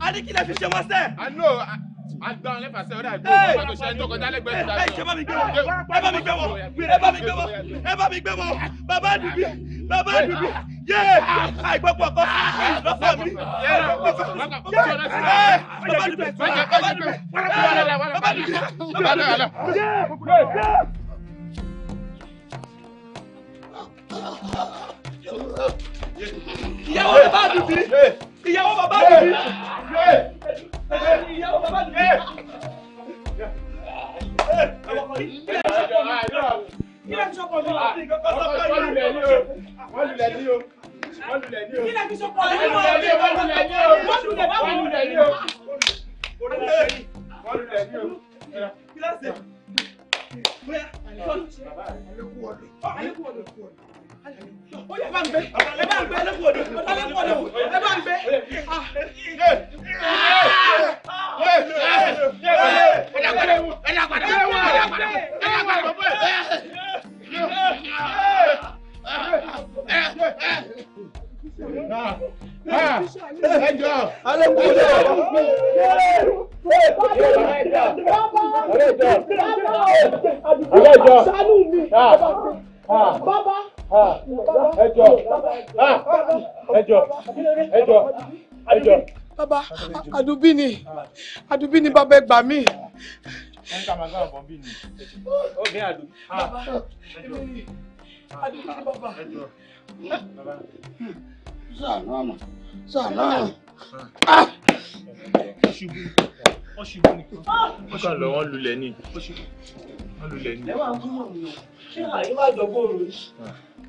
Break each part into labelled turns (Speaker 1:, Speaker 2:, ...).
Speaker 1: a ní kí lè fi ṣe wọ́n sẹ́. a ní o agba ọ̀lẹ́ fàṣẹ ọ̀dà ìgbò wọn tó ṣe ẹni tó kọjá lẹ́gbẹ̀ẹ́ ìta. ẹ ṣe bá mi gbé wọn ẹ bá mi gbé wọn ẹ bá mi gbé wọn ẹ bá mi gbé wọn bàbá àdùbí bàbá àdùbí yé àìgbọ́pọ̀ kọ́ ìlọ́fọ̀ mi. bàbá àdùbí bàbá àdùbí bàbá
Speaker 2: àdùbí
Speaker 1: bàbá àdùbí ìyàwó bàbá àdùbí ìyàwó bàbá àdùbí ìyàwó bàbá àdùbí. Ilé ti sọ́kọ̀ mi láti ìkọ́kọ́ sọ́kọ̀ yìí. Wọ́n lulẹ̀ ní o. Wọ́n lulẹ̀ ní o. Wọ́n lulẹ̀ ní o. Ilé ti sọ́kọ̀ mi láti ìkọ́kọ́ sọ́kọ̀ yìí. Wọ́n lulẹ̀ ní o. Wọ́n lulẹ̀ ní o. Wọ́n lulẹ̀ ní o. Wọ́n lulẹ̀ ní o. Ilé ti sọ́kọ̀ mi láti ìkọ́kọ́ sọ́kọ̀ yìí ó yẹ bá ń gbé ẹ bá ń gbé ẹlẹ́kùn òde ọ̀tá ẹlẹ́kùn òde ẹ bá ń gbé. ẹjọ alẹ́kùn òde ọ̀rẹ́jọ alẹ́jọ sanu mi bàbá ẹjọ ẹjọ ẹjọ ẹjọ. bàbá àdùbí ni àdùbí ni bàbá ẹ gbà mí. bàbá ni
Speaker 3: bàbá lulẹ̀ ni. wọ́n lulẹ̀ ni. ẹ máa ń
Speaker 1: kúrò ní o ṣé àyè má jọ bóòrò yìí.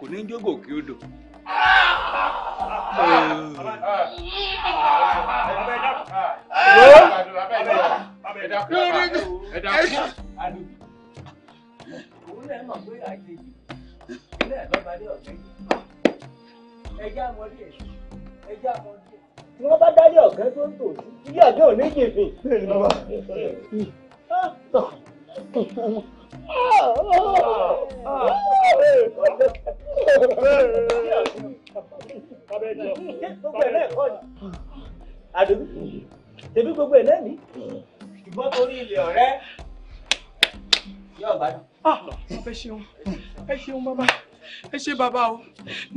Speaker 4: kò ní jókòó kí ó dò. tí
Speaker 1: wọ́n bá dálé ọ̀gá tó ń tò sí ilé ọ̀gá ò ní jìnfìn.
Speaker 5: gbogbo bàbá o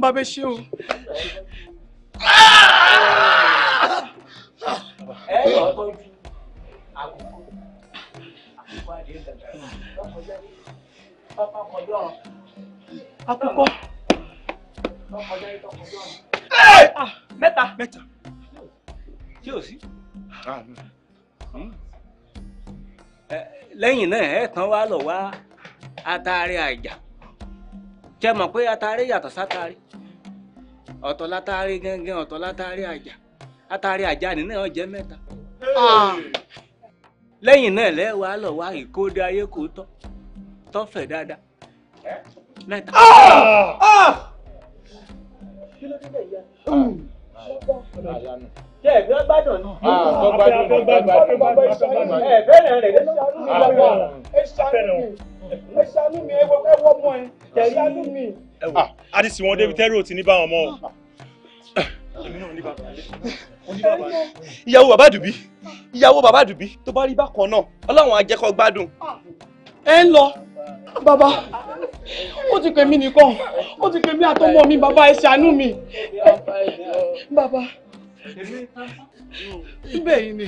Speaker 5: bàbá ṣe o.
Speaker 1: ẹ yọ̀ ọ́ tọ́jú àkókò mẹ́ta mẹ́ta
Speaker 3: tí o sí. lẹ́yìn náà ẹ̀ tán wá lọ wá atari àjà jẹ́ mọ̀ pé atari yàtọ̀ sátari ọ̀tọ̀ látàrí gángan ọ̀tọ̀ látàrí àjà atari àjà nínú ẹ̀ ọ̀jẹ̀ mẹ́ta. Ah lẹ́yìn náà lẹ́wàá lọ wá ìkóde ayé kò tọ́ tọ́fẹ̀ dáadáa.
Speaker 1: mẹ́ta. Jẹ́ ah! ah! hmm. ìgbẹ́ gbádùn ni. Gbọ́dọ̀ gbọ́dọ̀ ẹ̀ bẹ́ẹ̀ rẹ̀ lọ́sàn-án. Ah, ẹ ṣàánú mi. Ẹ ṣàánú mi. Ẹ wọ́ mọ́ ẹ. Ẹ ṣàánú mi.
Speaker 6: ò ti ní báwọn mọ́ o.
Speaker 4: ìyàwó bàbá àdùbí ìyàwó bàbá àdùbí tó bá rí bákan náà ọlọ́run á jẹ́
Speaker 1: kó gbádùn. ẹ ń lọ bàbá ó ti pè mí nìkan ó ti pè mí àtọmọ mi bàbá ẹ ṣàánú mi bàbá bẹ́ẹ̀ ni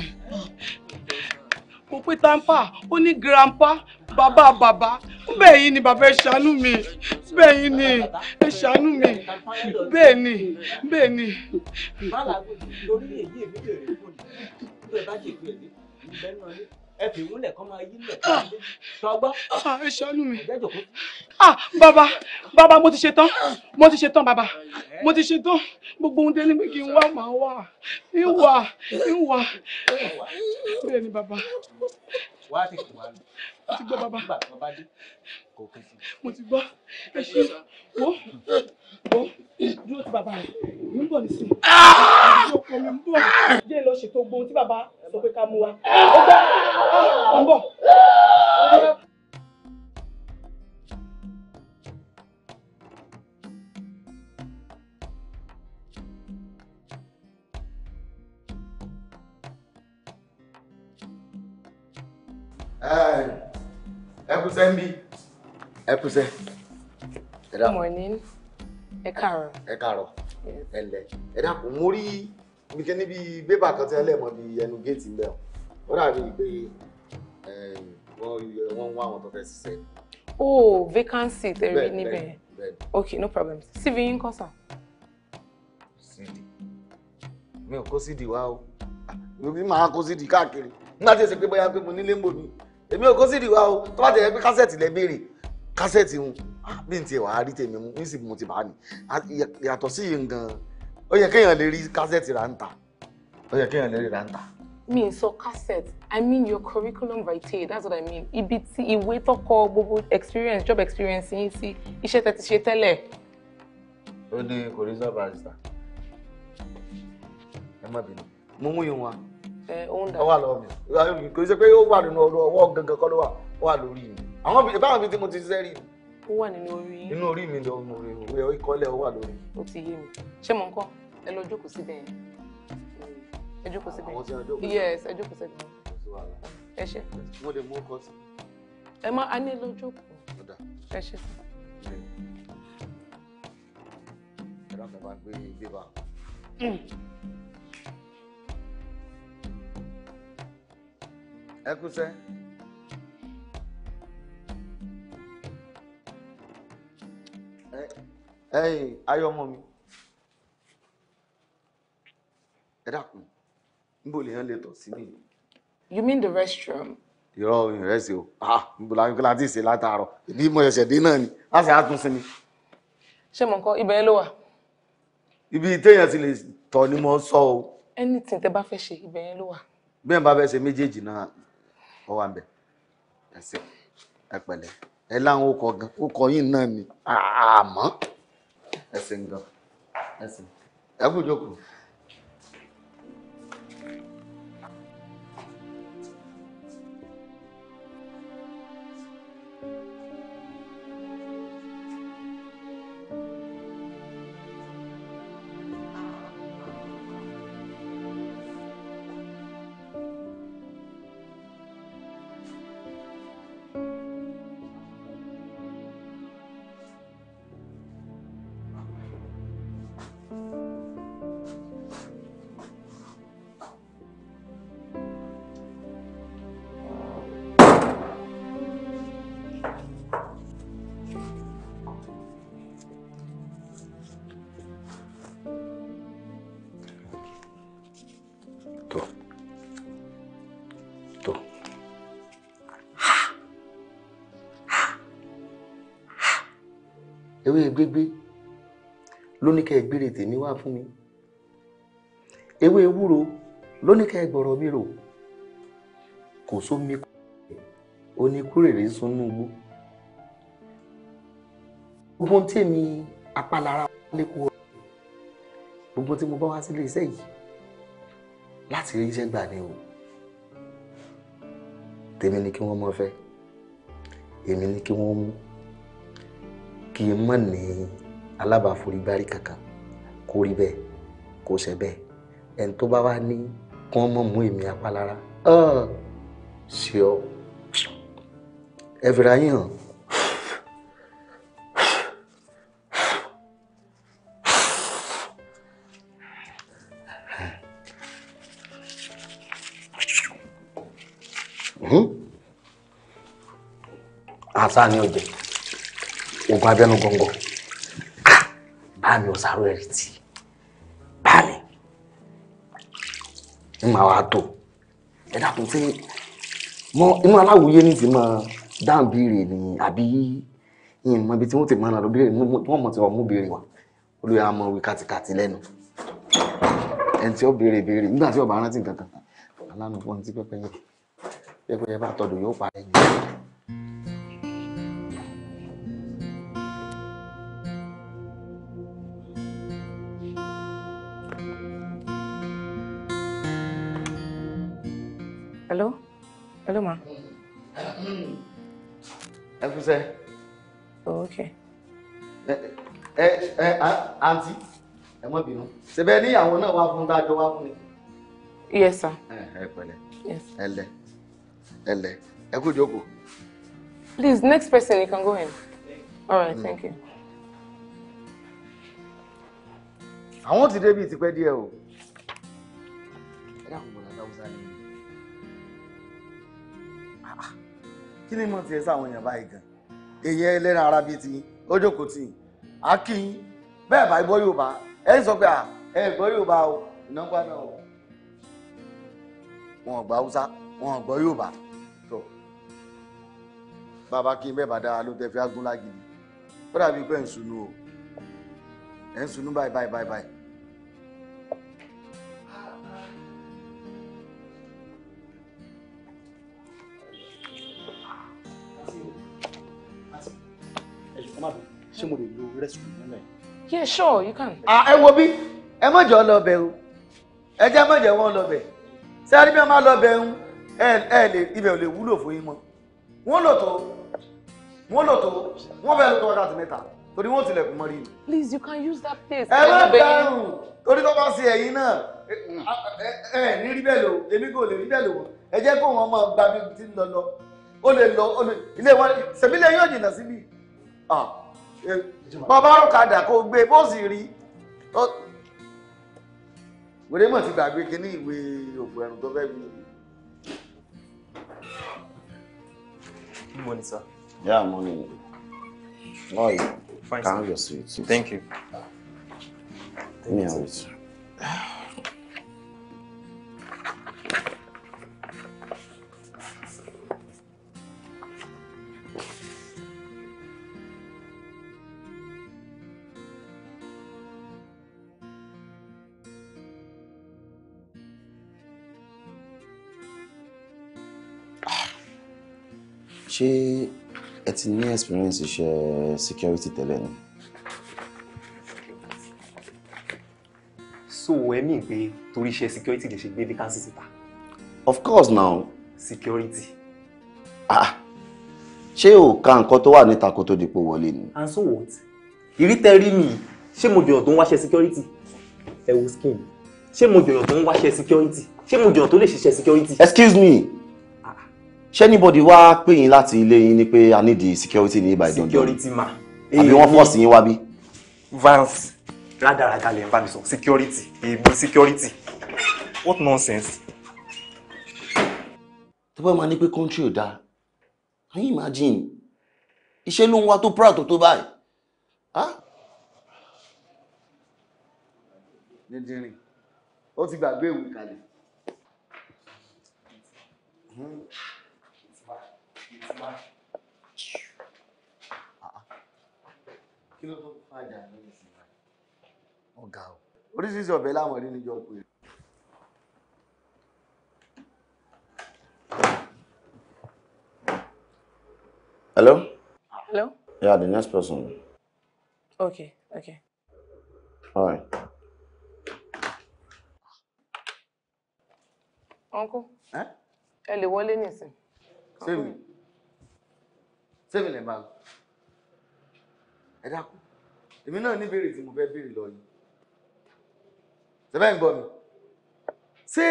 Speaker 1: kò pé tampa ó ní grandpa bàbá bàbá bẹ́ẹ̀ ni bàbá ẹ ṣàánú mi bẹ́ẹ̀ ni ẹ ṣàánú mi bẹ́ẹ̀ ni bẹ́ẹ̀ ni.
Speaker 4: ẹ fi ìwúlẹ̀ kọ́ máa yí
Speaker 1: lẹ̀ kọ́ máa yí tọgbọ́. ẹ ṣàánú mi ah, bàbá bàbá mo ti ṣe tán mo ti ṣe tán bàbá mo ti ṣe tán gbogbo ohun tẹ́lẹ̀ pé kí wá màá wà ń wà ń wà bẹ́ẹ̀ ni bàbá ti gbọ́ bàbá.
Speaker 4: nígbà tó bá dé kò kún sí.
Speaker 1: mo ti gbọ́ ẹ ṣe
Speaker 5: wo wo dúró ti bàbá rẹ mi ń bọ̀ nísìn. ìjọ kan mi ń bọ̀ jẹ́ lọ ṣètò ohun tí bàbá sọ pé ká mú wa. ó
Speaker 1: gbọ́ ó ń bọ̀.
Speaker 4: Hey ẹkúsẹ́ ń bí ẹkúsẹ́. good
Speaker 5: morning ẹ káàárọ̀.
Speaker 4: ẹ káàárọ̀ ẹ ǹlẹ́ ẹ dákun mo rí ibi kí níbi bébà kan tí ẹlẹ́mọ̀ bí ẹnu géètì ń bẹ̀ ọ́ dàbí pé wọ́n ń wá àwọn tó fẹ́ ṣiṣẹ́.
Speaker 5: oh vacancy tẹ̀rí níbẹ̀ ok no problem cv yín kọ́ sà.
Speaker 4: cd mi ò kó cd wá o mi máa kó cd káàkiri nígbà tí èsì pé bóyá pé mo nílé ń bò ní èmi ò kó sì rìwá o tó bá tẹ̀lé pé kásẹ̀tì lẹ béèrè kásẹ̀tì ń ah, bí n tiẹ̀ wàá rí tèmi mú ní sì mo ti bá ní yàtọ̀ sí yìí gan ó yẹ kéèyàn lè rí kásẹ̀tì rà ń ta ó yẹ kéèyàn lè rí rà
Speaker 5: mi n cassette i mean your curriculum vitae that's what i mean ibi tí ìwé tọkọ gbogbo experience job experience yín sí iṣẹ́ tẹ́ ti ṣe tẹ́lẹ̀.
Speaker 4: ó ní kò rí sọ́ọ̀bù àìsàn ẹ má bínú mo mú yín wá ó wà lọ́wọ́ mi kò ṣe pé ó wà nínú ọwọ́ gangan kọ́ ló wà ó wà lórí mi àwọn bíi báwọn bíi tí mo ti ṣiṣẹ́ rí.
Speaker 5: ó wà nínú orí.
Speaker 4: inú orí mi lọ mo rè òwe ìkọ́lẹ̀ ó wà lórí.
Speaker 5: ó ti yé mi ṣé mo ń kọ́ ẹ lọ jókòó síbẹ̀ yẹn ẹ jókòó síbẹ̀ yẹn yes ẹ jókòó síbẹ̀ yẹn ẹ ṣe. mo lè mú ọkọ sí. ẹ má a ní lọ jókòó ẹ ṣe.
Speaker 4: ẹ dákun bá gbé bébà. Ekuse. Eh, hey, ayo ọmọ mi. Ẹ dákun, níbo lèèyàn tọ̀
Speaker 5: You mean the restroom?
Speaker 4: Irọ́ in o, Ah, la ń kí láti ṣe látàárọ̀, ìdí mo náà ni, á sì á tún sinmi.
Speaker 5: Ṣé mo kọ́ ibẹ̀ ló wà?
Speaker 4: Ibi téèyàn le lè ni mo sọ o.
Speaker 5: Anything tẹ bá fẹ́ se ibe ló wà.
Speaker 4: Bẹ́ẹ̀ bá fẹ́ méjèèjì ó ẹsẹ ẹpẹlẹ ẹ láwọn ó kọ gan ó ẹsẹ ń ẹsẹ ẹ ewé gbégbé ló ní kẹ́ ẹ gbére tèmi wá fún mi ewé ewúro ló ní kẹ́ ẹ gbọ̀rọ̀ mi rò kò sómi kú oníkúrèrè sunú igbó gbogbo tí èmi apalara lẹ́kọ̀ọ́ gbogbo tí mo bá wá sílé iṣẹ́ yìí láti rí iṣẹ́ gbà ni o tèmi ni kí wọ́n mọ fẹ́ èmi ni kí wọ́n mú kí n mọ̀ ní alábàáforígbárí kankan kó rí bẹ́ẹ̀ kó ṣe bẹ́ẹ̀ ẹni tó bá wá ní kí wọ́n mọ̀ mú èmi apálára ṣe ọ ẹ fìrà hàn. Hmm? àṣà ni ó jẹ oògùn abẹ́nú gọ̀ǹgọ̀ ah! bá mi ò sáré rẹ̀ tì bá mi ń máa wá tó ẹ dàtún sí mọ inú aláwòye ní ti máa dáhùn bíire ni àbí ìmọ̀ ibi tí wọ́n ti biri, nàlọ́ bíire wọ́n mọ̀ tí wọ́n mú bíire wá olóyè àmọ́ wí kàtìkàtì lẹ́nu ẹni tí ó béèrè béèrè nígbà tí ọba rántí nǹkan kan alánú fún ọtí pẹpẹ yẹn pẹpẹ yẹn bá tọdọ pa ẹ̀yìn. àǹtí ẹ mọ́ bínú ṣebẹ́ ní àwọn náà wá yes sir. ẹ pẹ̀lẹ́ ẹ kú
Speaker 5: please next person you can go in. all right hmm. thank you.
Speaker 4: àwọn ti débi ìtìpẹ́ díẹ̀ o. Ah, ah. kí ni mo ti ẹ sáwọn èèyàn báyìí gan èèyàn ara bíi ti ti akin bẹ́ẹ̀ bá gbọ́ Yorùbá ẹ sọ pé à ẹ gbọ́ Yorùbá o iná gbá náà o wọn gbọ́ Haúsá wọn gbọ́ Yorùbá tó bàbá kí n bẹ́ẹ̀ bá dára ló tẹ́ fi agúnlágìrì ó dàbí pé ń sunú o ẹ̀ ń sunú báyìí báyìí báyìí ṣé mo lè lo rẹ́sìkò nílẹ̀ yìí yeah sure you can. Ah, ẹ wo bí ẹ má jọ lọ bẹ̀ o ẹ jẹ́ má jẹ́ wọ́n lọ bẹ̀ sáré bí wọ́n máa lọ bẹ̀ ń ẹ ẹ lè ibẹ̀ ò lè wúlò fún yín mọ́ wọ́n lò tó wọ́n lò tó wọ́n bẹ̀rẹ̀ tó wákàtí mẹ́ta torí wọ́n tilẹ̀kùn mọ́rí ni.
Speaker 5: please you can use that place. ẹ má dàrú
Speaker 4: torí tó bá ṣe ẹ̀yin náà ẹ ẹ ní rí bẹ́ẹ̀ lò èmi kò lè rí bẹ́ẹ̀ lò ẹ jẹ́ kó wọn máa gba bí ti ń lọ lọ bàbá ọ̀kadà kò gbé bó sì rí wèrè mọ̀ ti gbàgbé kí
Speaker 6: ní ìwé ògbò ẹ̀rùn tó fẹ́ bí. Yeah, morning. How Thank you. Thank you,
Speaker 4: ṣé ẹ ti ní experience iṣẹ́ security tẹ́lẹ̀ ni.
Speaker 3: so ẹ mí pé torí iṣẹ́ security lè ṣe gbé vacancy síta.
Speaker 4: of course now. security. ah ṣé o ka nǹkan tó wà níta kó tó di pò wọlé ni. and so what ìrítẹ́rí mi ṣé mo jọ̀yàn tó ń wáṣẹ́ security ẹ wo skin ṣé mo jọ̀yàn tó ń wáṣẹ́ security ṣé mo jọ̀yàn tó lè ṣiṣẹ́ security. excuse me ṣé anybody wá pè yín láti ilé yín ni pé i need the security ní ibà ìdánjọ́ security ma àbí wọ́n force yín wá bí. vance rádaràda lè ń bá mi sọ security èmi security what nonsense. tó bá máa ní pé country ò dáa can you imagine iṣẹ́ ló ń wá tó proud tó tó báyìí. dídìrín ó ti gbàgbé ìwé kalẹ̀. mm kí ló láwọn rí níjọ pé
Speaker 6: hello hello yeah the next person
Speaker 5: okay okay all right uncle eh ẹ lè wọlé nísìn
Speaker 4: ṣé mi sẹ́mi lè máa lọ ẹ dákun èmi náà ní béèrè tí mo fẹ́ béèrè lọ yìí sẹ́fẹ́ ń gbọ́ mi ṣé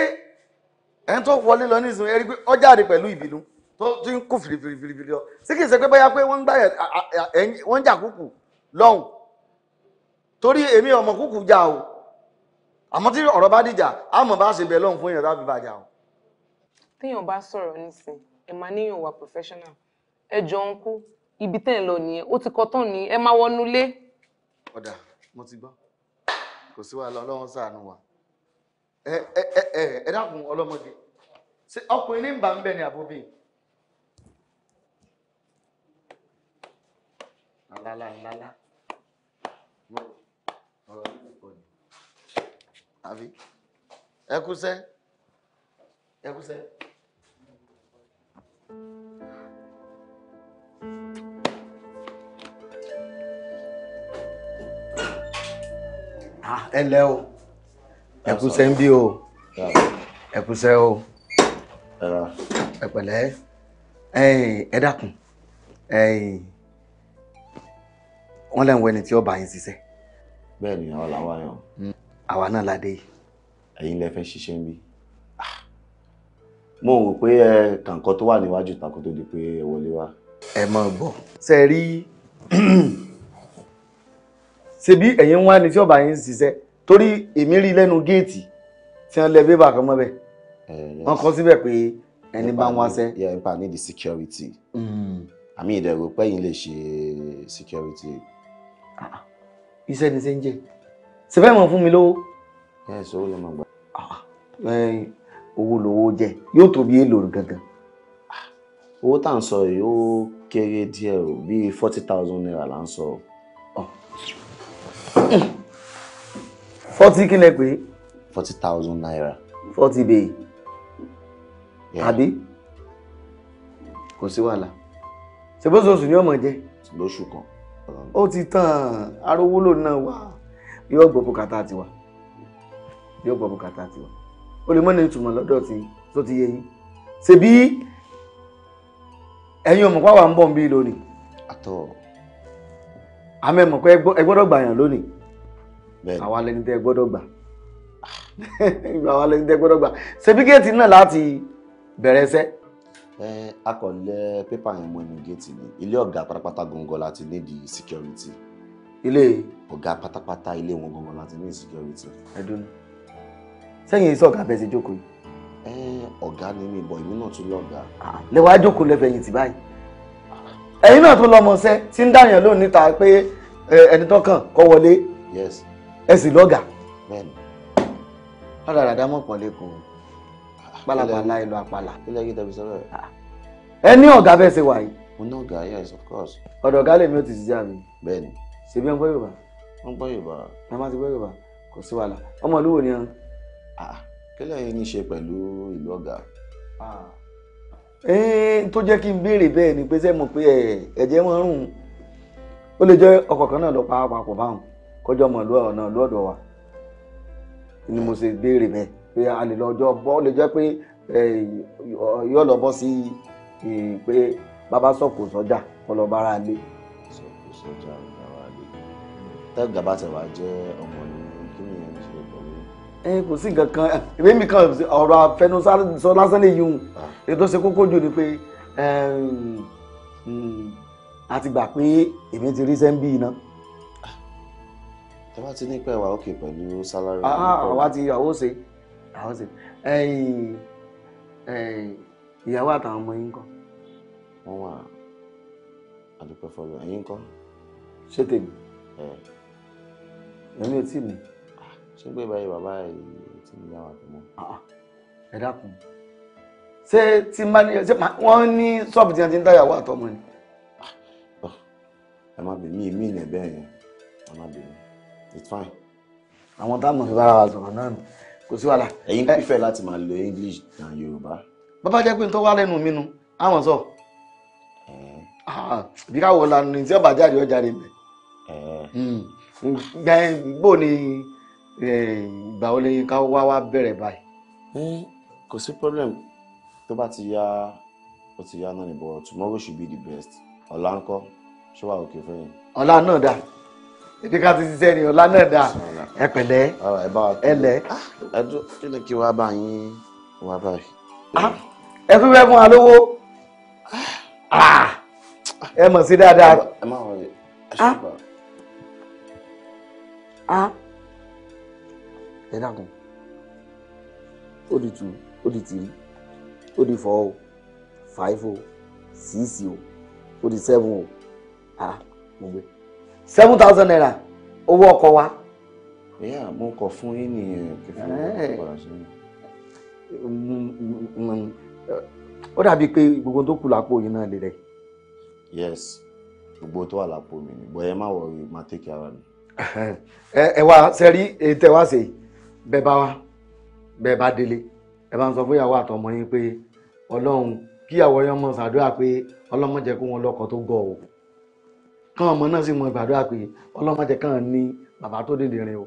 Speaker 4: ẹ̀ ń tó wọlé lọ ní ìsinmi ẹ rí pé ó jáde pẹ̀lú ìbínú tó ti ń kú fìrìfìrìfìrì ọ ṣé kìí ṣe pé bóyá pé wọ́n ń gbáyà wọ́n ń jà kúkú lọ́hùn torí èmi ọmọ kúkú jà o àmọ́ tí ọ̀rọ̀ bá dìjà àmọ́ bá ṣe bẹ̀ lọ́hùn fún èèyàn láti bàjá o.
Speaker 5: téèyàn bá sọ̀rọ̀ nísìn ẹ̀ máa níyàn wà professional ẹ jọ ń kú ibi tẹ́ ẹ̀ lọ nìyẹn ó ti kọ́ tán ni ẹ máa wọnú lé.
Speaker 4: ọ̀dà mo ti gbọ́ kò sí wàhálà ọlọ́run ṣàánú wa ẹ ẹ ẹ dákun ọlọ́mọdé ṣé ọkùnrin ní ń ń bẹ̀ ni àbóbí. lálá lálá ọ̀rọ̀ yìí kò ní. àbí ẹkúṣẹ́ ẹkúṣẹ́. thank you ẹ ah, o ẹ̀kúsẹ́ ń o ẹ̀kúsẹ́ o ẹ pẹ̀lẹ́ ẹ dákun wọ́n lẹ́nu wẹni tí ó yín ṣiṣẹ́. bẹ́ẹ̀ ni àwọn làwọn yàn. àwa náà la dé. ẹ̀yin lẹ ń bí. Ah. mo rò pé ẹ kàǹkan tó wà níwájú tó di pé ẹ sebi ẹ̀yin wá ní tí ọba yín ṣiṣẹ́ torí èmi rí lẹ́nu géètì tí wọ́n lẹ bébà kan mọ́bẹ̀ eh, wọ́n kọ́ síbẹ̀ pé ẹni bá ń wáṣẹ́. yeah ipa need the security àmì hmm. ìdẹ̀rù pẹ́yìn lè ṣe security. Ah, ah. iṣẹ́ ni ṣe ń jẹ́ ṣe fẹ́ mọ̀ fún mi lówó. ẹ sọ ló máa gbà. Ah, owó lówó jẹ yóò tó bí èlò gangan. owó tá à ń sọ yìí ó kéré díẹ̀ o bíi forty thousand naira là ń sọ forty kí lẹ pé. forty thousand naira. forty bay. àbí. kò sí wàhálà. ṣèbóṣoṣù ni ọmọ jẹ. lóṣù kan. ó ti tàn arówó lò náà wá yóò gbọ́ bùkátà tiwa yóò gbọ́ bùkátà tiwa o lè mọ́ ní ìtumọ̀ lọ́dọ̀ tí tó ti yé yín ṣebí ẹ̀yin ọmọ pàwọn ń bọ̀ ń bí lónìí. àtọ̀ àmọ́ ẹ mọ̀ pé ẹ gbọ́dọ̀ gbà yàn lónìí àwa lẹni tẹ́ ẹ gbọ́dọ̀ gbà àwa lẹni tẹ́ ẹ gbọ́dọ̀ gbà sẹ́bíkẹ́ẹ̀tì náà láti bẹ̀rẹ̀ iṣẹ́. akọ̀lẹ̀ pépà yẹn mọ ẹnu géètì ni ilé ọ̀gá pátápátá gangan láti nídìí security. ilé ọ̀gá pátápátá ilé wọn gangan láti ní security. ẹdùn sẹ́yìn iṣẹ́ ọ̀gá bẹ́ẹ̀ ṣe jókòó yìí. ọ̀gá ni mi bọ̀ èmi náà tún lọ́ọ̀gá. Ah, lẹ́wàá jókòó lẹ́fẹ̀yìntì báyìí ẹ̀yin náà tó lọ́mọṣẹ́ tí ń dàyàn lónìí ta pé ẹni tó kàn kọ́ wọlé ẹ sì lọ́gà. bẹ́ẹ̀ni ládàradà mọ̀ pọ̀ lẹ́kọ̀ọ́ pálapàla ìlú àpàlà. ilé ẹgbẹ́ tẹ̀bí ọ̀gá bẹ́ẹ̀ ṣe wà yìí. mo ní ọ̀gá yes of course. ọ̀dọ̀ ọ̀gá lèmi ò ti ṣiṣẹ́ mi. bẹ́ẹ̀ni. ṣèbí ọ̀n gbọ́ Yorùbá. wọ́n gbọ́ Yorùbá. ẹ má ti gbọ́ Yorùbá kò sí wàhálà ọmọ ni ẹ. Ah, kílẹ̀ yẹn ní í ṣe pẹ̀lú ìlú ọ̀gá. Ah tó jẹ́ kí n béèrè bẹ́ẹ̀ ni pé ṣé mọ̀ pé ẹ̀jẹ̀ wọn rùn ó lè jẹ́ ọkọ̀ kan náà lọ pa papọ̀ báwọn kọjọ́ mọ̀ lọ́ọ̀ ọ̀nà lọ́dọ̀ wa ni mo ṣe béèrè bẹ́ẹ̀ pé a lè lọ́jọ́ bọ́ ó lè jẹ́ pé yóò lọ bọ́ sí pé bàbá sọ̀kò sọ́jà kọ́ lọ bára lé. sọ̀kò sọ́jà bára lé tẹ́gà jẹ́ ọmọ ìlú ẹ kò sí nǹkan kan ìwé mi kan ọ̀rọ̀ àfẹnusọ lásán lè yun ah. èyí tó ṣe kókó jù ni pé a ti gbà pé èmi ti rí sẹ́ńbì iná. ẹ bá ti ní pẹ́ wà ókè pẹ̀lú sálárì. Ah, ah, àwa ti àwọ̀ ṣe àwọ̀ ṣe ìyàwó àtàwọn ọmọ yín kọ́. wọ́n wà àdúpẹ́ fọlọ́ ẹ̀yin kọ́. ṣé tèmi èmi ò tí ì mú ṣé pé báyìí bàbá yìí ti ní yàwó àtọmọ. ẹ dákun ṣé tí manager ṣé wọ́n ní ṣọ́ọ̀bù tí wọ́n ti ń dáyàwó àtọmọ ni. Ah, ah. ẹ má bèmí èmi ìnà ẹ̀bẹ̀ yẹn ẹ má bèmí it's fine. àwọn táwọn fi bára wa sọ̀rọ̀ náà nù kò sí wàhálà. ẹ̀yin pífẹ́ láti máa lo english than yorùbá. bàbá jẹ́ pé n tó wá lẹ́nu mi nu àwọn sọ. Ah, bí káwọ́ lanu ní tí ọba ọjà rẹ̀ bẹ̀. Hmm. bẹ́ẹ̀ ni ìgbà wo lẹ́yìn ká wá wá bẹ̀rẹ̀ báyìí. kò sí problem tó bá ti yá ó ti yá náà ni but tomorrow should be the best ọ̀la ńkọ́ ṣé wàá òkè fẹ́ yẹn. ọ̀la náà dà èdè ká ti ṣiṣẹ́ ni ọ̀la náà dà ẹ pẹ̀lẹ́ ẹ lẹ̀. ẹ ah, dún kí ni kí wàá bá yín wàá báyìí. Ah, ẹ fi fẹ́ fún wa lówó ah, ẹ mọ̀ sí dáadáa. ẹ má wọlé ẹ ṣe bá ẹ dákun ó di tù ó di tìrí ó di fọ́ o five o six o ó di seven o ah mo gbé seven thousand naira owó ọkọ̀ wa. ìyá mo kọ fún yín ní kẹfì ọ̀pọ̀lọpọ̀ ṣe ó dàbí pé gbogbo tó kù lápò yìí náà lè rẹ. yes gbogbo tó wà lápò mi ni bọ́yẹ má wọ̀ rí má tẹ́kẹ̀ ara mi. ẹ wá sẹ́rí ètè wá sí i bẹ́ẹ̀ bá wá bẹ́ẹ̀ bá délé ẹ bá ń sọ fúyàwó àtọmọ yín pé ọlọ́run kíyàwó yẹn mọ̀ ṣàdúrà pé ọlọ́mọ jẹ́ kó wọn lọ́kọ tó gọ̀ o kán ọmọ náà sì mọ ìgbàdúrà pé ọlọ́mọ jẹ́ kán ní bàbá tó dèdè rìn o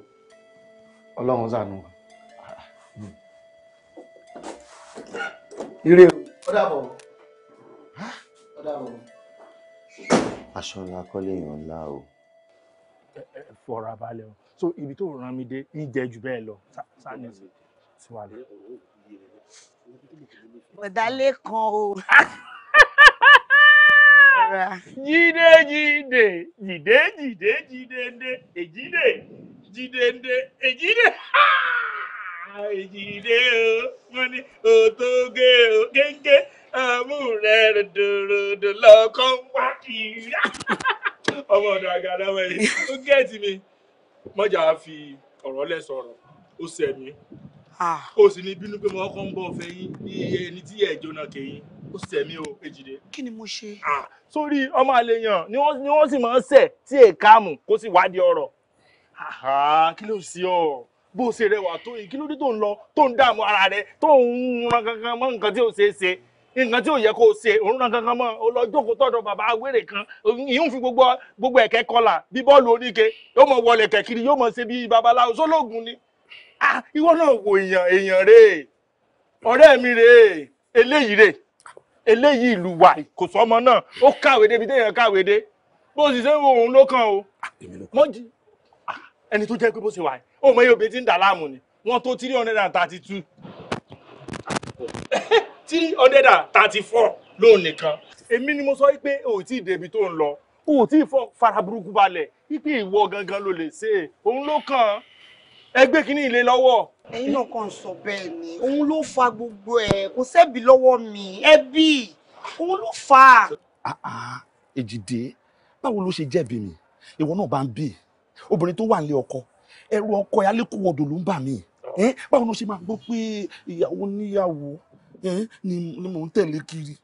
Speaker 4: ọlọ́run ṣàánú wa. ire o ó dàbọ̀ ó dàbọ̀. aṣọ ńlá kọ́lé èèyàn ńlá o.
Speaker 6: ẹ fọra balẹ̀ o so ibi tó ràn mí dé ń jẹ jù bẹ́ẹ̀ lọ
Speaker 1: sáni síwájú. bọ̀dá lẹ́kan o. jíde jíde jíde jíde jíde èjíde jíde èjíde ìjìde ah, o wọn ní òtógé o gẹ́gẹ́ àmúrẹ rẹdòròdò lọkọ wá kiri ọmọ ọ̀dọ̀ àgàdà wẹrẹ ó gẹẹtì mi
Speaker 6: mọ́jà fi ọ̀rọ̀ lẹ̀ sọ̀rọ̀ ó sẹ̀mí ó sì ní bínú pé mo kọ́ ń bọ̀ fẹ́ yín bí ẹni tí ẹ̀ jóná kẹ́yìn ó sẹ̀mí o èjìdé. kí ni mo ṣe. sórí ọmọ àlèyàn ni wọ́n sì máa ń sẹ̀ tí èèkà mú kó sì wádìí ọ̀rọ̀ kí ló sí ọ bó ṣe rẹwà tó yìí kí ló dé tó ń lọ tó ń dààmú ara rẹ tó ń ran kankan mọ́ nǹkan tí ò ṣeé ṣe nǹkan tí ò yẹ kó o ṣe òun náà kankan mọ́ ọ lọ jókòó tọ̀dọ̀ bàbá wèrè kan ìyún fi gbogbo gbogbo ẹ̀kẹ́ kọlà bí bọ́ọ̀lù oníke yóò mọ̀ wọlé kẹ̀kiri yóò mọ̀ ṣe bí babaláwo sólógùn ni ìwọ náà wo èèyàn èèyàn rèé ọ̀rẹ́ mi rèé eléyìí rèé eléyìí ìlú wa kò sọmọ náà ó kàwé débi téèyàn kàwé dé bó sì ṣe ń wo òun ló kàn o mọ́jì ẹni tó jẹ́ pé bó ṣe wà ó mọ iye obìnrin tí ń dà láàmú ni wọ́n tó three hundred and thirty two three hundred and thirty four lóun nìkan. èmi ni mo sọ pé o ò tí ì débi tó ń lọ o ò tí ì fọ fara burúkú balẹ̀ pípé ìwọ gangan ló lè ṣe òun ló kàn ẹgbẹ́ kínní ilé lọ́wọ́. ẹ̀yin náà kàn sọ bẹ́ẹ̀ ni
Speaker 4: òun ló fa gbogbo ẹ̀ kò sẹ́bi lọ́wọ́ mi ẹbí òun ló fa. èjìdé ah, ah, báwo ló ṣe jẹ̀bi mi ìwọ náà bá ń bì obìnrin
Speaker 6: tó wà nílé ọkọ ẹrù ọkọ ẹ̀ alẹ́kùnwọ̀dọ̀ ló ń bà mí oh. báwo ló ṣe máa gbọ́ pé ìyàwó níyàwó ni mò ń tẹ̀lé kiri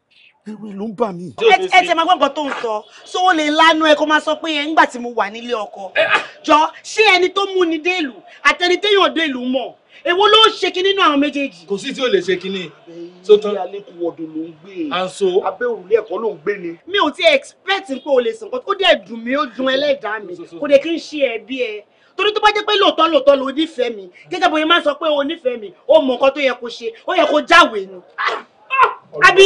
Speaker 6: ẹ̀rù ẹ̀ ló ń bà mí. ẹ
Speaker 4: tẹ máa gbọ́ nǹkan tó ń sọ sówó lè lánú ẹ kó máa sọ pé ẹ ńgbà tí mo wà nílé ọkọ eh, ah! jọ ṣé ẹni tó mú ni déèlù àtẹni téèyàn déèlù mọ̀ èwo ló ń ṣe kinní nínú àwọn méjèèjì. kò sí tí ó lè ṣe kinní. tó tán ilé alẹ́ kò wọ̀dọ̀ ló ń gbé e. and abẹ́ òrùlé ẹ̀kọ́ ló ń gbé ni. mi ò ti expect pé o lè sìn kó tó dẹ̀ dùn ó dùn ẹlẹ́dàá mi kò dé kí n ṣe ẹbí ẹ torí tó bá jẹ́ pé lóòótọ́ lóòótọ́ ló nífẹ̀ẹ́ mi gẹ́gẹ́ bóyá máa sọ pé o nífẹ̀ẹ́ mi ó mọ nǹkan tó yẹ kó
Speaker 1: ṣe ó yẹ kó jáwèé ni.
Speaker 6: àbí.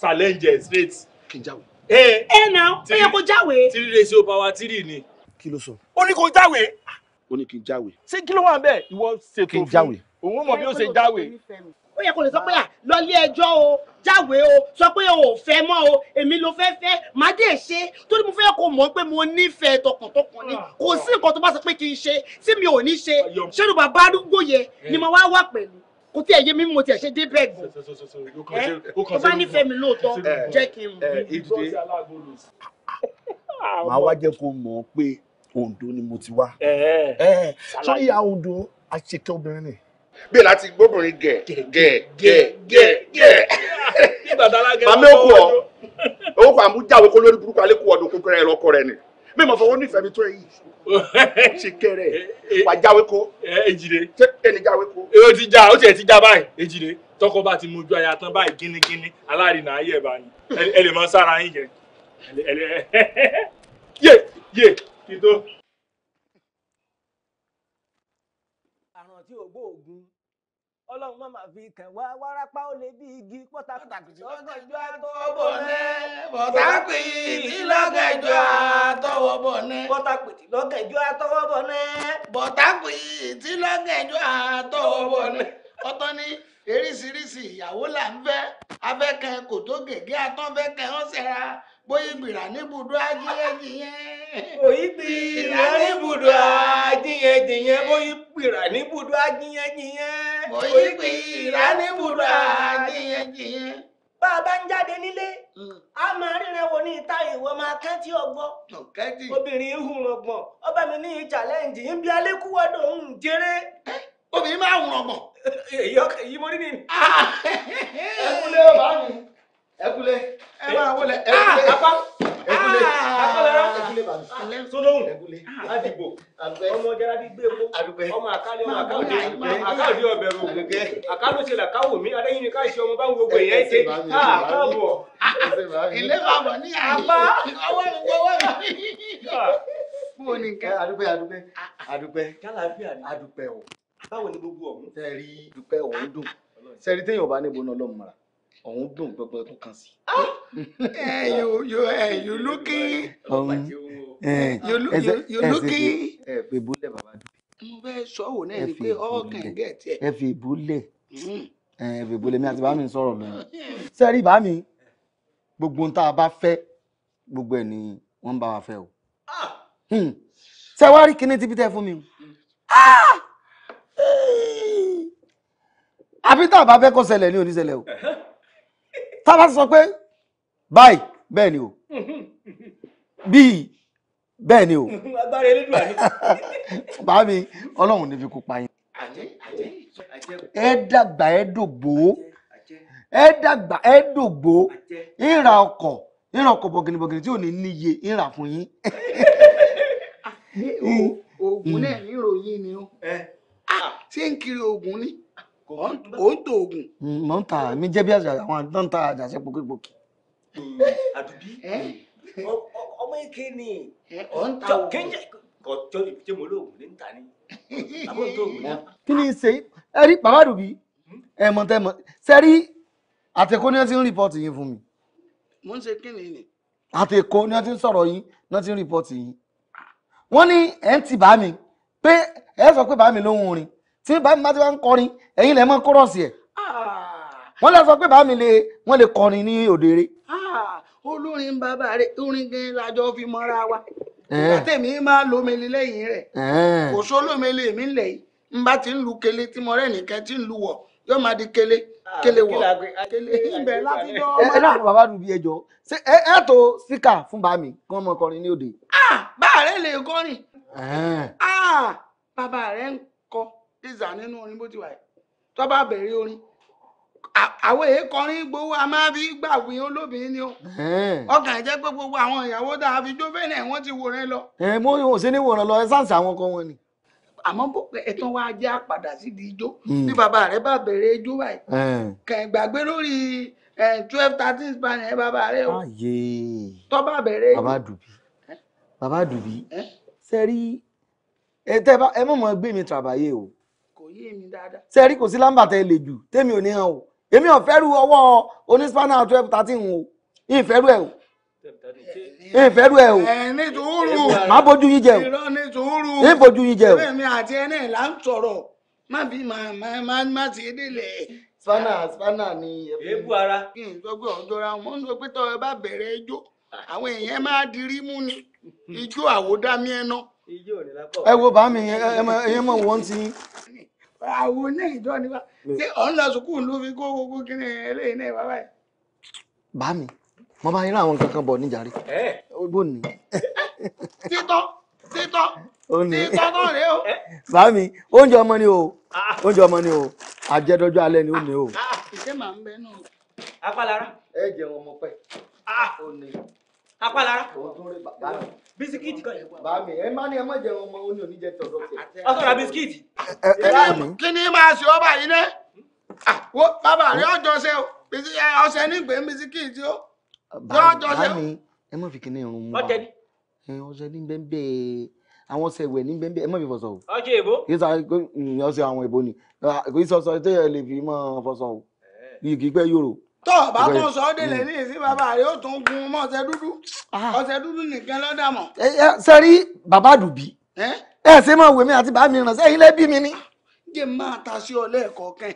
Speaker 6: sàlẹ́ǹjẹ̀ straight. kì í
Speaker 4: jáwèé. ẹ ẹ na ó yẹ kó jáwèé. tírí rẹ̀ sí o power tiri ni. kí ló sọ. ó ní kó jáwèé.
Speaker 6: ó ní kí n jáwèé. ṣé kí ló wà ń bẹ̀ ìwọ ṣètò fún òun mọ bí ó ṣe jáwèé
Speaker 4: ó yẹ kó lè sọ pé à lọ ilé ẹjọ́ o jáwèé o sọ pé o ò fẹ́ mọ́ o èmi ló fẹ́ fẹ́ má dé ṣe torí mo fẹ́ kó mọ̀ pé mo nífẹ̀ẹ́ tọkàntọkàn ni ah, kò sí ah. nǹkan tó bá sọ pé kí n ṣe tí mi ò ní ṣe ah, ṣẹ́nu bàbá arúgbó yẹ eh. ni mo wá wà pẹ̀lú kò tí ẹ yé mi mo tiẹ̀ ṣe dé bẹ́ẹ̀ gan eh? tó bá nífẹ̀ẹ́ mi lóòótọ́ eh, jẹ́ kí n mú.
Speaker 1: màá
Speaker 6: wá jẹ́ kó mọ̀ pé Ondo ni mo ti wá sọ ìyá Ondo àṣekẹ́ obìnrin nìyí bí láti gbóbìnrin gẹ̀ gẹ̀ gẹ̀
Speaker 1: gẹ̀ gẹ̀. màmí òkú ọ
Speaker 6: òun kò àmújáwé kó lórí burúkú alẹ́ kó ọdún kó kẹrẹ ẹ lọkọ rẹ ni mi ma fọwọ́ nífẹ̀ẹ́ mi tó ẹ yìí ṣe kẹrẹ e, e, wà jáwé kó e, ejire ẹni jáwé kó. o ti já o tiẹ̀ ti já báyìí ejire tọkọ bá ti mojú aya tán báyìí gínnígínní alárinà ayé ẹ̀ bá ní ẹ lè mọ sára yín yẹn yé yé kí tó.
Speaker 4: ọlọ́run má máa fi kàn wá wárápá ó lè bí igi pọ́tàkùtì lọ́gànjọ́ àtọwọ́ bọ̀nẹ́ pọ́tàkùtì lọ́gànjọ́ àtọwọ́ bọ̀nẹ́ pọ́tàkùtì lọ́gànjọ́ àtọwọ́ bọ̀nẹ́ pọ́tàkùtì lọ́gànjọ́ àtọwọ́ bọ̀nẹ́ ọ̀tọ̀ ni eríṣiríṣi ìyàwó là ń fẹ́ afẹ́kẹ́ kò tó gègé atọ́fẹ́kẹ́ ọ̀sẹ̀ra bóyí gbìrà níbùdó ajíyẹ́jìyẹ́ òyí gbìrà níbùdó ajíyẹ́jìyẹ́ bóyí pìrà ní
Speaker 1: ibùdó ajíyẹnjiyẹn. mo yí pìrà ní ibùdó ajíyẹnjiyẹn. bá a bá ń jáde nílé hmm. a máa ríran wo ní ìta ìwọ máa kẹ́tì ọgbọ́n. kẹ́tì. obìnrin hùn ọgbọ̀n ọba mi ní
Speaker 4: challenge ń bí alẹ́kúwọ́dọ̀ ń jẹrẹ. obìnrin máa hùn ọgbọ̀n. èyí mo rí ni. ẹkúlé ọba mi ẹkúlé ẹ máa wọlé ah, ẹkúlé apá
Speaker 1: ẹkúlé ah, apá
Speaker 4: abúlé bàbá sólóhùn àdìbò ọmọ jarabi gbé epo ọmọ àkálẹ ọmọ àkàlẹ àkàlẹ ọbẹ rò gẹgẹ àkàlẹ òṣèlú àkàwò mi adéyìnbí ká ṣe ọmọ bá ń gbogbo èèyàn ṣe ah, káàbọ̀. Ah, ilé bàbá ní ni nǹkan. adúpẹ́ adúpẹ́ adúpẹ́ adúpẹ́ o. báwo ni gbogbo ọ̀hún. sẹ́ẹ̀rí dúpẹ́ ọ̀hún dùn sẹ́ẹ̀rí ah. téèyàn bá níbo náà lọ́mọ mọ́ra ọ̀hún dùn gbogbo ọdún kan sí. Ah! Eh, you you eh, you looking eh, ah, you you looking. ẹ fi ìbúlẹ̀ bàbá dùn. mo fẹ́ sọ wò náà ni pé ọkàn gẹ̀ẹ́tì ẹ. ẹ fi ìbúlẹ̀ hmm. ẹ fi ìbúlẹ̀ mi àti bàbá mi sọ̀rọ̀ lọ. sẹ́rí hmm. bàbá mi gbogbo ohun tá a bá fẹ́ gbogbo ẹ̀ ni wọ́n ń bá wa fẹ́ o. sẹ́wárí ah! hmm. kíní ti fi tẹ́ fún mi o àbí tá a bá fẹ́ kó ṣẹlẹ̀ ní oníṣẹlẹ̀ o tá a bá sọ pé báyìí bẹ́ẹ̀ ni o bíi bẹ́ẹ̀ ni o. agbára mi ọlọ́run ní fi kó pa yín. ẹ dàgbà ẹ dògbò ẹ dàgbà ẹ dògbò ìra ọkọ̀ ìra ọkọ̀ bọ̀gìnìbọ̀gìnì tí ò ní níye ìra fún yín. Ah, oògùn hmm. náà níròyìn ni ó eh. ah, ṣé ń kiri oògùn ni ò ń to oògùn. mo ń ta mi jẹ́ bí àjà àwọn àdán ń ta àjà sí pòkìpòkì. Hmm, àdùbí ọmọ èké ni ọ̀ ń ta oògùn kọjọ́ ìfúnjẹ́ mo lóògùn ní ta ni àbọ̀ tó oògùn náà. kí ni ṣe ẹ rí bàbá àdùbí hmm? ẹ mọ̀ tẹ́ mọ̀ ṣe rí àtẹ̀kọ́ ni wọ́n ti ń rìpọ́ọ̀tì yín fún mi. mo ń ṣe kí ni ni. àtẹ̀kọ́ ni wọ́n ti ń sọ̀rọ̀ yín ni wọ́n ti ń rìpọ́ọ̀tì yín. wọ́n ní ẹ̀ ń tì bá mi pé ẹ sọ pé bá mi lóhùn orin tí bàbá mi bá ti wá ń kọrin ẹ̀yin lẹ mọ́ kórọ̀sì ẹ̀ ah. wọ́n lè sọ pé bàbá mi lè wọ́n lè kọrin ní òdèrè. Ah, olórin bàbá rẹ orin gan lajọ fi mọ́ra wa àtẹ̀mí máa lomele lẹ́yìn rẹ̀ kò sólómele mi lẹ̀ yìí n bá ti ń lu kele tí mo rẹ́ nìkan ti ń lu wọ̀ yóò máa di kele ah, kele wọ̀ kele ibẹ̀ láti dán ọmọ náà. ẹ náà bàbá dùn bí ẹjọ ṣé ẹ tó síkà fún bàá mi kí wọn mọ kọrin ní òde. bàbá rẹ lè kọrin bàbá rẹ ń kọ ìzà nínú orin bó ti wà yìí tó bá bẹ̀rẹ̀ orin àwọn èyí kọrin gbowó a máa fi gbàwé olóbìnrin ni o ọkàn jẹ́ pé gbogbo àwọn ìyàwó tá a fi jó fẹ́nẹ̀ wọ́n ti wòran lọ. ẹ mo ò sí ní wòran lọ ẹ sáǹsì àwọn ọkọ wọn ni. àmọ́ bó ẹ̀tàn wa jẹ́ àpàdà sídìí ijó hmm. bí bàbá rẹ bá bẹ̀rẹ̀ ijó báyìí kàn gbàgbé lórí twelve thirteen spanish bàbá rẹ o tó bá bẹ̀rẹ̀ ijó. bàbá dùbí bàbá dùbí sẹ́rí ẹ mọ̀ mọ́ gbé mi tàbáyé o yé mi dáadáa. sẹ́ẹ̀rí kò sí lámbà tẹ́ lè jù tèmi ò ní hàn o èmi ò fẹ́rù ọwọ́ oníspanner twelve thirteen o ìfẹ́rù ẹ̀ o ìfẹ́rù ẹ̀ o nítorí má bójú yín jẹ o irọ́ nítorí ìfojú yín jẹ o. èmi àti ẹni là ń sọ̀rọ̀ má bí má ti délẹ̀ spanner spanner ni. èébú ara. kí n sọ pé ọ̀dọ́ra wọn ń sọ pé tọ́ ẹ bá bẹ̀rẹ̀ ẹjọ́ àwọn èèyàn máa dirí mú ni ijó àwòdá mi ẹ ná. ẹ wo bá mi ẹ mọ wọn ti àwọn oní ìjọ nípa tí ọ̀n lọ sùkúù ló fi kó gbogbo kí ni eléyìí náà bàbá yìí. bá mi mo bá yín àwọn kankan bọ̀ níjàre. bó ní. títọ́ títọ́ títọ́ náà rèé o. bá mi oúnjẹ ọmọ ni o ah. oúnjẹ ọmọ ni o àjẹdọjọ alẹ́ ni ó ní o. Ah, ìṣe màá ń bẹ náà. apá lára. ẹ jẹun ọmọ pẹ. Ah. apá lára. òun tún rí bàbá mi bisikíìtì kan yẹn. bàmí ẹ má ní ẹ má jẹ ọmọ oní oníjẹ tọdọ
Speaker 1: tẹ. ọsọ ra bisikíìtì.
Speaker 4: kí ni máa ṣe ọba yìí ná wo bàbá rí ọjọ ṣe ọṣẹ nígbè bisikíìtì o ọjọ ṣe. bàmí ẹ má fi kíní irun mu wa ọtẹ ni. ọṣẹ ní bẹ́ẹ̀ àwọn ọṣẹ ìwẹ̀ ní bẹ́ẹ̀ ẹ má fi fọṣọ o. ọṣẹ èbó. yìí sọ ọṣẹ àwọn èbó ni kò í sọ ọṣẹ tó yẹ lè fi mọ́ fọṣọ o yìí kì í pẹ́ yòrò tó o bá kàn sọ ọ́ délé ní ìsín bàbá rẹ̀ ó tún gun ọmọ ọ̀sẹ̀ dúdú ah. ọ̀sẹ̀ dúdú nìkan lọ́dà mọ̀. sẹ́rí eh, eh, bàbá àdùbí ẹ ṣe máa wèmí àti bàá mi ràn sẹ́yìn lẹ́bí mi ni. jẹ́ máa ta sí ọ lẹ́ẹ̀kọ̀ọ̀kan.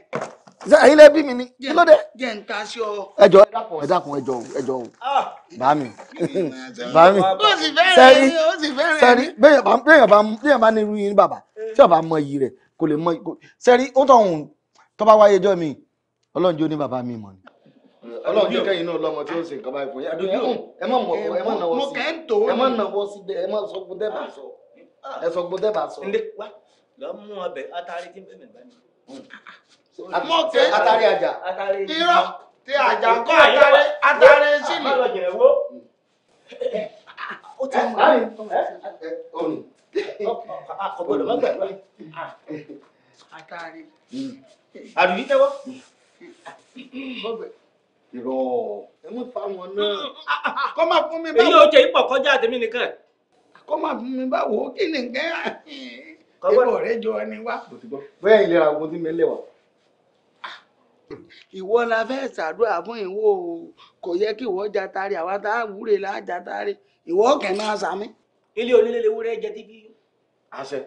Speaker 4: sẹ́yìn lẹ́bí mi ni kí ló dé. jẹ́ ń ta sí ọ. ẹjọ ẹ dákun ẹjọ ẹjọ bàá mi bàá mi sẹ́rí sẹ́rí bẹ́ẹ̀ bá ní irú yín bàbá eh. tí ọba mọ iyì rẹ̀ kò lè mọ sẹ́rí ó tọ̀hún tó wáyé jọ́ mi ọlọ́run ní bàbá mi mọ̀ ni. Ọlọ́run yóò kẹ́yìn náà lọ́mọ tí ó sì nǹkan báyìí fún yín ẹ má mọ̀ ẹ má nàwọ́ sí ẹ má nàwọ́ sí ẹ má sọ gbọ́dẹ́ bá sọ ẹ sọ gbọ́dẹ́ bá sọ. ǹdẹ wá lọ mú ọbẹ̀ atari tí bẹ́ẹ̀ bá mi. mọ kẹ atari aja irọ́ ti aja kọ́ atari atari sílì. má lọ jẹ̀rẹ̀ wo. ó ti mú un. ọ̀gbọ̀dọ̀ má gbàgbọ́ atari. àdùnní tẹ́wọ́ irọ́ ẹ mọ̀ fáwọn náà. Ah, ah, ah, kọ́ máa fún mi báwo. èyí ò jẹ́ ipò kọjá àtẹ̀mí nìkan. kọ́ máa fún mi báwo kí ni nǹkan ìbò rẹ jọ ẹni wá. bẹ́ẹ̀ ìlera ogun ti mẹ́lẹ̀ wá. ìwọ la fẹ́ ṣàdúrà fún ìwọ o kò yẹ kí ìwọ jatari àwa tá a wúre la jatari ìwọ kẹ̀ máa sàmí. ilé onílé lè wúrẹ́ jẹ tíbí. àṣẹ.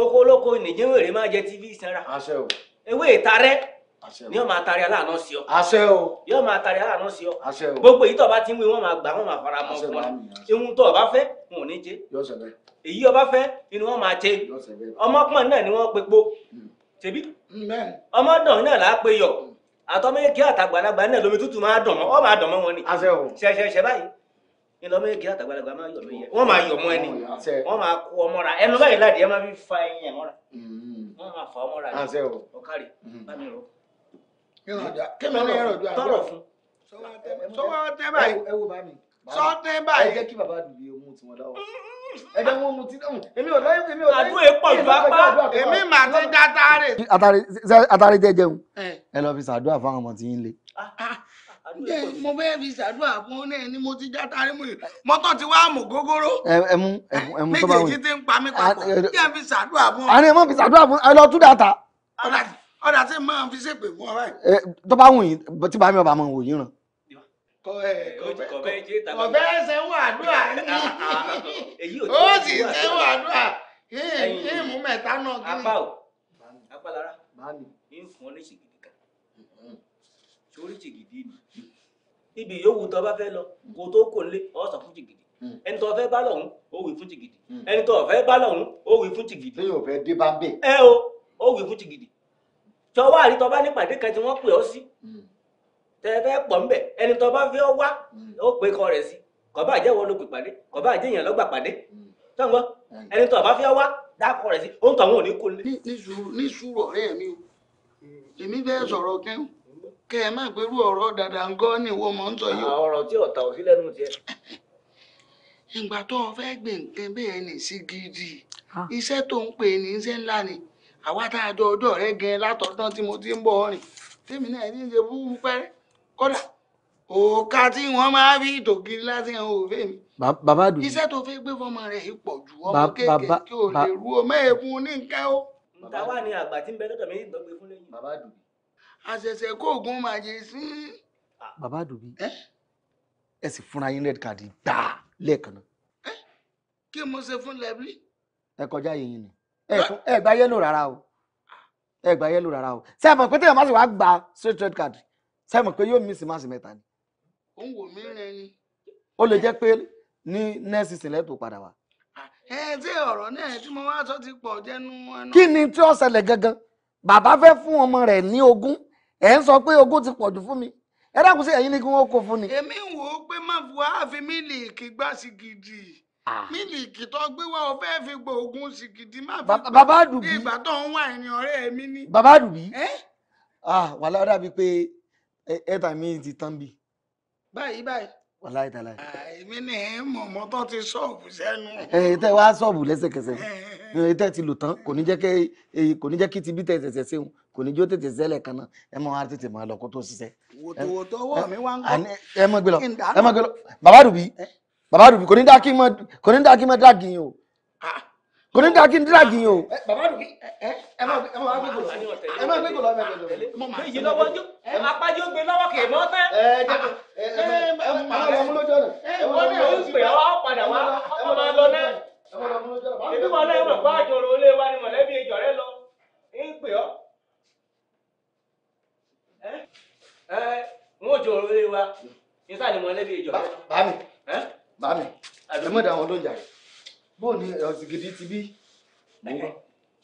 Speaker 4: oko olóko nìjẹ́wèrè máa jẹ tíbí sanra. àṣẹ o. ewé ìtarẹ́ ní ọmọ atari aláàánú sí ọ. àṣẹ o. ní ọmọ atari aláàánú sí ọ. àṣẹ o. gbogbo èyí tó bá ti ń wé wọn máa gbà wọn máa fara mọ́ fún ọ. ihun tó bá fẹ́ wọn ò ní jẹ. èyí ó bá fẹ́ inú wọn máa jẹ. ọmọkùnrin náà ni wọ́n pe po. tèbí. Hmm. ọmọdàn náà là á pe yọ. àtọ́mẹ́kì àtàgbàlagbà náà lomi tútù máa dàn mọ́ ọ máa dàn mọ́ wọn ni. àṣẹ o. ṣẹṣẹṣẹ báyìí ìlọmọge àtàgbàlagbà máa yọ̀ lóye wọ́n máa yọ̀ mọ́ ẹni wọ́n máa kó ọmọ ra ẹnu báyìí láti ẹ máa kémi ní ẹrọ ìdúrà tọrọ fún. sọwọ́ tẹ́ báyìí. ẹ wo bá mi. sọ tẹ́ báyìí. ẹ jẹ́ kí bàbá dùbí omu tí wọ́n dáwọ́. ẹ jẹ́ wọn mu tí náà èmi ò dáwọ́ èmi ò dáwọ́. àdúrà èpọ̀ ju apá èmi mà ti dá tárè. atari tẹ jẹun ẹ lọ fi ṣàdúrà fáwọn ọmọ tí ń le mo fẹ́ fi ṣàdúrà fún ọ́nà ẹni mo ti játarí mu yìí mọ́tò ti wá mọ̀ gógóró ẹmu ẹmu ẹmu tó bá wù yìí méjèèjì ti ń pa mí papọ̀ kí ẹ fi ṣàdúrà fún ọ́nà. àní ẹ mọ̀ fi ṣàdúrà fún ẹ lọ tú dàtà. ọ̀làjì ọ̀dà tí máa fi ṣèpè fún ọ báyìí. tó bá wù yín tí bá mi ọba máa wò yín ràn. kọ̀bẹ́ ẹsẹ̀ wà àdúrà yín ó sì ṣe wà àdúrà yín mú mẹ́ta náà kí. apá o apá lára ń fún ọ ní ṣìgìdì kan sórí ṣìgìdì ni ibi yòówù tó bá fẹ́ lọ kó tó kò lé ọ fún jìgìdì hmm. ẹni tó fẹ́ bá lọ́hún ó wí fún jìgìdì hmm. ẹni tó fẹ́ bá lọ́hún ó wí fún jìgìdì. ẹ o ó wí fún jìgìdì tọ́ wá ní kan tí wọ́n pè sí hmm. pọ̀ ńbẹ̀ ẹni bá wá hmm. ó pe kọ rẹ̀ sí ló pè pàdé kọ́ bá lọ́gbà pàdé hmm. bá wá dákọ rẹ̀ sí ó ń tọ́ wọn ò mi o èmi fẹ́ sọ̀rọ̀ kí n kẹ́ ẹ má ọ̀rọ̀ dàdà ń gọ́ ni wọ́n mọ̀ ń sọ yìí. ọ̀rọ̀ tí ọ̀tà ò àwa tá a jọ ọjọ́ rẹ gan látọ̀dán tí mo ti ń bọ̀ rìn tèmi náà ní ṣe búburú pẹ́rẹ́ kódà òòka tí wọ́n máa fi tògiri láti hàn òfé mi. bàbá àdùn iṣẹ́ tó fẹ́ gbé fọmọ rẹ̀ yìí pọ̀ jù ọmọ kéékèèké kí o lè ru ọmọ èèfún ní nǹkan o. nta wà ní àgbà tí ń bẹ lọ́dọ̀ mi ní ìgbàgbé fún lẹ́yìn. bàbá àdùn. àṣẹ̀ṣẹ̀ kóògùn máa jẹ sí. Ah. bàbá àdùn bí ẹ sì fúnra yín red card gbà lẹ́ẹ̀kan náà. kí mo ṣe fún lẹ́bí. ẹ kọjá yìnyín ni ẹ gba yẹ́lò rárá o ẹ gba yẹ́lò rárá o ṣé ẹ mọ̀ pé téèyàn má sì wá gba straight red card ṣé ẹ mọ̀ pé yóò mísì má sì mẹ́ta ni. ó ń wò mí rẹ ni. ó lè jẹ́ pé ní nẹ́ẹ̀sì sílẹ̀ tó padà wá. ẹ ṣé ọ̀rọ̀ náà tí mo wá sọ ti pọ̀ jẹ́nu ẹnu. kí ni tí ó ṣẹlẹ̀ gangan bàbá fẹ́ fún ọmọ rẹ̀ ní ogún ẹ̀ ń sọ pé ogún ti pọ̀ jù fún mi ẹ dákun sí ẹ̀yin ni kí wọ́n kó fún ni. èmi wò ó pé má bu ààfin mílíìkì gbàsí mílìkì tó gbé wá o fẹ́ fi gbòògùn sìgìdì má fi gbà bàbá àdùbí ní ìgbà tó ń wá ẹni ọ̀rẹ́ mi ní. bàbá àdùbí wàhálà ó dàbí pé ẹ̀ẹ́dà mi ti tán bí. báyìí báyìí wàláì tàlà. èmi ni mọ̀mọ́ tó ti ṣọ́ọ̀bù sẹ́nu. ẹ tẹ wá ṣọ́ọ̀bù lẹ́sẹ̀kẹsẹ̀ ẹ tẹ ti lò tán kò ní jẹ́ kí kò ní jẹ́ kí ti bí tẹ̀sẹ̀sẹ̀ ṣeun kò ní jó tètè sẹ́lẹ̀ kan náà ẹ mọ̀ ara tètè máa lọ kó tó ṣiṣẹ́. wòtòwòtò ọwọ́ mi wá ń kọ́. ẹ mọ̀ gbé lọ ẹ mọ̀ gbé lọ bàbá dùbí bàbá dùbí kò ní dákí mọ kò ní dákí mọ dráàgì yín o kò ní dákí dráàgì yín o. bàbá dùbí ẹ ẹ máa gbégbó lọ ẹ máa gbégbó lọ ẹ máa gbégbó lọ. èyí lọ́wọ́ jó
Speaker 1: apájú gbé lọ́wọ́ kì í mọ́ tán. ẹ
Speaker 4: jẹ ẹ máa lọ mú lójú ọ̀nà. ẹ wọ́n ní òun pè ọ́ padà wá ọmọ máa lọ náà.
Speaker 1: èmi wọn náà mọ̀ pé àjọrò olé wa ni mọ̀lẹ́bí ìjọ rẹ lọ ń pè ọ́.
Speaker 4: ẹ ẹ ń jòrò olé wa ní sáà ni mọ̀lẹ́bí ìjọ rẹ lọ. bá mi bàmí ẹ mọ̀ dáwọn ló ń jàre bó ni ọ̀sìgìdì ti bí.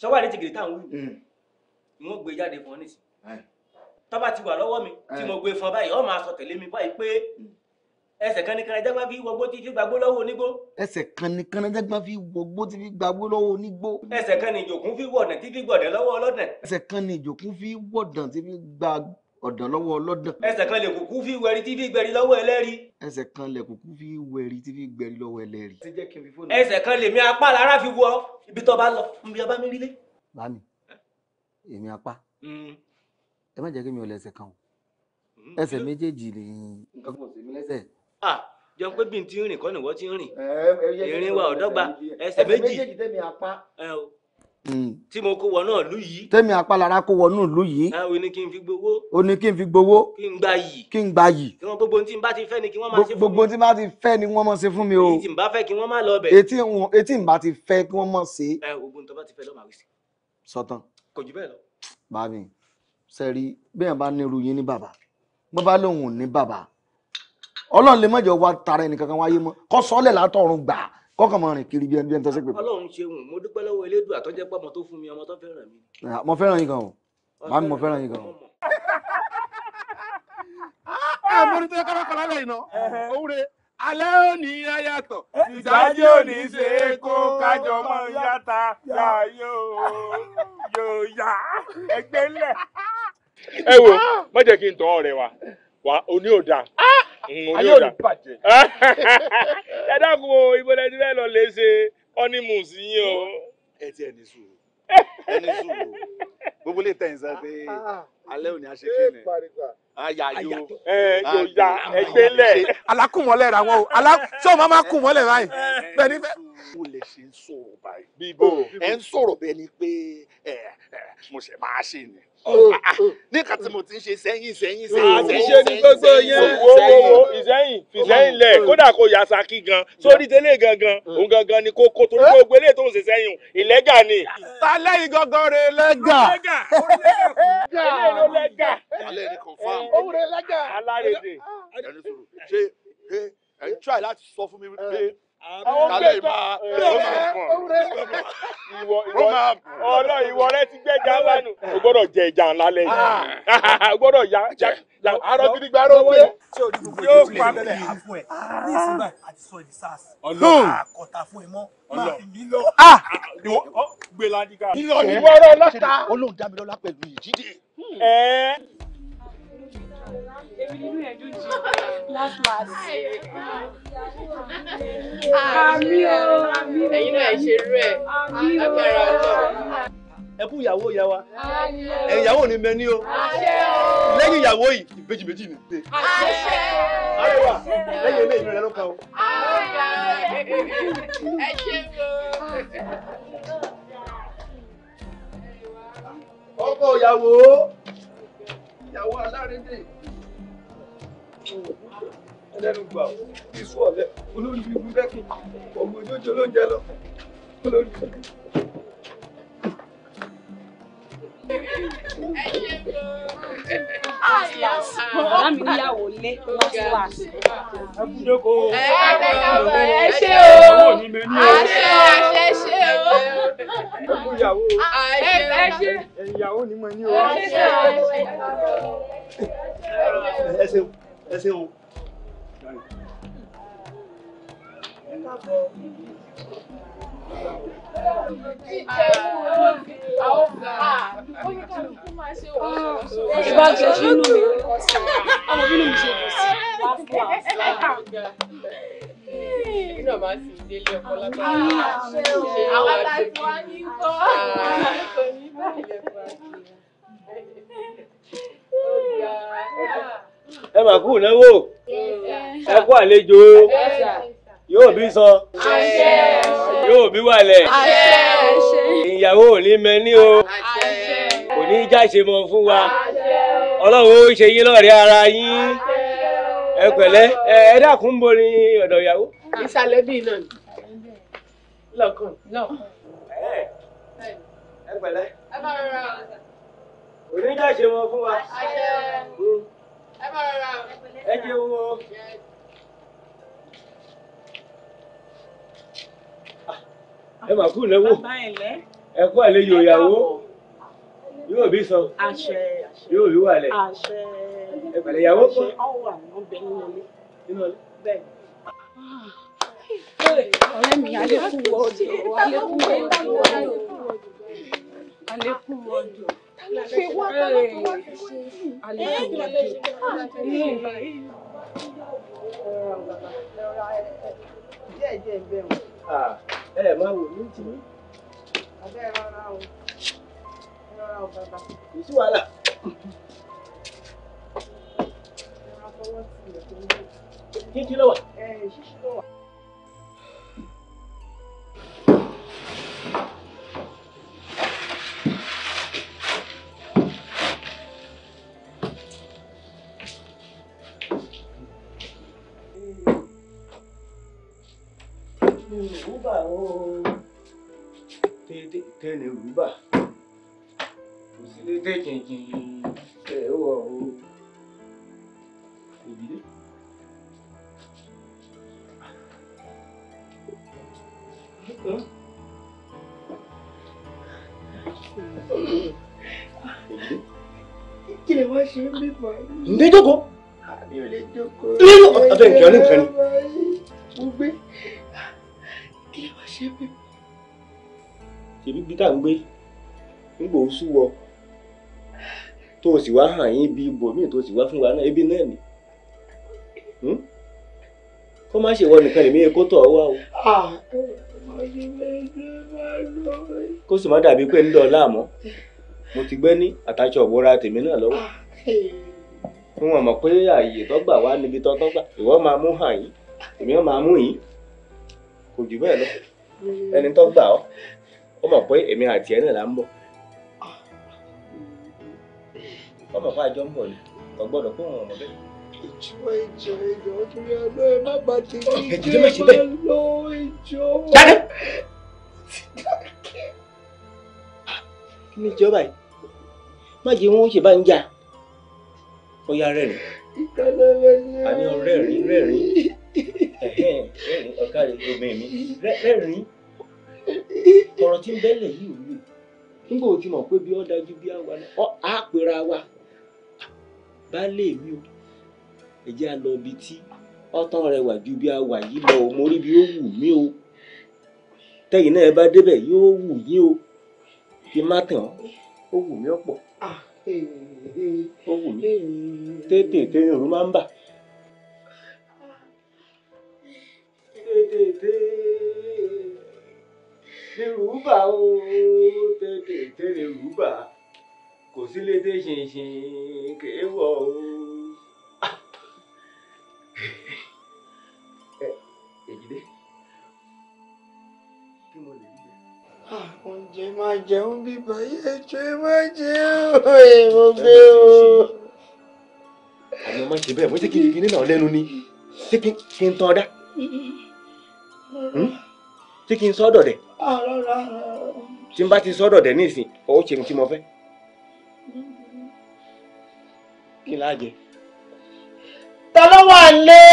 Speaker 4: sọ́wọ́ àdé tìgìdì táwọn wí ni hmm. wọ́n gbé e jáde fún ọ nísìnyí tọ́ba ti wà lọ́wọ́ mi tí mo gbé e fún ọ báyìí ọ máa sọ tẹ̀lé mi báyìí pé hmm. ẹsẹ̀ kan ní kanajágbá fi wọgbó tí fi gbàgbó lọ́wọ́ onígbó. ẹsẹ̀ kan ní kanajágbá fi wọgbó tí fi gbàgbó lọ́wọ́ onígbó. ẹsẹ̀
Speaker 3: kan ní ìjòkún fi wọ̀dàn tí fi gbọ̀dẹ̀ lọ́wọ́ ọlọ́dàn.
Speaker 4: ẹsẹ̀ kan ní ìjòkún fi wọ̀dàn tí fi gbàgbó ọ̀dàn lọ́wọ́ ọlọ́dàn. ẹsẹ̀ kan lè kúkú fi wẹ̀rí tí fi gbẹ̀rí lọ́wọ́ ẹlẹ́rìí. ẹsẹ̀ kan lè kúkú fi wẹ̀rí tí fi gbẹ̀rí lọ́wọ́ ẹlẹ́rìí. ẹsẹ̀ kan lèmi apá lára fi wọ ibi tó bá lọ nbí ọba mi rílé. bámi èmi apá hmm. ẹ má jẹ́ kí mi ò lẹ́sẹ̀ kan o hmm. ẹsẹ̀ méjèèjì lè lẹ́sẹ̀. jọ pé bí n ti rìn kọ́ nìwọ ti rìn ìrìn wa ọ̀dọ́gba ẹsẹ̀ méjì. ẹsẹ̀ méjèèjì tẹ̀mí apá Hmm. tí mo kó wọnú ìlú yìí. tẹ́mi apálára kó wọnú ìlú yìí. ẹ ah, o ní kí n fi gbowó. o ní kí n fi gbowó. kí n gba yìí. kí n gba yìí. kí wọ́n gbogbo tí n bá ti fẹ́ ni kí wọ́n máa ṣe fún mi. gbogbo tí n bá ti fẹ́ ni wọ́n máa ṣe fún mi o. èyí tí n bá fẹ́ kí wọ́n máa lọ bẹ̀. èyí tí n bá ti fẹ́ kí wọ́n máa ṣe. ẹ eh, ogun tó bá ti fẹ́ lọ́ọ́ máa wí sí. sọtán. kò jù bẹ́ẹ̀ lọ. bá mi sẹ́rí bẹ́ẹ̀ bá ní irú ní bàbá bó bá lóun ní bàbá ọlọ́run lè mọ̀jọ wa tara ẹnìkankan wáyé mọ́ kọ́ sọ́ọ́lẹ̀ látọ̀run gbà ọkàn mọ rìn kiri bí ẹni bí ẹni tó ṣe pé. Ọlọ́run ṣeun mo dúpẹ́ lọ́wọ́ elédùn àtọjẹ pé ọmọ tó fún mi ọmọ tó fẹ́ràn mi. Ah, mo fẹ́ràn yín gan o màmí mo fẹ́ràn yín gan o.
Speaker 1: àmọ́ni tó yẹ ká lọ́kọ̀ lálẹ́ iná òwúre alẹ́ òní yáyàtọ̀ eh, ìdájọ́ òní ṣe é kó kájọ mọ́ yàtà yà yóò yà ẹgbẹ́ lẹ̀. ẹ wo má
Speaker 6: jẹ́ kí n tọ́ ọ̀rẹ́ wa wa oní ò dáa. Ah! ayé ò ní
Speaker 1: bẹ́ẹ̀ lọ lè ṣe honeymoon sí yín o. ẹ ti ẹ sùúrù ẹ sùúrù
Speaker 6: gbogbo lè tẹ̀yìn sọ alẹ́ òní a ṣe kí ni ẹgbẹ́ lẹ̀.
Speaker 1: alákùnmọ́lẹ̀ ra wọn o ṣé o máa máa kùn mọ́lẹ̀ bẹ́ẹ̀ ni bẹ́ẹ̀.
Speaker 6: o lè ṣe ń sọ̀rọ̀ báyìí.
Speaker 1: bíbó ẹ ń sọ̀rọ̀
Speaker 6: bẹ́ẹ̀ ni pé mo ṣe máa ṣe ni níkan tí mo ti ń ṣe sẹ́yìn
Speaker 4: sẹ́yìn sẹ́yìn. àti ṣe ni gbogbo yẹn. wo wo wo ìsẹ́yìn ìsẹ́yìn lẹ̀ kódà
Speaker 6: kò yà saki gan sórí tẹ́lẹ̀ gangan òun gangan ni kò kó torí gbogbo eléyìí tó ń ṣe sẹ́yìn ìlẹ́gà ni.
Speaker 1: ta lẹ́yìn gangan rẹ̀ lẹ́gà. lẹ́gà eléyìí ló lẹ́gà. alẹ́ ni confam. òun rẹ̀ lẹ́gà. alárèdè. ẹni sọ̀rọ̀ ṣe ẹ ẹ try láti sọ fún mi pé kálẹ̀ ìmá ìwọ ìwọ rẹ ti gbẹ jà ńlá o gbọ́dọ̀ jẹ ìjà ńlá lẹ́yìn ah. o gbọ́dọ̀ ya arọ gidi gba arọ wọlé yóò pa bẹlẹ àfọ ẹ ní ìsinmi àti sọ èdè sars Ọlọ́run àkọta fún ẹ mọ máa fi lọ ah! gbé ládìgá. ìlọ ọlọta Ọlọ́run dá mi ìjídé
Speaker 5: èmi nínú ẹ̀dùn jù last last. àmì o àmì o ẹ̀yin náà ẹ ṣe rú ẹ agbára
Speaker 1: Ọlọ́run.
Speaker 4: ẹ kú ìyàwó ìyá wa ẹ̀yin ìyàwó ni mẹni o lẹ́yìn ìyàwó yìí ìbejì méjì ni. àṣẹ àríwá lẹ́yìn ilé ìrìnlẹ ló kàn o.
Speaker 1: ẹ ṣe o. ọkọ ìyàwó ìyàwó alárédè ẹlẹ́nu gbà ìṣú ọ̀lẹ olórí bíbí bẹ́kì ọmọ ojójó ló ń jẹ lọ olórí bíbí. Bàbá mi níyàwó lé wọ́n ti wà. Ẹ kú dé kó. Ẹ ẹ kábọ̀ ẹ ṣé o. Àṣẹ àṣẹ ṣé o. Ẹ kú ìyàwó. Àṣẹ àṣẹ. Ẹ̀yìn ìyàwó ni mo ní o. Àṣẹ àṣẹ. Ẹ ṣeun ẹ ṣeun. Ẹ kábọ̀
Speaker 5: ìbá jẹ ṣe inú mi ọmọ bínú mi ṣe bọ̀ sí iná máa sì ń délé ọkọ lágbára ṣe àwọn àti wọn ní kọ́ ọkọ ní
Speaker 2: báyìí
Speaker 4: ẹ mà kú náwó ẹ kú àlejò
Speaker 3: yóò bí san yóò bí wàlẹ̀ ìyàwó ò ní mẹ́ni o kò ní jáṣe mọ́ fún wa ọlọ́run ó ṣe
Speaker 4: yín lọ́rẹ̀ẹ́ ara yín ẹ pẹ̀lẹ́ ẹ dákun bo ni ọ̀dọ̀ ìyàwó.
Speaker 1: ìsàlẹ̀ bíi náà ni lọ́kàn. ẹ pẹ̀lẹ́. ẹ bá rọra ọ̀sán.
Speaker 4: oníjà ṣe wọn fún wa.
Speaker 1: Hmm. ẹ bá rọra ọ̀sán. ẹ jẹ́ wo. ẹ mà kú lẹ́wọ́ ẹ kú
Speaker 3: àlejò ìyàwó yóò bí sọ yóò bí wà lẹ̀
Speaker 1: ẹ pẹ̀lẹ́ kọ́
Speaker 5: ọ̀rẹ́ mi alẹ́kùn ọdún alẹ́kùn ọdún alẹ́kùn ọdún fi wá
Speaker 1: alẹ́kùn ọdún.
Speaker 4: Ah, ẹ máa wò ní tì mí.
Speaker 1: abẹ́ rárá o rárá o bàbá. kì í sí wàhálà. kí n kí ló wà. ẹ ṣíṣí ló wà.
Speaker 4: rúbà o tẹ́ni rúbà kò sí lé tẹ́ kìnkìn ẹ̀ wọ̀ o
Speaker 6: òbílẹ̀.
Speaker 1: Kí ni ṣe ń bí bọ̀? Ǹdé jókòó. Àbí olè jókòó. Ilé yóò ọ̀tọ̀ nǹkan ní nǹkan ni. Mo gbé ṣebí
Speaker 3: ṣebí bí tá à ń gbé nígbà oṣù wọ tó o sì wá hàn yín bí ibòmíì tó o sì wá fún wa náà ebi náà ni hmm? kó má ṣe wọ nìkan èmi
Speaker 4: kó tọ̀ ọ́ wá o. kó sì má dàbí pé ń dọ̀ láàmú mo ti gbẹ́ ní àtàṣọ òbora tèmi náà lọ́wọ́
Speaker 3: fún wọn mọ̀ pé ààyè tọ́gbà wá níbi tọ́tọ́gbà ìwọ máa mú hàn yín èmi máa mú yín
Speaker 4: kò jù bẹ́ẹ̀ lọ ẹni tó gbà ọ́ ó mọ̀ pé èmi àti ẹ̀ náà là ń bọ̀ ó mọ̀ pé àjọ ń bọ̀ ni
Speaker 3: kò gbọ́dọ̀ kó wọn ọmọ bẹ́ẹ̀.
Speaker 1: ìjọ ìjọ ìjọ torí àlọ́ ẹ má bàa ti rí ẹ má lọ ìjọ. jáde.
Speaker 4: kí ni ìjọba yìí má jẹ wọn ó ṣe bá ń jà
Speaker 1: ó yá rẹ́rìn. ìkàlẹ̀ rẹ̀ ni. àní ọ̀rẹ́ rí rẹ́rìn.
Speaker 4: ọ̀gá rẹ̀ gbọ́mọ̀ mi rẹ́rìn ọ̀rọ̀ tí ń bẹ́lẹ̀ yìí ò lè nígbà òjì mọ̀ pé bí ó dájú bí àwa náà á pera wa baálé mi o ẹ á lọ ibi tí ọ̀tán rẹ̀ wà ju bí àwa yìí lọ mo rí bí ó wù mí o náà ẹ bá débẹ̀ yóò wù yín
Speaker 6: o má tàn ó wù mí ọ̀pọ̀
Speaker 4: ah, eh, eh, eh. ó wù mí
Speaker 6: tètè òru máa
Speaker 1: tètè ní rúbà ó
Speaker 6: tètè tètè rúbà
Speaker 4: kò sí létè ṣinṣin kèé wọ̀ ó.
Speaker 1: oúnjẹ máa jẹun bíbá yẹ jọ ẹ máa jẹun èèmọ gbé o.
Speaker 4: àmọ́ má ṣe bẹ́ẹ̀ mo jẹ́ kí n kí n náà lẹ́nu ni ṣé kí n tán ọ dá. Hmm? tí kì í sọ́dọ̀ dẹ̀ ah, tí n bá ti sọ́dọ̀ dẹ̀ nísìn ó ṣe ohun tí mo fẹ́ kí láà
Speaker 1: jẹ. ta ló lé.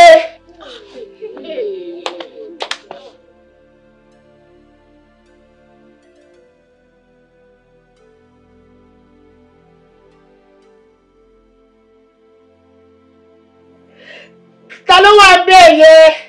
Speaker 1: ta ló wà lé yẹn.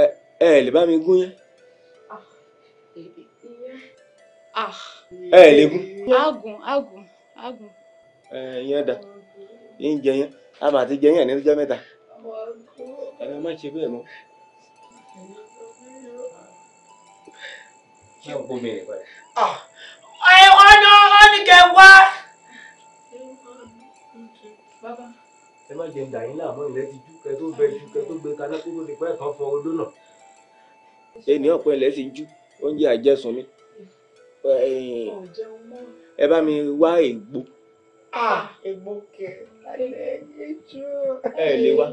Speaker 4: ẹ ẹ lè bá mi gún
Speaker 5: ah, yẹn. ẹ ah. ẹ lè gún. àgùn àgùn àgùn.
Speaker 4: ẹ yẹn da yín jẹ yẹn a máa ti jẹ yẹn ní ọjọ́ mẹ́ta
Speaker 3: ẹ má ṣe bẹ́ẹ̀ mọ́. yẹ ọ bómi rẹ báyìí.
Speaker 5: Ah! ẹ wọ́n ní wọ́n wá.
Speaker 2: bàbá
Speaker 4: ẹ má jẹun dàyín láàmú ilẹ̀ ti jú kẹ tó bẹ jú kẹ tó gbé kaná kó tó di pẹ́ fọ odó náà. ènìyàn pẹ́ ilẹ̀ ti jú oúnjẹ àjẹsùn mi ẹ bá mi wá ègbò.
Speaker 1: ègbò kẹ
Speaker 4: ẹ lè wá.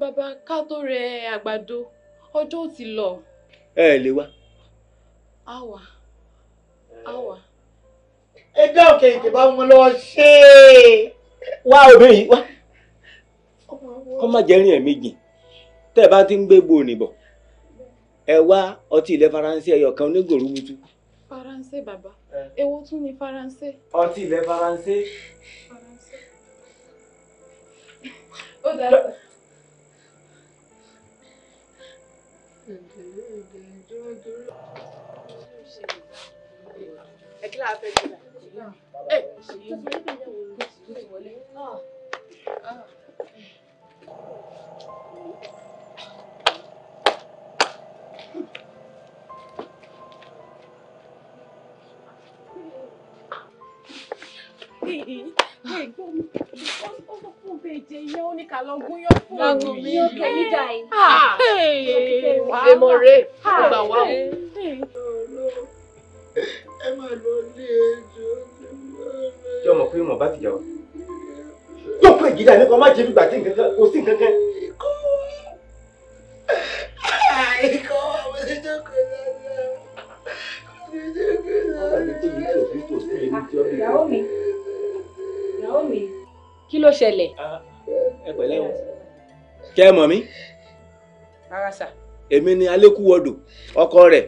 Speaker 5: bàbá ká tó rẹ àgbàdo ọjọ́ ò ti lọ. ẹ lè wá. àwa àwa. ẹ dá òkè ìdìbò
Speaker 4: ọmọ lọ ṣe é wá òbí yìí wá. kọ́ má jẹ́rìn ẹ̀ méjì tẹ́ ẹ bá ti ń gbé gbòòrò nìbọ̀ ẹ wá ọtí ilẹ̀ faransé ẹyọ kan onígòrò butu.
Speaker 5: faransé bàbá èwo tún ni faransé. ọtí ilẹ̀ faransé. ó dára. ẹ kí láà Emore, gbà wá o. Ẹ
Speaker 4: máa lọ lé ẹjọ́. Ṣé o mọ̀ pé mo bá ti jà wá? Yóò pẹ́ gidi àníkan má jẹ́ bí gbà tí nǹkan kan kò sí nǹkan kan.
Speaker 2: ìyàwó
Speaker 5: mi ìyàwó mi kí ló ṣẹlẹ̀. Ah, ẹ pẹ̀lẹ́ o kẹ́ ẹ mọ̀ mí. rárá sà.
Speaker 4: èmi ni alẹ́kùwọ́dù ọkọ rẹ̀.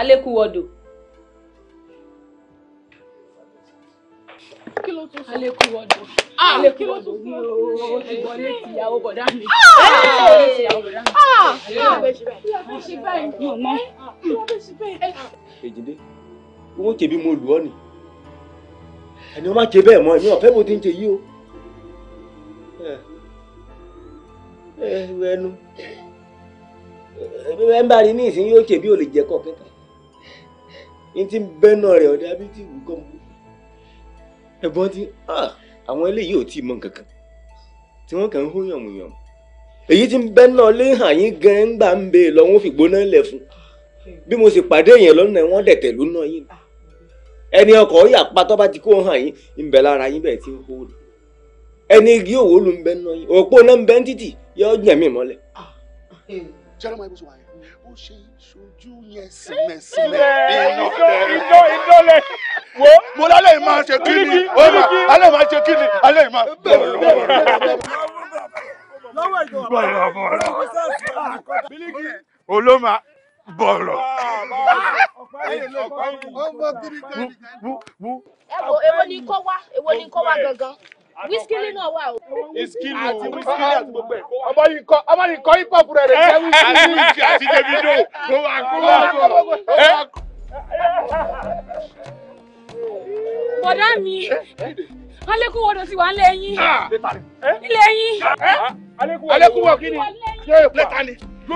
Speaker 5: alẹ́kùwọ́dù. kí ló tún sọ. alẹ́kùwọ́dù. Ah, alẹ́ kí ló tún fún ọ ó ti gbọ́ létí ìyàwó bọ̀dá mi
Speaker 4: èjìdé wọn kèbí mo lù ọ ni ẹni wọn má ké bẹ́ẹ̀ mọ́ ẹmí ọ̀fẹ́ bó ti ń ké yí o eh, eh, ẹnu eh, ẹ ń bá rí ní ìsín yóò kèbí ò lè jẹ kọkẹta ní ti bẹ́ẹ̀ náà rẹ̀ ọ̀dà bíi ti wù kọ́ mu ẹ̀bọ́n ti Ah àwọn eléyìí ò tí ì mọ nǹkan kan tí wọ́n kàn ń hún yànmùyàn èyí tí ń bẹ́ náà lé hàn yín gan ń gbà ń bè lọ fi gbóná lẹ̀ fún bí mo sì pàdé èèyàn lọ́nà wọ́n dẹ̀ tẹ̀lú náà yín ẹni ọkọ̀ yà pátọ́ bá ti kó hàn yín ń bẹ lára yín bẹ́ẹ̀ tí ń hó ẹni igi òwò ló ń bẹ náà yín òpó náà ń bẹ ń títì yọ ọ́ yẹ̀mí mọ́lẹ̀.
Speaker 1: ṣé ọlọ́mọ ibùsùn wà bó ṣe ṣojú yẹn símẹ̀símẹ̀. ìjọ ìjọ ìjọ lẹ wo. mo lálẹ́ yìí máa ṣe kí ni ó mà alẹ́ máa ṣe kí ni alẹ́ yìí máa. lọ́wọ́ ìjọba bílíkì olóma bọ̀rọ̀.
Speaker 5: ọmọ kiri tẹ́lifíṣẹ́. èwo ni kó wá èwo ni kó wá gangan wíṣkìlì náà wà o. wíṣkìlì àti wíṣkìlì àti
Speaker 1: gbogbo ẹ̀. ọmọ yìí kọ ọmọ yìí kọ hip hop rẹ̀ rẹ̀ jẹ́ wíṣkìlì. àti Davido ló wà kó wà kó. bọ̀dá mi
Speaker 5: alẹ́kùn wọ́dọ̀ sí wa ń lé yín ilé yín.
Speaker 1: alẹ́kùn wọ̀ kí ni lẹ́tà ni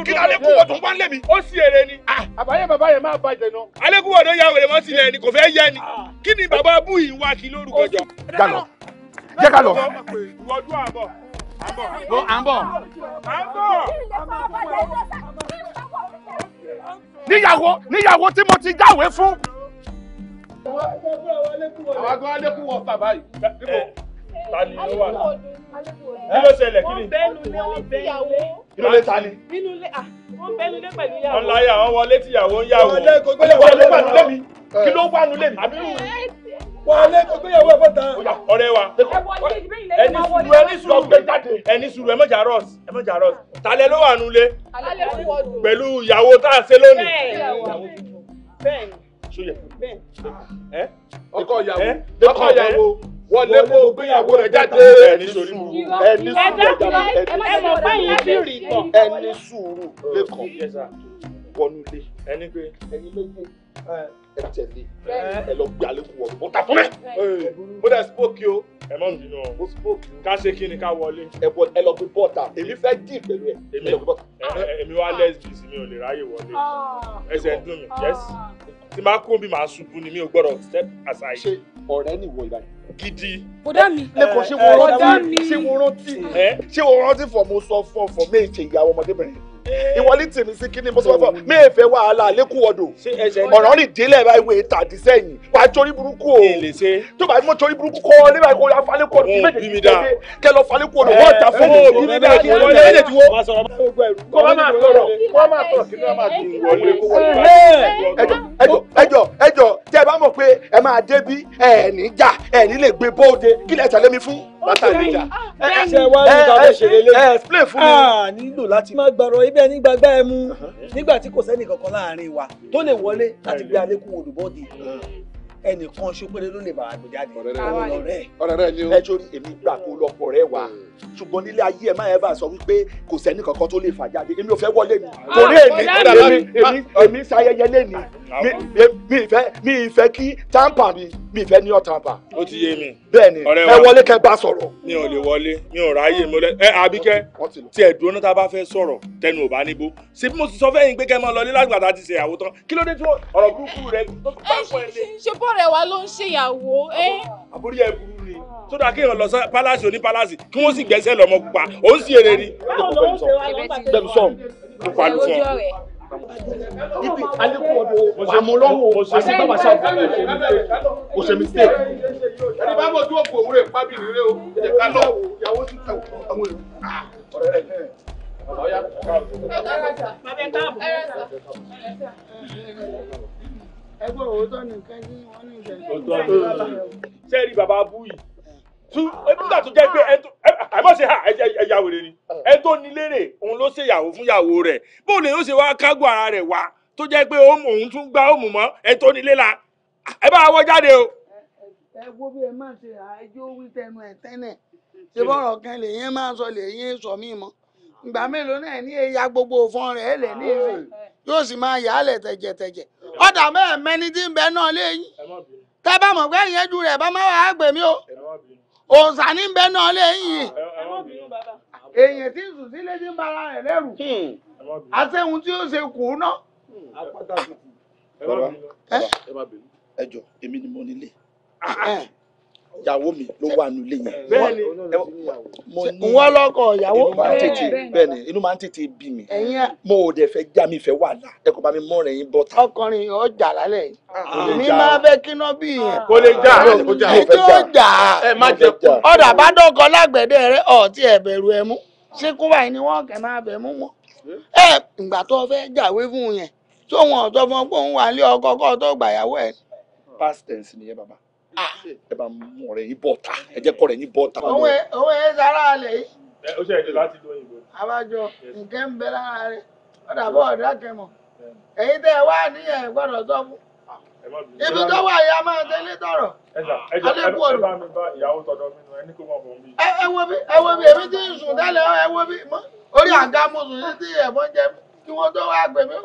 Speaker 1: kí ni alẹ́kùn wọ̀ tó ń bá ń lé mi. ó sì èrè ni. àbáyé bàbá yẹn máa bàjẹ́ náà. alẹ́kùn wọ̀ ló yà wèrè mọ́ sílẹ̀ ni kò fẹ́ yẹ ni kí
Speaker 6: bàbá bú yìí kí lórúkọ jọ jẹ́ ká lọ.
Speaker 1: ìwọ́dún àbọ̀ àbọ̀ àbọ̀ àbọ̀. níyàwó níyàwó tí mo ti jáwé fún. àwọn agbọ́n alẹ́kùn wọ bàbá yìí. Tani ló wà? Kí ló ṣẹlẹ̀ kí ni? Wọ́n bẹ́ẹ̀ nulẹ̀ wọ́n bẹ́ẹ̀ nulẹ̀. Kí ló lé tani? Nínú ilé ah, à,
Speaker 6: wọ́n wọlé tìyàwó ń yàwó. Wọ́n Kí ló wà nulẹ̀ mi?
Speaker 1: wà á lé gbogbo ìyàwó ẹ̀ bọ́ta. ọ̀rẹ́ wa ẹni sùúrù ẹni sùúrù ọgbẹ́ jáde ẹni sùúrù ẹ mọ̀jà rọ́ọ̀s ẹ mọ̀jà rọ́ọ̀s talẹ̀ ló wà nulẹ̀ pẹ̀lú ìyàwó tá a ṣe lónìí. ọkọ ìyàwó ọkọ ìyàwó wọ́n lé kó gbéyàwó rẹ̀ jáde. ẹni sùúrù ẹni sùúrù ẹ mọ̀ pé ìyá ti rì tọ̀. ẹni sùúrù lẹ́kọ̀ọ́
Speaker 6: wọnú ilé. ẹni pé ẹni méjì ẹ tẹ̀lé ẹ lọ gbé àlékún wọ̀ ọ̀tà fún mi. mo dẹ̀ spoke o ẹ mọ̀ nínú ọ mo spoke o. ká ṣe kí ni ká wọlé. ẹ lọ gbé bọ́ọ̀tà èmi fẹ́ dì pẹ̀lú ẹ. èmi wá lesbians mi ò lè ráyè wọlé ah. ẹsẹ̀ ń dùn mí ah. yes tí máa kún bí máa ṣubú ni mi ò gbọ́dọ̀ step aside. ṣe ọ̀rẹ́ nìwọ ìbàdàn. gidi.
Speaker 1: bọ́dá mi. lẹ́kọ̀ọ́ ṣé wo rántí ṣé wo rántí
Speaker 6: ṣé wo rántí fọ̀ mo sọ fún ọ fọ̀ méje ìyàwó ọmọdébìnrin ìwọlé tèmi sí kí ni mo sọ fọ
Speaker 4: mi ì fẹ́ wàhálà lẹ́kùn ọ̀dọ̀ ọ̀ràn rìn délẹ̀ báyìí wèé tàdí sẹ́yìn wà á torí burúkú o
Speaker 1: tó bá mọ̀ torí burúkú kọ́ lébà kó la falẹ́kùn ọ̀dọ̀ méjèèjì kí ló dé
Speaker 6: kẹ́ lọ falẹ́kùn
Speaker 4: ọ̀dọ̀ wọ́n ta
Speaker 1: fún mi bí mi náà yọ ọ́ lẹ́yìn
Speaker 6: ìdíwọ́
Speaker 1: kó má máa tọrọ
Speaker 6: kó má máa tọrọ kí ló
Speaker 1: má dùn wọlé kó wọlé.
Speaker 4: ẹjọ ẹjọ tẹ ẹ bá mọ̀ pé ẹ máa débí ẹ ní jà ẹ ní lè gbé bóde kí lẹ ṣàlẹ́ mi fún látàlíjà
Speaker 1: ah, ṣe wá ní ìdájọ́ ṣẹlẹ̀ lé ẹ
Speaker 4: explain fún mi. a nílò láti máa gbàrọ ibẹ̀ ní gbàgbá ẹ mú uh-huh. nígbà tí kò sẹ́nì kankan láàrin wa tó lè wọlé láti gbé alẹ́kùn olùbọ́dì ẹnìkan ṣópẹ́rẹ́ ló lè bá wa gbé jáde ọ̀rẹ́
Speaker 6: rẹ ni o ẹ sórí èmi gbà kó lọ́pọ̀ rẹ wá hmm.
Speaker 4: ṣùgbọ́n nílé ayé ẹ má ẹ bá sọ wípé kò sẹ́ni kankan tó lè fà jáde èmi ò fẹ́ wọlé mi ah. torí èmi èmi
Speaker 1: èmi ṣayẹyẹ lẹ́ni mi ìfẹ́ mi ìfẹ́ kí tampa mi mi ìfẹ́ ní ọ̀tampa. ó ti yé mi bẹ́ẹ̀ni ẹ wọlé kẹ́ bá sọ̀rọ̀.
Speaker 6: mi ò lè wọlé mi ò ráyè mi ò lẹ ẹ àbíkẹ́ tí ẹ dúró náà tá a bá fẹ́ sọ̀rọ̀ tẹnu ò bá níbo ṣé mo ti sọ fẹ́ yín pé kẹ́ máa lọ nílá ìgbà ti ṣe ìyàwó kí ló dé tí ọ̀rọ̀ burúkú rẹ tó
Speaker 5: bá pọ̀ ẹ lé. ṣe bọ́ rẹwà ló ń ṣèyàwó.
Speaker 6: àbúrí ẹ burú ni sódà kí èèyàn lọ sí pálásì oní pálásì kí wọ́n sì gbẹ́sẹ̀ lọ́mọ pupa òun sì èrè ni.
Speaker 1: bẹ́ẹ̀ sọ mo palu fún ọ. ibi alẹ́kùn odò àmúlọ́wọ́ àṣetọ́ba ṣáà kò ṣe mistake. ẹni bá bọ̀
Speaker 6: tó kò wúrẹ̀ pábì rírẹ́ o ẹ̀jẹ̀ ká lọ ìyàwó ti tẹ̀ àwọn èèyàn. ọ̀rẹ́ rẹ̀ kẹ́ ẹ̀.
Speaker 4: Bàbá ya. Bàbá ẹ káàbọ̀. Ẹ rẹ̀ sà ẹgbẹ́ òótọ́ nìkan ní wọ́n ní
Speaker 6: ìjẹ́jẹ́. ṣé ẹ rí bàbá abú yìí nígbà tó jẹ́ pé àmọ́ ṣe ha ẹ̀yà wèrè ni ẹ tó ní lérè òun ló ṣèyàwó fún ìyàwó rẹ̀ bó lè yóò ṣe wá kágùn ara rẹ̀ wá tó jẹ́ pé òun tún gbá òun mọ́ ẹ tó ní léla ẹ bá wọ jáde o.
Speaker 4: ẹ wo bí ẹ má ṣe àájó wí tẹnu ẹ tẹ́nẹ̀ ṣe bọ́rọ̀ kan lèyìn máa sọ lèyìn sọ mí mọ́ ìgbà mélòó náà ní eya gbogbo òfin rẹ̀ ẹ lẹ̀ ní ìfẹ́ yóò sì máa yà á lẹ̀ tẹ̀jẹ̀tẹ̀jẹ̀ ọ̀dà mẹ́ẹ̀mẹ́ ni tí bẹ náà léyìn tẹ́ bá pé rẹ̀ bá má o òòsà ní bẹ náà léyìn èèyàn tí ń sùn sílé ń bara
Speaker 6: rẹ̀ ìyàwó mi ló wà nílé yẹn.
Speaker 1: bẹ́ẹ̀ni wọn
Speaker 6: lọkọ
Speaker 4: ìyàwó bẹ́ẹ̀ni inú máa ń tètè bí mi mo ò dẹ̀ fẹ́ já mi fẹ́ wàhálà ẹ kò bá mi mọ rẹyìn bọta. ọkùnrin yóò jà lálẹ́ ah. mi máa fẹ́ kíná bí yẹn. kò lè jà kò jà kò
Speaker 6: jà ẹ
Speaker 4: bá dọ́kọ lágbẹ̀dẹ rẹ ọ̀ọ́tí ẹ̀ bẹ̀rù ẹ̀ mú síkú báyìí ni wọ́n kẹ̀ máa bẹ̀ mú mọ́. ẹ ìgbà tó fẹ́ jàwé fún yẹn tó wọn ọ̀tọ́ fún ọ pé òun wà ní ọkọ̀ kọ́ tó gbàyàwó ẹ̀. past tense ni nìyẹn baba.
Speaker 6: Ah. ẹ bá mú ọ̀rẹ́ yín bọ̀ ta ẹ jẹ́ kọ̀rẹ́ yín bọ̀ ta. òun
Speaker 4: ẹ sára alẹ̀ yìí.
Speaker 6: ó ṣe èdè láti lo òyìnbó.
Speaker 4: àbájọ nǹkan ń bẹ lára rẹ ó dàbọ̀ ọ̀dà kẹmọ̀ èyí tẹ́ ẹ wá níyẹn gbọ́dọ̀ sọ fún. ibi tó wà yá máa délé
Speaker 6: tọ̀rọ̀. ẹ bá mi bá ìyàwó tọ̀dọ̀ mi nù ẹ ní kó mọ̀ bọ̀ mí.
Speaker 4: ẹ wo bí èmi ti sùn tẹ́lẹ̀ ẹ wo bí orí àga mo sùn sí ẹ̀fọn jẹ mi kí wọ́n tó wá gbẹ̀mí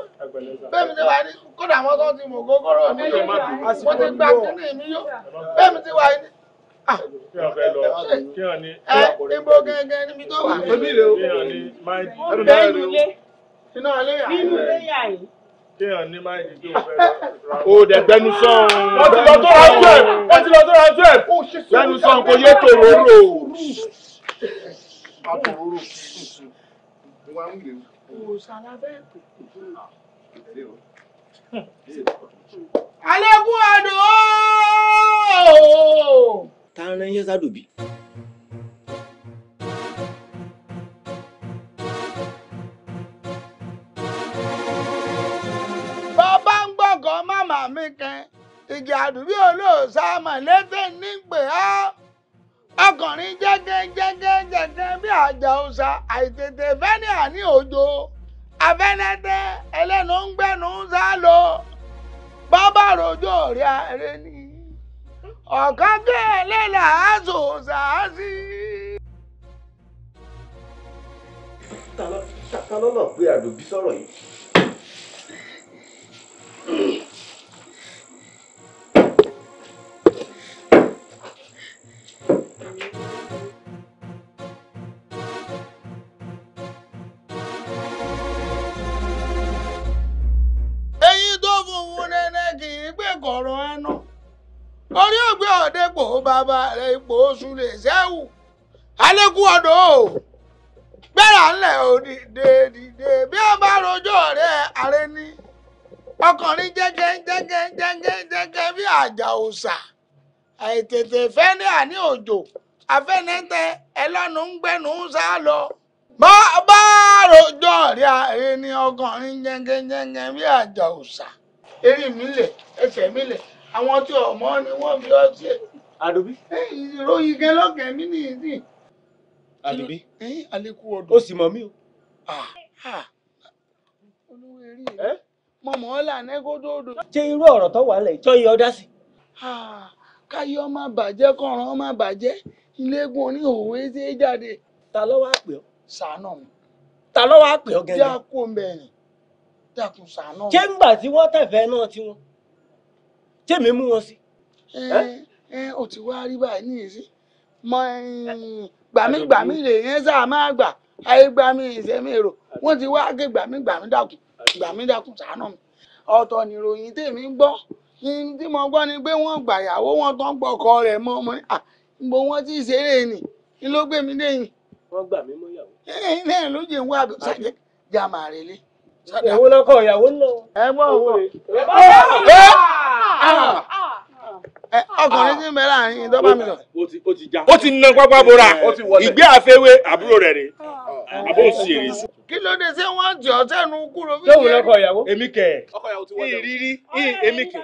Speaker 4: bẹ́ẹ̀mi ti wà ní kódà wọ́n tó ti mọ gógóró mi yó mo ti gba kíní mi yó bẹ́ẹ̀mi ti wà ní. Ah. ẹ ibo gẹ́gẹ́ níbi tó wà. mo
Speaker 6: bẹ́ẹ̀ nílé
Speaker 4: nínú ilé yà yìí
Speaker 6: téèyàn ní máìlì tó fẹ́ ra. o dẹ̀ gbẹnu sọ́n. wọ́n ti lọ tó rájú ẹ̀ wọ́n ti lọ tó rájú ẹ̀ gbẹnu sọ́n kò yé tòróró
Speaker 1: òòṣà la fẹ́ pè é. alẹ́kùn àdó.
Speaker 4: ta ń rán yẹn sádòbí. bàbá ń gbọ́kọ̀ màmá mi kan ìjà àdúgbò olóòṣà mọ̀ létí nígbè á ọkùnrin jẹ́gẹ́ jẹ́gẹ́ jẹ́gẹ́ bí àjà ọ̀sà àìtètè fẹ́ni àní òjò afẹ́nẹ́tẹ́ ẹlẹ́nu ń gbẹ́nu ń sá lọ bábà rojọ́ rí ààrẹ ni ọ̀kan kẹ́ ẹlẹ́là àṣọ ọ̀sà sí.
Speaker 6: ta ló lọ pé àdòbí sọ̀rọ̀ yìí.
Speaker 4: orí ògbé ọ̀dẹ́pọ̀ bàbá rẹ̀ ipò oṣù lè sẹ́wù alẹ́kùn ọ̀dọ́ ńlẹ̀ ò dìde dìde bí a bá rojọ́ ààrẹ ọkùnrin jẹ́gẹ́ jẹ́gẹ́ jẹ́gẹ́ jẹ́gẹ́ bí àjà àìtètè àní òjò ẹlọ́nu ń bá bá rojọ́ ààrẹ ọkùnrin jẹ́gẹ́ jẹ́gẹ́ bí àjà mi àwọn tí ọmọ ni wọ́n fi ọ ṣe. àdùbí. ìròyìn gan lọ́kàn mi ní ìsìn. àdùbí. àlékú ọdún. ó sì mọ̀ mí o. olówó eré rẹ mo mọ̀ ọ́ lànà kó dòdò. ṣé irú ọ̀rọ̀ tó wà lẹ̀ tó yẹ ọ dá sí. káyọ̀ má bàjẹ́ kọ̀ọ̀ràn má bàjẹ́ iléegun oníhòòhò ṣe é jáde. ta ló wá pè ọ́. sànà mi.
Speaker 1: ta ló wá pè ọ́ gẹ́gẹ́. bí a
Speaker 4: kò mẹ́rin dàkún sànà mi. ṣé ń gbà tí wọ́n tẹ̀fẹ́ náà tí tèmi mú wọn sí. ẹ o ti wá rí báyìí ní ìsín mọ mm, gbàmí gbàmí lèyìn sáà máa gbà ayé gbàmí ìsẹ́mi èrò wọ́n ti wá ké gbàmí gbàmí dákun gbàmí dákun ṣàánú mi ọ̀tọ̀ nìròyìn tèmi ń gbọ́ tí mo gbọ́ ni pé wọ́n gbàyàwó wọn tán gbọ́kọ rẹ̀ mọ́ ọmọ ní àgbo wọn ti ṣeré nì ní ló gbé mi déyìn. wọ́n gbà mí mọ́ ìyàwó. ẹ ẹ náà ń wá àbí ṣàjẹ́ jàmàrè lé ìyàwó lọ́kọ ìyàwó lọ. ẹ mọ òwò ah! ọkùnrin tí ń bẹ láàrin
Speaker 6: mi lọ. ó ti na pápá bora ìgbé àfẹwé àbúrò rẹ rè ah. àbó òsì èrè.
Speaker 4: kí ló dé ṣé jọ sẹ́nu kúrò. tóun lọ́kọ
Speaker 6: ìyàwó. èmi kẹ̀
Speaker 1: ìrírí èmi kẹ̀.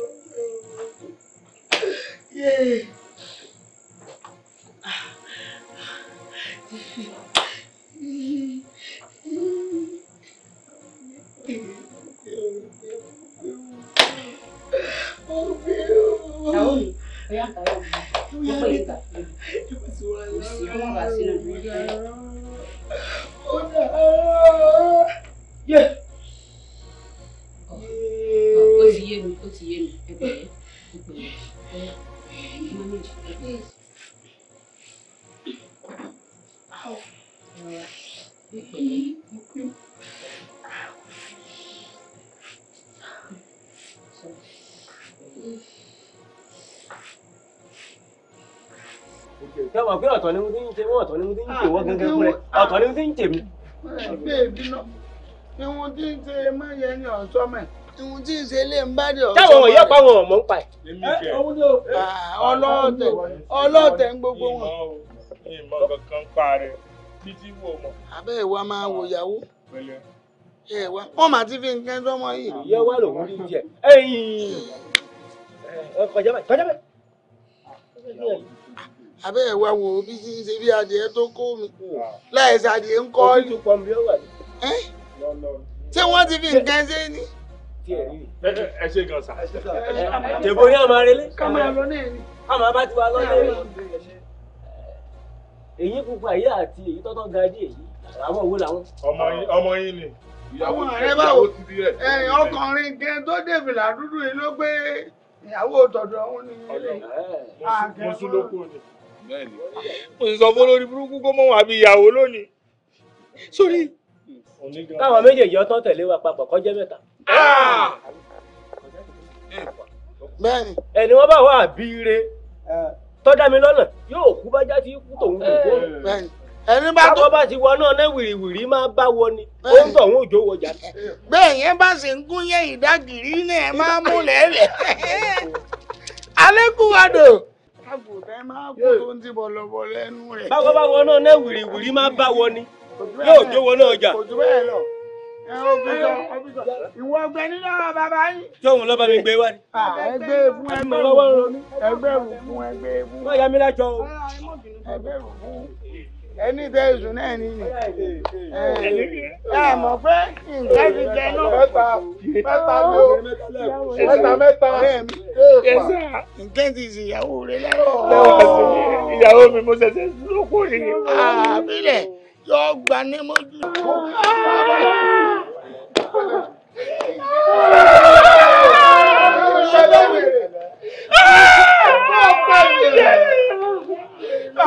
Speaker 4: Yeah
Speaker 5: ó
Speaker 3: ọ̀tọ̀ ni mo ti ń ṣe wọ́n ọ̀tọ̀ ni mo ti ń ṣe wọ́n gẹ́gẹ́ fún ọ̀tọ̀ ni mo ti ń ṣe mí.
Speaker 4: Bẹ́ẹ̀ bí náà, ni mo ti ń ṣe máa yẹ ni ọ̀sọ́mẹ̀ ohun tí ń ṣe lè ń bá dé ọ̀sán. táwọn ọ̀yọ́ pa wọn ọ̀mọ́ ń pa ẹ̀. ọlọ́ọ̀tẹ̀ ọlọ́ọ̀tẹ̀ ń gbogbo wọn.
Speaker 6: ìmọ̀ kankan pa rẹ̀ bí tí wò mọ̀. abẹ́ ìwà máa wò yàwó. ẹ̀wà
Speaker 4: wọ́n máa ti fi nǹkan sọ́mọ yìí. ìyá wa lòun rí jẹ kọjá bẹ́ẹ̀ kọjá bẹ́ẹ̀. abẹ́ ìwà wò bí tí ń ṣe bí adìẹ tó kó mi ah. láì adìẹ ń kọ́ ọ́ ní. wọ́n ti fi nǹkan ṣe ni
Speaker 1: tí ẹ rí rí. ẹ ṣe gan sa. tèbó ní àmà relé. ká máa lọ
Speaker 4: náà ni. àmà bá ti wá lọ́dọ̀ rí. èyí pupa èyí àti èyí tọ́tọ́ ga díẹ̀ yìí
Speaker 6: àwọn òwò làwọn. ọmọ yín ni.
Speaker 4: àwọn ọ̀rẹ́ bá wò
Speaker 1: ẹ̀yìn ọkùnrin gẹ́gẹ́
Speaker 4: tó dèbè làdúdú yìí ló gbé ìyàwó tọ̀dọ̀ òun ni. mùsùlùkù ni. mo sì sọ fún olórí burúkú kó mọ̀ wá ìyàwó lónìí. sórí. táwọn méjèèjì ọtán tẹ̀lé wa papọ̀ kọjá mẹ́ta mẹ́rin. ẹni wọ́n bá wà bíire tọ́jà mi lọ́nà yóò kú bájá tí kú tòun kò kó. ẹni bá tó bá ti wọ náà náà wìrìwìrì máa bá wọ ni ó ń tọ̀ wọ́n òjò wọjà.
Speaker 1: bẹ́ẹ̀ yẹn bá sì ń gún yẹn ìdágìrì
Speaker 4: náà máa mú lẹ́lẹ̀. alẹ́kùn adò báwo báwo náà náà wìrìwìrì máa bá wọ ni yóò jó wọ náà jà. kò jù
Speaker 1: bẹ́ẹ̀ lọ ìwọ ọgbẹ nínú ọ̀rọ̀ bàbá yín.
Speaker 4: tóun lọ bá mi gbé wá ni.
Speaker 1: Ah, ẹgbẹ́ e fún ẹgbẹ́ lọ́wọ́ e ronú ẹgbẹ́ rù fún ẹgbẹ́ e fún.
Speaker 4: wọ́n yà mí lájọ o. ẹgbẹ́ rù fún ẹni bẹ èzù náà ni ni ẹ mọ̀ pé nǹkan ti jẹ náà. mẹ́ta mẹ́ta ló mẹ́ta mẹ́ta nǹkan ti sì ìyàwó rẹ lẹ́wọ̀.
Speaker 1: ìyàwó mi mo ṣẹ̀ṣẹ̀ lóko yìí. àbílẹ̀. Ah, jọ gbà ní mójútó.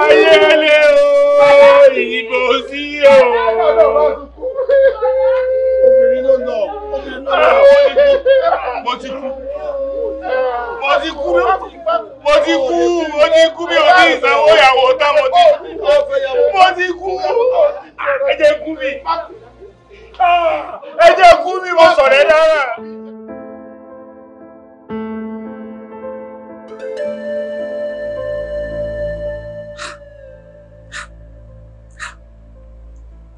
Speaker 1: ayẹlẹ o ìbò sí o. obìnrin ló lọ obìnrin ló lọ mo ti kú mo ti kú mo ti kú mo ti kú mi ò ní ìsanwó ìyàwó tán mo ti mo ti kú ah, ẹ jẹ́ kú mi ah, ẹ jẹ́ kú mi mo sọ̀rẹ́ dára.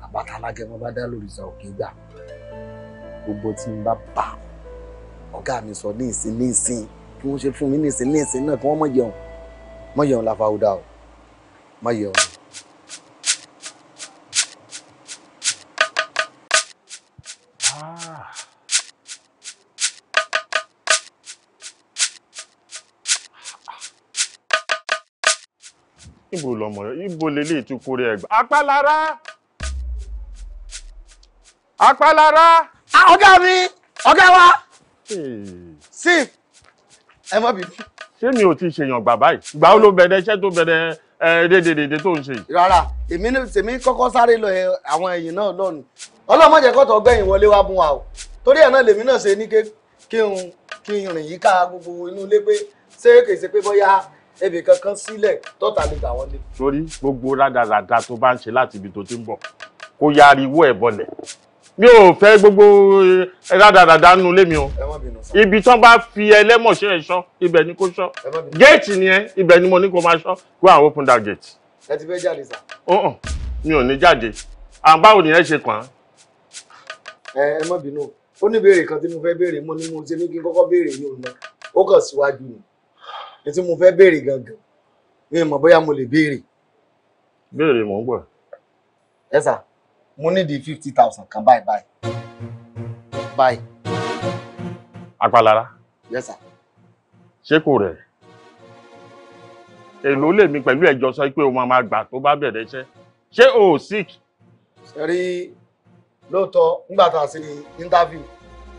Speaker 4: àbátalágẹmọ bá dá lórí ìsà òkè gbà gbogbo tí ń bá bà á ọ̀gá mi sọ ní ìsìn ní ìsìn kí wọ́n ṣe fún mi ní ìsìn ní ìsìn náà kí wọ́n mọ̀ yẹun mọ̀ yẹun láfáwúdà o mọ̀ yẹun.
Speaker 2: Ah.
Speaker 6: ibo lọmọ ibo lele ìtukú rẹ ẹgbà.
Speaker 1: apalara apalara. Ah, ọ̀gá mi ọ̀gá wa
Speaker 6: sí ẹ má bínú. ṣé mi ò ti ṣèyàn gbà báyìí gbà ó ló bẹ̀rẹ̀ iṣẹ́ tó bẹ̀rẹ̀ dédédédé tó ń ṣe.
Speaker 4: rárá èmi tèmi kọ́kọ́ sáré lọ àwọn ẹ̀yìn náà lọ́nu ọlọ́mọ jẹ́ kọ́tọ̀ gbẹ̀yìn wọlé wá bùn wa o torí ẹ̀ náà lèmi náà ṣe ní kí n kí n rìn yíká gbogbo inú ilé pé ṣé kìí ṣe pé bóyá ebè kankan sílẹ̀
Speaker 6: tọ́ta lè gbà wọlé. torí gbogbo rádaràda tó bá ń ṣe láti ibi tó ti ń bọ̀ kó yáa ariwo ẹ̀ bọlẹ̀ mi ò fẹ́ gbogbo eh, rádàràdà nù lé mi o ibi tán bá fi ẹlẹ́mọ̀ ṣe ẹ̀ ṣọ́ ibẹ̀ ni kò ṣọ́ géètì ni ẹ ibẹ̀ ni mo ní kó máa ṣọ́ go and open that gate.
Speaker 4: ẹ ti fẹ́ jáde sà.
Speaker 6: Uh-uh. mi ò ní jáde à ń báwo nìyẹn ṣe kàn án.
Speaker 4: ẹ ẹ má bínú ó ní ìbéèrè kan tí mo fẹ́ béèrè mo ní mo ṣe ní kí n kọ́kọ́ béèrè yìí ò ná ó kàn síwájú ni ètí mo fẹ́ béèrè gangan mi ò mọ̀ bóyá mo lè béèrè. béèrè mò ń gbọ́. ẹ sà mo ní di fifty thousand kan báyìí báyìí. báyìí.
Speaker 6: apalára. yes sir. ṣé kò rẹ̀ èlò lèmi pẹ̀lú ẹ̀jọ́ sọ pé o máa ma gbà tó bá bẹ̀rẹ̀ iṣẹ́ ṣé o ò sick. ṣe rí
Speaker 4: lóòótọ́ nígbà tá a ṣe interview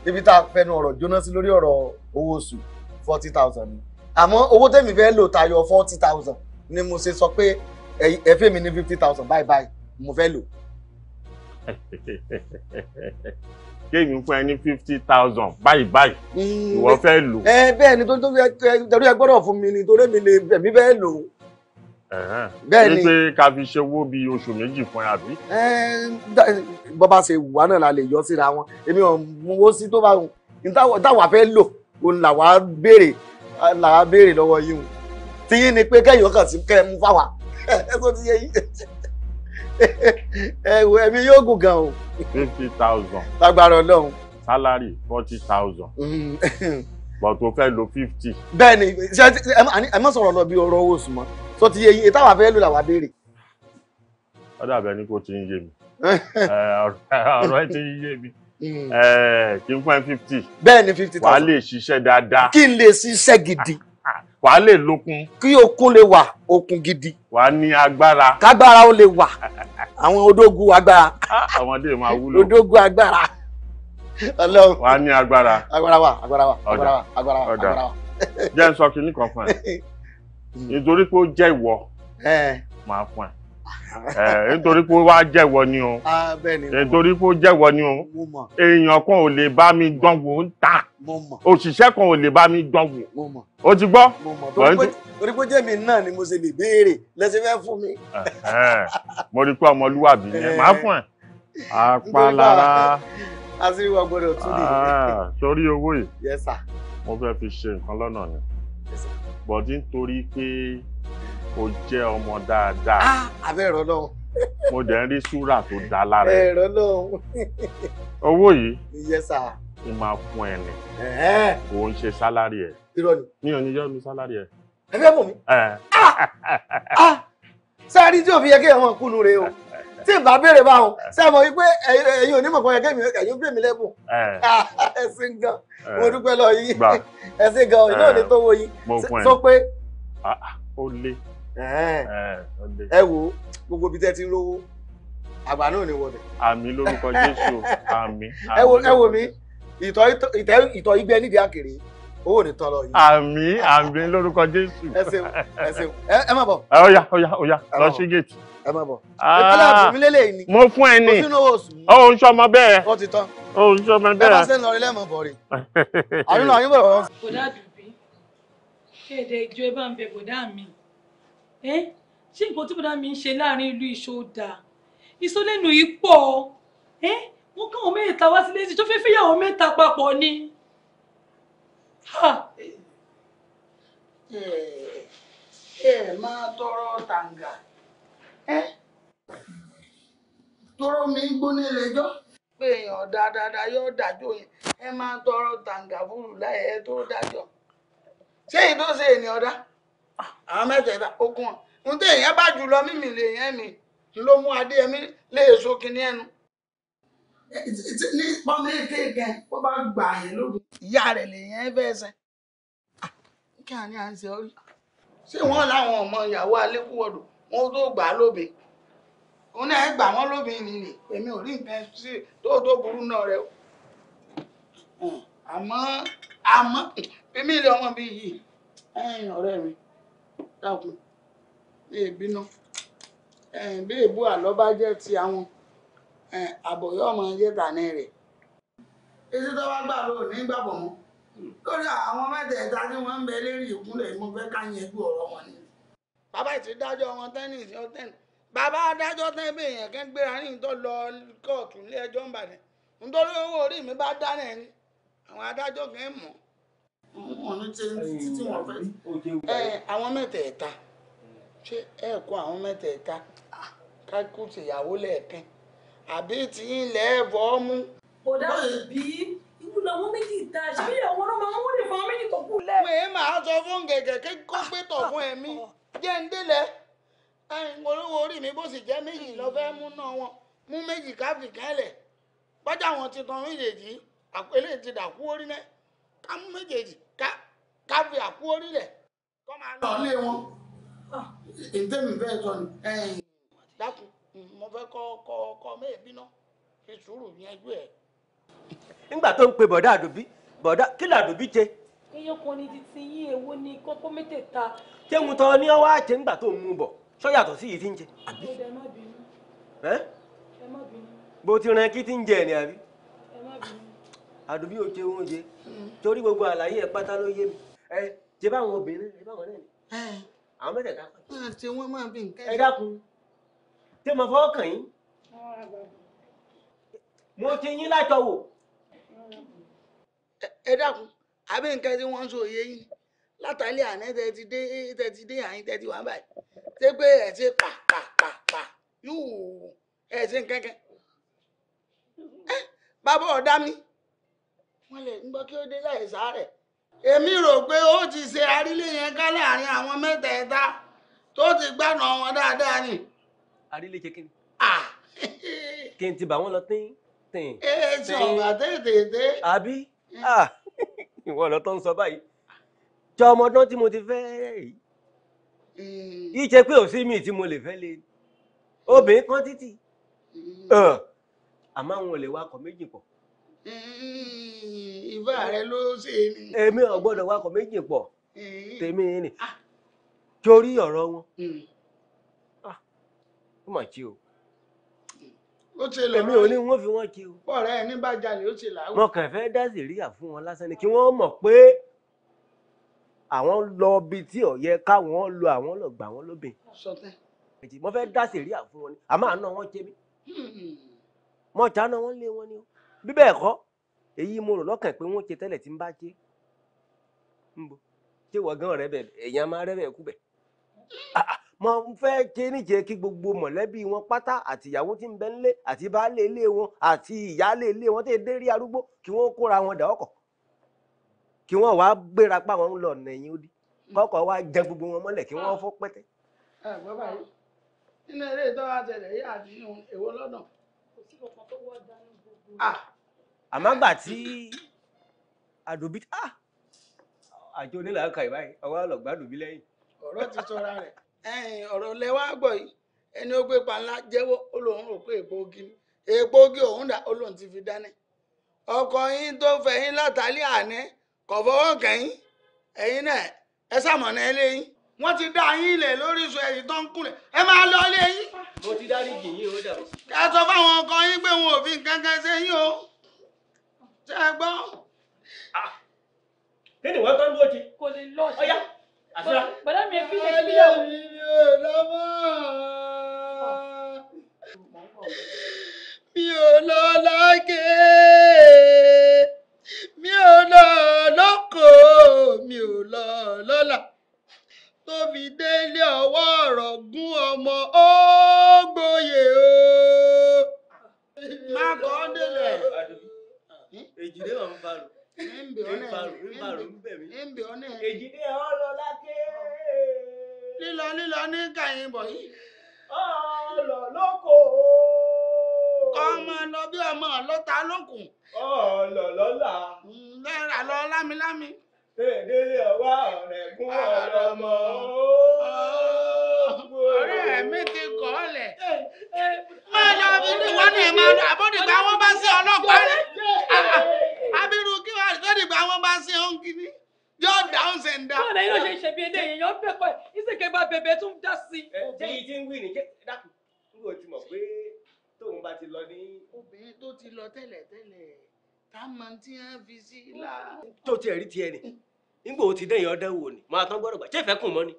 Speaker 4: níbi tá a fẹnu ọ̀rọ̀ jóná sí lórí ọ̀rọ̀ owó oṣù forty thousand ni àmọ́ owó tẹ̀mí fẹ́ lò tayọ forty thousand ni mo ṣe sọ pé ẹ mi ní fifty thousand báyìí báyìí mo fẹ́ lò
Speaker 6: kéèmí fún ẹ ní fifty thousand báyìí báyìí mm, ìwọ fẹ́ lò. ẹ
Speaker 4: bẹ́ẹ̀ ni tó tó torí ẹ gbọ́dọ̀ fún mi ni torí mi ni èmi fẹ́ lò.
Speaker 6: bẹ́ẹ̀ ni pé ká fi ṣe owó bíi oṣù méjì fún ẹ àbí.
Speaker 4: bọ́ba ṣe wà náà la lè yọ síra wọn èmi ò mowó sí tó bá wọn táwa fẹ́ lò òun làwa béèrè làwa béèrè lọ́wọ́ yìí o tiyín ni pé kẹ́yìn ọkàn sí kẹ́ mú fáwa ẹ tó ti yẹ yìí.
Speaker 6: ẹ wo ẹ̀mí yóò gùn gan o. fifty thousand. lágbára ọlọ́run. salary forty thousand. Mm-hmm. but o fẹ́ lo fifty. bẹ́ẹ̀ni ṣe ẹ má sọ̀rọ̀ lọ bi ọ̀rọ̀ owó sùn
Speaker 4: sọ ti yẹyin táwa fẹ́ lò làwa béèrè.
Speaker 6: ó dàbẹ̀ ni kò ti ń yé mi ọ̀rọ̀ ẹ ti ń yé mi mm. kí n fún ẹ fifty. bẹ́ẹ̀ni fifty thousand. wàá lè ṣiṣẹ́ dáadáa. kí n lè ṣiṣẹ́ gidi. wà á lè lókun. kí okun lè wà
Speaker 4: okun gidi. wà á ní agbára. kágbára ó lè wà àwọn odógun agbára.
Speaker 6: àwọn ah, dè máa wúlò.
Speaker 4: odógun agbára.
Speaker 6: Ọlọ́run. wà á ní agbára. agbára wà agbára wà agbára wà
Speaker 4: agbára wà agbára wà.
Speaker 6: jẹ́ n sọ kínní nítorí pé ó jẹ́ ìwọ máa fún ẹ ẹ eh, nítorí pé wá jẹ́wọ́ ni o ah, nítorí pé ó jẹ́wọ́ ni o èèyàn kan ò lè bá mi dán wò ń tà òṣìṣẹ́ kan ò lè bá mi dán wò o ti gbọ́.
Speaker 4: torí pé jẹ́mi náà ni mo ṣe lè béèrè lẹ́sẹ̀ fẹ́ fún mi.
Speaker 6: mo rí i pé ọmọlúwàbí yẹn máa fún ẹ apalára
Speaker 4: àṣírí wa gbọ́dọ̀ tún lè.
Speaker 6: Ah, sórí owó yìí mo fẹ́ fi ṣe nǹkan lọ́nà ni bọ̀dí nítorí pé o jẹ́ ọmọ dáadáa. Ah, abẹ́ ẹ̀rọ náà. mo jẹ́ ń rí súrà tó dá lára ẹ̀. ẹ̀rọ náà. owó yìí. yes sir. n máa fún ẹ ní. kò ń ṣe sálárì ẹ. irọ́ ni. mi ò ní yọ mi sálárì ẹ. ẹ fẹ́ mọ̀ mi.
Speaker 4: sáré ah! ah! tí òfin yẹ kí ẹ̀wọ̀n kúnnu rè
Speaker 6: o tí n bá béèrè bá wọn ṣe mọ
Speaker 4: wípé ẹ̀yin onímọ̀ kan yẹ kẹ́mi ẹ̀yin gbé mi lẹ́bùn ẹ̀sìn gan mo dúpẹ́ lọ yìí ẹ̀sìn gan ìnáwó ni tó wo yìí sọ
Speaker 6: pé. ó lé
Speaker 4: ẹ wo gbogbo ibi tẹ́ ti rówó àgbà náà ni wọbẹ. àmì lórúkọ jésù àmì. ẹ wo ẹ wo mi ìtọ̀ ìgbẹ́ nídìí
Speaker 6: àkèrè owó ní tọrọ yìí. àmì àmì lórúkọ jésù. ẹ ṣeun ẹ ṣeun ẹ má bọ̀. ẹ ọ̀yà ọ̀yà ọ̀yà lọ sí gèètì. ẹ má bọ̀. Ah. ìpínlẹ̀ àbùmí lélẹ̀ ni. mo fún ẹ ní. mo sínú owó oṣù mi. ó ń sọmọ bẹ́ẹ̀. ó ti tán. ó ń sọmọ bẹ́ẹ̀. bẹ́ẹ̀ bá ṣe ń
Speaker 5: lọ rí lẹ́mọ̀ bọ̀ rè.
Speaker 6: àyùnà
Speaker 4: àyùnbọ̀. kò
Speaker 5: dábìbí kéde ìjọ ẹ bá ń bẹ kò mi ṣé nǹkan tí bọ́dá mi ń ṣe láàrin ìlú ìṣòdà ìsọlẹ́nu yìí pọ̀ wọ́n káwọn mẹ́ta wá sílé ìṣó fẹ́ fẹ́yàwó mẹ́ta papọ̀ ni.
Speaker 4: ẹ ẹ máa tọrọ tàǹgà ẹ tọrọ mi ń gbóná lẹ́jọ́ pé èèyàn dáadáa yóò dájọ́ yẹn ẹ máa tọrọ tàǹgà fúlù láyé ẹ tó dájọ́ ṣé ìdóṣe ènìyàn dá àwọn mẹ́tẹ̀ẹ̀ta ogun wọn ohun tí èèyàn bá jù lọ mímì lè yẹn mi ló mú adéyẹmí lè so kinní ẹnu. ní pọ́nmọ́ èké gan bó bá gbà yẹn lógun. ìyá rẹ̀ lè
Speaker 5: yẹn fẹ́ ẹsẹ̀ ah, kí àní à ń ṣe ọ́
Speaker 4: ṣé wọ́n láwọn ọmọ ìyàwó alẹ́kùwọ̀dù wọn tó gbà á lóbe òun náà gbà wọ́n lóbe nìyí èmi ò rí nǹkan sí tó tó burú náà rẹ o àmọ́ àmọ́ èmi ilé ọmọ mi yìí ọ̀rẹ́ mi dákun ní ìbínú bí èbú àlọ́ bá jẹ́ ti àwọn àbọ̀yọ́ ọmọ ẹyẹ tàní rẹ̀ èsì tó bá gbà lóò ní gbàbọ̀ mọ́ lórí àwọn mẹ́tẹ̀ẹ̀ta tí wọ́n ń bẹ lérí ìkúnlẹ̀ mo fẹ́ ká yẹn gbé ọ̀rọ̀ wọn ni. bàbá ìtì dájọ́ wọn tẹ́nì sí ọtẹ́nì bàbá adájọ́ tẹ́nì bí èèyàn kan gbéra ní tó lọ kóòtù ilé ẹjọ́ ń bàdàn nítorí owó orí mi bá dá náà ni àwọn adájọ́ kan mọ̀ ọ́ wọn ní títí wọn fẹ́ ẹ àwọn mẹ́tẹ̀ẹ̀ta ṣé ẹ kó àwọn mẹ́tẹ̀ẹ̀ta kákú tìyàwó lẹ́ẹ̀kan àbí tí ń lẹ́ bọ́ mú. bọ̀dá òbí ikú làwọn méjì ta ṣé àwọn ọmọ máa ń wọlé fún àwọn méjì tó kù lẹ. mi máa sọ fún gẹ̀gẹ̀ kí kó gbé tọ̀ fún ẹ̀mí jẹ́ ń délẹ̀ olówó orí mi bó sì jẹ́ méjì lọ fẹ́ mú náà wọn mú méjì káfí kẹ́lẹ̀ bájà wọn ti tan méjèèjì àpẹẹlẹ ti dàkú orí náà ká mú méjèèjì káfíà kú orílẹ̀
Speaker 1: kọ́ máa lọ ilé wọn
Speaker 4: ìdẹ́mi ah. bẹ́ẹ̀ sọ ni. dákun mo fẹ́ kọ́ kọ́ kọ́ méèbí náà
Speaker 5: fi sùúrù ẹ̀.
Speaker 4: nígbà tó ń pe bọ̀dá àdùbí bọ̀dá kí ṣe.
Speaker 5: kan ni ti ti kókó mẹ́tẹ̀ẹ̀ta.
Speaker 4: ní nígbà tó ń bọ̀ sí yìí ti ń jẹ. bó ti àdùbí òjé oúnjẹ torí gbogbo àlàyé ẹ pátá ló yé mi ẹ jẹ báwọn obìnrin ẹ báwọn náà ni
Speaker 1: àwọn mẹ́tẹ̀ẹ̀ta kan. máa
Speaker 4: ṣe wọ́n máa bí nǹkan. ẹ dákun tí mo fọwọ́ kàn yín mo ti yín látọ̀ wò. ẹ dákun àbí nǹkan tí wọ́n ń sọ òye yín látàlí àná tẹ́tí dé tẹ́tí dé àyín tẹ́tí wà báyìí ṣé pé ẹ̀ ṣe pàpàpàpà yóò ẹ̀ ṣe nǹkan kan. bàbá ọ̀dá mi. wọ́n lè pe o èmi rò pé ó ti ṣe arílé yẹn ká láàrin àwọn ti gbànà wọn dáadáa ni. arílé kékeré ni. kí n ti bà wọ́n lọ tín tín. ee ti ọ̀gá tètè. àbí mm. ìwọ lọ tó ń sọ báyìí ọmọ ọdún tí mo ti fẹ́ yìí yìí mm. ṣe pé òsì mi tí mo lè fẹ́ obìnrin kan títì mm. àmọ́ àwọn wakọ̀ méjì ìfà rẹ ló ṣe ni. èmi ò gbọ́dọ̀ wakọ̀ méjì pọ̀ tèmi ni ah. torí ọ̀rọ̀ wọn hmm. ah. ó mà jí o ó ti lọ èmi ò ní wọ́n fi wọ́n jí o. ọ̀rẹ́ ẹni bá jalè ó ti làwọn. wọn kàn fẹ́ dá síríà fún wọn lásán ni kí wọ́n mọ̀ pé àwọn lọ bi tí ò yẹ káwọn lọ àwọn lọ gbà wọn lóbìn. sọtẹ. mo fẹ́ dá síríà fún wọn ni àmọ́ àná wọn jẹ́ mi. Hmm, hmm. mo ta wọn lé wọn ni o bí èyí mo rò lọ́kàn pé wọ́n ṣe tẹ́lẹ̀ tí ń bá ṣe
Speaker 3: ń bo ṣé wọ́n gan rẹ̀ bẹ̀ èèyàn máa rẹ́ bẹ̀ kú bẹ̀.
Speaker 4: Ah, mo fẹ́ ṣe níjẹ́ kí gbogbo mọ̀lẹ́bí wọn pátá àti ìyàwó tí ń bẹ ńlé àti baálé ilé wọn àti ìyáálé ilé wọn tẹ̀ dé rí arúgbó kí wọ́n kóra wọn dà ọkọ̀ kí wọ́n wá gbéra pa wọn lọ nẹ̀yìn ó di kọ́kọ́ wá jẹ gbogbo wọn mọ́lẹ̀ kí wọ́n fọ́ pẹ́tẹ́. ẹ gbọ́ nínú eré ìtọ́wá àmọ́gbà tí àdòbí ah àjọ onílàákà ìbáyìí ọwọ́ ọlọ́gbà àdòbí lẹ́yìn. ọ̀rọ̀ ti sọra rẹ̀ ẹ̀yìn ọ̀rọ̀ lẹ́wọ́ àgbọ̀ yìí ẹni ó gbé panlá jẹ́wọ́ ó lóun rò pé èpo ogi ni èpo ogi òun dà ó lóun ti fi dání ọkọ yín tó fẹ́ yín látàlí àná kò fọwọ́ kẹ́yìn ẹ̀yin náà ẹ sàmọ̀nà ẹ léyìn wọ́n ti dá yín ilẹ̀ lóríṣun ẹ̀yìn tó ń kúnlẹ̀ ẹ máa lọ léyìn. mo ti dárí jì yín ó dà. ẹ sọ fáwọn ọkọ yín pé wọn ò fi nǹkan kan ṣe yín o ṣe é gbọ́.
Speaker 1: kí ni wọ́n tán dúró ti. kò lè lọ ṣe. ọ̀ya àṣírà. bọ̀dá mi fi lè fi lẹ́wọ̀. mi ò lọ́mọ. mi ò lọ lágé. mi ò lọ lóko. mi ò lọ lọ́la tó fi délé ọwọ́
Speaker 4: ọ̀rọ̀ gún ọmọ ó gbòye o. má kọ́ délẹ̀ èjìdé wà ń parò ń parò ń parò ń bẹ̀ mí èjìdé
Speaker 1: ọ lọ lákè. lílọ lílọ ní
Speaker 4: kàyìn bọ̀ yìí.
Speaker 1: ọ lọ lóko. ọmọ lọ bí ọmọ ọlọ́ta lókun. ọ lọ lọ́la. lẹ́ra lọ lámilámi. èdèlé ọwọ́ ọ̀rẹ́ fún ọlọ́mọ. ọ̀rẹ́ mi ti kọ́ ọ lẹ̀. máa lọ bí wọn bá sí ọlọ́pàá rẹ̀ sí ọ̀hún kìíní yóò dáhùn sẹ̀ńdá. bọ́ọ̀ náà yóò ṣe ṣe bí eléyìí èèyàn bẹ̀ pẹ̀ ìsèké bá bẹ̀bẹ̀ tún dá
Speaker 4: sí. obìnrin tí ń wí ní dákun n kò ti mọ̀ tóun bá ti lọ ní. obìnrin tó ti lọ tẹ́lẹ̀tẹ́lẹ̀ tá a máa ti hàn fi sí la. tó tiẹ̀ rí tiẹ̀ ni nígbà wo ti dẹ́yìn ọdẹ wò ni máa tán gbọ́dọ̀ gbà ṣé ìfẹ́ kùn mọ́ ni.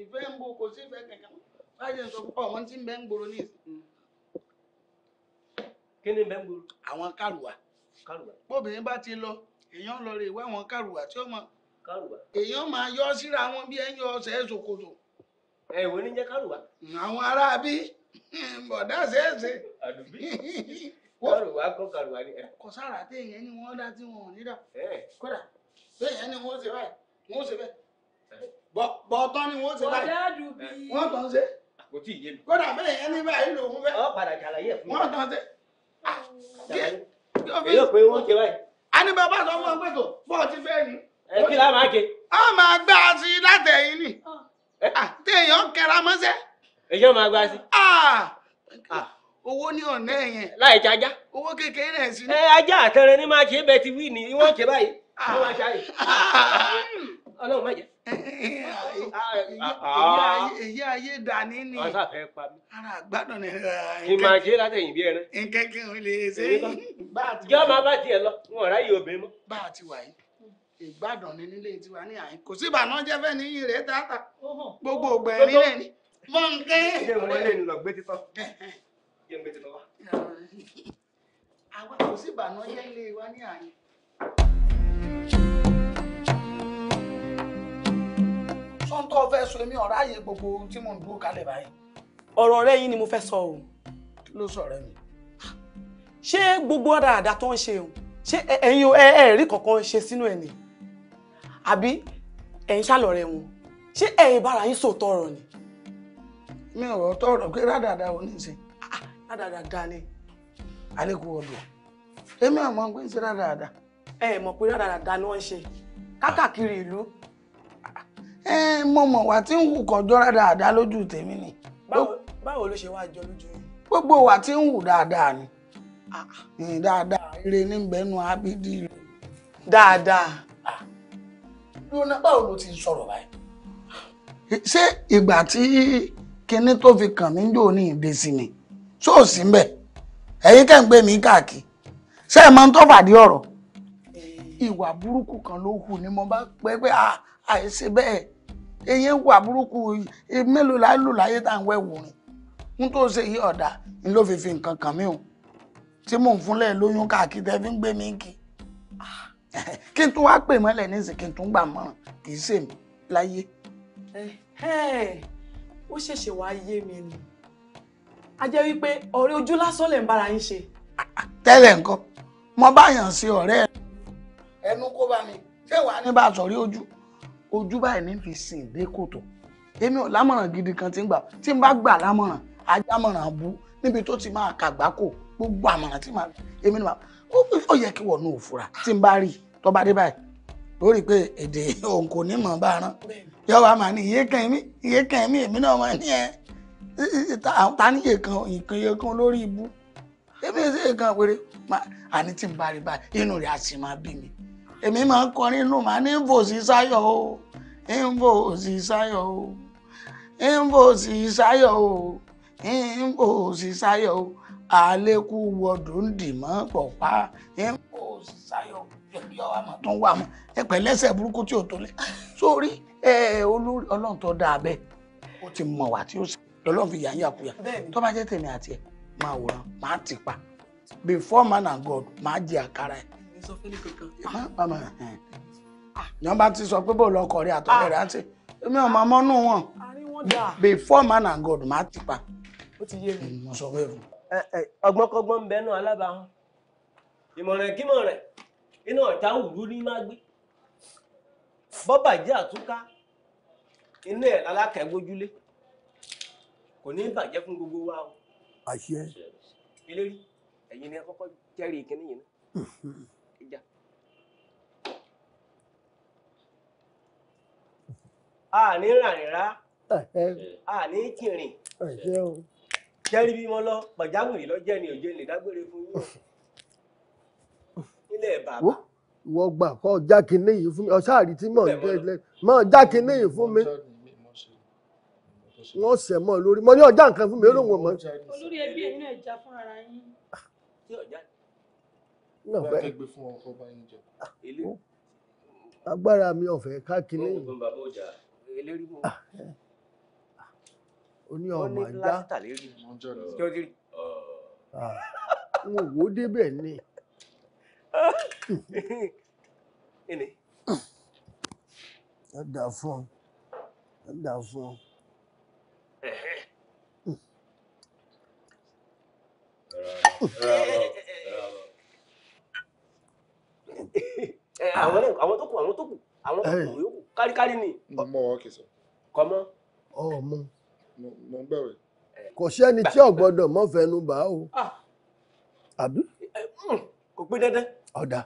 Speaker 4: ìfẹ́ ń bo kò sí ìfẹ́ kankan báyìí sọ fún ọ̀wọ́n tí ń bẹ́ ń gbòòrò èèyàn lọ rè wá àwọn kàrùwà tí ó mọ èèyàn máa yọ síra wọn bí ẹyìn ọsẹ ṣòkòtò. ẹ̀wọ̀n ní jẹ́ kàrùwà. àwọn ará bí hmm, bọ̀dá ṣeéṣe. àdùbí kàrùwà kọ́ kàrùwà ni. kò sára tí èèyàn ni wọ́n dá tí wọ́n ò ní dà. kódà tí èèyàn ni wọ́n ṣe báyìí wọ́n ṣe bẹ́ẹ̀. bọ̀ọ̀tán ni wọ́n ṣe báyìí. bọ̀dá àdùbí. wọ́n tán ṣe. kò tí ì yé mi. kódà bẹ́ẹ̀ yẹn ní báyìí lòun fẹ́. ọ padà jàlàyé fún mi. wọ́n tán ṣe. yóò pé wọ́n ṣe báyìí a ní bàbá sọ fún ọ pé tó bọ́ ti fẹ́ ni. ẹ kí lá máa ké. ọ máa gbá a sí látẹ̀yìn ni ah. Ah, téèyàn kẹra mọ́sẹ́. èyàn máa gbá a sí. Ah, owó ní ọ̀nà ẹ̀yẹn. láì jájá. owó kékeré ẹ̀ sí. ẹ ajá àtẹrẹ ní máa ṣe é bẹ́ẹ̀ ti wí ni wọ́n ṣe báyìí.
Speaker 1: ọlọ́run má jẹ́. Ah, ah, ah.
Speaker 4: èyí ayé dání ni ara àgbàdo ni. kì í máa jẹ́ látẹ̀yìn bí ẹran. nǹkan kan ò lè ṣe é. jọ́ máa bá tiẹ̀ lọ wọn ò ráyè obìnrin mọ́. bá a ti wà yìí ìgbàdàn ni nílé tiwa ní àyín kò sí ìbànújẹ́ fẹ́ ní ire tààtà gbogbo ògbẹ nílé ni. mọ̀nkẹ́. ṣé mo lè lọ gbé títọ́ yé ń gbé títọ́ wá. àwa kò sí ìbànújẹ́ ilé wa ní àyín. sọ́n tó fẹ́ sọ èmi ọ̀rá yẹ gbogbo tí mò ń dúró kalẹ̀ báyìí. ọ̀rọ̀ rẹ yín ni mo fẹ́ sọ o. kí ló sọ̀rọ̀ mi.
Speaker 5: ṣé gbogbo àdáadáa tó ń ṣe o ṣé ẹ̀yin ẹ ẹ rí kankan ṣe sínú ẹ̀ ni àbí ẹ̀yin ṣàlọ̀rẹ́ wọn ṣé ẹ̀yin bára yín sòótọ́ ọ̀rọ̀ ni.
Speaker 4: mi ò rọ̀ tọ̀rọ̀ pé rádàdà ò ní ṣe.
Speaker 5: Ah, rádàdà ni.
Speaker 4: àlékún ọ̀dọ̀ èmi àmọ́ pé ń ṣe rádàdà. ẹ mọ̀ pé rádàdà ni wọ́n ń ṣe káàkiri ìlú. Ah ẹ mo mọ̀ wá tí ń wù kọ́ jọ́ra dáadáa lójú tèmi ni. báwo ló ṣe wá jọ lójú yín. gbogbo wa tí ń wù dáadáa ni ah, ah. dáadáa ire ní bẹnu abidi rẹ. dáadáa. lónà ah. báwo ló ti sọ̀rọ̀ báyìí. ṣé ìgbà tí kinní tó fi kàn mí jò ní ìdesí ni ṣóòsì ń bẹ̀ ẹ̀yin kẹ́ ń gbé mi káàkiri ṣé ẹ̀ máa ń tọ́ fàdí ọ̀rọ̀ eh. ìwà burúkú kan ló hù ni mo bá pẹ́ pé àìṣe bẹ́ẹ̀ eyé wà burúkú mélòó la lò láyé tá à ń wẹ̀wò rìn ń tó ṣe yí ọ̀dà ń ló fi fi nǹkan kàn mí o tí mò ń fúnlẹ̀ lóyún káàkiri tẹ́ fi ń gbé mi kì kí n tún wá pè
Speaker 5: mọ́lẹ̀ nísìnyí kí n tún gbà mọ́ràn kì í ṣe mí láyé. ó ṣẹ̀ṣẹ̀ wáá yé mi ni a jẹ́ wípé ọ̀rẹ́ ojú lásán lè ń bára yín ṣe.
Speaker 4: tẹ́lẹ̀ nǹkan mo bá yàn sí ọ̀rẹ́
Speaker 5: ẹnu kó bá mi
Speaker 4: ṣé wàá ní bá a sọ̀rí ojú ojú báyìí ní fi sìn dé kòtò èmi ò lámọ̀ràn gidi kan tí ń gbà tí ń bá gbà lámọ̀ràn ajámọ̀ràn bú níbi tó ti máa kàgbákò gbogbo àmọ̀ràn tí màá èmi ni màá ó yẹ kí wọnú òfura tí ń bá rí tó bá dé báyìí lórí pé èdè òun kò ní mọ̀ bá rán yọ̀wá màá ní iye kan èmi iye kan èmi èmi náà máa ní ẹ ta ní iye kan ìkan iye kan lórí ibú èmi ò sí iye kan péré àní tí ń bá rí báyìí inú rẹ̀ á sì máa bí mi èmi máa ń kọrin inú màá ní fòsí sáyọ̀ o ń fòsí sáyọ̀ o ń fòsí sáyọ̀ o ń fòsí sáyọ̀ o àlékù wọ̀dù ń dì mọ́ pọ̀pá ń fòsí sáyọ̀ o ẹbí ọwọ́ àmọ́ tó ń wà mọ́ ẹ̀pẹ̀ lẹ́sẹ̀ burúkú tí ò tó lẹ̀ sórí olórí ọlọ́run tó dáa bẹ́ẹ̀ ó ti mọ̀ wá tí ó sì lọ́lọ́run fi yàn yàkuyà tó bá jẹ́ tèmi àti ẹ̀ máa wòran máa tì before man and God máa jẹ àkàrà ẹ̀ sọ fẹ́ni kankan. mama yan bá ti sọ pé bò lọkọ rí àtọ̀rẹ́ rẹ̀ ah. àti èmi ò mọ́nú wọn before man and God máa ti pa.
Speaker 1: ó ti yé mi. mo sọ bẹ́ẹ̀ fún.
Speaker 4: ọgbọ́nkọ́gbọ́n ń bẹnu alábàáhùn ìmọ̀ràn kímọ̀ iná ọ̀tá òru ní má gbé bọ́bà jẹ́ àtúnká iná ẹ̀ alákẹ́gbójúlé kò ní bàjẹ́ fún gbogbo wa o. àṣẹ. eléyìí ẹ̀yin ni ẹ kọ́kọ́ jẹ́rìí kíní yìí náà. Hmm, hmm, hmm. àní rànrà àní kìrìn jẹ́rí bí wọ́n lọ pàjáwìrì lọ́jẹ́ ni òjò lè dágbére fún yín nílẹ̀ bàbá. wọ́n gbà kọ́ jákèné yìí fún mi ọ̀ṣáàrí tí mò ń jẹ́ mọ́ jákèné yìí fún mi wọ́n sẹ̀ mọ́ lórí mo ní ọjà nǹkan fún mi olóhùn ọmọ.
Speaker 5: olórí ẹbí ẹ̀yin náà já fún ara yín.
Speaker 4: náà bẹ́ẹ̀
Speaker 6: gbé fún ọkọ bá yín jẹ.
Speaker 4: agbára mi ọ̀fẹ́ káàkiri lérí mọ́. Ah, eh.
Speaker 6: ah. ó ní ọmọ ajá ó ní pílásítà
Speaker 4: lérí mọ́ tó rí.
Speaker 6: Ah. n ò wò ó débẹ̀ ni. ẹ dà fún ọ ẹ dà fún
Speaker 1: eh, eh, ọ. àwọn tó kù
Speaker 4: àwọn tó kù àwọn ọmọ yòókù káríkárí ni. ọmọ ọkẹ sọ. kọmọ. ọmọ. mo ń gbàwẹ̀.
Speaker 5: kò sẹ́ni tí ò gbọ́dọ̀
Speaker 4: mọ́ fẹnu bá o. Ah. àbí. Hmm, kò pé dandan. ọ̀dà.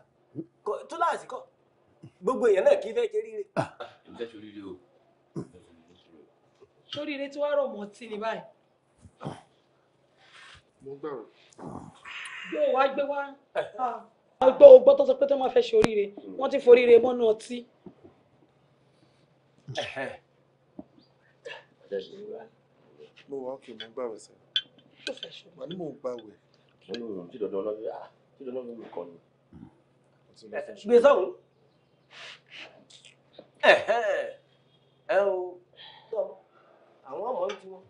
Speaker 4: tó láàsì kọ́ gbogbo èèyàn náà kì í fẹ́ ṣe ríire. ǹjẹ́ ah. ṣe oríire o.
Speaker 5: sóríire tí wàá rò mọ́ tí ni báyìí. mo ń gbàwẹ̀. yóò wá gbé wá. Eh. Ah. gbọ́ tó sọ pé tó máa fẹ́ ṣe oríire hmm. wọ́n ti foríire mọ́nú ọtí
Speaker 6: mo wà ókè mo ń gbàwẹ̀ sẹ́ mà ní mò ń gbàwẹ̀. mo ní òòrùn tí dandan ọlọ́run ah tí dandan ọlọ́run mi kọ́ ni. gbé sọ́hùn
Speaker 1: ẹ o tọ́ àwọn ọmọ ń tiwọn.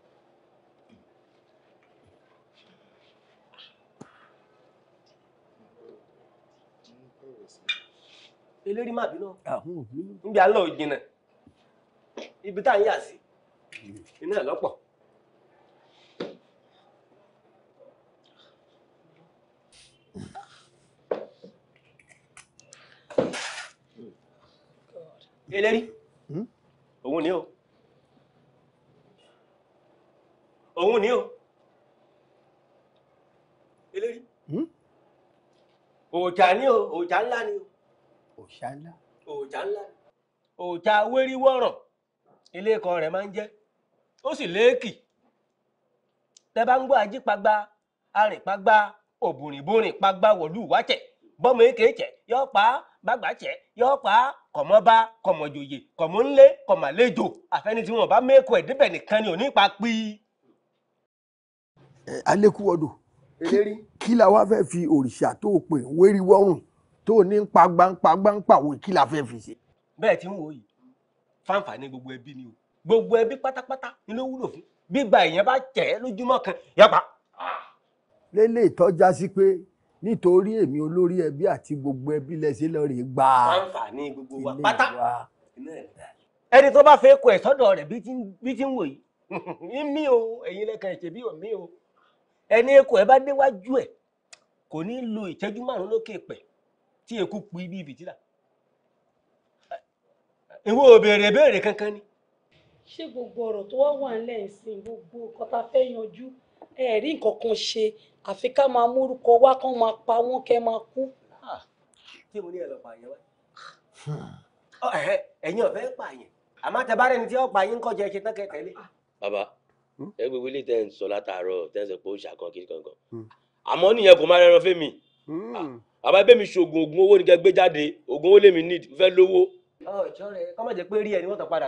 Speaker 4: elérí má bínú. àwọn òbí. ń bí alọ́ òjìnà ibi tá à ń yà sí iná
Speaker 1: lọ́pọ̀.
Speaker 3: eléri òun ni o
Speaker 4: òun ni o eléri òòjà ni o òòjà ńlá ni o òòjà ńlá òòjà ńlá òòjà wéríwọ̀ràn ilé ẹ̀kọ́ rẹ̀ máa ń jẹ́ ó sì léèkì tẹ bá ń gbọ́ ajípagbá arìnpagbá òbùrìnbùrìn pagbá wọ̀lú wájẹ̀ bọ́mọ èké jẹ yọ pa bàgbà jẹ yọ pa kọ̀mọ́ba kọ̀mọ̀jòyè kọ̀mọ́nlé kọ̀mọ̀lẹ́jọ àfẹ́ni tí wọn bá mẹ́kọ̀ ẹ̀ débẹ̀ nìkan ni ò ní pa pí. alẹ́kùwọ́dọ̀ kí la wá fẹ́ fi òrìṣà tó o pè wérí wọ́rùn tó o ní ń pa gbáǹpá gbáǹpá wò kí la fẹ́ fi ṣe. bẹ́ẹ̀ tí ń wò fáǹfààní gbogbo ẹbí ni o gbogbo ẹbí pátápátá ni ló wúlò fún gbígba èèyàn bá tẹ̀ ẹ́ lójúmọ́ kan yàpá. lélẹ̀ ìtọ́já sí pé nítorí èmi olórí ẹbí àti gbogbo ẹbí lẹ́sẹ̀ lọ́ọ̀rì gbà. fáǹfààní gbogbo wa pátá ẹni tó bá fẹ́ kọ ẹ̀ sọ́dọ̀ rẹ̀ bí ti ń wò yìí mí o ẹ̀yin lẹ́kàn ẹ̀ṣẹ̀ bí omi o ẹni ekò ẹ bá déwájú ẹ̀ kò ní lo ìṣẹ́jú márùn-ún lókè pẹ̀ tí eku pu ibi ìbìtìlá
Speaker 3: ìwọ ò béèrè béèrè kankan ni.
Speaker 5: ṣé gbogbo ọ̀rọ̀ tó wá wà nílẹ̀ ìsìn gbogbo nǹkan tá a fẹ́ yanjú ẹ rí nǹkan kan ṣe àfi ká máa múrúkọ wá kán máa pa wọ́n kẹ́ máa kú.
Speaker 4: tí ah, mo ní ẹ lọ pààyàn wá ah, ẹ̀yin ọ̀fẹ́ pààyàn àmọ́ tẹ bá rẹ ni tí ó pààyàn kọjá ẹ ṣe tán kẹ tẹ́lẹ̀. bàbá hmm? ẹ gbogbo ilé tẹ́ ń sọ látàárọ̀ tẹ́ ń sọ pé ó ń ṣàkàn kiri kankan hmm. àmọ́ nìyẹn kò má rẹran fẹ́mi hmm. ah, bàbá ẹbẹ mi ṣoògùn oògùn owó ni kẹ gbé jáde oògùn owó lèmi need fẹ́ lówó ọjọ́ rẹ̀ kọ́ má rí ẹni wọ́n padà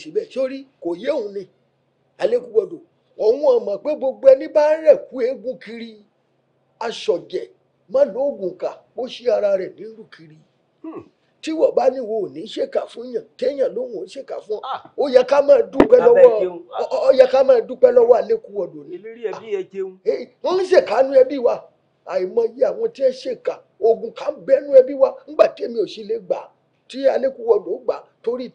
Speaker 4: ṣe sórí kò yé òun ni alẹ́kùn òun ọmọ pé gbogbo ẹni bá rẹ̀ kú eégún kiri aṣọ̀jẹ̀ má lóògùn kà ó ṣí ara rẹ̀ nírú kiri hmm. tí bá ní wo ò ní ṣèkà fún yàn téèyàn lóhùn ah. ó ṣèkà fún ọ yẹ ká máa ọ yẹ ká máa ni. Ah. ń ṣèkánú ẹbí wa àìmọye àwọn tí ẹ ṣèkà ogun kan bẹnu ẹbí wa ńgbà tí èmi ò sì lè gbà tí alẹ́kùwọ̀dọ̀ gbà torí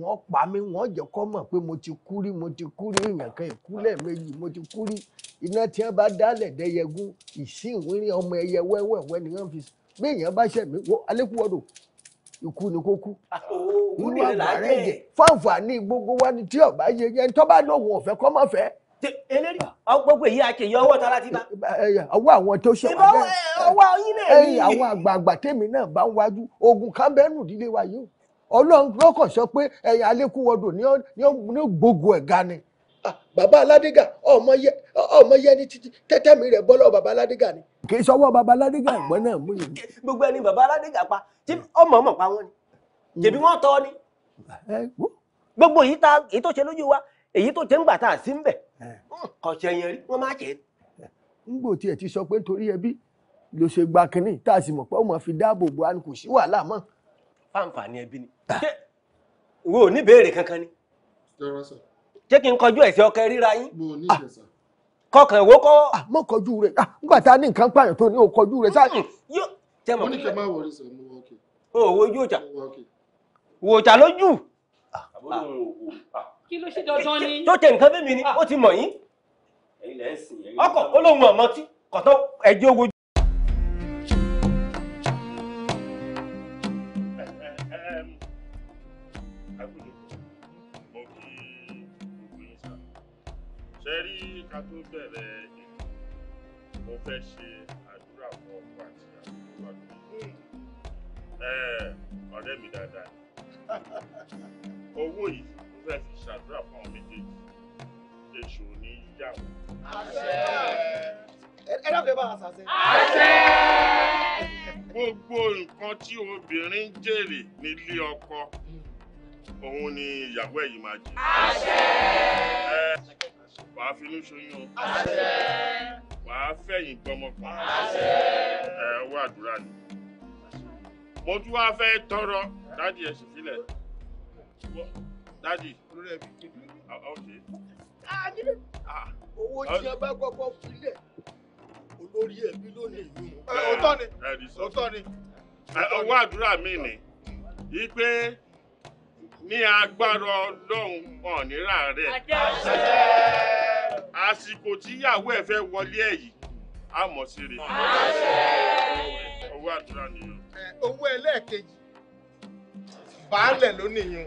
Speaker 4: wọn pa mí wọn jẹ kọ mọ̀ pé mo ti kú mo ti kú rí èèyàn kan mo ti kú rí iná tí wọn bá dẹyẹgún ọmọ ẹyẹ ni wọn fi bí èèyàn bá alẹ́kùwọ́dọ̀ ni kú àgbà jẹ gbogbo wa ni tí ọba yẹ eléri gbogbo èyí àkèyàn ọwọ́ ta láti bá. ọwọ́ àwọn tó ṣe wà bẹ́ẹ̀ ọwọ́ yín náà rí. àwọn àgbààgbà tèmi náà bá ń wájú ogun kan bẹ́ẹ̀ nù dílé wa yìí ọlọ́run lọ́kàn sọ pé ẹ̀yìn alẹ́kùnwọ́dọ̀ ní gbogbo ẹ̀ ga ni. Ah, bàbá aládégà ọmọ yẹni títí tẹ́tẹ́mi rẹ̀ bọ́lọ́ bàbá aládégà ni. kì í sọwọ́ bàbá aládégà ẹ̀gbọ́n náà mú yìí. gbogbo ẹni bàbá aládégà pa tí ọmọ ọmọ pa wọn ni jẹ̀bi wọn tọ́ ni. gbogbo èyí tó ṣe lójú wa èyí tó ṣe ń gbà tá à sí ń bẹ̀ ọ̀sẹ̀ yẹn rí wọ́n má ti sọ pé nítorí ẹbí ló ṣe gba kínní tá a sì mọ̀ pé ó máa fi dáàbò bo àni kò sí ni wo ò ní béèrè kankan ni jẹ́ kí n ọkẹ ríra yín kọkàn kọ́. Ah, mọ kọjú rẹ ah, nígbà tá a ní nǹkan o kọjú rẹ sáà.
Speaker 6: Hmm, mo ní
Speaker 4: lójú.
Speaker 5: kí ló ṣe dandan
Speaker 4: ni. tó tẹ nǹkan fẹ́mi ni ah. ó ti mọ̀ yín. ọkọ̀ olóhùn ọ̀mọ́ tí kọ̀tọ́ tó bẹ̀rẹ̀
Speaker 6: ìlú owó yìí rẹ̀ fi ṣàdúrà fún àwọn méjèèjì èṣù ní yàwó. ẹ dákẹ́ gbogbo nǹkan tí obìnrin ń jèrè nílé ọkọ òun ni ìyàwó ẹ̀yìn máa jẹ. wàá finú ṣoyún o. wàá fẹ̀yìn gbọmọ pa. ẹ wá àdúrà ni. mo tún wá fẹ́ tọrọ dáàdi ẹ̀ sì filẹ̀ dádì olórí ẹbí ọ̀hún ṣe.
Speaker 1: owó tí ẹ bá kọ́kọ́ filẹ̀
Speaker 6: olórí ẹbí lónìí yìí. òótọ́ ni òótọ́ ni. owó àdúrà mi ni yí pé ní agbára ọlọ́run ọ̀nìrà rẹ̀. àsìkò tíyàwó ẹ̀ fẹ́ wọlé ẹ̀ yìí á mọ̀ sí rè. owó àdúrà nìyẹn. owó ẹlẹ́ẹ̀kejì baálẹ̀ ló nìyẹn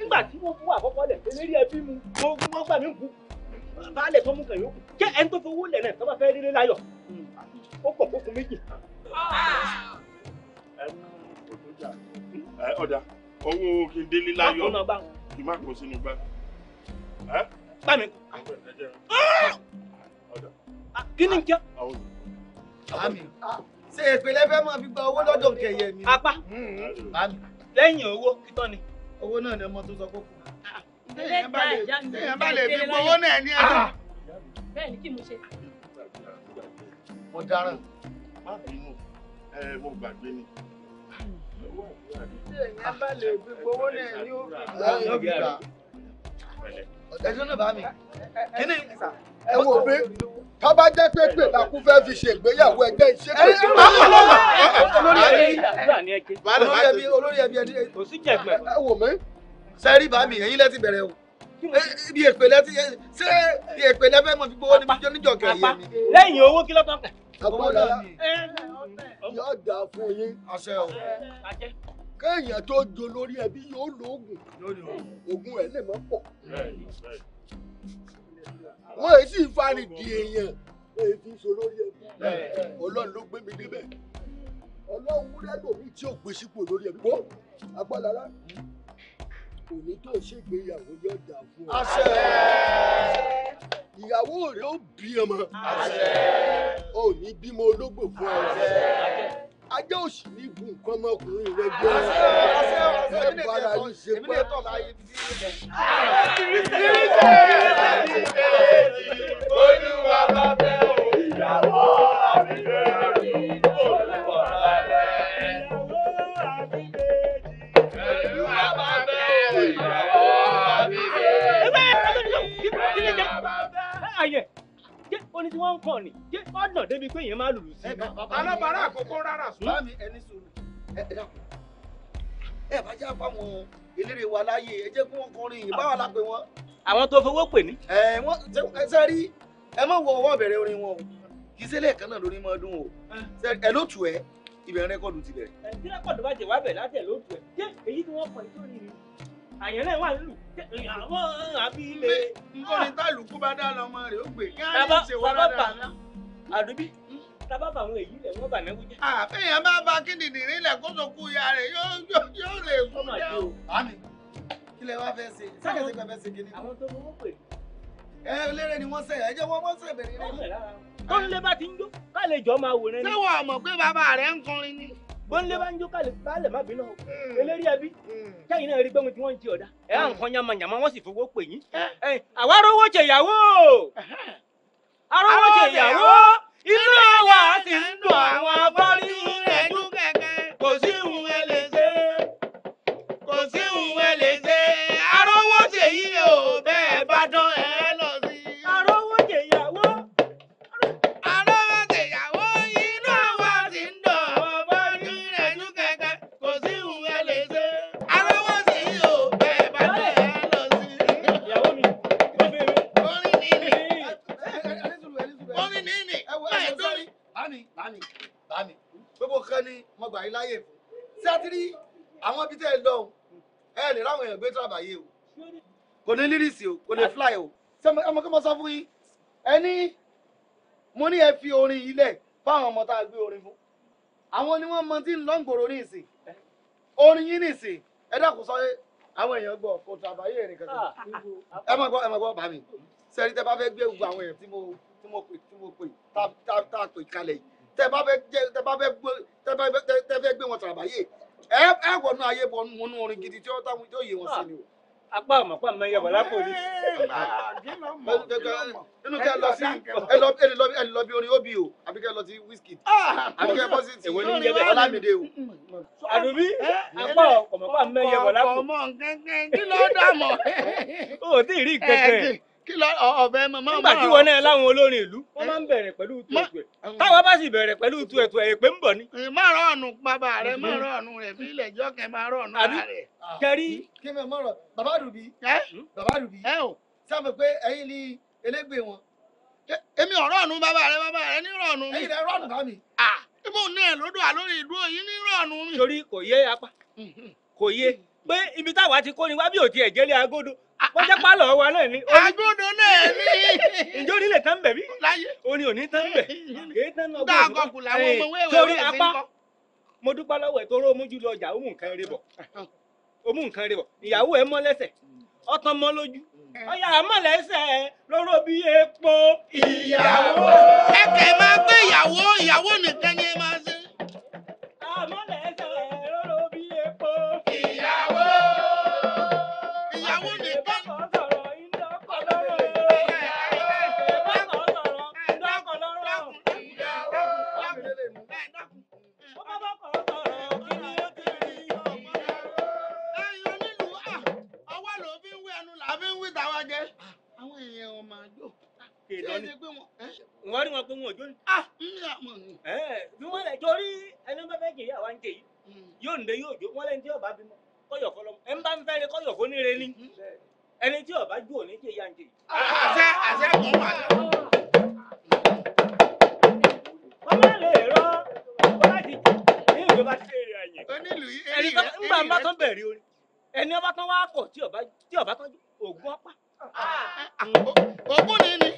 Speaker 1: nígbà tí wọ́n fún àkọ́kọ́ lẹ̀ eléré ẹbí mu ogun wọn gbà mí kú baálẹ̀ tó mú kàn yókù jẹ́ ẹni tó fowó lẹ̀ náà tó bá fẹ́ délé láyọ̀ ó pọ̀ fókun méjì.
Speaker 6: ọ̀dà owó kí n délé láyọ̀ kí n má kó sínú gbá.
Speaker 1: gbá mi. kí ni n jẹ́.
Speaker 4: àmì ṣe ìpínlẹ̀ fẹ́ máa fi gba owó lọ́dọ̀ kẹyẹ mi. apá lẹ́yìn owó kíkọ́ ni. owó náà ni ọmọ tó sọ kókó. Ah, ah.
Speaker 5: téèyàn bá lè fi gbowó náà ní ẹjọ́. Ah. bẹ́ẹ̀ ni kí mo ṣe.
Speaker 6: mo dáràn má bínú mo gbàgbé ni. Hmm. téèyàn bá lè fi gbowó náà ní òfin ẹjọ́ náà bá mi.
Speaker 4: kíni ẹ wò pé ká bá jẹ́ pé pè lákú fẹ́ fi ṣe ìgbéyàwó ẹgbẹ́
Speaker 1: iṣẹ́ pé kí ló ń lọ olórí ẹbí olórí ẹbí
Speaker 4: olórí ẹbí ẹni kò sí jẹgbẹ. ẹ wò mí. sẹ́rí bá mi ẹ̀yin lẹ́tì bẹ̀rẹ̀ o ibi èpè lẹ́tì ṣé ibi èpè lẹ́fẹ́ mo fi gbowó níbi jọ níjọ kẹ̀yẹ mi. lẹ́yìn owó kí ló tán kẹ̀. àbúrò yóò dà fún yín. àṣẹ o kéèyàn tó
Speaker 6: dolórí ẹbí yóò lóògùn oògùn ẹ̀ lè má pọ̀ wọ́n èyí sì fari di èèyàn èyí fi so lórí ẹbí ọlọ́run
Speaker 1: ló gbé mi débẹ̀
Speaker 6: ọlọ́run wúlẹ́ lòmí tí ò gbé sípò lórí ẹbí wọ́n
Speaker 4: agbára òní tó ṣègbéyàwó yóò dà
Speaker 1: fún ọ. àṣẹ.
Speaker 6: ìyàwó rẹ ó bí ọmọ. àṣẹ. òní bímọ ológbò fún ọ. àṣẹ ajé òsì ní ibu nǹkan ọmọkùnrin rẹ jẹ ẹ
Speaker 4: bára yìí
Speaker 1: ṣe pẹ. Olúwa bá bẹ́ òun ìyàwó àbílẹ̀.
Speaker 4: ẹni tí wọ́n ń kọ̀ ni jẹ́ ọ̀nà débi pé èèyàn máa lùlù sí i. alábàárà àkókò rárá ṣùgbọ́n hmm? mi ẹni sùúrù ẹ bá jẹ́ àpamọ́ eléré wa láyé ẹ jẹ́ kí wọ́n kọrin yìí báwa la pè wọ́n. àwọn tó fowó pè ní. ẹ wọn ṣe rí ẹ má wọ ọwọ́ bẹ̀rẹ̀ orin wọn o kì í ṣe lẹ́ẹ̀kan náà lórí mọ́ dún o eh. ẹ ló tù ẹ ibẹ̀ rẹ́kọ̀dù ti bẹ̀rẹ̀. ẹ ti rẹ́kọ̀dù bá jẹ wá bẹ̀ látẹ̀ ló tù ẹ jẹ́
Speaker 1: èyí tí wọ́n àyàn náà wà lù àwọn
Speaker 4: àbí ilé. nǹkan ní tálùkù bá dá lọmọ rẹ̀ ó gbè kí á ní ìṣèwọ́ dáadáa. àdúbí tábàbà àwọn èyí
Speaker 1: lẹ̀ wọ́n bà náwó jẹ́.
Speaker 4: àfihàn bá ba kíndìnrín nílẹ̀ kó tó kú ya rẹ̀ yóò lè kú jẹ́ o. àmì kí lẹ wá fẹ́ ṣe sákẹ́sẹ̀ kan fẹ́ ṣe kí ni. àwọn tó mọ wọn pè. ẹ eléré ni wọ́n sẹ̀yà ẹ jẹ́ wọ́n wọ́n sẹ̀bẹ̀rẹ̀ rẹ̀.
Speaker 1: tó ń lé bá ti ń jó ká lè jọ máa wòran ni. ṣé wọn mọ̀ pé bọ́nlé bá ń jó kálẹ̀ báàlẹ̀ má bínú hmm. eléré ẹbí hmm. kẹ́yìn náà rí gbẹ́mu tí wọ́n ń jí ọ̀dá. ẹ à ń hmm. kan yàmà yàmà wọ́n sì fowó pè yín. Eh. àwa rówó jẹ ìyàwó eh, eh. arówó jẹ ìyàwó inú wa sì ń dùn àwọn abọ́
Speaker 4: láyè fún tí a ti rí àwọn ibi tẹ́ ẹ lọ ẹ lè ráwọn èèyàn gbé tàbáyé o kò ní lírìsì o kò ní fly o ọmọ kí mo sọ fún yín ẹni mo ní ẹ fi orin yìí lẹ̀ fáwọn ọmọ tá a gbé orin fún àwọn ni wọ́n mọ tí ń lọ́ngbòrò ní ìsìn orin yín ní ìsìn ẹ dákun sọ àwọn èèyàn gbọ́ kò tàbáyé ẹnì kankan ẹ mọ̀ gbọ́ ẹ mọ̀ gbọ́ bá mi sẹ́ni bá fẹ́ gbé gbogbo àwọn èèyàn tí mo pè tá a pè kalẹ̀ yìí tẹ bá fẹ́ jẹ tẹ bá fẹ́ gbé tẹ bá fẹ́ tẹ fẹ́ gbé wọn sàbàyè ẹ ẹ wọnú ayé wọnú orin gidi tí ó táwọn tó yé wọn sí ni o. apá àmọ́ apá àmọ́ yẹ bọ̀lá kò ní.
Speaker 6: nínú kẹ lọ sí ẹ
Speaker 4: lọ ẹ lọ ẹ lọ bí orin obi o àbí kẹ lọ sí wíṣkì àbí kẹ bọ́ sí ti ọlámídé o. àdùbí apá ọmọ apá àmọ́ yẹ bọ̀lá kò. ọmọ
Speaker 1: nkankan kí ló dà mọ́. o ò tí ì rí nkankan kí lọ ọbẹ mọ máa mọ. nígbà tí wọn náà láwọn olórin ìlú wọn máa ń bẹ̀rẹ̀ pẹ̀lú tu ẹ̀tù ẹ̀ táwọn bá sì bẹ̀rẹ̀ pẹ̀lú tu ẹ̀tù ẹ̀ èpè ń bọ̀ ni.
Speaker 4: má rọ ọ̀nù bàbá rẹ má rọ ọ̀nù rẹ bí ilẹ̀ ìjọ kẹ má rọ ọ̀nù ara rẹ. Ah. kẹrí kí mi mọ̀rọ̀ bàbá rùbí hmm? bàbá rùbí sábà pé ẹ̀yin ni elégbè wọn. èmi ọ̀rọ̀ ọ̀nù bàbá rẹ bàbá rẹ ní rọ̀ọ̀nù mi. ẹ̀yin rẹ rọ̀ọ̀nù bá mi.
Speaker 1: ibo ní ẹ̀ lódò àlórí ìdú òyìn ní rọ̀ọ̀nù mi. torí kò yé apá hmm, hmm. kò yé pé ibi táwa ti kó ni wá bí òtí ẹ̀jẹ̀ lé agódó wọ́n jẹ́ pálọ̀ wa náà ni. agbódo náà ni. ǹjẹ́ orin lè tán bẹ̀ bí? orin ò ní tán bẹ̀. èyí tán lọ gbọ́dọ̀. torí apá mo dúpẹ́ lọ́wọ́ ẹ̀ tó rọ́ mójú ọjà ó nǹkan rẹ bọ̀ ó nǹkan rẹ bọ̀ ìyàwó ẹ̀ mọ́ lẹ́sẹ̀ ọtán mọ́ lójú ọyà àmọ́ lóró bí epo. ìyàwó. ẹ kẹ́ máa gbé ìyàwó ìyàwó nìkan ni máa
Speaker 4: ìdán ni wọ́n rí wọn pé wọn ò jó ní. Ah! bí wọ́n lẹ̀ torí ẹni bá fẹ́ jèyí àwa ń jèyí hmm. yóò ń de yóò jó wọ́n lẹ́ni tí ọba bímọ
Speaker 3: kọ́yọ̀ fọlọ́ ẹ̀ ń bá ń fẹ́rẹ̀ kọ́yọ̀ fún
Speaker 1: níre ni hmm. ẹni tí ọba jó ní jèyí à ń jèyí. Ah, àṣẹ àṣẹ kò wà. ọmọ lè rọ ọba ti jù ní ìjọba ti ṣe èrè àyè. onílù bá tán bẹ̀rẹ̀ orin ẹni ọba tán wá kọ̀ tí ọba tán ògùn ọ̀pá. Ah,
Speaker 4: ògùn ni ni.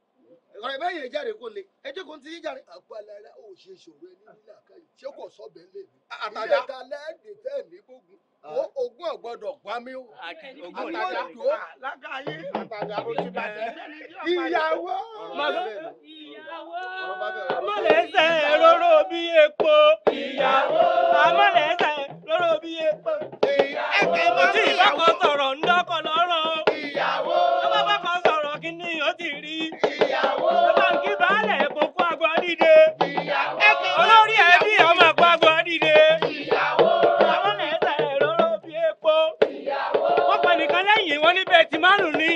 Speaker 4: ọ̀rẹ́ bẹ́yẹn jáde kó le ẹjọ́ kò ń ti yín jáde. àpalára ò ṣe ṣòro ẹni nílà káyọ̀ ṣé kò sọ́bẹ̀ lè mí. àtàdá ilé ta
Speaker 1: lẹ́ẹ̀dì tẹ̀ mí gbógun
Speaker 4: ogún ọ̀gbọ́dọ̀ gbá mi o. ogún ọ̀gbọ́dọ̀ tó
Speaker 1: lágàáyé àtàdá ló ti bàjẹ́. ìyàwó amọ̀lẹ́sẹ̀ róró bí epo. ìyàwó amọ̀lẹ́sẹ̀ róró bí epo. ẹgbẹ́ mọ́tò ìlọ́kọ̀ sọ̀rọ̀ ńdọ́kọ̀ lọ́rọ̀. dìde olórí ẹbí ọmọ àpapọ̀ dìde àwọn mẹ́ta ẹ̀rọ bí epo wọ́n pẹ̀ nìkan lẹ́yìn wọn ní bẹ́ẹ̀tì márùn ní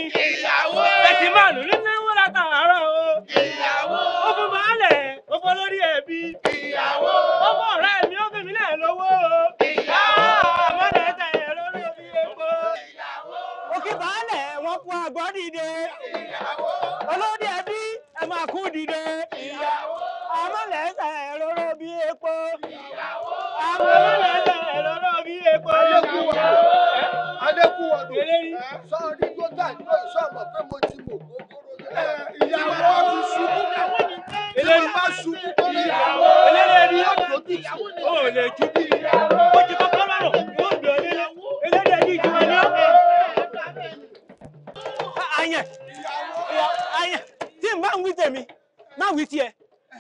Speaker 1: márùn-ún ní náwó láta àárọ̀ o ó fún ó fún olórí ẹbí ó fún ọ̀rẹ́ mi ó epo. òkè wọ́n dìde olórí ẹbí ẹ máa kú ìyàwó. ọmọlẹ́sẹ̀ róró bí epo.
Speaker 5: ọmọlẹ́sẹ̀ róró
Speaker 1: bí epo. adékúwọ̀dù sọ́ọ́dí tó tà ní ìṣọ́ àmọ̀ pé mo ti mọ̀ kókóró.
Speaker 5: ìyàwó ti
Speaker 1: ṣubú náà tí wọ́n bá ṣubú tó lé ìyàwó eléyìí yóò tó ti ìyàwó ní. ó lè ju bí ìyàwó. ó ti kọ́kọ́ lọ́rọ̀ yóò lò ó lélẹ̀ eléyìí ní ìjọba ní ọ́. àyàn àyàn tí n bá ń wí tèmi má wí tiẹ̀.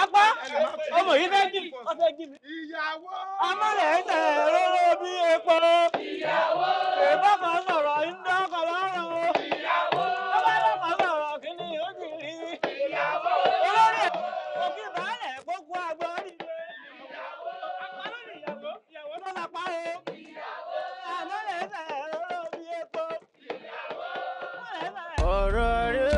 Speaker 1: Apá ọmọ yìí fẹ́ gí mi. Ìyàwó. Ọmọ rẹ̀ ń tẹ̀ lóró bí epo. Ìyàwó. Ìbá kan sọ̀rọ̀ iná kan lọ́rùn. Ìyàwó. Ọlọ́dọ̀ kan sọ̀rọ̀ kíní ó sì rí. Ìyàwó. Olórí òkè ìbálẹ̀ gbogbo àgbọ̀ nílé. Ìyàwó. Apá lórí ìyàwó. Ìyàwó tó lápá o. Ìyàwó. Ọmọ rẹ̀ ń tẹ̀ bí epo. Ìyàwó. Ọ̀rọ̀ rẹ̀.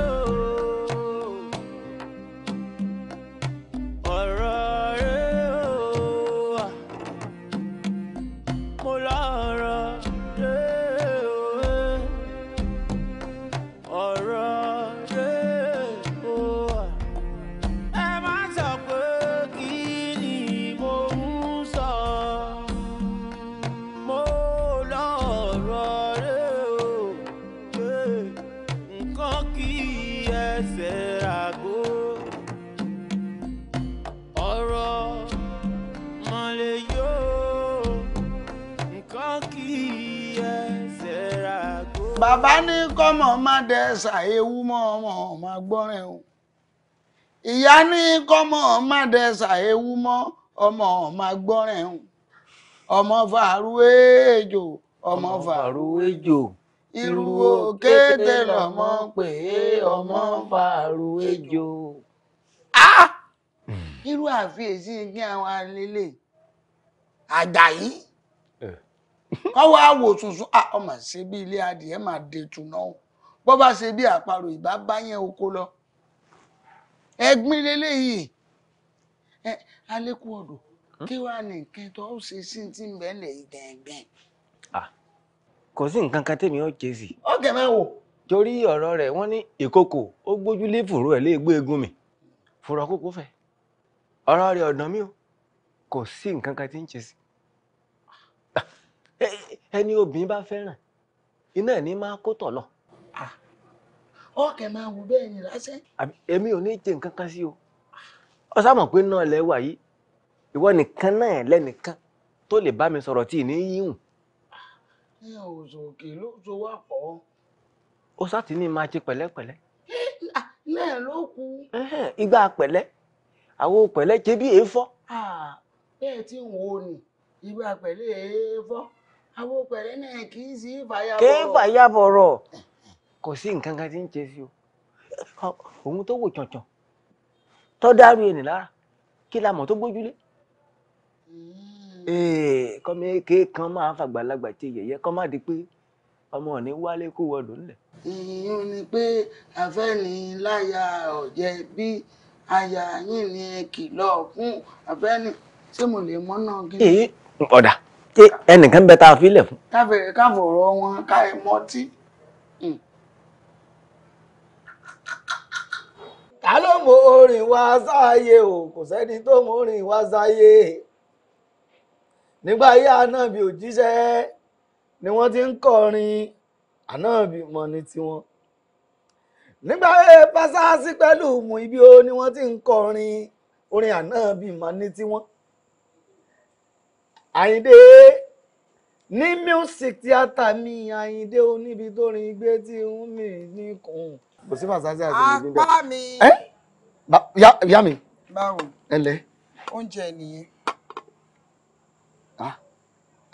Speaker 4: kọ́mọ má dẹ ṣàyẹ̀wò mọ́ ọmọ ọmọ agbọ́rin o ìyá ní kọ́mọ má dẹ ṣàyẹ̀wò mọ́ ọmọ ọmọ agbọ́rin o ọmọ fàárù èjò ọmọ fàárù èjò irú òkété lọmọ pé ọmọ fàárù èjò. irú àfiyèsí kí àwọn alẹ́lẹ̀ Àjàyí. wọ́n wá wò tuntun à ọmọ ṣe bí ilé adìẹ máa de tuná o bó bá ṣe bí àparò ìbá bá yẹn oko lọ ẹ̀gbin leléyìí ẹ alẹ́kùn ọ̀dọ̀ hmm? kí wàá ní nǹkan tó ó ṣe sí ti ń bẹ́ẹ̀lẹ̀ ìgbẹ̀ngbẹ̀n. kò sí nǹkan kan tèmi ó jẹ sí. ó kẹ̀ máa wò. torí ọ̀rọ̀ rẹ̀ wọ́n ní ìkòkò ó gbójú lé fùrọ̀ ẹ̀ léègbé egun mi fùrọ̀ kókó fẹ̀ ọ̀rọ̀ rẹ̀ ọ̀dàn mi o kò sí nǹkan kan tí ń jẹ sí. ẹni obìnrin bá fẹ́ràn iná ẹ̀ ní máa kó tọ̀ lọ. ọkẹ́ máa wù bẹ́ẹ̀ ni lásẹ̀. èmi ò ní jẹ nǹkan kan sí o ọ sábà mọ̀ pé náà lẹ wà yìí ìwọ nìkan náà lẹ́nìkan tó lè bá mi sọ̀rọ̀ tí ì ní yíhùn. ẹ ò òkè ló so wà pọ̀. ó sáà ti ní máa ṣe pẹ̀lẹ́pẹ̀lẹ́. náà ló kú. ìgbà pẹ̀lẹ́ àwọn pẹ̀lẹ́ ṣe bí èèfọ́. bẹ́ẹ̀ tí n ò ní ìgbà pẹ̀lẹ́ èèfọ́. àwọn pẹ̀rẹ́ náà kì í sí fàyàbọ̀rọ̀. kì í fàyàbọ̀rọ̀ kò sí nǹkan kan tí ń ṣe sí o òun tó wò jọ̀jọ̀ tó dárú ẹni lára kí la mọ̀ tó gbójúlé. Hmm. kọ́mi ké kan máa fàgbàlagbà tí yẹ̀yẹ́ kọ́ má di pé ọmọ ní wálé kó wọlé ńlẹ̀. ìyún ni pé àfẹ́niláyà ọ̀jẹ̀ bí aya yín ni ẹ kìlọ̀ fún àfẹ́ni ṣé mo lè mọ́nà gíga. ọ̀dà tí ẹnìkan bẹ tá a fi lẹ̀ fún. káfíńrì káfọ̀rọ̀ wọn ká ẹ mọtí. Hmm. ta ló mọ orin wá sáyé o kò sẹ́ni tó mọ orin wá sáyé nígbà ayé ànábì òjíṣẹ́ ni wọ́n ti ń kọrin ànábì mọ́ ní tiwọn nígbà ayé fásásí pẹ̀lú mú ibi o ni wọ́n ti ń kọrin orin ànábì mọ́ ní tiwọn àyíndé ní music theatre mi àyíndé oníbi tó rin igbé tí ń mì nìkan. kò sí fàṣásí àti ìlú bẹ́ẹ̀. apá mi. ẹ yá mi. báwo. ẹ oúnjẹ nìyẹn. Ah,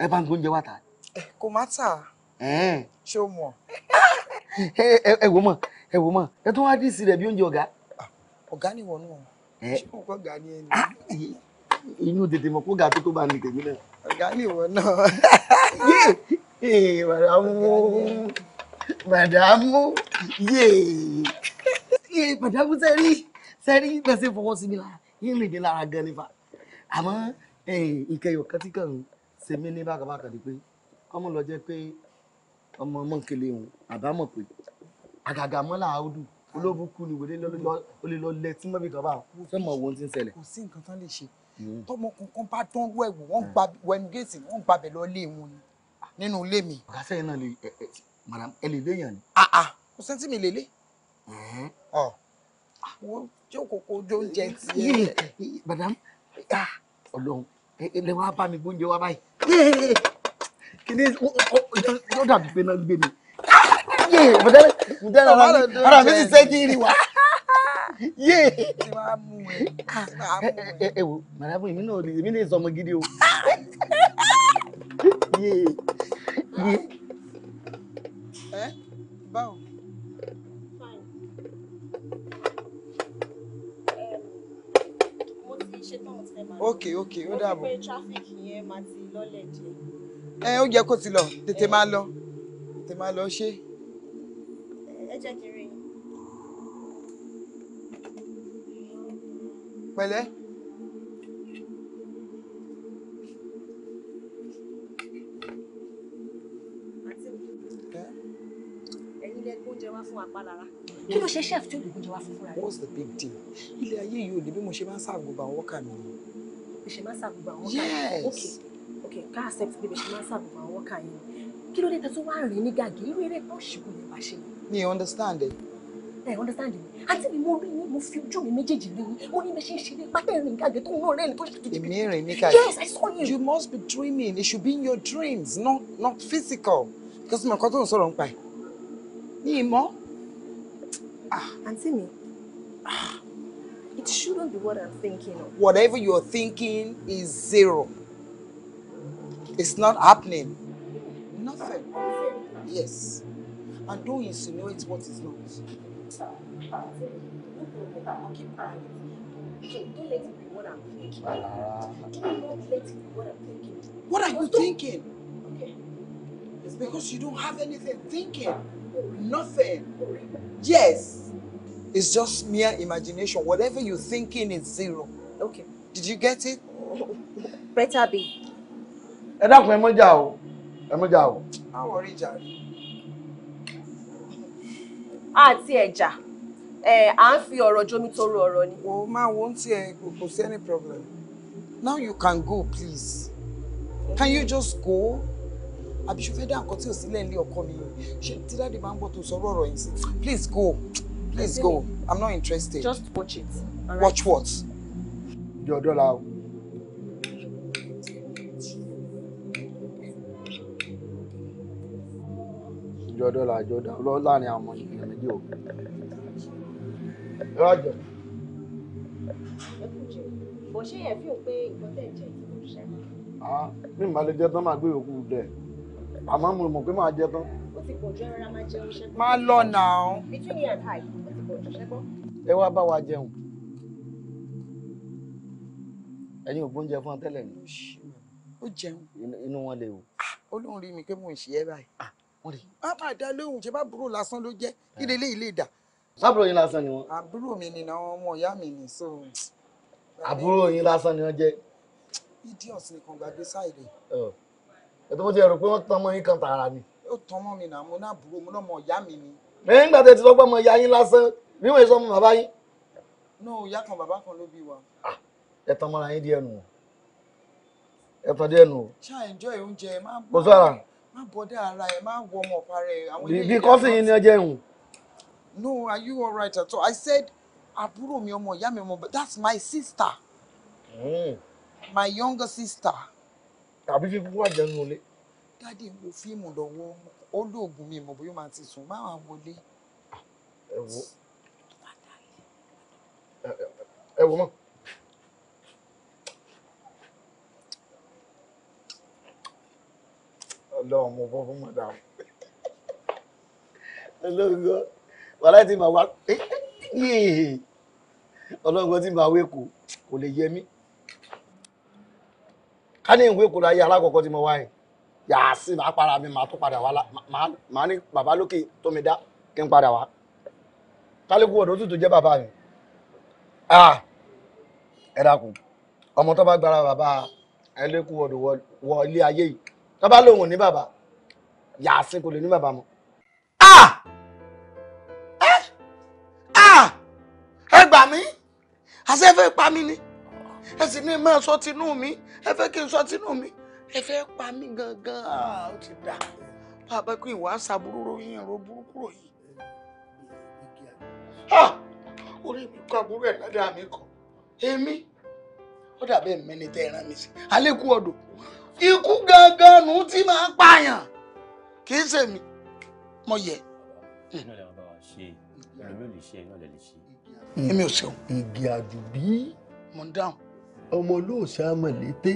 Speaker 4: ẹ bá ń gbóúnjẹ wá ta. Eh, kò má tà. ṣé o mọ̀. ẹ wò mọ̀ ẹ wò mọ̀ ẹ tún wá dí sí rẹ̀ bí oúnjẹ ọ̀gá. Ah, ọ̀gá ni wọ́n náà ṣé kò kọ́ ọ̀gá ni ẹni. Ah, inú tètè mọ̀ kó ga tó tó bá ní tèmi náà. ọ̀gá ni ìwọ náà. yé màdàmú màdàmú yé màdàmú sẹ́rí sẹ́rí bẹ́sẹ̀ fọwọ́ sí mi lára yín lè dé lára gan nípa àmọ́ ìkẹyọ̀ kan tí kàn ń ṣe mí ní bákàbákà ni pé kọ́mọ lọ jẹ́ pé ọmọ mọ̀nkele òun àbámọ̀ pé àgàgà mọ́là áódù olóbùkún ni wòlé lọ́lẹ́ tí mọ́bì kan bá fẹ́ mọ̀ wo ohun tí ń ṣẹlẹ̀. kò sí nǹkan tán lè ṣe Mm. tọmọ kankan bá dán wọ ẹwọ wọn gba mm. wẹnu géètì wọn gbàbẹ lọ lé wọn ni nínú ilé mi. ọ̀gá sẹ́yìn náà lè madam ẹ lè léèyàn ni. Ah, ah, kò sẹ́ńtì mi lè lé. wọ́n jókòó kó jóúnjẹ tiẹ̀. madam ah. ọlọ́run ilé wa bá mi gbóúnjẹ wa báyìí kìíní yóò dàbí pé náà gbé mi. ara mi ti sẹ́ kí n rí wa yé ẹ wo màdàmú èmi náà èmi náà sọmọ gidi o yé yé.
Speaker 5: ok ok ó dàbọ̀.
Speaker 4: ẹ ó yẹ kó ti lọ tètè máa lọ tètè máa lọ ṣe.
Speaker 3: ẹ jẹ́ kí n rí pẹ̀lẹ́.
Speaker 5: kí ló ṣe
Speaker 4: chef tí olùkún jẹ wá fún fúnra rẹ. what's the big deal ilé ayé yìí ò ní bí mo ṣe máa ń ṣàgbọ́gbà àwọn wọ́kà mi.
Speaker 5: mo ṣe máa ń ṣàgbọ́gbà àwọn wọ́kà yìí ok ok ká accept bí mo ṣe máa ń ṣàgbọ́gbà àwọn wọ́kà yìí kí ló dé tẹ́ tó wá rìn ní gàgé irú eré kan ṣùgbọ́n ìbáṣe. mi understand it ẹ understand mi àti mi mo rí yín mo fi ojú mi méjèèjì rí yín
Speaker 1: mo ní mi ṣe ń ṣe pátá ìrìn gàgé tó ń náà rẹ́ni tó ṣe
Speaker 4: kìjìkìjì. èmi rìn ní káyọ̀ yes
Speaker 1: I saw you. you must be dreaming
Speaker 4: it should be in your dreams not not physical because mo kọ́ tó ń sọ̀rọ̀ ń pa ẹ̀ ní ìmọ̀. Ah. àǹtí mi
Speaker 5: it shouldn't be what I'm thinking of.
Speaker 4: whatever you're thinking is zero it's not happening
Speaker 5: nothing yes and don't insinuate what is not himself and say, look the and keep crying. Okay, don't let it be what I'm thinking. Do not let it be what I'm thinking. What are
Speaker 4: you thinking? Okay. It's because you don't have anything thinking. Nothing. Yes. It's just mere imagination. Whatever you're thinking is zero. Okay. Did you get it? Better be. Ẹ dákun ẹ mọ́ jà o. Ẹ mọ́ jà
Speaker 5: àti ẹ̀jà à ń fi ọ̀rọ̀ jomi toro ọ̀rọ̀ ni. wò ó máa wo ń tiẹ̀ kò sí any problem
Speaker 4: now you can go please can you just go àbí ṣe fẹ́ dá nǹkan tí ò sílẹ̀ ní ọkọ mi ṣe tí dáàdi máa ń gbọ́ tó sọ̀rọ̀ ọ̀rọ̀ yìí sí please go please go i'm not interested. just watch it. watch what. jọ̀ọ́ dọ́là o. àjọ dọ́là àjọ dọ́là láàrin àwọn ènìyàn méjì o. rájọ.
Speaker 1: bó ṣe yẹ fi hàn pé ìkọ́tẹ̀ jẹ́ ìṣẹ́.
Speaker 4: mi máa lè jẹ tán máa gbé òkú dẹ àmọ́ mo mọ̀ pé máa jẹ tán.
Speaker 1: ó ti pọ̀ ju ẹran máa jẹun ṣẹ́gbọ́n. máa lọ nà between you and I ó ti pọ̀ ju ṣẹ́gbọ́n.
Speaker 4: ẹ wá bá wa jẹun ẹ̀yin ògbóúnjẹ fún ọ tẹ́lẹ̀ ni. ó jẹun. inú wọn lè wò. ó lóun rí mi pé mò ń ṣe é báyìí. Ah, wọ́n rí. a máa dá lóhùn ṣe bá burú lásán ló jẹ́ eh. kí lè léyìí lè dà. sábúrò yín lásán ni wọn. àbúrò mi ni àwọn ọmọ ìyá mi ni so. àbúrò yín lásán ni wọn jẹ. idiot ni kan gbàgbé sáìdì. ẹ tó bó ti rò pé wọ́n tán mọ́ yín kan tààrà ni. ó tán mọ́ mi náà mo náà burú mo náà mọ ìyá mi ni. lẹ́yìn ìgbà tẹ́ ti sọ pé ìyá yín lásán bí wọ́n sọ ọmọ bàbá yín. no ìyá kan bàbá kan ló bí wa. ẹ tán mọ́ra má bọ́dá ara ẹ̀ má wọ ọmọ ọ̀pá rẹ̀ bí kọ́sì yín ni ẹ jẹ́ ìhùn. no are you alright at all i said àbúrò mi ọmọ ìyá mi ọmọ that's my sister hmm. my younger sister. tàbí fi púpọ̀ jẹ́ nínú ilé. dáàdi ń wo fíìmù lọ́wọ́ ó lóògùn mi ìmọ̀ bóyá máa ti sùn má wàá
Speaker 6: wọlé. Ah, ẹ wo ẹ wo mọ́. ọlọ́run mo bọ́ fún madam
Speaker 4: olóńgọ́ wà láti máa wá eh, ọlọ́ngọ́ tí máa wéko kò lè yẹ mí ká ní ìwé kò láyé alákọ̀ọ́kọ́ tí mo wá yìí yàásì máa para mi máa tó padà wá máa ní bàbá lókè tó mi dá kí n padà wá kálíkù ọ̀dọ́ tútù jẹ́ bàbá mi ẹ dákun ọmọ tó bá gbára bàbá ẹlẹ́kùn ọ̀dọ̀ wọ ilé ayé yìí tó bá lóun ò ní bàbá yàásí kò lè ní bàbá mọ́. ẹ gbà mí àṣẹ fẹ́ pa mí ni ẹ sì ní máa sọ tinú mi ẹ fẹ́ kí n sọ tinú mi ẹ fẹ́ pa mí gangan ó ti dà bàbá kí ìwà ṣàbúrò ròyìn ẹ̀rọ burúkú ròyìn. orí mi kọ àbúrò ẹ̀ ládàá mi kọ èmi ó dàbí ẹ̀mẹ́ni tẹ́ ẹ mi sí alẹ́ kú ọdún ikú gangan nù tí máa pààyàn kì í ṣèmi mo yẹ.
Speaker 6: èmi ò ṣeun. igi àjùbí.
Speaker 4: mo ń dáhùn. ọmọ olóòṣà mọ̀lété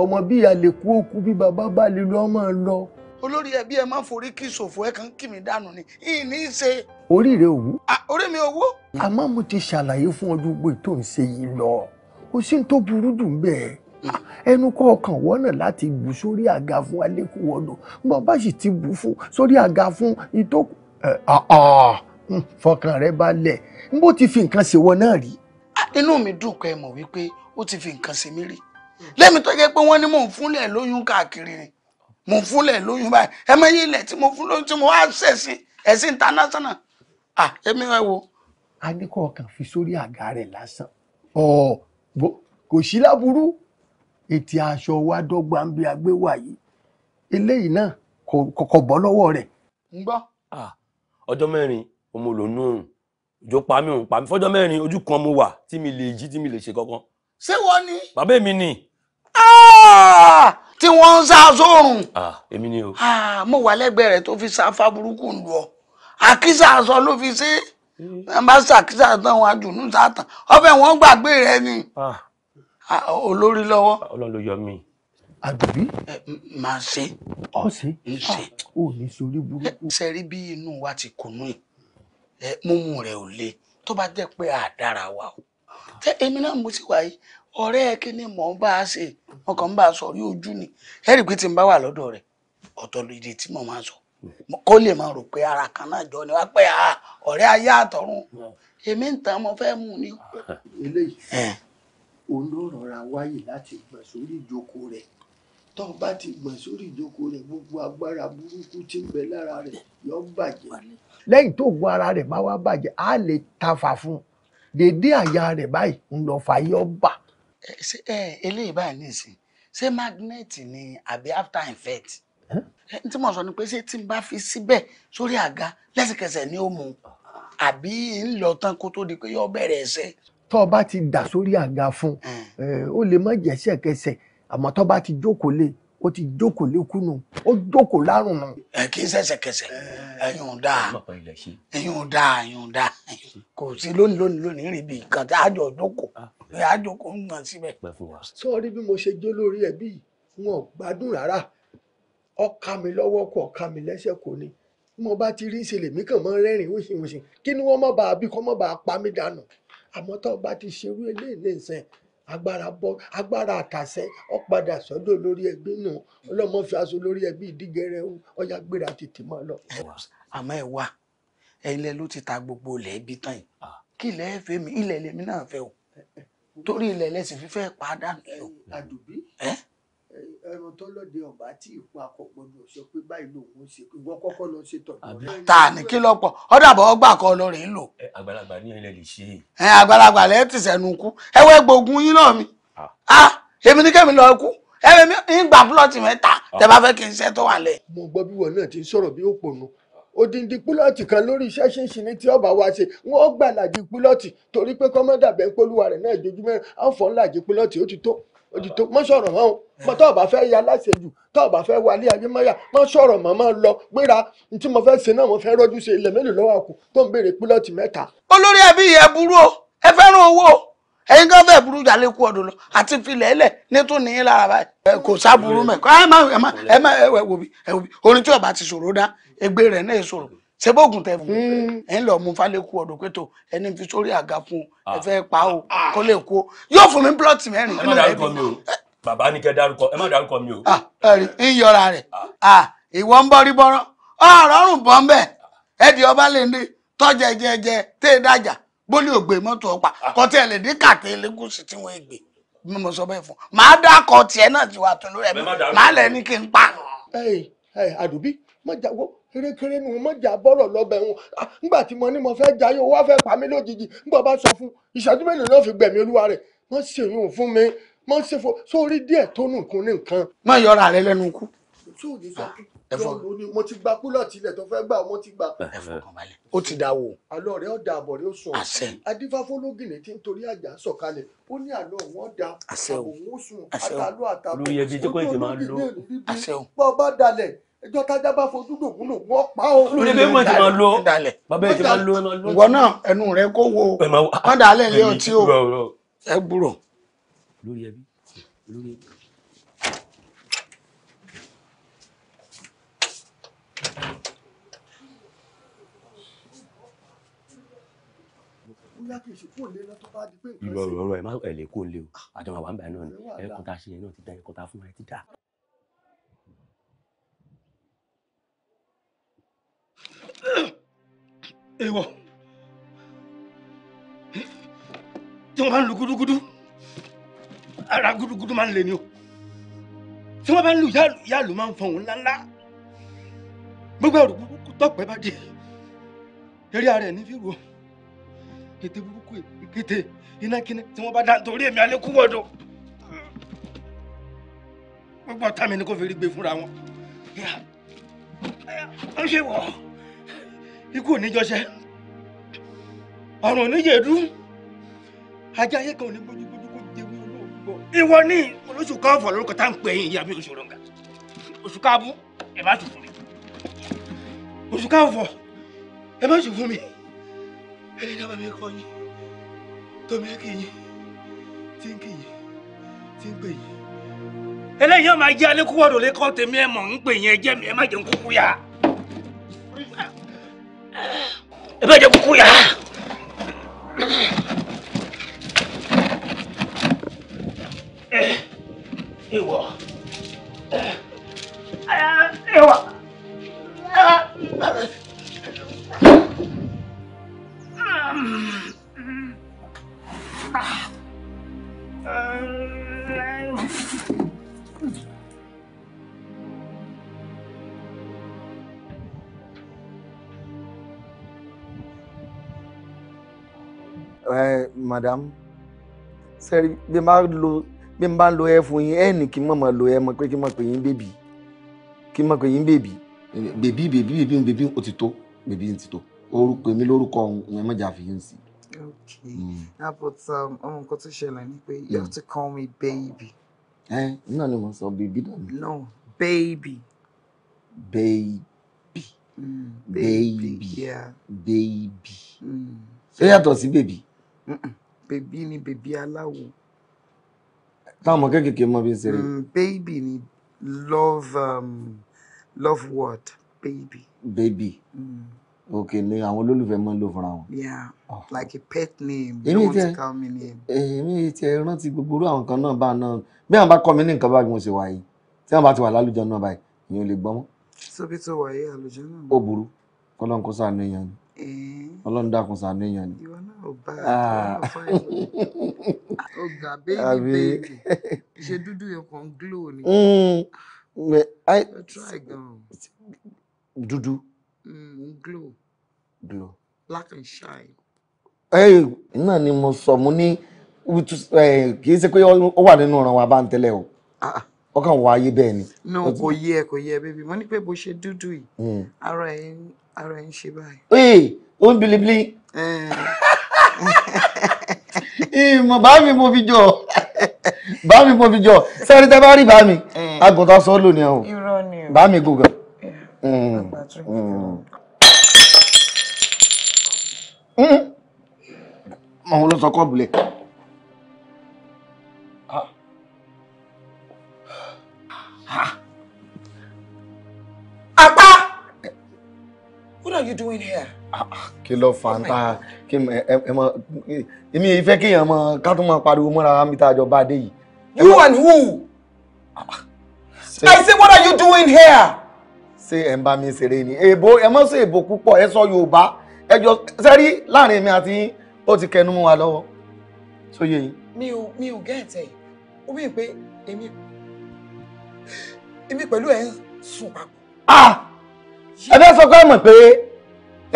Speaker 4: ọmọ bí alẹ́ kú òkú bí bàbá bá lè lọ ọmọ lọ olórí ẹbí ẹ máa forí kí ṣòfò ẹ kàn kí mi dànù ni ìní ṣe.
Speaker 6: orí rẹ òwú. orí mi òwú. àmọ́ mo ti ṣàlàyé fún ọdún gbogbo ètò ìṣe yìí lọ kò sí ní tó burú dùn bẹ́ẹ̀ Ah, ẹnu kọ̀ọ̀kan wọ́nà láti bù
Speaker 4: sórí àga fún alẹ́kùn wọ́nà bọ́n bá sì ti bù fún sórí àga fún ìtòkù eh, ah, ah, hmm, fọkàn rẹ balẹ̀ bó ti fi nǹkan ṣèwọ náà rí. inú mi dùn kọ́ ẹ mọ̀ wípé ó ti fi nǹkan ṣe mí rí lẹ́mi tó jẹ́ pé wọ́n ní mò ń fúnlẹ̀ lóyún káàkiri ni mò ń fúnlẹ̀ lóyún báyìí ẹ mọ iye ilẹ̀ tí mo fún lóyún tí mo wá ṣẹ̀sìn ẹ̀sìn international ah èmi ẹ wo. a ní kọ̀ọ̀kan fi sórí àga rẹ̀ lásán ọ̀ kò sí láburú ètí aṣọ wa dọ́gba ń bí agbé wà yìí eléyìí náà kọ̀kọ̀ bọ́ lọ́wọ́ rẹ̀. ń gbọ́. ọjọ́ mẹ́rin ọmọ olóòórùn òrùn òjò pa mí òun pa mí fọ́jọ́ mẹ́rin ojú kan mo wà tí mi lè jí tí mi lè ṣe kankan. ṣé wọ́n ni. bàbá mi ni. tí wọ́n ń sá sóòrùn. èmi ni o. mo wà lẹ́gbẹ̀ẹ́ rẹ̀ tó fi sáfá burúkú lù ọ́ àkísà aṣọ ló fi ṣe é. bá ṣàkísà tán wọn àjùnú sátán ọbẹ̀ wọn gbàgbé rẹ ni olórí lọ́wọ́.
Speaker 6: ọlọ́run ló yọ mí.
Speaker 4: àgbèbí. màá ṣe. ọ ṣe. n ṣe. ò ah, ní sori burúkú. ṣe rí bí inú wa ti kùnú ẹ múmu rẹ ò le tó bá jẹ́ pé àdára wa o. tẹ èmi náà mo ti wà yìí ọ̀rẹ́ ẹ kí ni mò ń bá a ṣe wọn kàn ń bá a sọ orí ojú ni ẹ rí i pé tí n bá wà lọ́dọ̀ rẹ̀ ọ̀tọ̀ lóde tí mo máa sọ kó lè máa rò pé ara kan náà jọ ni wá pé ah, ọ̀rẹ́ ayé àtọ̀run hmm. èmi ń tan mo fẹ́ mú ni. Ah olórọra wáyè láti gbọ̀n sórí ìjókòó rẹ̀ tó o bá ti gbọ̀n sórí ìjókòó rẹ̀ gbogbo agbára burúkú tí ń bẹ lára rẹ̀ yọ bàjẹ́. lẹ́yìn tó gbọ́ ara rẹ̀ bá wá bàjẹ́ á lè tafà fún un dédé àyà rẹ̀ báyìí ń lọ fà yọ bà. eléyìí báyìí nìsín ṣé magnet ni àbí after effect tí mo sọ ni pé ṣé tí n bá fi síbẹ̀ sórí àga lẹ́sẹ̀kẹsẹ̀ ni ó mú ah. àbí ń lọ tán kó tó di pé yọ bẹ̀rẹ̀ ẹsẹ̀
Speaker 6: tó o bá ti dà
Speaker 4: sórí àga fún mm. eh, ó lè má jẹ́sẹ̀ kẹsẹ̀ àmọ́ tó o bá ti jókòó lé ó ti jókòó lékúnnù ó jókòó lárùn nù. ẹ kì í ṣẹ̀ṣẹ̀kẹsẹ̀ ẹ̀yin ò dáa ẹ̀yin ò dáa ẹ̀yin ò dáa kò sí lónìí lónìí lónìí rí bí nǹkan tá a jọ jókòó ah. a jókòó ń gbọ̀n síbẹ̀.
Speaker 6: sọ́ọ́rí bí mo ṣe jó lórí ẹ̀ bí wọn ò gbádùn
Speaker 4: rárá ọkà mi lọ́wọ́ kọ ọkà mi lẹ́sẹ̀ kò ní mo bá ti rí ìṣẹ̀lẹ̀ mi kàn mọ́ rẹ́rìn-ín wíṣìwíṣì kí ni wọ́n mọ̀ bá a bí kọ́ mọ̀ bá a pa mí dànù àmọ́ tó o bá ti ṣerú eléyìí lè sẹ́yìn agbára bọ agbára àtàsẹ ọpadà sọ́dọ̀ lórí ẹbí nù ọlọmọ fi aṣọ lórí ẹbí ìdígẹrẹ ọyà gbéra tètè máa lọ. àmọ́ ẹ wá ẹlẹ ló ti ta gbogbo ilẹ̀ ibi tán yìí ah. kí ilẹ̀ ẹ fẹ́ mi ilẹ̀ lèmi náà fẹ́ o eh, eh. torí ilẹ̀ lẹ́sìn fífẹ́ pa á dànù. Eh, àdùbí ẹ ẹran tọlọdẹ ọba tí ìpò akọgbọdọ sọ pé báyìí lòun ó ṣe ìwọ kọ́kọ́ lọ ṣe tọdọ. ta ni kí ló pọ ọdọ àbọ ọgbà kan olórin ń lò. àgbàlagbà ní ilẹ̀ lè ṣe. ẹ àgbàlagbà lẹ ti sẹnu kú ẹ wẹ gbógun yín náà mi èmi ní kẹ́mi lọ kú ẹ ń gbà púlọ̀tì mẹ́ta
Speaker 5: tẹ bá fẹ́ kí n ṣe tó wà
Speaker 4: lẹ̀.
Speaker 6: mo gbọ́ bí wọn náà ti ń sọ̀rọ̀ bí òpònú odindi púlọ̀tì kan
Speaker 4: lórí iṣẹ́ ṣinṣin ní tí ọba wa ṣe wọ́n gbàlàjì púlọ̀tì torí pé kọ́mọ́dà bẹ́ẹ̀ pólúwa rẹ̀ náà dojúmọ́ àǹfọ̀ńlàjì púlọ̀tì ó ti tó òjìtó mọ́ sọ̀rọ̀ mọ́ o mọ́ tọ́ ọ̀bà fẹ́ ya aláṣejù tọ́ ọ̀bà fẹ́ wálé abímọ́yà mọ́ sọ̀rọ̀ mọ́ mọ́ lọ gbéra tí mo fẹ́ ṣe náà mo fẹ́ rọ́jú ṣe ilẹ̀ mélòó lọ́wọ́ àkù tó ń béèrè pílọ́ọ̀tì mẹ́ta. olórí ẹbí yẹ burú o ẹ fẹ́ràn owó ẹ̀yin kan fẹ́ burú jalè kú ọ̀dọ̀ lọ àti filẹ̀ ẹlẹ̀ nítorí ní lára báyìí. kò sábúrú mẹ́kọ́ ẹ má ẹ má ẹ má ẹ wò bí orin tí ọba ti ṣòro dá ẹgbẹ́ rẹ̀ náà ṣòro ṣe bóògùn tẹ fún hmm. ẹ ń lọ mú fálẹkù ọdọ pé tó ẹni fi sórí àga fún ẹ ah. fẹ́ pa o ah. kó lè kó yóò fún mi plọtì mẹ́rin. ẹ má dárúkọ mi
Speaker 3: o bàbá ní kẹ dárúkọ ẹ má dárúkọ mi o.
Speaker 4: Ah, ń yọra rẹ ìwọ ń bọrí bọrọ ọrọrùn bọ ńbẹ ẹdì ọba lè ní tọjẹ jẹjẹ tẹ ẹ dájà gbólé ògbé mọ́tò ọpa kọtẹ lè ní kàtẹ elégùsì tí wọn gbé mi mo sọ bẹ́ẹ̀ fún màá dá kọ tiẹ náà ti wà tó lórí ẹ màá lẹ ní kí n pa. ẹ ẹ àdùbí má jáwọ́ kérékéré ni wọn mọ jà bọ́rọ̀ lọ́bẹ̀ wọn nígbà tí mo ní mo fẹ́ jayé o wá fẹ́ pa mí lójijì nígbà bá sọ fún ìṣẹ́jú mélòó náà fi gbẹ̀mí olúwa rẹ̀ wọ́n ṣèyún fún mi wọ́n ṣe fún sórí díẹ̀ tó nù kún ní nǹkan. má yọra rẹ lẹ́nu kú. sóòdì sọ ah, mo ti gba púlọ̀tì ilẹ̀ tó fẹ́ gbà mo ti gbà. Eh, ó ti dà wò. àlọ́ rẹ̀ ọ̀dà àbọ̀rẹ́ ó sùn. àṣẹ. adífáfólógìnì tí ń torí àjà sọ̀kalẹ̀ ó ní àlọ́ wọn da àbòwò sùn àtàlọ́ àtàbọ̀ olóyè bíi tí kò tì máa ń lo ẹjọ́ tájá bá fojú dògún dògún ọ̀pá o. lórí bẹ́ẹ̀ mọ̀ tí máa lo bàbá ẹ̀ tí máa lo ẹ̀ máa lo. ìwọ náà ẹnu rẹ kó wo wọ́n dà á lẹ̀ lé ọtí o ẹ gbúrò. lórí ẹbí lórí ẹbí. ìrọ̀rùn ọ̀rọ̀ ẹ̀ má ẹ̀ lè kó lé o àjọmọ̀ àwọn àgbà náà ni ẹ̀ kọ́ta ṣe yẹn náà ti dá ẹ̀ kọ́ta fún ẹ ti dá.
Speaker 1: èèwọ̀ tí wọ́n bá ń lu gúdúgúdú
Speaker 4: ara gúdúgúdú máa ń le ni o tí wọ́n bá ń lu yáàlú máa ń fọhùn ńláńlá gbogbo ẹrù burúkú tọ̀pẹ́ bá dé eré ara ẹ̀ ní fíru o kété burúkú kété iná kíní tí wọ́n bá dá torí èmi alẹ́ kú gbogbo ọ̀tá mi ni kò fi rí gbé fúnra wọn. Yeah. Yeah. I'm ikú ò ní jọṣẹ ọ̀run ò ní yèédú ajá ayé kan ò ní gbójúgbójú kó jẹ
Speaker 1: mí olóògbọ. ìwọ ni, olóṣù káfọ̀ lórúkọ tá à ń pè yín ìyá mi oṣù rọ̀ǹgà oṣù káàbù ẹ má sùn fún mi oṣù káfọ̀ ẹ má sùn fún mi ẹni náà bá mi kọ́ yín tómi kì í tí ń kì í tí ń pè yín. eléyìí ọmọ ajé alẹ́ kúwọ́dọ̀ lẹ́kọ́ tèmi ẹ̀ mọ̀ ń pè yín ẹ jẹ́ mi ẹ má jẹun kúkú yá ẹ bẹ́ẹ̀ jẹ́ kúkú yá. ìwọ ìwọ. Ah.
Speaker 4: madam sẹ́rí bí n bá lo bí n bá lo ẹ fún yín ẹ ní kí n mọ̀ mọ̀ lo ẹ mọ̀ pé kí n mọ̀ pé yín bèbí kí n mọ̀ pé yín bèbí. bèbí bèbí bèbí bèbí ó ti tó bèbí ti tó orúkọ èmi lórúkọ òun ẹ má jà fi sí. okay mm. but um, ọmọ nǹkan tó ṣẹlẹ̀ ni pé you have hmm. to call me baby. ẹ náà ni mo sọ bèbí náà ni. no baby. baby hmm, baby baby. Yeah. baby. Hmm. ṣé yàtọ̀ sí bèbí bèbí ni bèbí aláwo. táwọn ọmọ kéékèèké mọ bí n ṣe rí. Mm, baby ni love um, love word baby. baby. Mm. ok ni àwọn olólùfẹ́ máa ń lò fúnra wọn. yeah oh. like a pet name you don't tell, call me name. èmi ti ẹ rántí gbogbo irú àwọn kan náà bá náà bí àwọn bá kọ́ mi ní nǹkan báyìí mo ṣe wà yìí tí wọ́n bá ti wà lálùjọ náà báyìí ìyẹn ò lè gbọ́n mọ́. sóbì tó wà yìí àlùjọ náà. ó burú kọ́lọ́ńkọ́sá ni èèyàn ni. Eh? ọlọ́run dákun ṣàánú èèyàn ni. ìwọ ah. dúdú yẹn kàn ni. Hmm. dúdú. glo. Hmm, glo. black and shine. Eh, náà ni mo sọ mo ní eh, kì í ṣe pé ó wà nínú ọ̀ràn wa bá ń tẹ́lẹ̀ o ọkàn ah, ah. wọ ayé bẹ́ẹ̀ ni. náà kò mo ní pé bó ṣe dúdú hmm. ara ẹ̀ ara ń ṣe báyìí. ee ó ń bilibili. ìmọ̀ bá mi mo fi jọ bá mi mo fi jọ sẹ́ni tẹ́ bá rí bá mi eh. àgùntàn sọ lónìí
Speaker 5: ọ̀hún
Speaker 4: bá mi gògàn.
Speaker 6: Mọ̀hún ló sọ kọ́ ah. ah.
Speaker 4: Apá are you doing here? kí ló fa ń oh ta kí ẹ mọ èmi yìí fẹ́ kéèyàn mọ ká tún máa pariwo mọ́ra mi tá bá dé yìí. you and who? I say what are you doing here? ṣé ẹ ń bá mi ṣeré ni èèbó ẹ mọ̀ sí èèbó púpọ̀ ẹ sọ Yorùbá ẹ jọ sẹ́rí láàrin mi àti ó ti kẹnu mú wa lọ́wọ́ sóye yìí. mi ò mi ò gẹ́ẹ̀tẹ̀ ó bí pé èmi èmi pẹ̀lú ẹ̀ ń sùn papọ̀. Ah! ẹ fẹ́ sọ pé ẹ mọ̀ pé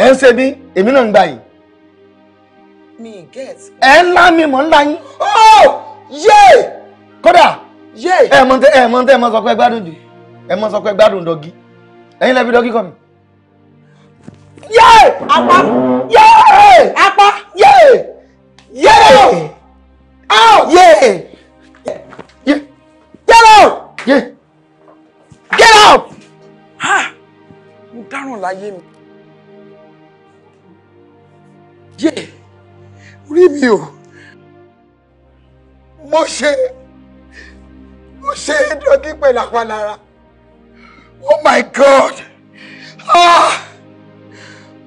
Speaker 4: ẹ ń ṣe bí èmi náà ń gbà yìí. mi get. ẹ ń lá mi mọ̀ ń lá yín. oh yé. kódà yé. ẹ mọ tẹ ẹ mọ tẹ ẹ mọ sọ pé gbádùn jù ẹ mọ sọ pé gbádùn dọgí ẹ̀yin lẹbi dọgí kọ mi. yé apá
Speaker 1: yé apá yé yé out yé yé get out yé
Speaker 4: get out. ha mo dáràn láyé mi yé rí mi o mo ṣe mo ṣe dọ́gí pẹ̀lú àpalára
Speaker 1: oh my god ah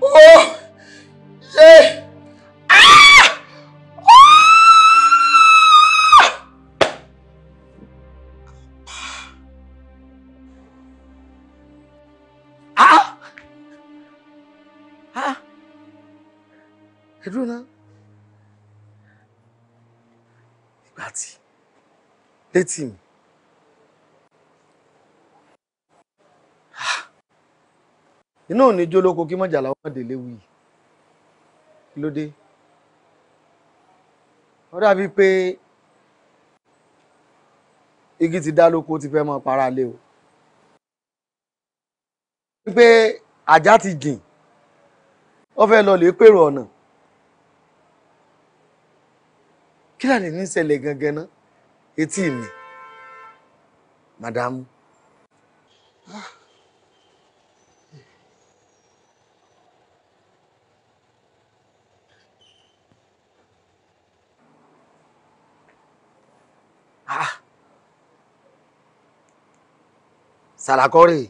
Speaker 1: oh yé ah.
Speaker 4: ẹdúró náà ìgbà tí létí mi ah! iná ò ní jó lóko kí mọ̀jàlá wọn délé wí kí ló dé ó dàbí pé igi ti dá lóko ti fẹ́ mọ́ para lé o wípé ajá ti jìn ó fẹ́ lọ lè pèrò ọ̀nà kí làlẹ́ ní ṣẹlẹ̀ gangan ná etí mi màdámù. sàlàkọ́ rèé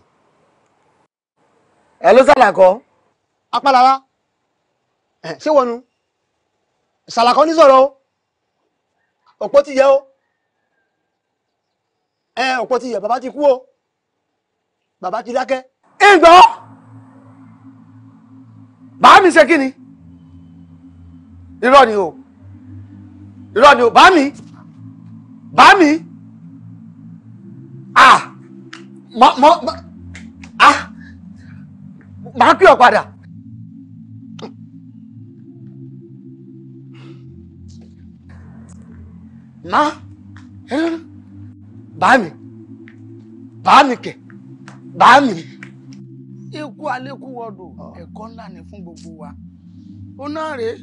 Speaker 4: ẹ ló sàlàkọ́. apálára ṣé wọnú sàlàkọ́ ní sọ̀rọ̀ o òpó ti yẹ o ẹ òpó ti yẹ bàbá ti kú o bàbá ti dákẹ́. ìgbọ́ bàá mi ṣe kí ni irọ́ ni o irọ́ ni o bàá mi bàá mi ah mọ mọ ah màá kí ọ padà. má bá mi bá mi kẹ bá mi. ikú alẹ́kú wọ́dù ah. ẹ̀kọ́ ńlá ni fún gbogbo wa ó náà rèé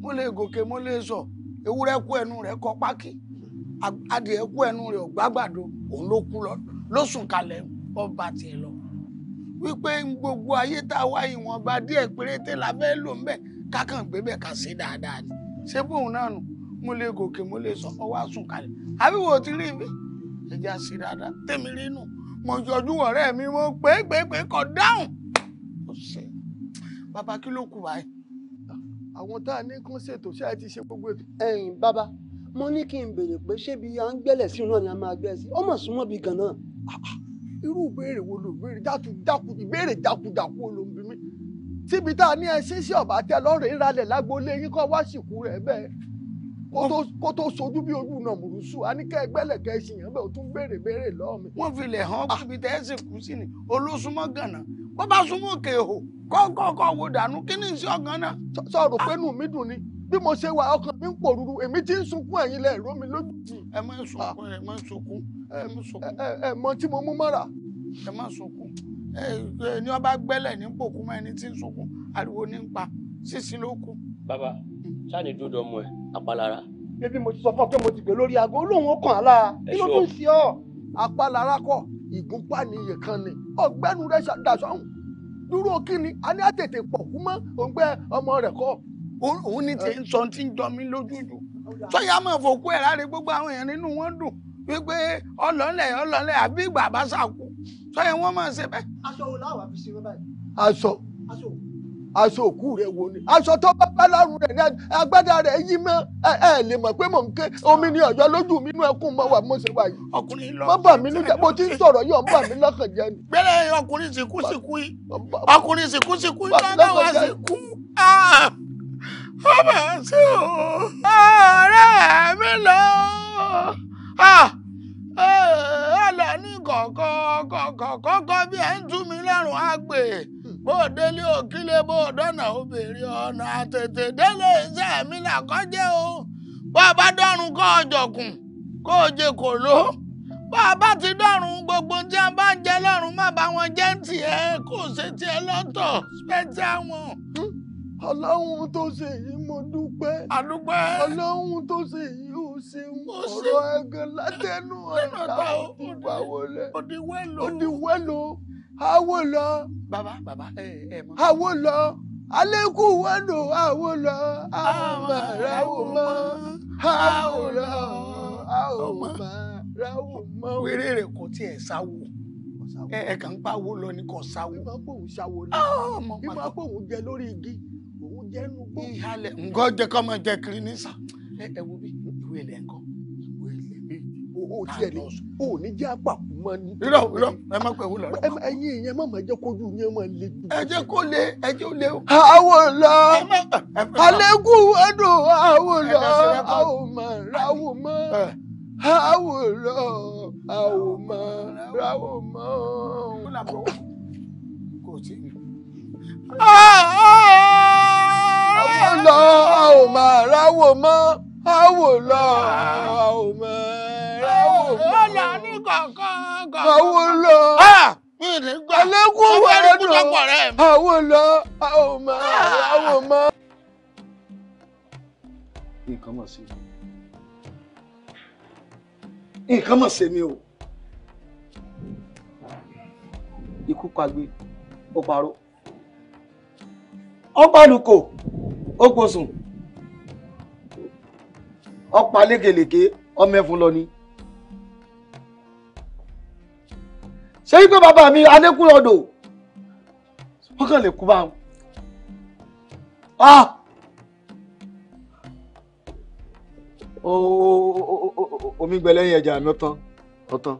Speaker 4: mo lè gòkè mo lè sọ ewúrẹ́ kú ẹnu rẹ̀ kọ pákí adìẹ kú ẹnu rẹ̀ ọ̀gbágbàdo òun ló kú lọ ló sùn kalẹ̀ ọba tiẹ̀ lọ wípé gbogbo ayé tá a wá ìwọ̀nba díẹ̀ péréte la fẹ́ lò kákàn gbé bẹ̀ ká dáadáa ni ṣé bóun náà nù mo lè gòkè mo lè sọ ọwọ́ àsùn kalẹ̀ àbí wo ti rí mi ẹja sí dáadáa tèmi rínú mo yọjú
Speaker 1: ọ̀rẹ́ mi mo pé pé pé kọ dáhùn ó
Speaker 4: ṣe bàbá kí ló kù báyìí. àwọn tá a ní kán ṣètò ṣáà ti ṣe gbogbo ètò. ẹ̀yin bàbá mo ní kí n béèrè pé ṣé bí a ń gbẹ́lẹ̀ sí náà ni a máa gbẹ́lẹ̀ sí ọmọ súnmọ́ bí gan ah, irú ìbéèrè wo ló béèrè dákúdákú ìbéèrè dákúdákú ló ń bí mi. síbi tá a ní ẹ ṣe sí ọ̀bà tẹ lọ́rùn ìralẹ̀ lágbo lẹ́yìn kọ́ wá sìnkú rẹ̀ bẹ́ẹ̀ kó tó sojú bí ojú náà mùrùsù a ní kẹ́ ẹgbẹ́lẹ̀ kẹ́ ẹ ṣìyàn bẹ́ẹ̀ o tún béèrè béèrè lọ́ọ̀ mi. wọ́n filẹ̀ hàn ah. síbi tẹ́ ẹ sì kú sí ni olóṣùmọ́ gànà bó bá súnmọ́ òkè o kọ́kọ́kọ́ wo dànù kí ni ìṣe ọ̀gán náà. sọ̀rọ̀ pé nù mí dùn ni bí mo ṣe wà ọkàn mi ń pòrúru èmi ti ń sunkún ẹ̀yin lẹ̀ rómi lójú. Ah. ẹ má sunkún ẹ má sunkún ẹ má sunkún. ẹ mọ tí mo mú mọ́ra. ẹ má sunkún ẹ ní ọba gbẹ́lẹ̀ ní pòkúmọ́ ẹni tí ń sunkún ariwo ní ń pa sísìn ló kù. bàbá ṣáàní dúdú ọmọ ẹ apalára. bébí mo ti sọ fún ọ pé mo ti gbé lórí aago olóhùn ó kàn á lára kí ló tún ṣe ọ apalára kọ ìgúnpá ni iye kan ni ọgbẹnu rẹ dàsọhùn dúró kíni a ní àtètè pọ̀ kú mọ́ òǹgbẹ ọmọ rẹ̀ kọ́ òun ni tí ń sọ tí ń jọ mí lójúdù sọyà máa fòkú ẹ̀ láre gbogbo àwọn èèyàn nínú wọn dùn wípé ọlọ́lẹ̀ ọlọ́lẹ̀ àbí ìgbà àbáṣà kú sọyà wọn máa ṣe bẹ́ẹ̀. aṣọ wo láwàá
Speaker 6: fi ṣe báyìí. aṣọ. aṣọ wo aṣọ òkú rẹ̀ wo
Speaker 4: ni aṣọ tó bá bá lárùn rẹ̀ ní agbádá rẹ̀ yí mọ́ ẹ ẹ lè mọ̀ pé mò ń ké omi ní ọ̀yọ́ lójú mi inú ẹkún mọ́ wà mọ́ṣẹ́ wáyé ọkùnrin lọ mọ́ bà mí níjà bó ti ń sọ̀rọ̀ yóò bà mí lọ́kàn jẹ́ ni. gbẹ́rẹ́ ọkùnrin sìnkú sìnkú yìí ọkùnrin sìnkú sìnkú yìí lọ́dọ̀ wá sìnkú
Speaker 1: ọmọ sí o ọ̀rẹ́ mi lọ ọ̀lọ́ ah! eh, ní kọ̀ọ̀kọ̀ọ̀kọ̀ọ̀kọ̀
Speaker 4: bí ẹ̀ ń tú mi lọ́rùn á gbé bó délé òkílé bó dọ́nà obìnrin ọ̀nà àtètè délé iṣẹ́ mi làkọ́jẹ́ o bá a bá dọ́run kọ́ ọ̀jọ̀kùn kó o jẹ kò ló bá a bá ti dọ́run gbogbo tí a bá jẹ lọ́run
Speaker 6: má bá wọn jẹ́ tiẹ̀ kó ṣe tiẹ̀ lọ́tọ̀ pẹ́ẹ́tì wọn.
Speaker 1: ọlọ́run tó ṣe yìí mo dúpẹ́ àdúpẹ́ ọlọ́run tó ṣe yìí ó ṣeun ọ̀rọ̀ ẹ̀gàn látẹnu ọ̀tá òdìwẹ́lò òdìwẹ́lò
Speaker 4: àwo lọ bàbá bàbá ẹ ẹ mọ àwo lọ alẹ́kù wọ́nù àwo lọ àwòmárawò mọ́ àwo lọ
Speaker 1: àwòmárawò
Speaker 4: mọ́. wéré rẹ kò tiẹ̀ sáwò ẹ kàn ń pa àwo lọ ni kò sáwò. bí máa pòun sáwò ni bí máa pòun jẹ lórí igi òun jẹ nugbó. ìhàlẹ̀ ǹgọ́ jẹ́ kọ́ máa jẹ kiri ní sàn. ẹ wo bí ìwé ilẹ̀ ńkọ́ o tiẹ̀ ní o ní jẹ́ àpàkù mọ́ ni. irọ́ irọ́ ẹ má pẹ̀wò lọ. ẹyin ìyẹn má má jẹ́ kójú yẹn má le ẹ jẹ́ kó le ẹ jẹ́ ó le o. àwọn lọ
Speaker 1: alẹ́kùn ẹ̀dùn àwọn lọ àwọn mọ̀ ráwọ̀ mọ́ àwọn lọ àwọn mọ̀ ráwọ̀ mọ́. àwọn lọ àwọn mọ̀ ráwọ̀ mọ́ àwọn lọ àwọn mọ̀ kọ̀ọ̀kan kọ̀ọ̀kan. àwọn lọ. mi ní gbà. àlékún wà lọ. àwọn lọ àwọn ọmọ àwọn ọmọ.
Speaker 2: nǹkan mọ̀ sí
Speaker 4: mi nǹkan mọ̀ sí mi o. ikú pagbe ó parọ́ ọpàlùkò ó gbósùn ọpàlẹ́gẹ̀lẹ̀gẹ̀ ọmọ ẹ̀fún lọ ni. ṣé wípé bàbá mi adékúnlọ́dọ̀ wọ́n kàn lè kú bá wọn. Ah! omi gbẹlẹ yẹn ẹja mi ọtán ọtán.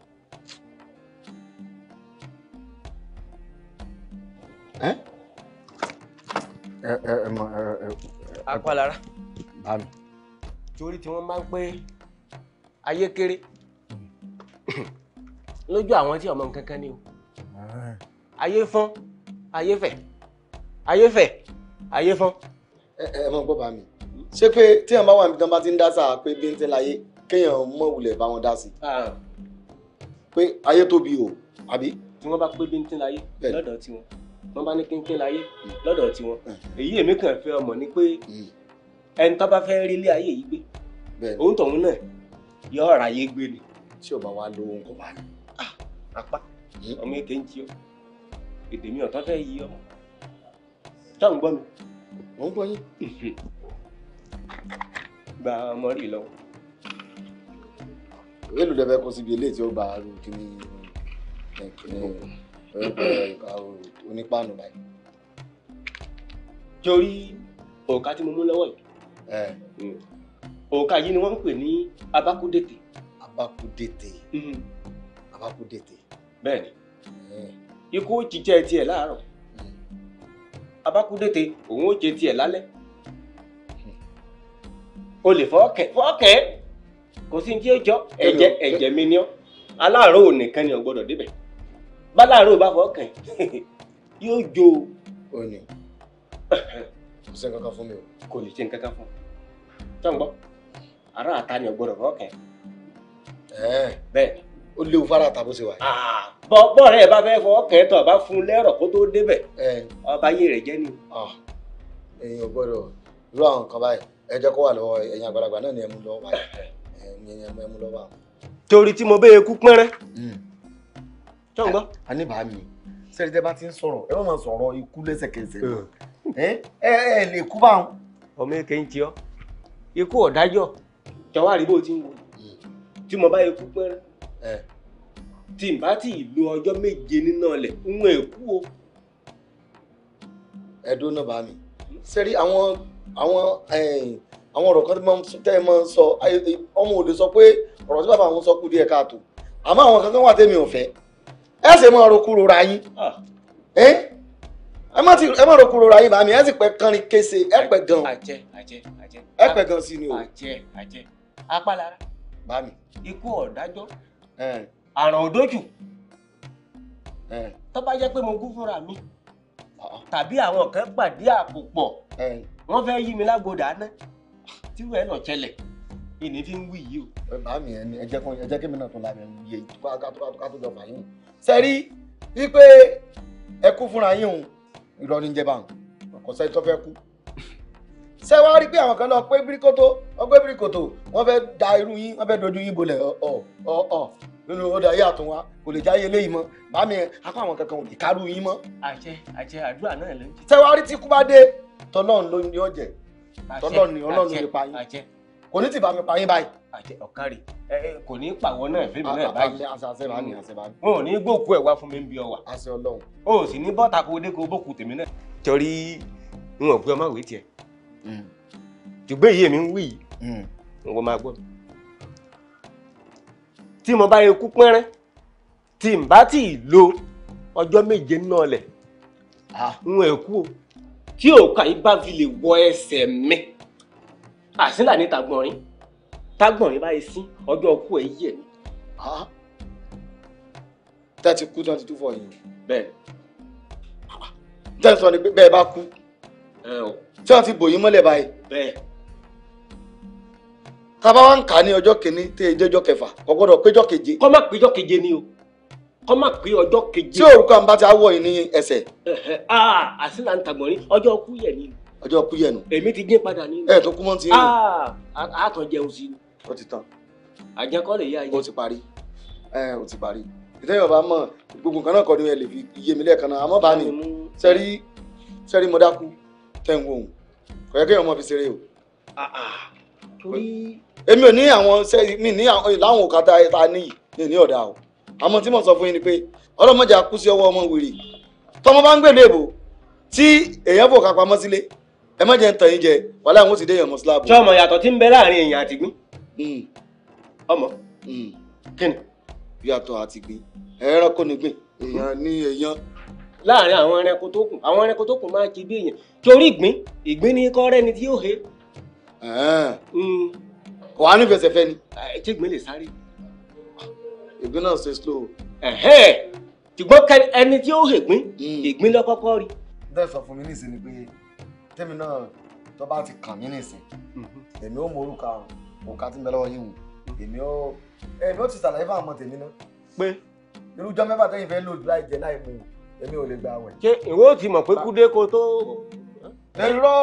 Speaker 4: ẹ ẹ ẹ mọ ẹ ẹ. apalara. bámi. torí tí wọ́n máa ń pẹ́ ayé kéré. Hmm lójú àwọn tí ọmọ nǹkan kan ni o ah. ayé fún ayé fẹ̀ ayé fẹ̀ ayé fún. ẹ ẹ mọ gbọ́ bá mi ṣé pé tí èèyàn bá wà níbi tí wọn bá ti ń dá sáà pé bí ń tẹ́ láyé kéèyàn mọ̀ wulẹ̀ bá wọn dá sí ah. pé ayé tóbi o àbí. tí wọ́n bá pé bí ń tẹ́ láyé lọ́dọ̀ tiwọn wọ́n bá ní kínkín láyé hmm. lọ́dọ̀ tiwọn hmm. èyí èmi kàn fẹ́ ọmọ ni pé hmm. ẹni tó bá fẹ́ rí ilé ayé yìí gbé òun tọ̀hún náà yọ ọ̀rọ̀ ayé gbé ni tí ò bá wá lówó nǹkan wá ní apá ọmọ ètè ń
Speaker 3: jí ọ èdè mi ọ̀tọ́ fẹ́ yí ọ táwọn gbọ́ mi mò ń
Speaker 4: gbọ́ yín gba ọmọ rí lọ́wọ́. èlò dẹ̀ fẹ́ kó síbi eléyìí tí ó bá arú kíní onípàánù báyìí. torí òòkà tí mo mú lọ́wọ́ yìí hmm. òòkà yìí ni wọ́n ń pè ní abákúdètè. abákúdètè hmm. abákúdètè bẹ́ẹ̀ni ikú ó jíjẹ tiẹ̀ láàárọ̀ hmm. abákúdété òun ó jẹ tiẹ̀ lálẹ́ hmm. o lè fọkẹ fọkẹ kò sí ní tí ó jọ ẹ̀jẹ̀ ẹ̀jẹ̀ mi ni ọ aláàárọ̀ ò nìkan ni ọ gbọ́dọ̀ débẹ̀ báláàárọ̀ bá fọkàn yóò jó o ní kò sí nǹkan kan fún mi o kò lè ṣe nǹkan kan fún tọ́ ń gbọ́ ara àta ni ọ gbọ́dọ̀ fọkàn bẹ́ẹ̀ ó léwu fara tàbó ṣe wà. Ah, bọ́ rẹ̀ bá fẹ́ fọ kẹ́tọ̀ bá fún lẹ́rọ̀ kó tó débẹ̀ ọba ayé rẹ̀ jẹ́ ni. Ah, ẹ̀yin ò gbọ́dọ̀ irú àwọn nǹkan báyìí ẹ jẹ́ kó wà lọ́wọ́ ẹ̀yin àgbàlagbà náà ni ẹ mú lọ́wọ́ báyìí ẹ mú lọ́wọ́ àwọn. torí tí mo bẹ́ ekú pẹ́rẹ́. tó hmm. ń gbọ́. a ní bàá mi sẹ́ni tẹ́ bá ti ń sọ̀rọ̀ ẹ má máa sọ̀rọ̀ ikú lẹ́sẹ̀kẹsẹ̀ hmm. ẹ ẹ lè kú báwọn. ọmọ èké ń ti ọ ikú ọ̀dájọ́ tọ́wárí bó ti ń wò hmm. tí mo bá ekú pẹ́rẹ́ tí n bá ti lo ọjọ́ méje nínú ọlẹ̀ ń èkú o. ẹ̀dùn náà bá mi sẹ́rí àwọn àwọn àwọn ọ̀rọ̀ kan tí wọ́n tẹ́ ẹ máa ń sọ ọmọ òde sọ pé ọ̀rọ̀ tí bàbá àwọn sọ kù díẹ̀ káàtó àmọ́ àwọn kankan wà tẹ́mi ò fẹ́ ẹ sì máa ro kúrò ra yín ẹ má ti ẹ má ro kúrò ra yín bá mi ẹ sì pẹ́ kánrin kése ẹ pẹ́ gan àjẹ àjẹ àjẹ ẹ pẹ́ gan sí ni o àjẹ àjẹ apá lára bá mi ikú ọ̀dájọ́ Eh. àrùn òdójú eh. tó bá jẹ́ pé mo fúnra mi ah, ah. tàbí àwọn kan pàdé àpò pọ̀ eh. wọ́n fẹ́ yí mi tí wọ́n ẹ̀ fi ń wí yìí o. bá mi ẹni ẹ jẹ́ kó kí mi náà tún mi yé sẹ́rí wípé ẹ kú fúnra yín o jẹ báwọn ṣé wàá rí pé àwọn kan lọ pé bíríkótó ọgbẹ́ bíríkótó wọ́n fẹ́ da irú yín wọ́n fẹ́ dojú yín bolẹ̀ ọ̀ ọ̀ ọ̀ nínú ọdọ ayé àtún wa kò lè jáyé eléyìí mọ́ bàmí ẹ akọ àwọn kankan ò lè kárú yín mọ́. àṣẹ àṣẹ àdúrà náà ló ń jẹ. ṣé wàá rí tí kú bá dé tọ́lọ́run ló ní ọ̀jẹ̀ tọ́lọ́run ni ọlọ́run lè pa yín kò ní ti bá mi pa yín báyìí. àjẹ ọ̀kárì kò ní pàwọ́ náà fẹ́mi náà báyìí. àṣàṣe máa ní àṣẹ máa ní. wọn ò ní gbòkú ẹ̀ wá fún mi ń bí ọ wà. o ò sì ní bọ́ta kó dé kó bókù tèmi náà. torí n ò gbé ọmọ ìwé tiẹ̀ Mm. ṣùgbọ́n èyí èmi ń wí
Speaker 2: yìí
Speaker 4: mm. máa gbọ́ tí mo bá ikú pẹ́rẹ́ tí n bá tí lo ọjọ́ méje náà lẹ̀ n ò o tí òkà yìí fi lè wọ ẹsẹ̀ mi àsìlà ní tagbọ̀nrín tagbọ̀nrín báyìí sí ọjọ́ ọkú ẹ̀ yẹ̀ mí. tẹ́tí kú twenty two for yìí. bẹ́ẹ̀ tẹ́tí sọ ni bẹ́ẹ̀ bá kú tí wọ́n ti bò yín báyìí. tábà wá ń kà ní ọjọ́ kìíní tí èyí jẹ́jọ́ kẹfà kò péjọ́ keje. kọ́ má péjọ́ keje ni o kọ́ má pé ọjọ́ keje. tí òrùka ń ti awọ yìí ní ẹsẹ̀. Ah, àṣìlá ń tàgbọ̀n ní ọjọ́ kú yẹ̀ ni. ọjọ́ kú yẹ̀ nu. èmi ti gé padà ní. ẹ tó kú mọ́ ti. àtọ̀ ah, jẹun sí i. ó ti tán. àjẹkọ́ lè yá ayé. ó ti parí ó ti parí ìtẹ́yìn ọba mọ̀ gbogbo nǹkan náà kọ́ ni ẹ lè fi iye mi lẹ́ẹ̀kan náà àmọ́ bá ní sẹ́rí sẹ́rí mo tẹ́ ń wo òun kò yẹ kéèyàn mọ̀ fi ṣeré o. Ah, ah. torí. èmi ò ní àwọn mi ní láwọn òkàtà ta níyì ní ní ọ̀dà o àmọ́ tí mo sọ fún yín ni pé ọlọ́mọdé á kú sí ọwọ́ ọmọ wèrè tọmọ bá ń gbèlè èbò tí èèyàn fò ká pamọ́ sílé ẹ má jẹ́ ń tàn yín jẹ wàhálà àwọn ó sì dé èèyàn mọ́ síláàbù. sọmọ yàtọ̀ tí ń bẹ láàrin èèyàn àtìgbín hmm. ọmọ hmm. kí ni. yàtọ̀ àtìgbín ẹranko nìgbín èèyàn ní èèyàn. láàrin àwọn ẹranko tó kù àwọn ẹranko tó kù máa ń ṣe bí èèyàn torí ìgbín ìgbín ní kọ́ rẹ́ni tí yóò he. Hmm. wàá ní fẹsẹ̀fẹ́ ni. ẹtí ìgbín lè sáré. ìgbín náà ṣe slow. ṣùgbọ́n ẹni tí ó he gbín ìgbín hmm. lọ kọ́kọ́ rí. bẹ́ẹ̀ sọ fún mi nísìnyí ni pé tèmi náà tó bá ti kàn mí nísìn mhm. èmi ó mọ orúkọ àrùn òkà tí ń bẹ lọ́wọ́ yín wù èmi ó èmi ó ti ṣàlàyé fún àwọn tèmi náà. pé irújọ́ mẹ́fà tẹ́yìn fẹ́ lò láì jẹ láì mu èmi ò lè gbà wẹ̀.
Speaker 1: ṣé ìwé ò ti mọ̀ pé kúdé kó tó ẹ̀rọ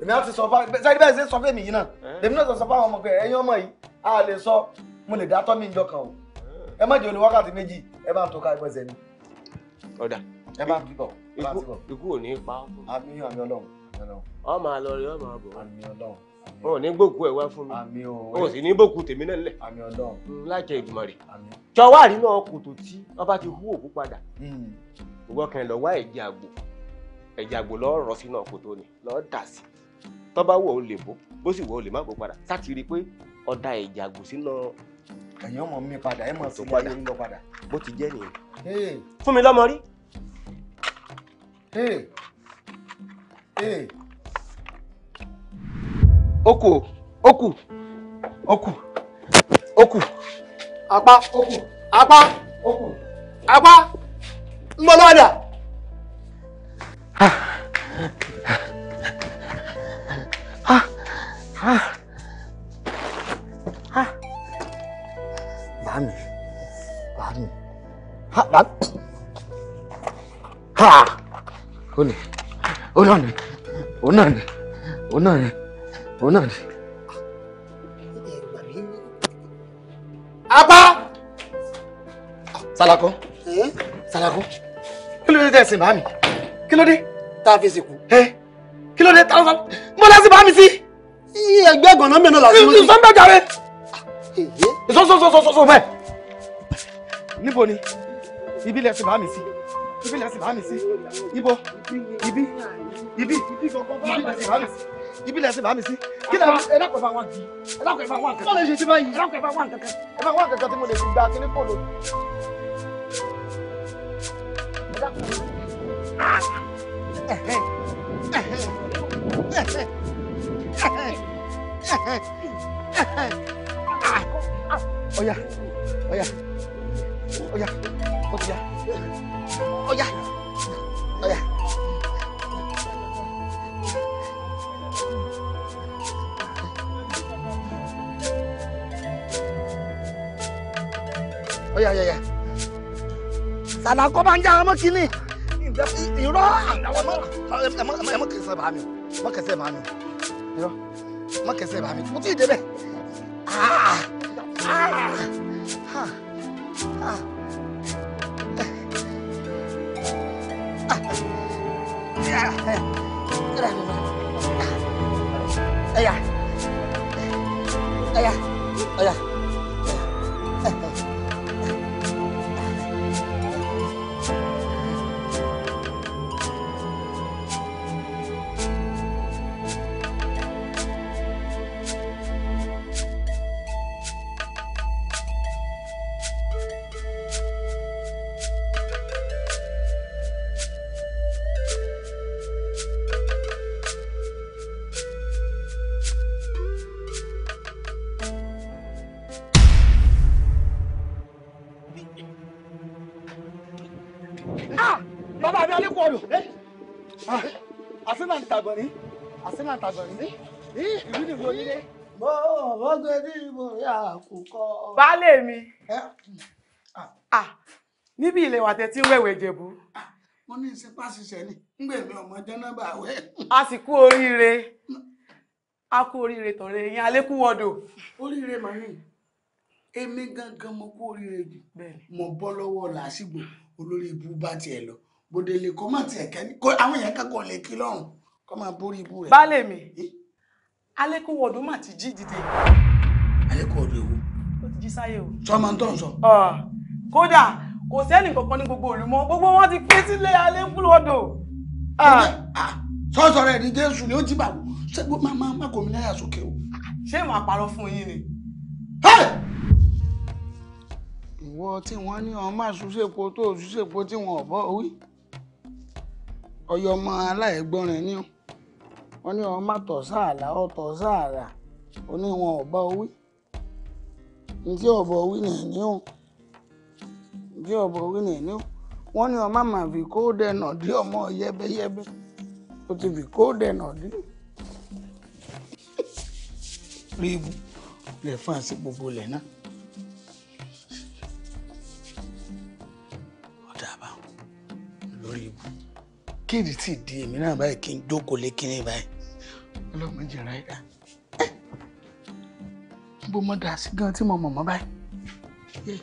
Speaker 4: èmi á ti sọ fún sẹ́yìn bẹ́ẹ̀ ṣe sọ fún èmi yìí náà eh? èmi náà sọ fún àwọn ọmọ pé ẹ̀yin ọmọ yìí a lè sọ mo lè dá tọ́mí ìjọ kan o eh? ẹ má jẹ́ olè wákàtí méjì ẹ bá ń to ká ẹgbẹ́sẹ̀ mi. ọ̀dà ẹ bá ń bíbọ̀ ẹ bá ń bíbọ̀ ikú ò ní pa ọ́. àmì àmì ọlọ́run ọmọ àlọ rẹ ọmọ àbọ̀ àmì ọlọ́run wọn ò ní gbòkú ẹ wá fún mi àmì ọwọ́ wọn ò sì ní gbòkú tèmi náà lẹ̀ àmì ọlọ́run mm, láìjẹ Èdùmàrè jọ̀wọ́ àrínà kòtò tí ọba ti hú òkú padà hmm. ìwọ kan lọ wá ẹ̀jẹ̀ àgbò ẹ̀jẹ̀ àgbò lọ́ọ́ rọ́ sínú ọkọ̀ tó ní lọ́ọ́ dà sí tó bá wọ̀ ó lè bó bó sì wọ̀ ó lè má bó padà sáti rí i pé ọ̀dà ẹ̀jẹ̀ àgbò sínú. ẹ̀yin ọmọ mi padà ẹ̀ mọ̀ sí ilé yín lọ padà. bó ti jẹ́ nìyẹn. fún mi lọ́mọ rí.
Speaker 1: okù okù okù okù apá okù apá okù apá
Speaker 4: ń bọ́ lọ́dà. Bàmí, bàmí, ha bàmí, ha, ó ní, ó náà ní, ó náà ní, ó náà ní, ó náà ní. Apá! Salako, eh? Salako, kí ló dé tẹ̀sìn bàmí? Kí ló dé? tá a fi sìnkú. ẹ kí ló dé tá a sọ mọ́lẹ́sì bá mi sí. ẹgbẹ́ gànà mẹ́rin làásì ló ti. ìsọ́nbẹ̀ jàre ìsọ́sọ́sọ́sọ́sọ́ bẹ́ẹ̀. níbo ni ibi lẹ́sìn bá mi sí
Speaker 1: ibi lẹ́sìn bá mi sí ibo ibi ibi ibi lẹ́sìn
Speaker 4: bá mi sí ibi lẹsẹ bá mi sí. kí lẹ́nu ẹ dákọ̀ ẹ bá wá kí ẹ dákọ̀ ẹ bá wá kankan. sọlẹ ṣe ti báyìí. ẹ dákọ̀ ẹ bá wá kankan. ẹ bá wá kankan tí mo lè fi gba kíní kò lò.
Speaker 1: ẹ dákọ̀. ôi ôi ôi ôi Oya, oya, oya, oya, oya,
Speaker 4: oya. Oya, oya, oya. Sana
Speaker 1: kau panjang amat sini.
Speaker 4: You know. irọ́ àwọn ẹ mọ kẹsẹ̀ bá mi o mọ kẹsẹ̀ bá mi o irọ́ mọ kẹsẹ̀ bá mi o mo ti débẹ̀. baálé mi níbi ilé tí tẹ́tí wẹ̀wẹ̀ jẹ̀bú. mo ní ìsìnká ṣiṣẹ́ ni ngbè mi ọmọ jẹ́nàbà wẹ̀.
Speaker 5: a sì kú oríire a kú oríire tọ̀rẹ́ yín alékún
Speaker 4: oríire màáyìn èmi gangan mo kú oríire jù mo bọ́ lọ́wọ́ làásìgbò olórí ibú bá tiẹ̀ lọ tiẹ̀ kẹ́ni àwọn èèyàn kankan lè kí lọ́rùn máa borí ibú
Speaker 5: rẹ̀. baálé mi mà ti jí dìde. ewu. jí sáyé o. sọ ma ń tọ̀ sọ. kódà kò sẹ́ni kankan ní gbogbo ìlú
Speaker 4: mọ́ gbogbo wọn ti pé sílé alẹ́ ń kúrò odò. sọ́sọ rẹ̀ ní jésù ni ó jí bàbá ṣẹ́gun máa máa má kò mí láyà sókè o. ṣé màá parọ́ fún yín ni. ìwọ tí wọ́n ní ọmọ àṣùṣepo tó òṣùṣepo tí wọn ò bọ́ wí ọyọ ọmọ aláìgbọràn ni wọn ní ọmọ àtọ̀ sáàlà ọtọ̀ sáàlà oníwọn ọ̀bá owí ntí ọbọ wínà ní o ntí ọbọ wínà ní o wọn ní ọmọ màmá fi kóòdù ẹnà dí ọmọ yẹbẹyẹbẹ o ti fi kóòdù ẹnà dí rí ibu lè fún àti gbogbo lẹ náà. lórí ibu kí ni tí di èmi náà báyìí kí n jókòó lé kí ni báyìí ọlọ́mọ jẹ̀rọ ẹ̀dá bó mo dà sí gan tí mo mọ̀ mọ́ báyìí.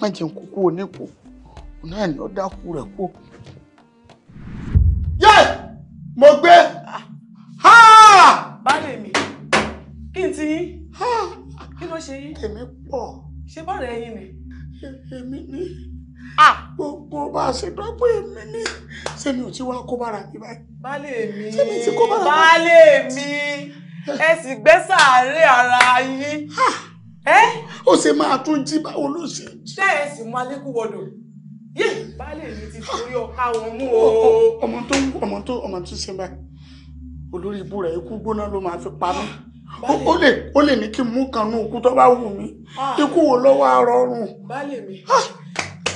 Speaker 4: má jẹun kúkú onípo náà ni ó dákú rẹ̀ kú. yé mo gbé. báyọ̀ mi kí n ti yín kí ló ṣe yín. èmi pọ̀. ṣé bọ́ọ̀rọ̀ ẹyin ni. èmi ní. Ah! gbogbo bá a ṣe dọ́gbọ́n èmi ní sẹ́mi ò ti wá kó bára mi báyìí. baálé mi baálé mi
Speaker 5: ẹ sì gbé sàárè ara yín. ó ṣe máa tún jí báwo ló ṣe jí. ṣé ẹ sì mú alẹ́kùn wọ̀dọ̀ yé baálé mi ti torí ọ̀ka wọn mú o.
Speaker 4: ọmọ tó ọmọ tó ọmọ tó ṣe báyìí olórí ibú rẹ̀ ikú gbóná ló máa fi pa mí ó lè ó lè ní kí n mú kan nú tó bá wù mí ah. ikú wo lọ́wọ́ arọ́rùn. baálé mi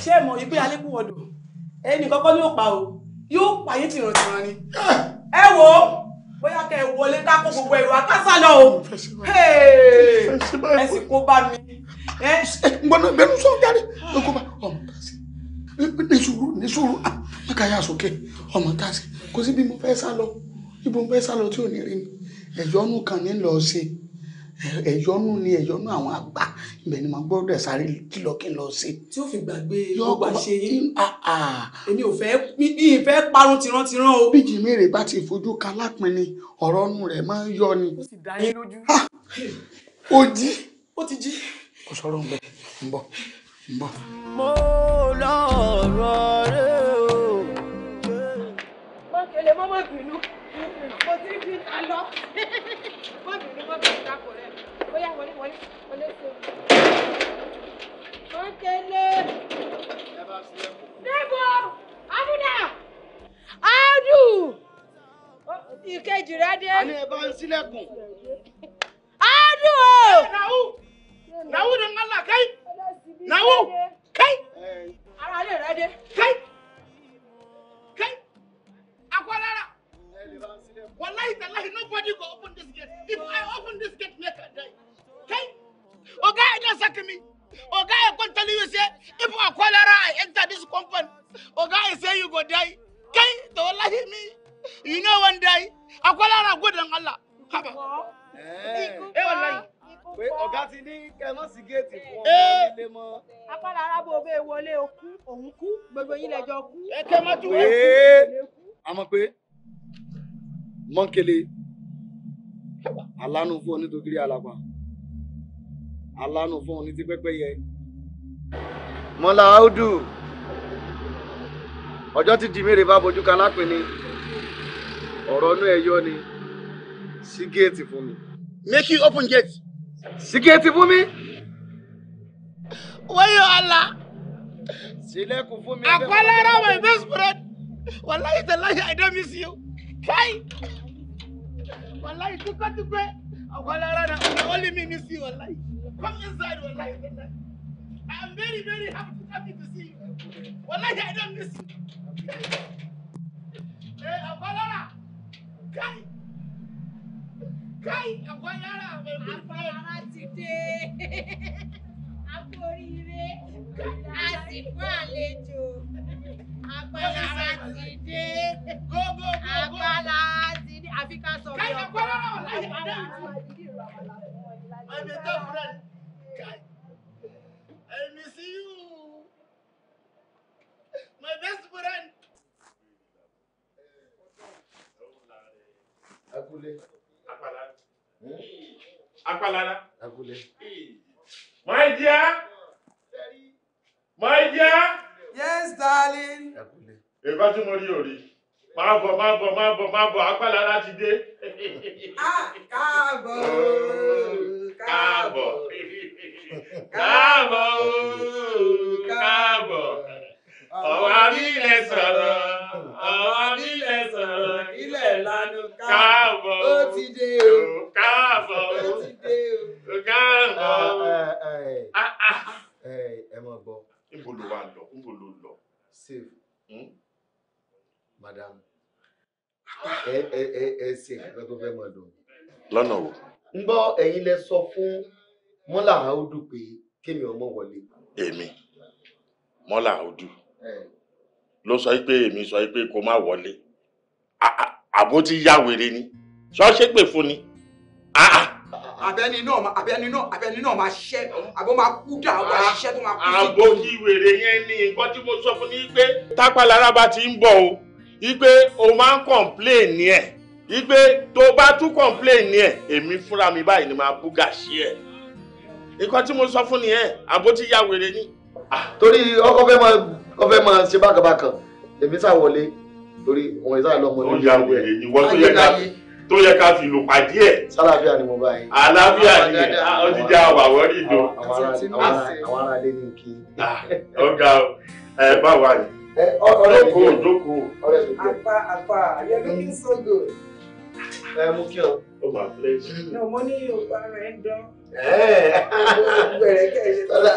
Speaker 4: ṣé ẹ mọ̀ wípé alẹ́kùnwọ̀dù ẹnì kọ́kọ́ yóò pa o
Speaker 1: yóò pa yín tìrantìran ni ẹ wo bóyá kẹ wọlé kákó gbogbo ẹrù akásá lọ o ẹ sì kó bá mi. gbọ́dọ̀
Speaker 4: ìbẹ́nu sọ jáde ló kó bá ọmọ tá a ṣe ní sùúrù ní sùúrù àkàyà ah, sókè ọmọ tá a ṣe kò sí bí mo fẹ́ sá lọ ibo mo fẹ́ sá lọ tí ò ní rí mi ẹ̀yọ́nù kan ní lọ́ọ́ ṣe ẹ̀yọ́nú ni ẹ̀yọ́nú àwọn àgbà ibẹ̀ ni màá gbọ́dọ̀ sáré kìlọ̀ kí n lọ sí. tí ó fi gbàgbé gbogbo àṣẹ yín èmi ò fẹ́ mi ìfẹ́ parun tìrantìran o. bíjì mèrè bá ti fojú ka lápin ni ọ̀rọ̀ ọ̀nù rẹ̀ máa ń yọ ni. ó sì
Speaker 1: dá yín lójú. ó jí. ó ti jí.
Speaker 4: kò sọ̀rọ̀ ń bẹ̀ ń bọ̀ ń
Speaker 1: bọ̀. mo lọ́ọ̀rọ̀ rẹ̀ o.
Speaker 5: mo mọ́mọ́ bínú mo ti fi ta lọ mo bínú ta kò rẹ̀ bóyá wọlé wọlé wọlé sí o. Mọ̀kélé. Débò Amúdà
Speaker 1: Áádù ìkejì rẹ dé. A ní ẹ bá ń sílẹ̀kùn. Áádù o. Nàwó Nàwó ni ńlá káyì. Nàwó káyì. Ara rẹ̀ rẹ dé. Káyì.
Speaker 4: Wallahi, wallahi, nobody go open this gate. If I open this gate, make I die. Okay? Oga, I don't suck me. Oga, I can tell you, say, if I call her, I enter this compound. Oga, I say you go die. Okay? The wallahi me. You know one day, I call her, good on Allah. Haba. Eh, wallahi. pé ọ̀gá ti ní kẹ́ mọ́ sí géètì fún ọmọ eh. nílé mọ́.
Speaker 5: apára arábò bẹ́ẹ̀ wọlé òkú òun kú gbogbo yín lẹ́jọ́ kú. ẹ kẹ́ mọ́ tún wọ́n kú.
Speaker 4: àmọ́ pé Mankele. Alánú fún onítògiri alapa. Alánú fún onítí pẹ́pẹ́yẹ. Mọ́lá Áúdù. Ọjọ́ ti di mèrè bá bojú kan lápè ni. Ọ̀rọ̀ inú ẹ̀yọ́ ni. Sí géètì fún mi. Make you open gate. Sí géètì fún mi. Wáyọ̀ Allah. Sílẹ̀kùn fún mi. Àpálára my best friend.
Speaker 1: Wàláyé tẹ̀láyé I don't miss you kai wallahi duk duk
Speaker 5: akwai rana the
Speaker 1: only me miss you wallahi come inside wallahi I am very very happy happy to see you wallahi I don't miss you eh akwai rana kai kai akwai rana mai akwai rana today a kò rí ire a sì fún
Speaker 5: agbára ti dé agbára ti dé àfi ká sọ bí ọkọ agbára
Speaker 1: ti dé ìrọ̀lá ìrọ̀lá. I miss you, my best friend.
Speaker 6: Akule. Akpalara. Hmm? Akpalara. Akule. My dear. My dear.
Speaker 4: Yes, darling.
Speaker 6: Èbá tí mo rí ò rí. Máa bọ̀, máa bọ̀, máa bọ̀, máa bọ̀, apálára láti dé.
Speaker 1: Káàbọ̀ káàbọ̀
Speaker 6: káàbọ̀
Speaker 1: káàbọ̀. Ọ̀wá mi ilẹ̀ sọ̀rọ̀,
Speaker 4: ọ̀wá mi ilẹ̀ sọ̀rọ̀, ilẹ̀ lanu káàbọ̀.
Speaker 1: Ó ti dé o. Káàbọ̀ o. Ó ti dé o. Káàbọ̀ o. Ah, ah.
Speaker 6: Ẹ mọ̀ gbọ́ níbo ló wà lọ níbo ló lọ. save hmm? madam ẹ ẹ ẹ ẹ ṣe nǹkan tó fẹ́ mọ̀ lọ. lọ́nà wo.
Speaker 4: ń gbọ́ ẹ̀yin lẹ sọ fún mọ́là àódù pé kémi ọmọ wọlé.
Speaker 6: èmi mọ́là àódù ló sọ pé èmi sọ pé kó a a àbó ti yá wèrè ni sọ ṣépè fún ni.
Speaker 4: Ah, ah abẹ́ni náà máa abẹ́ni náà abẹ́ni náà máa ṣiṣẹ́ àbọ̀ máa kú dà ó máa ah, ṣiṣẹ́ tó máa kú sí.
Speaker 6: àbòkí wèrè yẹn ni nǹkan tí mo sọ fún ni pé tápàlára bá ti ń bọ̀ o ipe o máa ń complain ni ẹ̀ ipe tó bá tún complain ni ẹ̀ èmi fúnra mi báyìí ni máa bú gàṣí ẹ̀ nǹkan tí mo sọ fún nìyẹn àbó ti ya wèrè ni. Ah. torí ọkọ fẹ́
Speaker 4: máa ọfẹ́ máa ṣe bákàbákàn èmi sá wọlé torí òun ìsá lọ́mọ ní ìyàwó tó yẹ ká fi lò pàdé ẹ̀. sálàáfíà ni mo bá yín. àlàáfíà ni ọdíjà àwàwọ́rì ìdò. àwọn ará lé ní kí.
Speaker 6: ọ̀gá ẹ bá wà yìí. jókòó jókòó. apá apá you are looking so good. ẹ mú kí o. ó máa fẹ́ ṣe.
Speaker 1: no mo ní yorùbá rẹ̀ ń dán.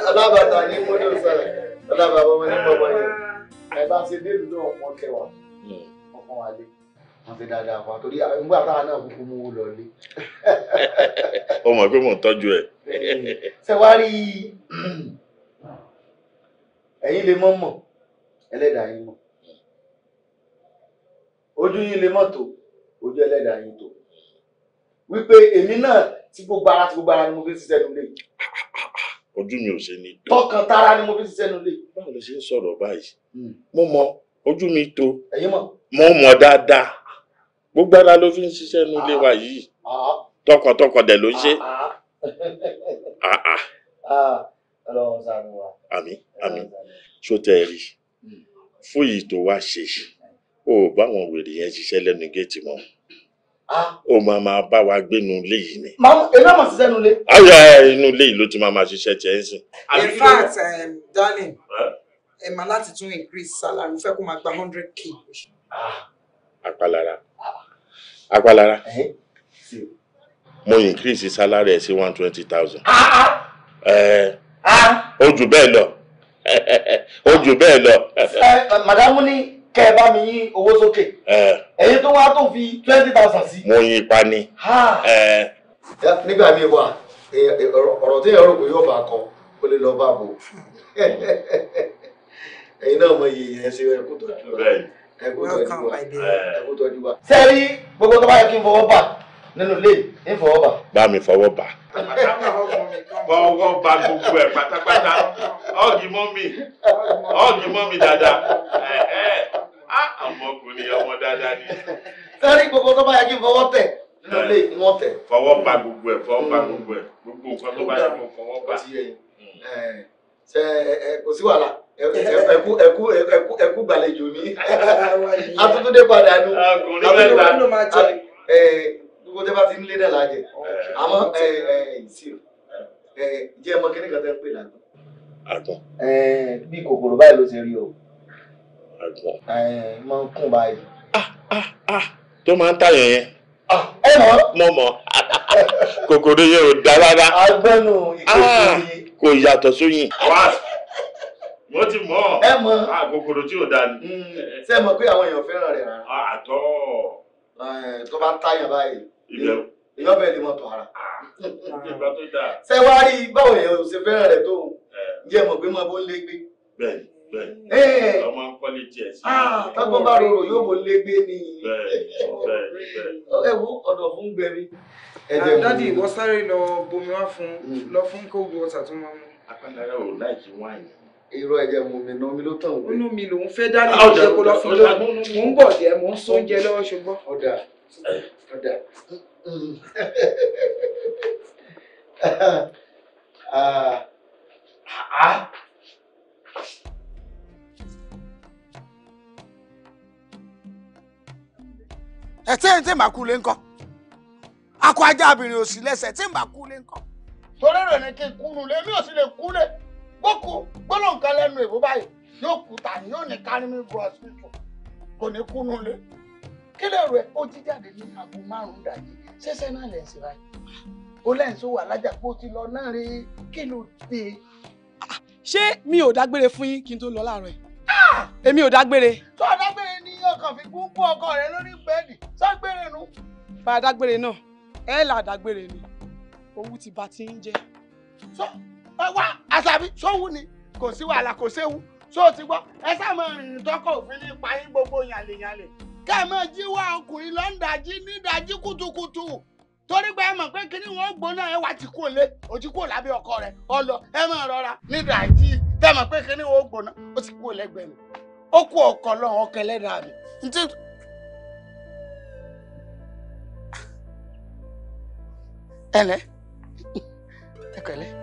Speaker 1: alábàtà ní
Speaker 4: mọ́tò sọ̀rọ̀ alábàbọ̀ ní pọ̀pọ̀ yẹn ẹ bá ṣe délùú náà wọ́n kẹwàá ọkàn wa lé wọ́n ṣe dáadáa pa torí nígbà táwa náà kúkú mú lọ lé.
Speaker 6: ó mọ̀ pé mò ń tọ́jú ẹ̀.
Speaker 4: ṣé wàá rí ẹ̀yin lè mọ́ mọ̀ ẹlẹ́dàá yín mọ̀ ojú yín lè mọ̀ tó ojú ẹlẹ́dàá yín tó wípé èmi náà tí gbogbo ara tí gbogbo ara ni mo fi ṣiṣẹ́ nulẹ̀.
Speaker 6: ojú mi ò ṣe ni. tọkàn tara ni mo fi ṣiṣẹ́ nulẹ̀. báwo lè ṣe ń sọ̀rọ̀ báyìí hmm. mo mọ ojú mi tó mo mọ dáadáa gbogbo ara ló fi ń ṣiṣẹ́ inú ilé wa yìí tọkàntọkà dẹ̀ ló ń ṣe.
Speaker 4: Ah, ah. Ah,
Speaker 6: àmín àmín ṣó tẹ ẹ rí hmm. fún yìí tó wá ṣe o báwọn wèrè yẹn ṣiṣẹ́ lẹ́nu géètì mọ́ ó máa máa bá wa gbé inú ilé yìí ni.
Speaker 4: èmi àmọ̀ ṣiṣẹ́ inú ilé.
Speaker 6: ayọ̀ inú ilé yìí ló ti máa máa ṣiṣẹ́ tiẹ̀ ń sìn.
Speaker 4: in fact um, darling ẹ máa láti tún increase salary fẹ́ kó máa gba hundred k.
Speaker 6: àpalára. Apalara. Mo increase salary ẹ̀ sí one twenty thousand. Ah, ah. Ah. Ó jù bẹ́ẹ̀ lọ. Ó jù bẹ́ẹ̀ lọ.
Speaker 4: Màdámù ní kẹ́ ẹ bá mi yín owó sókè. Ẹ̀yin tó wá tó fi twenty thousand sí.
Speaker 6: Mo yin ipa ni.
Speaker 4: Nígbà míì wà ọ̀rọ̀ tí èèyàn rò pé yóò bá kọ ó lè lọ bá bò. Ẹ̀yin náà mọ iye yẹn ṣe ẹ̀kú tó jù welcome my dear. sẹ́rí gbogbo tó bá yẹ kí n fọwọ́ bà nínú ilé ń fọwọ́ bà.
Speaker 6: bá mi fọwọ́ bà. fọwọ́ bà gbogbo ẹ̀ pátápátá ọ̀gì mọ́ mi ọ̀gì mọ́ mi dáadáa
Speaker 4: ọmọ ọkùnrin
Speaker 6: ọmọ dáadáa ni.
Speaker 4: sẹ́rí gbogbo tó bá yẹ kí n fọwọ́ tẹ̀
Speaker 6: nínú ilé ìwọ̀n tẹ̀. fọwọ́ bà gbogbo ẹ̀ fọwọ́ bà gbogbo ẹ̀ gbogbo nǹkan tó bá yẹ kí n fọwọ́ bà.
Speaker 4: kò sí wàhálà ẹkú ẹkú ẹkú ẹkú gbàlejò mi atúndé padà nu atúndé padà nu ẹ gbogbo tẹ bá ti ń lé náà lájẹ àmọ́ ẹ ẹ ìṣirò ẹ jẹ ọmọ kíní kan tẹ ń pè lánàá. àgbọn. ẹ bí kòkòrò báyìí ló ti rí o. àgbọn. ẹ máa ń kún báyìí. ah ah
Speaker 6: ah tó máa ń tàyàn yẹn ah, ẹ mọ mọ mọ kòkòrò yẹn ò dá rárá agbẹnu ah, ìkòkò yìí kò yàtọ̀ sóyìn
Speaker 4: wọ́n ti mọ̀ ọ́. ẹ mọ àkòkòrò tí ò da ni. Mm. ṣé ẹ mọ̀ pé àwọn èèyàn fẹ́ràn rẹ̀ rárá. àtọ́. tó bá ń táyàn báyìí. ìbẹ̀rù. èèyàn bẹ̀rẹ̀ lè mọ̀ tọ̀ ara. ìgbà tó dáa. ṣé wàá rí báwo èèyàn ò ṣe fẹ́ràn rẹ̀ tó ǹjẹ́ mọ̀ pé máa bó ń lé gbé. bẹ́ẹ̀ni bẹ́ẹ̀ni ọmọ kọ́lé tiẹ̀ sí. Ah, tágbọ́n bá rorò yóò bó lé gbé ni. ẹ wo ọ̀dọ̀ fún gbẹ̀mí. dádì wọ́n sáré lọ bomi wá fún mm. lọ fún cold water irọ́ ẹ̀jẹ̀ mu mi náà mi ló tàn wọ́n. inú mi lòún fẹ́ dání ló ṣe kó lọ fi lọ mò ń bọ̀ jẹ́ mò ń sọ oúnjẹ lọ́wọ́ ṣùgbọ́n. ọ̀dà ọ̀dà ẹ̀tẹ́ ẹ̀ tẹ́ màá kú lé ńkọ́ akọ ajá abìnrin òsì lẹ́sẹ̀ tẹ́ màá kú lé ńkọ́. torí rẹ̀ ni kí n kúrú lé mi ò sì lè kú lé kókó gbọ́dọ̀ nǹkan lẹ́nu èbó báyìí yóò kú tàyín yóò ní kárí mi go hospital kò ní kú nulẹ̀ kí lè rẹ̀ ó ti jáde ní aago márùn-ún dàbí ṣẹ́ṣẹ́ náà lẹ̀ ń ṣe báyìí ó lẹ́yìn tó wà lájà pé ó ti lọ náà rí kí ló dé. Ah, ṣé mi ò dágbére fún yín kí n tó lọ láàárọ̀ yìí ah! èmi ò dágbére. tó o dágbére ní ọkàn fi kún kú ọkọ rẹ lórí bẹ́ẹ̀dì ságbére nu. bá a dágbére náà ẹ là dágbére ni owó ti bà ti ń jẹ́. sọ wá àṣàbí sówú ni kò sí wàhálà kò séwu só ti gbọ́ ẹ sáàmù rìnrìn tọkọ òfin gbogbo yànlẹ̀yànlẹ̀. kẹ́ ẹ máa jí wá ọkùnrin lọ ń dájí ní dájí torí pé ẹ mọ̀ pé kíní wọn ẹ wá ti rọra ní dájí ẹ mọ̀ pé kíní wọn ó ti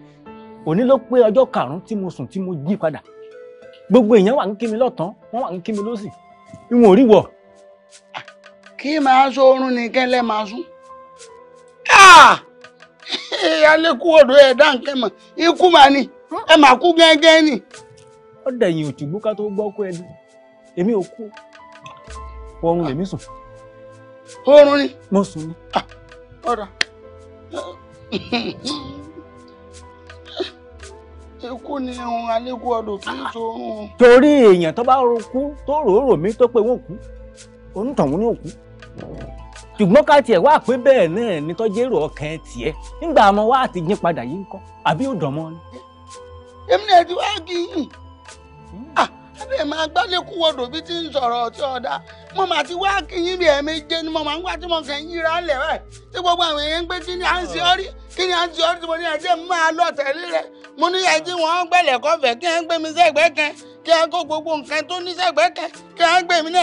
Speaker 4: òní ló pé ọjọ́ karùn-ún tí mo sùn tí mo
Speaker 3: jí padà gbogbo èèyàn wà ń kí mi lọ́tàn wọ́n wà ń kí mi lọ́sì ìwọ̀n ò rí wọ̀.
Speaker 4: kí màá sọ oorun nìkan lẹ́ máa sún. alẹ́kú ah! ọ̀dọ́ ẹ̀ dá nǹkan mọ̀ ikú màá ni ẹ máa kú gẹ́gẹ́ ni. ó dẹ̀yìn òtùgbó ká tó gbọ́ kó ẹnu èmi ò kú oorun lèmi sùn. oorun ni.
Speaker 3: mo sùn ni. Ah!
Speaker 4: ọ̀dà. Ekú ni ohun alékú ọdún kì í sorun.
Speaker 3: Torí èèyàn tó bá kú tó ròórò mi tó pé wọ́n kú,
Speaker 4: onítọ̀hún ni òkú. Ṣùgbọ́n ká tiẹ̀ wá pé bẹ́ẹ̀ náà ni tọ́jú èrò ọkàn tiẹ̀. Nígbà ọmọ wa ti jí padà yìí ń kọ́, àbí ò dọ̀mọ́ ni. Èmi náà ti wá kí yìí. Ah! ẹ máa gbálẹ́kù wọ̀dọ̀ bí ti ń sọ̀rọ̀ ọ̀tí ọ̀dà mo máa ti wá kíyìn bí ẹ̀mí jẹ́ ni mo máa ń wá tí mo kàn ń yíra lẹ̀ rẹ̀ tí gbogbo àwọn èèyàn ń gbé kí ni à ń ṣe ọ́rí. kí ni à ń ṣe ọ́rí tí mo ní lọ tẹ̀lé rẹ̀ mo ní wọn gbẹ̀lẹ̀ kọfẹ̀ kí ń gbé mi sẹ́gbẹ́ kan kí kó gbogbo nǹkan tó ní sẹ́gbẹ́ kan kí wọ́n gbé mi ń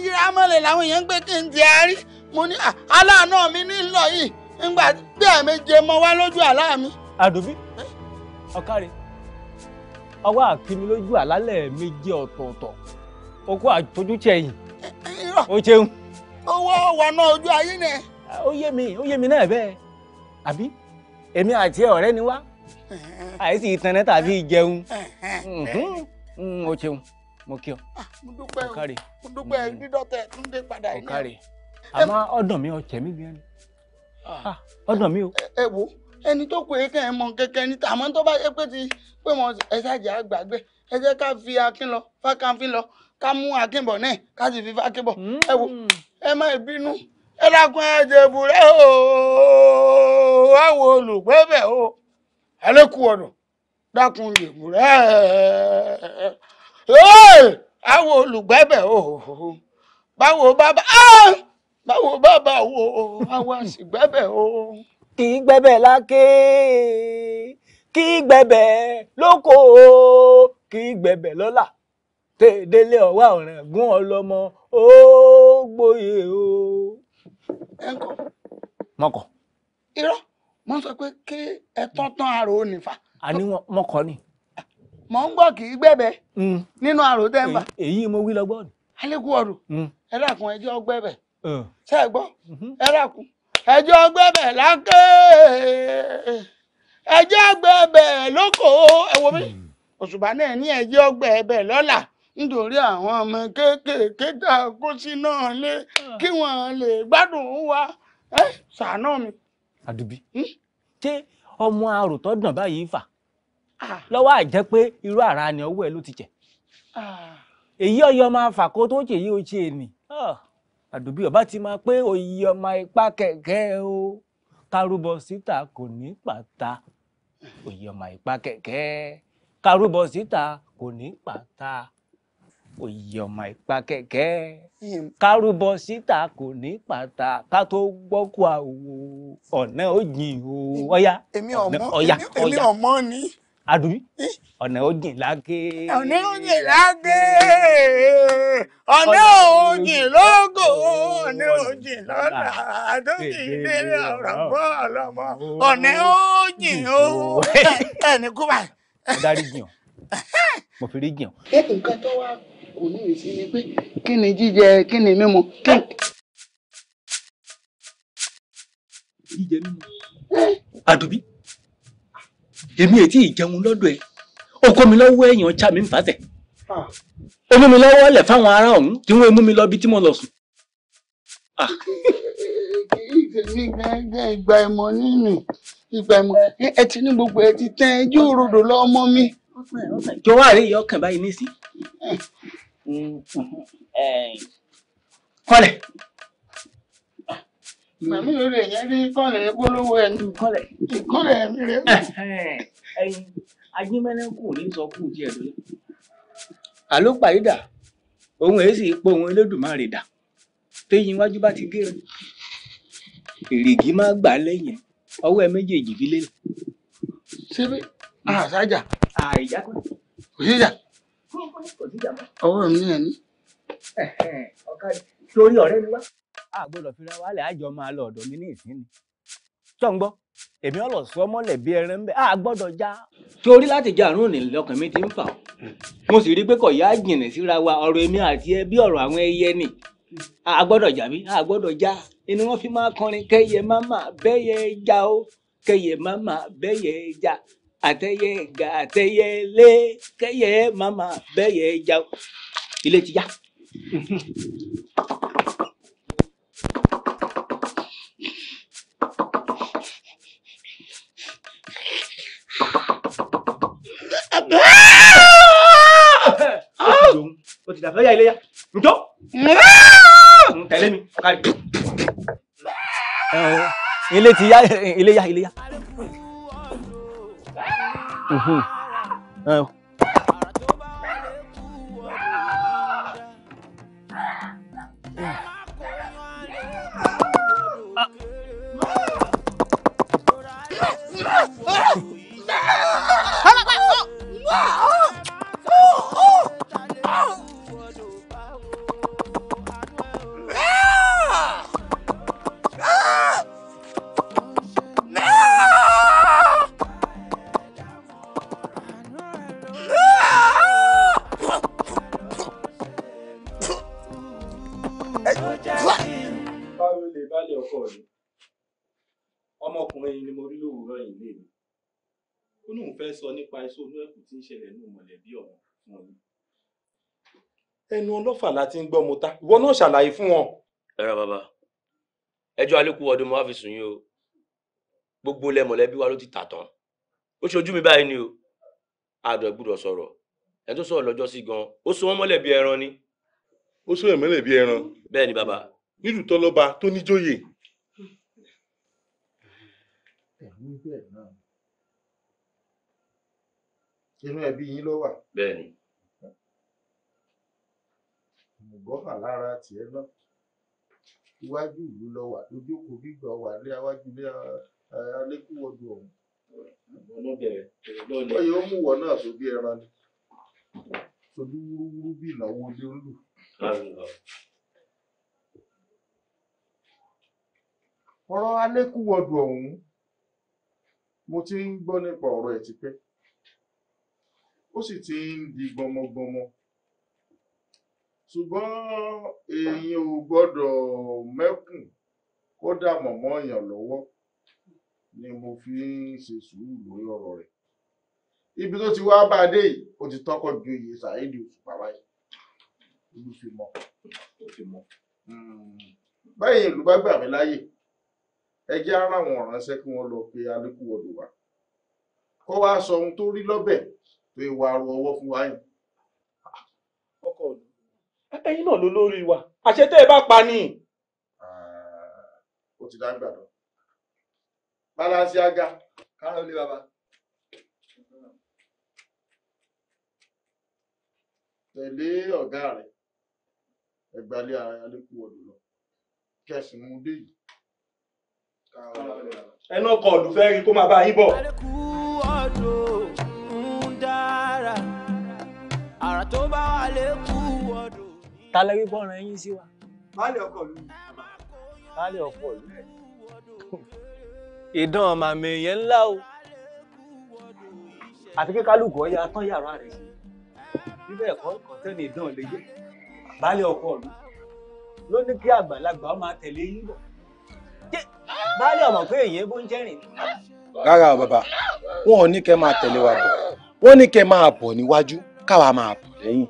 Speaker 4: yíra mọ́lẹ̀ làwọn èèyàn ń kí n ti ní aláàánú mi lọ yìí mọ wá lójú àlá mi. àdùbí ọwọ́ àkínmi lójú àlálẹ̀ méjì ọ̀tọ̀ọ̀tọ̀ okó àtọ́jútì ẹ̀yìn o ṣeun. owó wọnà ojú ayé nẹ. ó yé mi ó yé mi náà bẹ́ẹ̀ àbí èmi àti ọ̀rẹ́ ni wá àìsí ìtànnẹ́ tàbí ìjẹun o ṣeun mo kí ọ. Ah, mo dúpẹ́ o mo dúpẹ́ dídọ́tẹ̀ túndé padà yìí. àmọ́ ọ̀dàn mi ọ̀chẹ́ mi bí ẹni ọ̀dàn mi o. ẹ wo ẹni tó pè é kẹ́ ẹ̀ mọ kẹ́kẹ́ ní tàmọ́ tó bá yẹ pé ti pé wọn ẹ ṣàjẹ́ àgbàgbẹ́ ẹ jẹ́ ká fi akin lọ fákànfin lọ ká mú akin bọ̀ náà ká sì fi fákin bọ̀ ẹ wo hmm. ẹ má bínú ẹ dákun ẹ jẹ bùrẹ́ o ẹ wo olùgbé bẹ̀ o ẹ lè kú ọ̀dọ̀ dákun lè bùrẹ́ ẹ wo olùgbé bẹ̀ o báwo bàbá ah! báwo bàbá wo àwa sì gbẹ́bẹ̀ o kì í gbẹ́bẹ̀ láké kì í gbẹ́bẹ̀ lóko kì í gbẹ́bẹ̀ lọ́la tèdélé ọ̀wá ọ̀ràn gún ọ ó gbóyè o. ẹ ń kọ. mọkọ. irọ́ mo sọ pé kí ẹ tán tán àrò onífà. àní mọkọ ni. mọ̀ ń gbọ́ kì í gbẹ̀bẹ̀ mm. nínú àrò tẹ́ǹbà. èyí mo wí lọ́gbọ́n. alẹ́kùn ọ̀rọ̀ mm. ẹ dákun ẹjọ́ gbẹ̀bẹ̀ mm. ṣe é gbọ́ mm-hmm. ẹ dákun ẹjọ́ gbẹ́bẹ̀ láńké ẹjọ́ gbẹ́bẹ̀ lóko ẹ̀wọ̀n mi hmm. òṣùpá náà ní ẹjọ́ gbẹ́bẹ̀ lọ́la nítorí àwọn ọmọ kéékèèké tá a kó sínú ilé ah. kí wọ́n lè gbádùn wa ẹ ṣàánú mi. àdùbí hmm? ṣé ọmọ àròtọ́ dàn báyìí fà ah. lọ́wọ́ àjẹ́ pé irú ara ni ọwọ́ ẹ ló ti jẹ ah. èyí ọyọ máa fà kó tó jẹ yìí ó ṣe nì. àdùbí ọba ti máa pé òyì ọmọ ipá kẹ̀kẹ́ o kárúbọ síta kò ní pàtà òyì ọmọ ipá kẹ̀kẹ́ kárúbọ síta kò ní pàtà òyì ọmọ ipá kẹ̀kẹ́ kárúbọ síta kò ní pàtà ká tó gbọ́kú àwò ọ̀nà ó o ọ̀yá
Speaker 1: ọ̀nà ọ̀yá ọ̀yá àdùbí ọ̀nà òjìn lágé. ọ̀nà òjìn lágé ọ̀nà òjìn lógo ọ̀nà òjìn lọ́la ah, àdójìn délé ọ̀rọ̀ bọ́ ọlọ́mọ ọ̀nà òjìn o ẹni kú báyìí. mo dárí jiyàn mo fi rí jiyàn.
Speaker 4: ṣé nǹkan tó wá kò ní ìrísí ni pé kí ni jíjẹ kí ni mímu. jíjẹ mímu àdùbí èmi ètí ìjẹun lọ́dọ̀ ẹ̀ ọkọ mi lọ́wọ́ ẹ̀yàn ọjà mi ń fàtẹ̀ ó ah. mi lọ́wọ́ ọ̀lẹ̀ fáwọn ará ọ̀hún tí wọ́n mú mi lọ bí tí mo lọ sùn.
Speaker 6: ìdílé ah. gángan ìgbà
Speaker 4: ìmọ̀ nínú ìgbà ìmọ̀ ẹ ti ní gbogbo ẹ ti tán ẹjọ́ òrodò lọ́mọ mi. jọ̀wọ́ àárẹ̀ ìyá ọkàn báyìí ní sí. Eh. kọ́lẹ̀. Màmí rẹ̀ yẹn rí kọ́lẹ̀ gbólówó ẹni. Kọ́lẹ̀. Ìkọ́lẹ̀ mi rẹ̀. Ẹyin Ajímẹ́lẹ́ kù ní sọ kù díẹ̀ lóyún. Àló pàyídà, òun èé sì pọ̀ òun Elédùmarè dà. Téyìn iwájú bá ti gére. Èrègì máa gbà lẹ́yìn ọwọ́ ẹ méjèèjì fi lélẹ̀. Ṣébí àṣàjà. Àìjà kọ́. Kò síjà. Ọwọ́ mi nìyẹn ni. Ọ̀kadì torí ọ̀rẹ́ mi wá a gbọ́dọ̀ fira wálẹ̀ àjọ máa lọ ọ̀dọ̀ mi ní ìsinmi tó ń gbọ́ èmi ọ̀lọ̀ sọ mọ́lẹ̀ bí ẹran bẹ́ẹ̀ a gbọ́dọ̀ já. torí láti já àrùn òní lọkàn mi ti ń fà ó mo sì rí i pé kò yá jìnnà síra wa ọ̀rọ̀ èmi àti ẹ bí ọ̀rọ̀ àwọn ẹyẹ ni a gbọ́dọ̀ jà bí a gbọ́dọ̀ já
Speaker 5: inú wọn fi máa kọrin kẹyẹ máma bẹ́yẹ
Speaker 4: já o kẹyẹ máma bẹ́yẹ já àtẹyẹ ga àtẹyẹ lé kẹyẹ mama bẹ́yẹ já o ilé ti já.
Speaker 1: o ti dàgbà ya ilé ya njọ. tẹ̀lé mi kárí. ilé ti
Speaker 3: ya ilé ya ilé ya.
Speaker 6: ṣẹlẹ̀ nínú mọ̀lẹ́bí ọ̀hún fún ọ. ẹnu ọlọ́fà la ti ń gbọ́ mọ́ta ìwọ náà ṣàlàyé fún wọn.
Speaker 3: ẹ ra bàbá ẹjọ́ alẹ́kú ọdún mo wá fi sùn yín o
Speaker 4: gbogbo ilẹ̀ mọ̀lẹ́bí wa ló ti tà tán ó ṣojú mi báyìí ni o àdọ̀
Speaker 6: gbúdọ̀ sọ̀rọ̀ ẹ tó sọ̀rọ̀ lọ́jọ́ sí gan ó so wọ́n mọ́lẹ̀ bí ẹran ni. ó so ẹ̀ mọ́lẹ̀ bí ẹran. bẹ́ẹ̀ ni bàbá. nílùú tọ́lọ́ba tó níjóyè. ẹ̀mí bẹ́ẹ̀ náà inú ẹbí yín ló wà. bẹ́ẹ̀ni. mùgbọ́fà lára tiẹ̀ náà iwájú ìlú lọ wà lójókòó gbígbà wà lé alékúwọdù ọ̀hún. ọyọ ó mú wọ náà ẹran ni wúrúwúrú bí ìnáwó ilé ń lù. ọ̀rọ̀ ọ̀hún mo ó sì ti ń di gbọmọgbọmọ ṣùgbọ́n èèyàn ò gbọ́dọ̀ mẹ́kùn kó dà mọ̀mọ́ èèyàn lọ́wọ́ ni mo fi ń ṣe sùúrù lórí ọ̀rọ̀ rẹ̀ ibi tó ti wá bá a dé yìí ó ti tọ́kọ̀ ju iye Saheed Òṣùpá báyìí ìlú fi mọ̀ ó fi mọ̀ hmm. báyìí ìlú bá gbà mí láyè ẹ jẹ́ ara wọn ránṣẹ́ kí wọ́n lọ pe alẹ́kùn wọ́dọ̀ wá kó wá sọ ohun tó rí lọ́bẹ̀ wee wà á ro ọwọ́ fún wa yìí. náà ló wa àṣẹ tẹ́ ẹ bá pa ni. ó ti dágbà lọ. aga kárọ̀ lé baba. tẹ̀lé ọ̀gá rẹ̀ ẹgbàlẹ́ alẹ́kùn ọ̀dọ̀ lọ kẹsìn mú dé yìí. ẹnu ọkọ̀ ọ̀dùnfẹ́ rí kó máa bá
Speaker 4: ta lẹ wípé ọ̀ràn yín sí wa. baálé ọkọ lù mí. baálé ọkọ lù mí. ìdán màmí yẹn ńlá o àfi kí kálukú ọ̀yà tán yàrá rẹ̀ sí bíbẹ̀ ẹ̀kọ́ kọ̀tẹ́nì ìdán lè jẹ́ baálé ọkọ lù ló ní kí àgbàlagbà máa tẹ̀lé yín bọ̀ baálé ọmọ pé èyí bó ń jẹ́rìn. rárá o bàbá wọn ò ní kẹ́ máa tẹ̀lé wa bọ̀
Speaker 6: wọn ní kẹ́ máa
Speaker 4: bọ̀ níwájú káwa máa bọ̀ lẹ́yìn.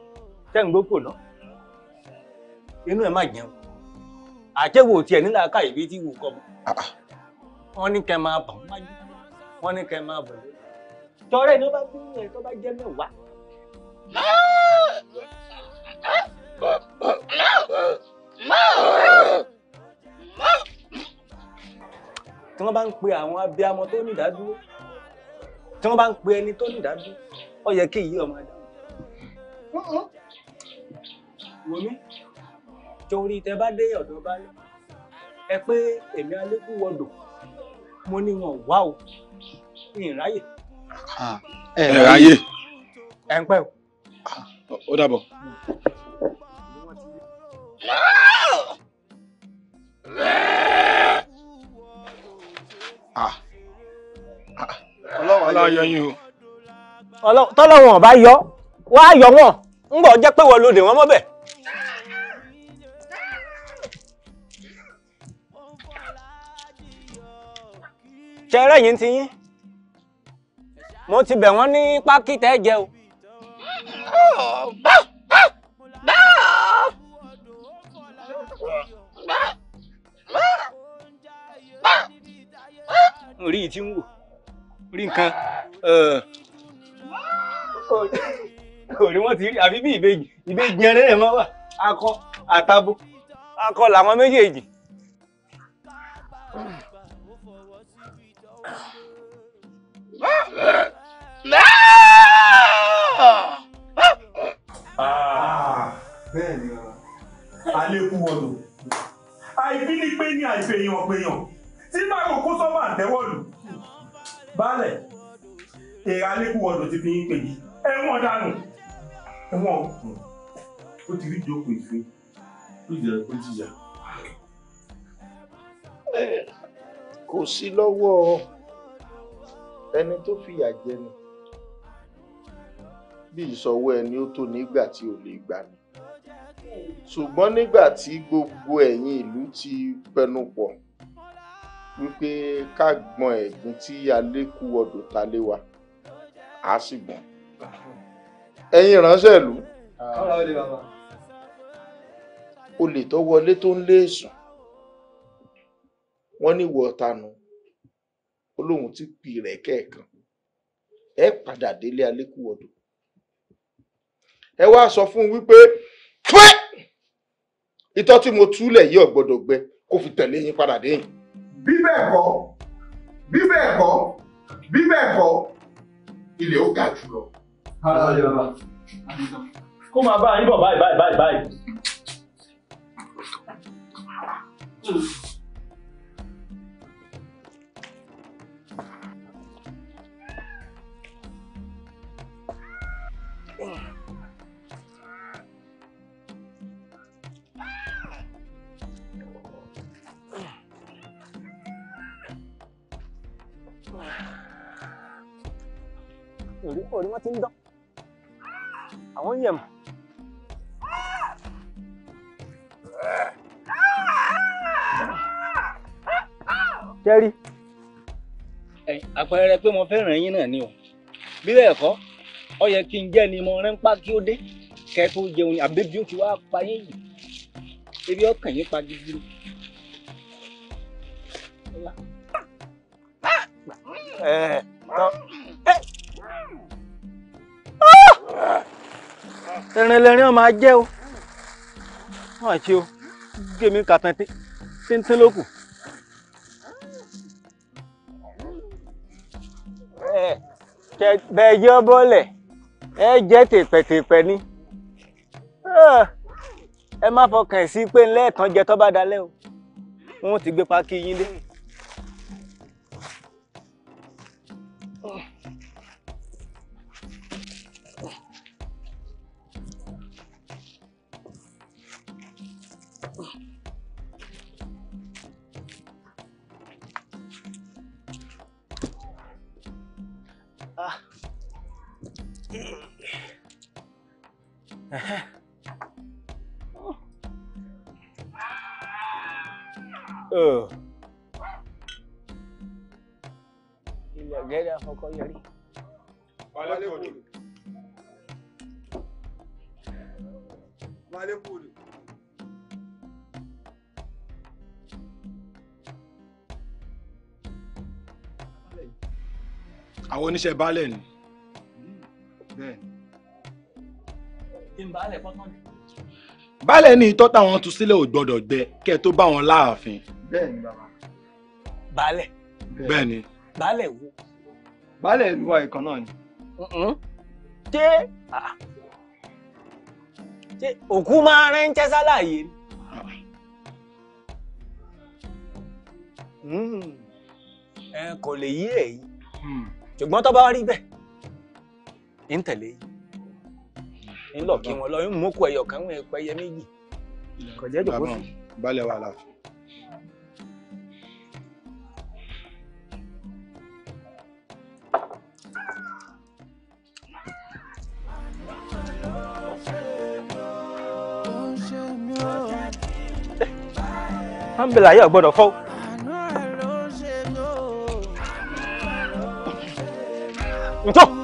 Speaker 4: tẹ́ǹgbókò náà inú
Speaker 3: ẹ̀ má jẹun àtẹ̀wò tiẹ̀ nílà káyè bí tí wù kọ́ mọ́ ah, ah. wọ́n ní
Speaker 4: kẹ́ máa bọ̀ wọ́n ní kẹ́ máa bọ̀ lórí tọ́rẹ́ ni wọ́n bá bí ẹ̀ tó bá jẹ́ mẹ́wàá. tí wọ́n bá ń pe àwọn abiyamọ tó ní ìdádúró tí wọ́n bá ń pe ẹni tó ní ìdádúró ó yẹ kí èyí ọmọ dá wọlé torí tẹ bá dé ọ̀dọ̀ baálé ẹ pé èmi alẹ́kùn wọdò mo ní wọn wá o ìráyè.
Speaker 1: Ah, ẹ ráyè. ẹ ń pẹ́ o. Ah, ó dàbọ̀.
Speaker 4: Ah, ọlọ́wọ́ yọ yín o. tọ́lọ́wọ̀n bá yọ wá yọ wọn ń bọ̀ jẹ́ pé wọ́n lòdì wọn mọ́bẹ̀.
Speaker 3: ṣẹrẹ yìí ti yín mo ti bẹ̀ wọ́n ní pákí tẹ́ jẹ o. rí i ti ń wò rí nǹkan
Speaker 4: òní wọn ti rí àfi bí ìbejì ìbejì ẹrẹ rẹ mọ wà akọ àtabo akọ làwọn méjèèjì.
Speaker 1: Ah, bẹ́ẹ̀ ni alẹ́kùn wọ̀lù àìbínípé ní àìfẹ̀yàn ọ̀pẹ̀yàn tí bá kò kó sọ́mà
Speaker 6: tẹ́wọ̀lù balẹ̀ èrè alẹ́kùn wọ̀lù ti fi ń pè yí ẹ̀wọ̀n dànù ẹ̀wọ̀n ọ̀kùn ó ti rí ìjókòó ìfín ó jẹ́ ó jìyà. kò sí lọ́wọ́ ọ ẹni tó fìyà jẹ ni bí ìsọwọ́ ẹni ó tó nígbà tí ò lè gbà ni ṣùgbọ́n nígbà tí gbogbo ẹ̀yin ìlú ti pẹnupọ̀ wípé ká gbọn ẹ̀gbin tí alékú ọdọ̀ ta lé wa á sì gbọn ẹ̀yin ìránṣẹ́ ìlú olè tó wọlé tó ń lé èsùn wọ́n ní wọ́ọ̀tanu ó lóun ti pì rẹ̀ kẹ́ẹ̀kan ẹ padà délé alékù ọdún ẹ wá sọ fún un wípé pé ìtọ́ tí mo túlẹ̀ yìí ò gbọ́dọ̀ gbẹ kó fi tẹ̀lé yín padà dé yìí. bí bẹ́ẹ̀ kọ́ bí bẹ́ẹ̀ kọ́ bí bẹ́ẹ̀ kọ́ ilé ó ga jù lọ. kó máa bá yín bọ̀ báyìí báyìí báyìí báyìí.
Speaker 4: orí wọn ti ń dán
Speaker 1: àwọn yẹ̀ mọ̀. kẹ́rí.
Speaker 4: àpẹẹrẹ pé mo fẹ́ràn yín náà ni o bí bẹ́ẹ̀ kọ́ ọ yẹ kí n jẹ́ ni mo rẹ́ ń pa kí ó dé kẹ́ tó jẹun ni àbí bí ó ti wá pa yín yìí ebi ọkàn yín pa gidigidi. ẹ ẹ tán. ẹran ẹlẹ́rìn ọmọ ajẹ́ o wọ́n àti o gèmí kàtàn tíntín ló kù. bẹ́ẹ̀ jẹ́ bọ́lẹ̀ ẹ jẹ́ tèpẹ̀tèpẹ̀ ni ah, ẹ má fọkàn sí pé ńlẹ́ẹ̀kan jẹ tó bá dalẹ́ o wọ́n ti gbé pákí yín dé.
Speaker 6: níṣẹ́ baálẹ̀ ni.
Speaker 4: baálẹ̀ ní itọ́ táwọn tú sílẹ̀ ò
Speaker 6: gbọ́dọ̀ gbẹ kẹ́ ẹ tó bá wọn láàfin.
Speaker 4: bẹ́ẹ̀ni bàbá. baálẹ̀. bẹ́ẹ̀ni. baálẹ̀ wo. baálẹ̀ ìlú wa ìkan náà ni. ṣé ṣé òkú máa rẹ́ńtẹ́ sálàyé ni. Hmm. ẹ kò lè yí èyí. Hmm ṣùgbọ́n tó bá rí bẹ́ẹ̀ ń tẹ̀lé yìí ń lọ kí wọn lọ ń mú kó ẹyọ kan wọn ẹpẹ ẹyẹ méjì
Speaker 6: kò jẹ́ jòkó balẹ̀ wà láàfin.
Speaker 4: Ambela yóò gbọ́dọ̀ 走。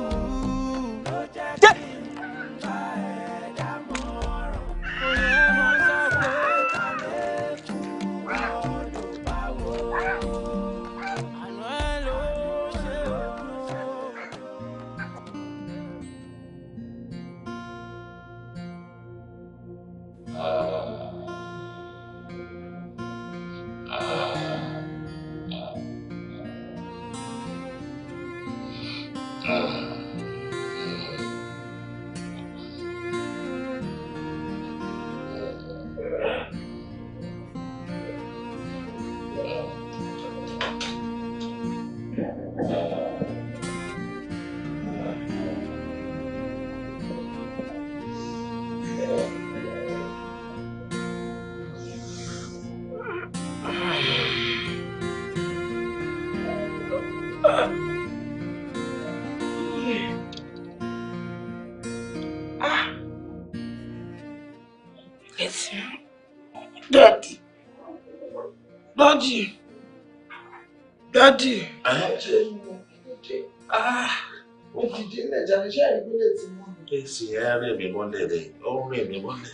Speaker 6: mọ́lẹ̀ rẹ̀ ó rìn mí mọ́lẹ̀.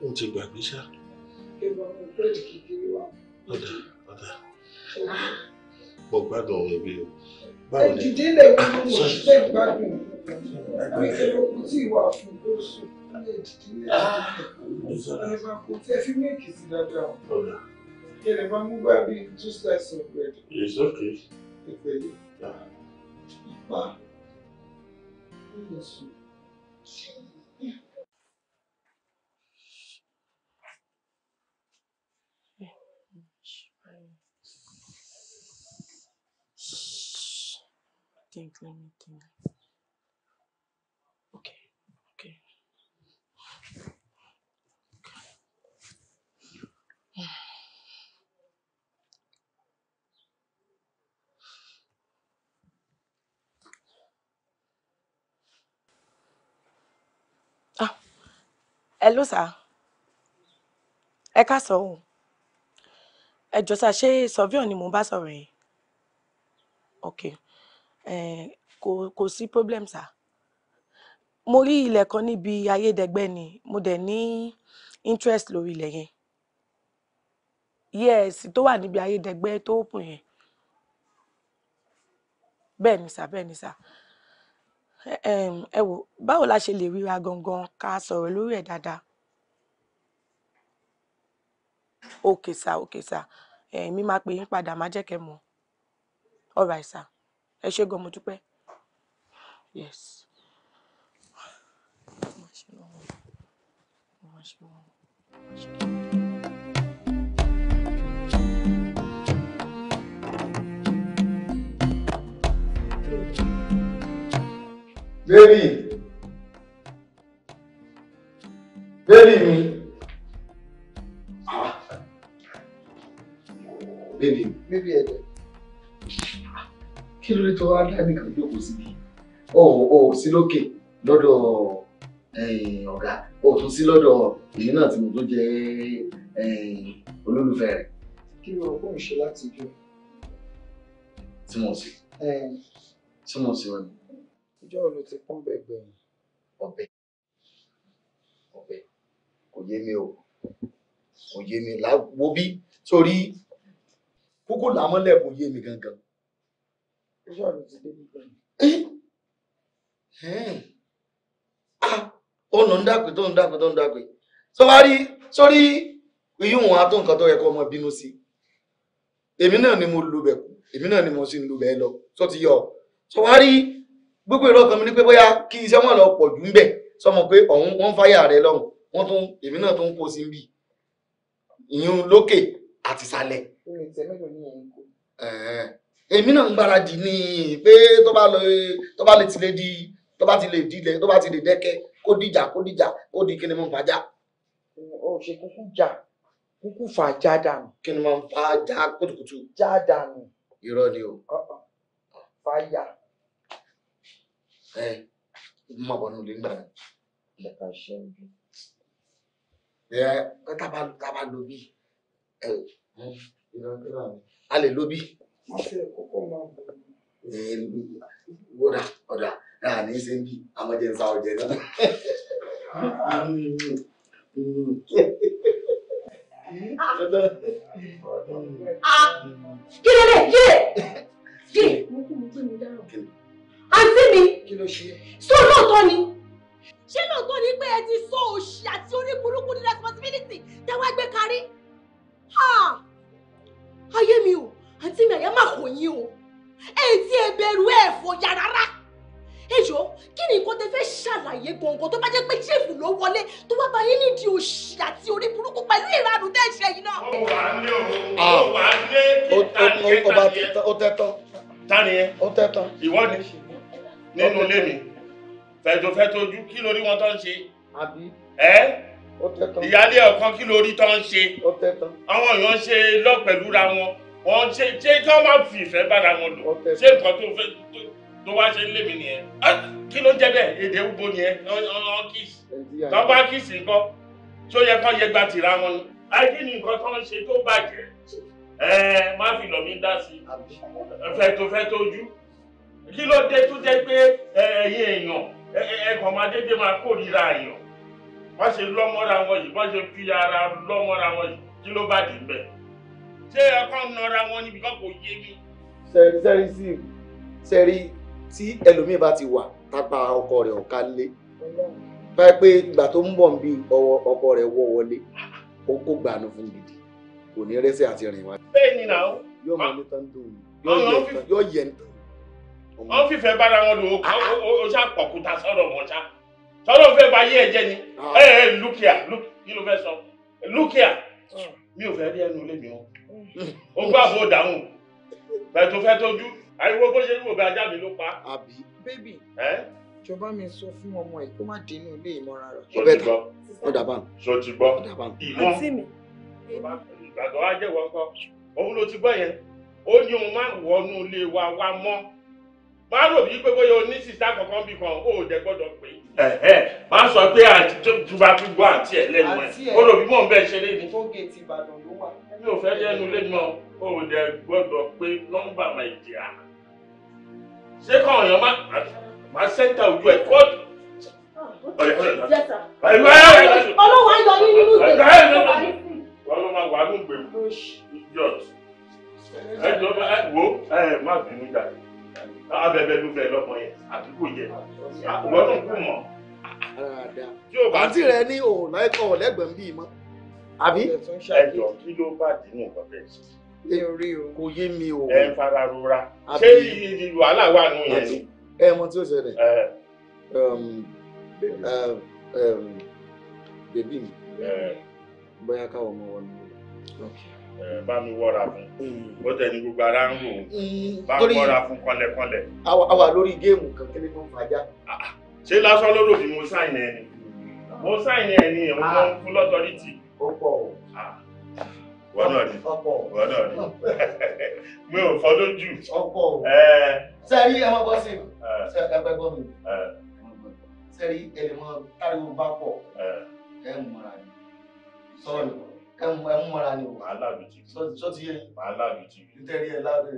Speaker 6: mo ti gbàgbé ṣá. ọ̀dà ọ̀dà mo gbádùn ọ̀rọ̀ ẹbí o. báwo ni ìdílé lè wọ́n mo ṣe gbádùn mi kí ló kù tí ìwà fún tó sùn ní
Speaker 4: ìdílé ẹ máa kó tẹ fí méèkì sí dáadáa o.
Speaker 6: kí ẹ máa mú bá bíi two slices of bread. it's okay. ìpèlè. Yeah.
Speaker 5: 吧。
Speaker 1: Think, let me think.
Speaker 5: hello sir ẹ káàsán o ẹ jọ sá ṣé surveyor ni mo bá sọ̀rọ̀ yẹn ok kò kò sí problem sir mo rí ilẹ̀ kan níbi ayédẹgbẹ́ ni mo dẹ̀ ní interest lo ilẹ̀ yẹn yes tó wà níbi bi tó open yẹn bẹ́ẹ̀ ni sà bẹ́ẹ̀ ni sà um ẹ wò báwo la ṣe lè ríra gangan ká sọ̀rọ̀ lórí ẹ̀ dáadáa òkè sà òkè sà èmi máa pè yín padà má jẹ́ kẹ́ mọ̀ alright sà ẹ ṣé gan mo dúpẹ́ yes. Thank you.
Speaker 4: Baby. Baby mi.
Speaker 6: Ah. Baby.
Speaker 4: Baby ẹ̀dẹ̀. Kí ló dé tó wá dání kan jókòó síbi? O ò sí lókè lọ́dọ̀ eh, ọ̀gá. O ò tún sí lọ́dọ̀ èyí náà tí mo tó jẹ́ eh, olólùfẹ́ rẹ̀. Kí ni ọ̀pọ̀ ń ṣe láti jó? Tí mo sì. Eh. Tí mo sì ni ìjọ́ wo ló ti pọ́n bẹ̀ gbẹ̀yìn. ọbẹ̀ ọbẹ̀ kò yé mi o kò yé mi láwo bí sórí kúkú làmọ́lẹ̀ kò yé mi gangan. ìjọ́ ló ti dé mi gbẹ̀yìn. Ah, ó nà ń dàgbé tó ń dàgbé tó ń dàgbé sọ́wárí sórí ìyóhùn ató nǹkan tó yẹ kó ọmọ bínú sí èmi náà ni mo lubẹ̀ èmi náà ni mo sì ń lubẹ̀ lọ sọ ti yọ sọ́wárí gbogbo èrò ọkàn mi ni pé bóyá kí iṣẹ́ wọn lọ pọ̀ jù ń bẹ̀ sọmọ pé ọ̀hún wọ́n ń fáyà rẹ lọ́hùn wọ́n tún èmi náà tún kó sí ń bì ìyún lókè àti sálẹ̀. èmi náà ń gbáradì ní pé tó bá lè ti lè di tó bá ti lè dilẹ̀ tó bá ti lè dẹ́kẹ́ kó dìjà kó dìjà kó di kí ni mo fàájà. o ṣe kúkú jà kúkú fà já dànù. kí ni mo fà já kùtùkùtù. já dànù. irọ́ ni o. fàájà ẹ eh, má bọ̀ nílé ńgbà rẹ̀.
Speaker 6: Ìjọba ṣe ń bí.
Speaker 4: Ẹ ẹ tá a bá lo bí ẹ a lè lo bí. Wọ́dà ọ̀dà náà ní ṣe ń bí amọ̀jẹ̀ ń sa ọ̀jẹ̀ náà. Ah,
Speaker 1: kí lè lè kí lè kí lè.
Speaker 5: Mo kí mo pé mo
Speaker 4: àǹtí mi. kí ló ṣe.
Speaker 5: sọ lóòótọ́ ni. ṣé lóòótọ́ ni pé ẹ ti sọ òṣì àti orí burúkú ní responsibility tẹ́wọ́ gbé kárí. ayé mi o àǹtí mi àyà máa kò yín o èyí tí ẹ bẹ̀rù ẹ̀ fòyà rárá. èjò kí ni nǹkan tẹ fẹ́ ṣàlàyé gbọ̀ngàn tó bá jẹ́ pé ṣèfù ló wọlé tó wá bá yín nídìí òṣì àti orí burúkú pẹ̀lú ìranù tẹ́ ṣe yìí náà. ó wà
Speaker 1: á lé o ah.
Speaker 4: ó wà á lé kíkà ní kẹta yẹn. ó tẹ́ tán. tani yẹn. ó tẹ́ tán. ìwọ ni
Speaker 6: nínú ilé mi fẹ̀tòfẹ̀tòjú kí lórí wọn tó ń ṣe. ẹ ìyáálé ọ̀kan kí lórí tó ń ṣe. àwọn èèyàn ń ṣe lọ pẹ̀lú ra wọn wọ́n ṣe ṣé kí wọ́n má fi ìfẹ́ bára wọn lò ṣé nǹkan tó fẹ́ tó wá ṣe lé mi nìyẹn kí ló jẹ́ bẹ́ẹ̀ èdè ugbo nìyẹn ọ̀n kìsì tó bá kìsì ńkọ́ tó yẹ kán yẹ gba tìra wọn ni. ayé ni nǹkan tó ń ṣe tó bàjẹ́ ẹ má fi lọ mí dá sí i fẹ̀tòfẹ̀tòjú kí ló dé tó jẹ́ pé ẹ̀yin èèyàn ẹ̀kọ́ máa dédé máa kórìíra èèyàn wọ́n ṣe lọ́mọ́ra wọn yìí wọ́n ṣe fi ara lọ́mọ́ra wọn yìí kí ló bá dé bẹ́ẹ̀ ṣé ẹ̀kọ́ ń nọra wọn níbi kan kò yé mi.
Speaker 4: sẹ́rí sẹ́rí sí i sẹ́rí tí ẹlòmíín bá ti wà tápá ọkọ rẹ̀ ọ̀ka lé báyìí pé ìgbà tó ń bọ̀ ń bí ọkọ rẹ̀ wọ́ wọlé ó kó gbàánu fún gidi kò ní rẹ́sẹ̀ àti rìn wá.
Speaker 6: bẹ́ẹ̀ ni náà. yóò máa ní tán dùn yóò yẹ tán wọ́n fìfẹ́ bára wọn lò ó ṣá pọ̀kúta sọ̀rọ̀ wọn ṣá sọ̀rọ̀ fẹ́ ba yé ẹ̀jẹ̀ ni ah. ẹ ẹ lùkìá kí ló fẹ́ sọ lùkìá ah. mi ò fẹ́ rí ẹnu lé mi o hmm. ó gbọ́ àbò dáhùn pẹ̀tù fẹ́ tójú ariwo bó ṣe ń wò bí ajá mi ló pa. àbí bébì ìjọba
Speaker 4: mi sọ fún ọmọ ẹ kó má dínú ilé ìmọ̀ra rẹ. ó bẹ̀ tán ó dàbà. sọ ti gbọ́ ìmọ̀
Speaker 6: ìgbàgbọ́ ajẹ́wọ́ kọ́ òun ló ti gbọ́ yẹn ó ní òun má wọnú ilé wa wá mọ́ má rò bí pé bóyá oní sísá kankan bí kan ó jẹ gbọ́dọ̀ pé. ẹ ẹ má sọ pé àtúbà tún gbọ́ àti ẹ lẹ́nu ẹ ó rò bí mò ń bẹ ṣe lé ní. tógèètì ìbàdàn ló wà. mi ò fẹ́ lẹ́nu lé mọ́ ó jẹ gbọ́dọ̀ pé nọ́mbà máa jẹ à. ṣé kàn yàn má má sẹ́ńtà ojú ẹ̀ kọ́. Ah,
Speaker 1: ọlọ́wọ́
Speaker 6: á yọ
Speaker 1: ní nínú ìgbésẹ̀ tó wà ní
Speaker 6: sí. ọlọ́wọ́ á wà á nù gbèrú. ẹ jọba ẹ wo ẹ má bínú jáde abẹ́bẹ́ ló fẹ́ lọ́mọ yẹn àdúgbò yẹn wọ́n kú mọ̀. àǹtí rẹ ní òun láìpẹ́ ọ̀lẹ́gbẹ̀ẹ́ bíi mọ́ àbí. ẹjọ kí ló bá dínú bàbá ẹ kò yé mi o. ẹ ń fara rora ṣé wàhálà wà nù yẹn ni.
Speaker 4: ẹ mọ tí ó ṣẹlẹ̀ um, um, um,
Speaker 6: bèbí mi bóyá káwọn ọmọ wọn ni bá mi wọ́ra fún mm. ó tẹ̀lé gbogbo ara ń rò mm. bá mi wọ́ra fún kọ́lẹ̀kọ́lẹ̀. a wà lórí géèmù kan kí ni tó ń fàájà. Ah, ah. ṣé lásán ló rò bí mo sáìn ẹni mo sáìn ẹni òun ló ń fún lọ́tọ́rìtì. Ah. ó pọ̀ o. wọ́n náà ni wọ́n náà ni mi ò fọ́ lójú. ọkọ o
Speaker 4: sẹ́rí ẹ máa bọ́
Speaker 6: sí i ẹgbẹ́ gbọ́ mi sẹ́rí ẹ lè mọ bá pọ̀
Speaker 4: ẹ múra ni sọ́ọ̀nù ẹmu ẹmu mọ́ra ni o. màá láàbì jìbì. sọ ti yé yín.
Speaker 6: màá láàbì jìbì. nítorí ẹ láàbì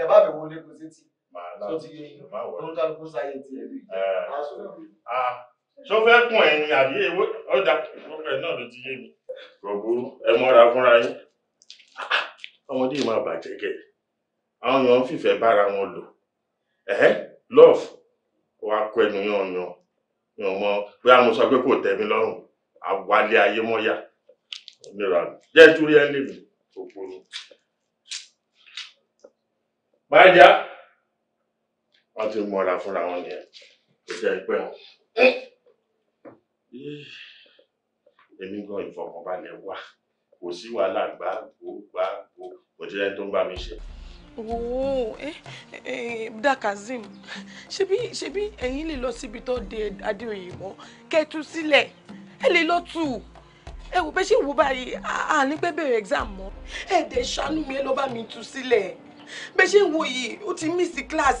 Speaker 6: ẹ bá mi wọlé kó sétí. màá láàbì jìbì. sọ ti yé yín. òun kálukú sáyé ti ẹ a
Speaker 5: ṣó fẹ́ kún ẹ̀ ni àbí ewé
Speaker 6: ọjà ìfọ̀fẹ́ náà ló ti yé mi. rọ̀bùrú ẹ mọ́ra fúnra yín. ọmọdé yìí máa bàjẹ́ gẹ̀. àwọn èèyàn ń fìfẹ́ bára wọn lò. love wa kọ ẹnu yan yan yan mọ pé àwọn sọ pé kò tẹ́ mi lọ́rùn àwálé ayé mọ́yá onírànù jẹ́ ìtúrí ẹ́ lèmi òpònú. Bájá wọ́n ti mọ̀ra fúnra wọn nìyẹn kò jẹ́ pẹ́ wọn. Èmi gan ìfọ̀kànbalẹ̀ wà kò sí wàhálà gbàgbó gbàgbó kò jẹ́ ẹni tó ń bá mi ṣe
Speaker 5: wo eh eh dakazim ṣebí ṣebí ẹ̀yin lè lọ síbi tó de adéoyè mọ kẹtù sílẹ̀ ẹ lè lọ tù ẹ wò bẹ́ẹ̀ ṣe wò báyìí à ní pẹ́ bẹ̀rẹ̀ exam mọ́ ẹ̀ẹ́dẹ̀ ṣàánú mi ẹ lọ́ bá mi tú sílẹ̀ bẹ́ẹ̀ ṣe ń wo yìí ó ti miss class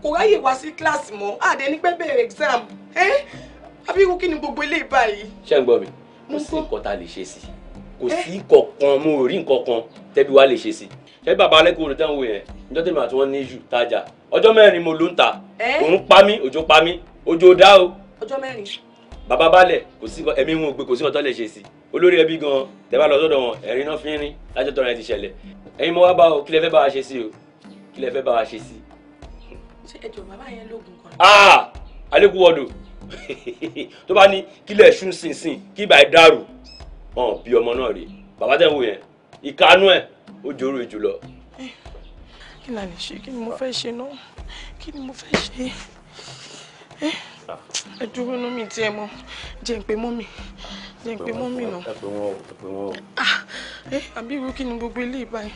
Speaker 5: kò ráyè wá sí class mọ́ àdẹ ní pẹ́ bẹ̀rẹ̀ exam ẹ́ àbí irú kí ni gbogbo eléyìí báyìí.
Speaker 3: ṣé ń gbọ́ mi kò sí nǹkan tá a lè ṣe sí kò sí kankan mo rí nǹkan kan tẹ́bí wa lè ṣe sí ṣé bàbá alẹ́kùn olùtẹ́ ń wo yẹn níjọ́ tèmi àti wọn ní jù tájà ọjọ́ mẹ́rin mo ló ń ta òun pa mí òjò pa mí òjò dá o.
Speaker 1: ọjọ́ mẹ́rin
Speaker 3: bàbá balẹ̀ kò sí ẹ̀mí wọn ògbé kò sí ọ̀tọ́ lè ṣe sí olórí ẹbí gan tẹ́ lọ sọ́dọ̀ wọn ẹ̀rín náà fi ń rín lájọ́ tọrọ ẹ̀ ti ṣẹlẹ̀ ẹ̀yin mo wá bá o kí lẹ fẹ́ bá wa ṣe sí o kí lẹ fẹ́ bá wa ṣe sí.
Speaker 5: ṣé ẹjọ bàbá yẹn lóògùn
Speaker 3: kan. aa alekun wọdọ tó bá ní kí lẹ ṣú sínsìn kí ibà dàrú hàn bí ọmọ náà rè bàbá tẹ̀ ń wò yẹn ìkànnú ẹ̀ ó jòrò jùlọ.
Speaker 5: Eh, kí ni a lè ṣe kí ni mo fẹ́ ṣe náà kí ni mo fẹ́ ṣe. Eh, ẹ dúró ná mi tí ẹ mọ jẹ́ ń pe mọ́mì jẹ́ ń pe mọ́mì náà. ẹ
Speaker 4: pe wọn o ẹ pe wọn o. Ah,
Speaker 5: ẹ àbí irú kí ni gbogbo ilé ìbáyìí.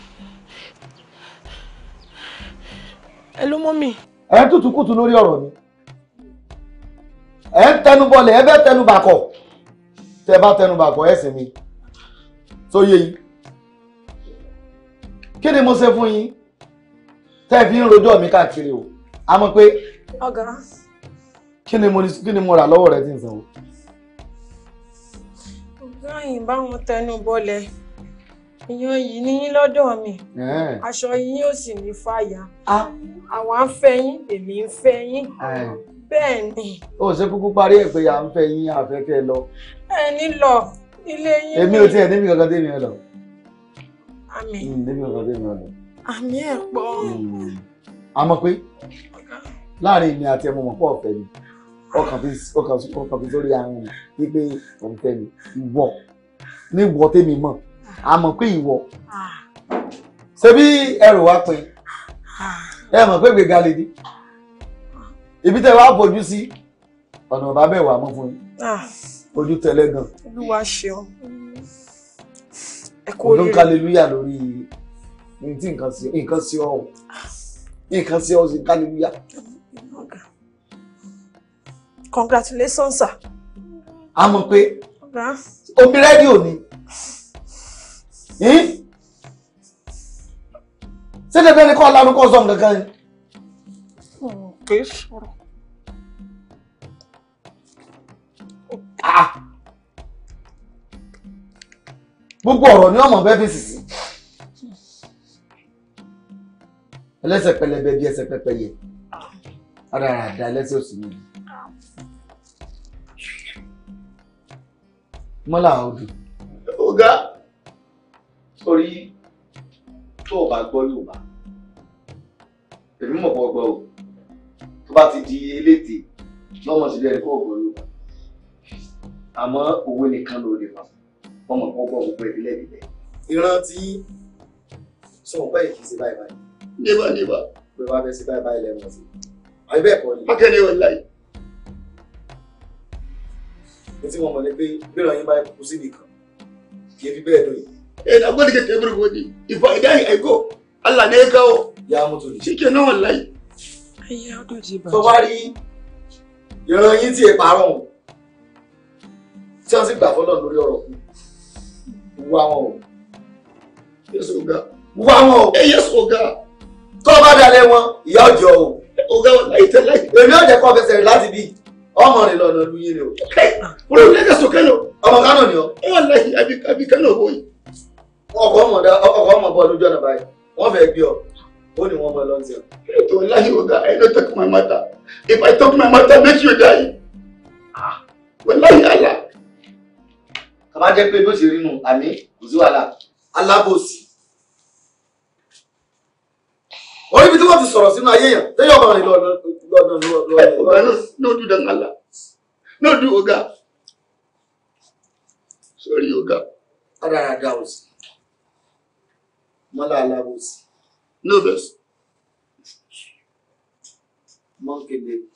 Speaker 5: ẹ ló mọ́mì.
Speaker 4: ẹ ń tutù kùtù lórí ọ̀rọ̀ mi ẹ ń tẹnubọlẹ̀ ẹ bẹ́ẹ̀ tẹnubàkọ̀ tẹ bá tẹnubàkọ̀ ẹ sì mi tó yé yìí kí ni mo ṣe fún yín tẹ́ fi ń rojọ́ mi káàkiri o a mọ̀ pé. ọ̀gá kí ni mo kí ni mo rà lọ́wọ́ rẹ tí n sanwó.
Speaker 5: ọ̀gá yìí bá wọn tẹnu bọlẹ̀ èèyàn yìí níyín lọ́dọ̀ mi aṣọ yín yóò sì ní fàyà àwa ń fẹ́ yín èmi ń fẹ́ yín bẹ́ẹ̀ ni.
Speaker 4: ó ṣe kúkú parí ẹ̀ pé à ń fẹ́ yín àfẹ́fẹ́ lọ.
Speaker 5: ẹ lọ ilé yín. èmi ò tiẹ̀
Speaker 4: débi kankan débi ọ̀dọ̀. àmín. débi kankan débi ọ̀dọ̀.
Speaker 5: àmín ẹ̀ pọ̀.
Speaker 4: Hmm. a pé láàrin èmi àti ẹ̀ mo mọ̀ pọ̀ ọ̀fẹ́ ni ọkàn fi ọkàn fi ọkàn fi sórí ahọ́n mi wípé òun fẹ́ mi ìwọ ní ìwọ tèmi mọ̀ àmọ́ pé ìwọ ṣe bí ẹrù wa pin ẹ mọ̀ pé gbèga lè dé ibi tẹ́ wàá bójú sí ọ̀nà ọ̀bá bẹ̀ wà mọ́ fún yín ojú tẹ̀lé gan.
Speaker 1: olúwa ṣeun ẹ kú oríire. olóńkà
Speaker 4: hallelujah lórí nǹkan sí ọ nǹkan sí ọ nǹkan sí ọ sí hallelujah
Speaker 5: congratulations sir.
Speaker 4: a mọ̀ pé omi rẹ́díò ni ṣé dẹ́gbẹ́ ni kọ́ lanu kọ́ sọ nǹkan kan ni. kì
Speaker 1: í
Speaker 6: sọ̀rọ̀.
Speaker 4: Ah! gbogbo ọ̀rọ̀ ni ọmọ bẹ́ẹ̀ fi sìsì ẹlẹ́sẹ̀ pẹlẹbẹ bí ẹsẹ̀ pẹpẹyẹ ara àdá ẹlẹ́sẹ̀ òsì níbi. mọ́là odò. ọ̀gá sórí tó o bá gbọ́ Yorùbá èmi mọ̀ pọ̀ gbọ́ o tó bá ti di eléte lọ́mọ sílẹ̀ kó o gbọ́ Yorùbá àmọ́ òwe nìkan ló lè mọ̀ ọmọ kan gbọ́ gbogbo ìbílẹ̀ ìbílẹ̀. ìran tí sọ̀rọ̀ pẹ́ yìí kì í ṣe báyìí báyìí. níbà níbà. pé wàá fẹ́ ṣe báyìí báyìí lẹ́nu ọ̀sẹ̀. àbí bẹ́ẹ̀ ni. mákẹ́ni ò láyìí ní tí mo mọ̀ ní pé bẹ́ẹ̀rọ yín bá kú síbi kan kì í fi bẹ́ẹ̀ lóye. ẹ na gbọ́dọ̀ kẹtẹ ẹbí rògbòdì ìfọ ẹ̀dá ẹ̀gọ́ Allah ní ẹ̀ka o. ya moto ni. ṣíkẹ náà wà láyé.
Speaker 1: ayé ọdún ti bàjẹ́.
Speaker 4: tọ́wá rí ìran yín tí ì parọ́ o tí wọ́n sì gbà fọ́lọ́ lórí ọ̀rọ̀ kù wá wọn o. yẹ́sọ̀ ọ̀gá. wá wọn o. ẹ yẹ́sọ̀ ọ̀gá. tọ́ bá dalẹ̀ wọn ìyá ọjọ́ o. ọ̀gá wọn láì tẹ́lẹ̀. èmi ò ọmọ rẹ lọnà lu yẹn rẹ o kúrò ní ẹgbẹ sọkẹ ọmọ kánò ni ọ wọn láyé àbí kánò owó yìí. ọkọ ọmọ dá ọkọ ọmọ bọ lójú ọ̀nà báyìí wọn fẹẹ gbé ọ ó ní wọn bọ lọ sí ọ. ètò láyé ọgá i no talk my matter if i talk my matter make you die wọn láyé àlà. kàmá jẹ́ pé bó ṣe rí nu àmì kò sí wàhálà alábòsí orí ibi tí wọ́n ti sọ̀rọ̀ sínú ayé yẹn tẹ́yọ̀ bá rìn lọ́dọ̀ ọ̀gá náà dùn dàn àlà náà dùn ọ̀gá sórí ọ̀gá. adarada òsì mọ́lá aláwọ̀ òsì. nervous. monkey baby.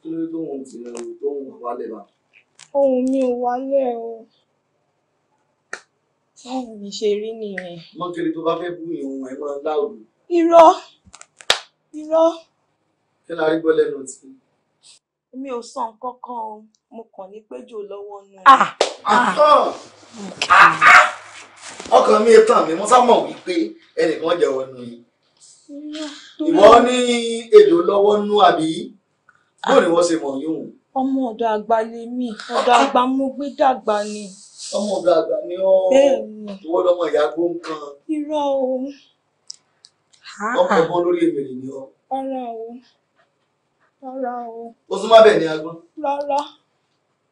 Speaker 4: kí ló dé tó ń wọ̀n tì lẹ́nu tó ń wà wálẹ̀ bá.
Speaker 5: ohun mi ò wálẹ̀ o táwọn mi ṣe rí nìyẹn.
Speaker 4: mọ́kẹ́lẹ́ tó bá fẹ́ bú ìhun ẹ̀ máa láòlù.
Speaker 5: irọ́ irọ́.
Speaker 4: kí la rí gbọ́ lẹ́nu tí.
Speaker 5: èmi ò sọ nǹkan kan o mo kàn ní péjò lọ́wọ́ nù. Ah! Ah!
Speaker 4: ọkàn mi tàn mí mo sá mọ̀ wípé ẹnìkan jẹ́wọ́ nù yìí. ìwọ ní èdò lọ́wọ́ nù àbí bóun ni wọ́n ṣe mọ̀ yóò.
Speaker 5: ọmọ ọ̀dọ̀ àgbà lèmi ọ̀dọ̀ àgbà mo gbé dàgbà ni
Speaker 4: ọmọ ọ̀gá àgbà ni ọ́ ìwọ lọmọ ìyá gbóǹkan. irọ́ o. ọmọ ẹ̀gbọ́n lórí èmèrè ni ọ́.
Speaker 1: rárá o rárá o. o sún má bẹ̀ ní agbọ́n. rárá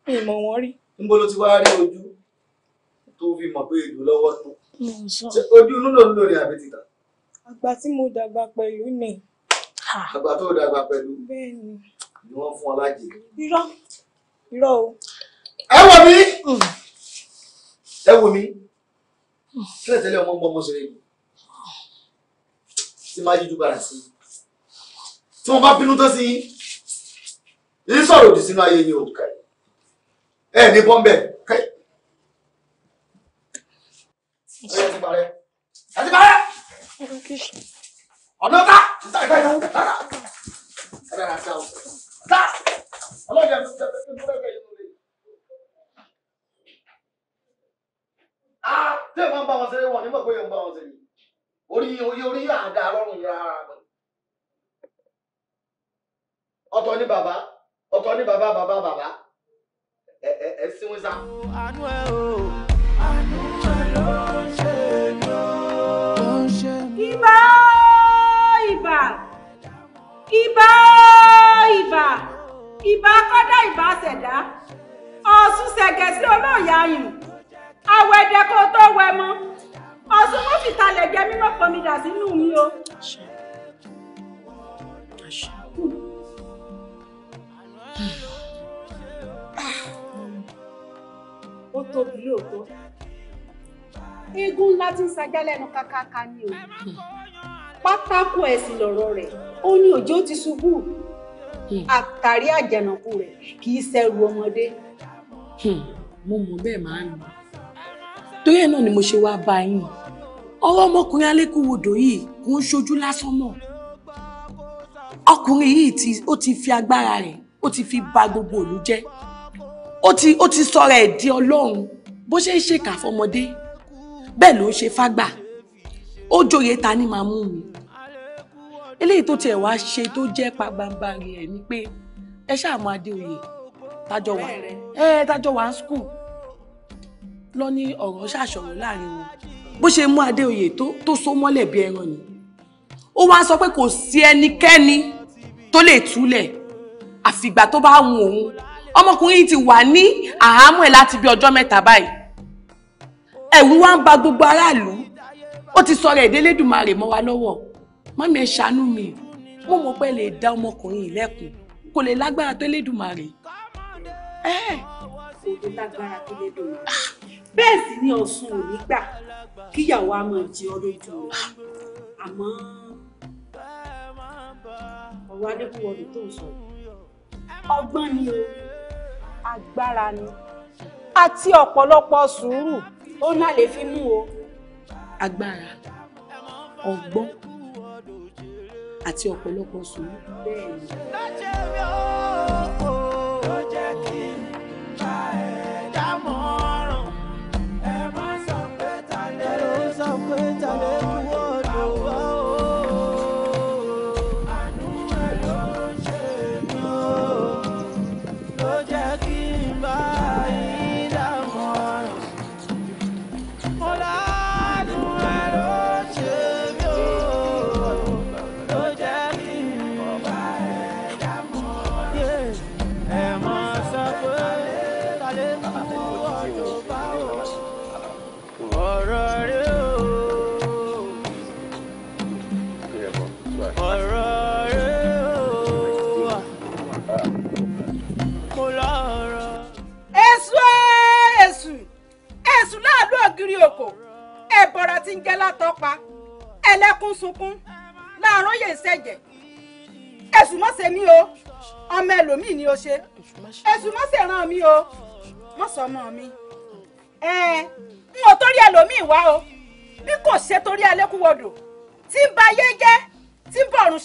Speaker 5: mi ì mọ̀ wọ́n rí.
Speaker 4: níbo ló ti wá rí ojú tó fi mọ̀ pé èlò lọ́wọ́ tó.
Speaker 5: ojú inú ló ń lò ní àbí tìta. àgbà tí mo dàgbà pẹ̀lú ni.
Speaker 4: àgbà tó dàgbà pẹ̀lú. bẹ́ẹ̀ ni. ni wọ́n fún ọ lájẹ.
Speaker 5: irọ́ irọ́
Speaker 4: o. ẹ wọ mi ẹ wo mi tẹ́lẹ̀tẹ́lẹ̀ ọmọ ń gbọ́ ọmọ sọ̀rọ̀ èmi tí máa yíjú padà sí tí wọ́n bá bínú tán sí yín sọ̀rọ̀ òdì sínú ayé yín o ẹ ní bọ́m̀bẹ̀ kẹ́ ẹ ti parẹ́ ẹ ti parẹ́ ọ̀nà ta ta ta ta ta ta ta ọlọ́jà tó tẹ̀ tẹ̀ tẹ̀ tẹ̀. Ah, tẹ́ ẹ̀ máa ń bá wọn ṣeré wọn nígbà pé ẹ̀ ń bá wọn ṣeré orí orí orí àdá lọ́rùn rárá ọ̀tọ̀ ni bàbá ọ̀tọ̀ ni bàbá bàbá bàbá ẹ ẹ ẹ sinwin sá.
Speaker 5: ibà ibà ibà ibà ibà kọ́dá ibà ṣẹ̀dá ọ̀sùn ṣẹ̀gẹ̀ sí olóòyà yìí àwọ̀ ẹ̀jẹ̀ kó tó wẹ̀ mọ́ ọ̀sùn mọ́ fìta lè jẹ́ mímọ́ pọnmi dà sínú mi o. ó tóbi lóòótọ́ eégún ńlá tí ń sajá lẹ́nu kákáká ni o hmm. pátákó ẹ̀sìn lọ̀rọ̀ rẹ̀ ó ní òjò ti ṣubú hmm. àkàrí àjànàkú rẹ̀ kì í ṣẹrù ọmọdé. Hmm. mo mọ̀ bẹ́ẹ̀ máa ń lọ torí ẹ̀ náà ni mo ṣe wá bá yín ọwọ́ ọmọkùnrin alékùwòdò yìí kò ń ṣojú lásán mọ́ ọkùnrin yìí ó ti fi agbára rẹ̀ ó ti fi ba gbogbo òlu jẹ́ ó ti ó ti sọra ẹ̀ di ọlọ́run bó ṣe ń ṣèkà fọmọdé bẹ́ẹ̀ ló ń ṣe fágbà ó jòyè ta ni màá mú mi eléyìí tó tiẹ̀ wá ṣe tó jẹ́ pabambarì ẹ̀ ni pé ẹ ṣáà máa dé òye tájọ wà ẹ tájọ wà ń skul lọ ní ọ̀rọ̀ ṣàṣọ̀rọ̀ láàrin wọn bó ṣe mú adéoyè tó so mọ́lẹ̀ bí ẹran ni ó wá sọ pé kò sí ẹnikẹ́ni tó lè túlẹ̀ àfìgbà tó bá wù òun ọmọkùnrin ti wà ní àhámọ́ ẹ̀ láti bí ọjọ́ mẹ́ta báyìí ẹ̀rù wá ń ba gbogbo aráàlú ó ti sọ̀rọ̀ ẹ̀dẹ́lẹ́dùmarè mọ́ wa lọ́wọ́ mọ́mí ẹ ṣàánú mi mo mọ̀ pé lè dá ọmọkùnrin yìí lẹ́kùn kò lè lágbára tó lẹ́dùmarè. ẹ kò lè lágbára tó lẹ́dùmarè. Ah! bẹ́ẹ̀ sì ni Ọ̀ṣun ò ní gbà kíyàwó a máa jẹ ọdún jù rẹ̀ àmọ́ ọ̀rọ̀ adékúwọ̀dù tó ń sọ ọgbọ́n ni o agbára ni àti ọ̀pọ̀lọpọ̀ sùúrù ó náà lè fi mú o agbára ọgbọ́n àti ọ̀pọ̀lọpọ̀ sùúrù bẹ́ẹ̀ ni.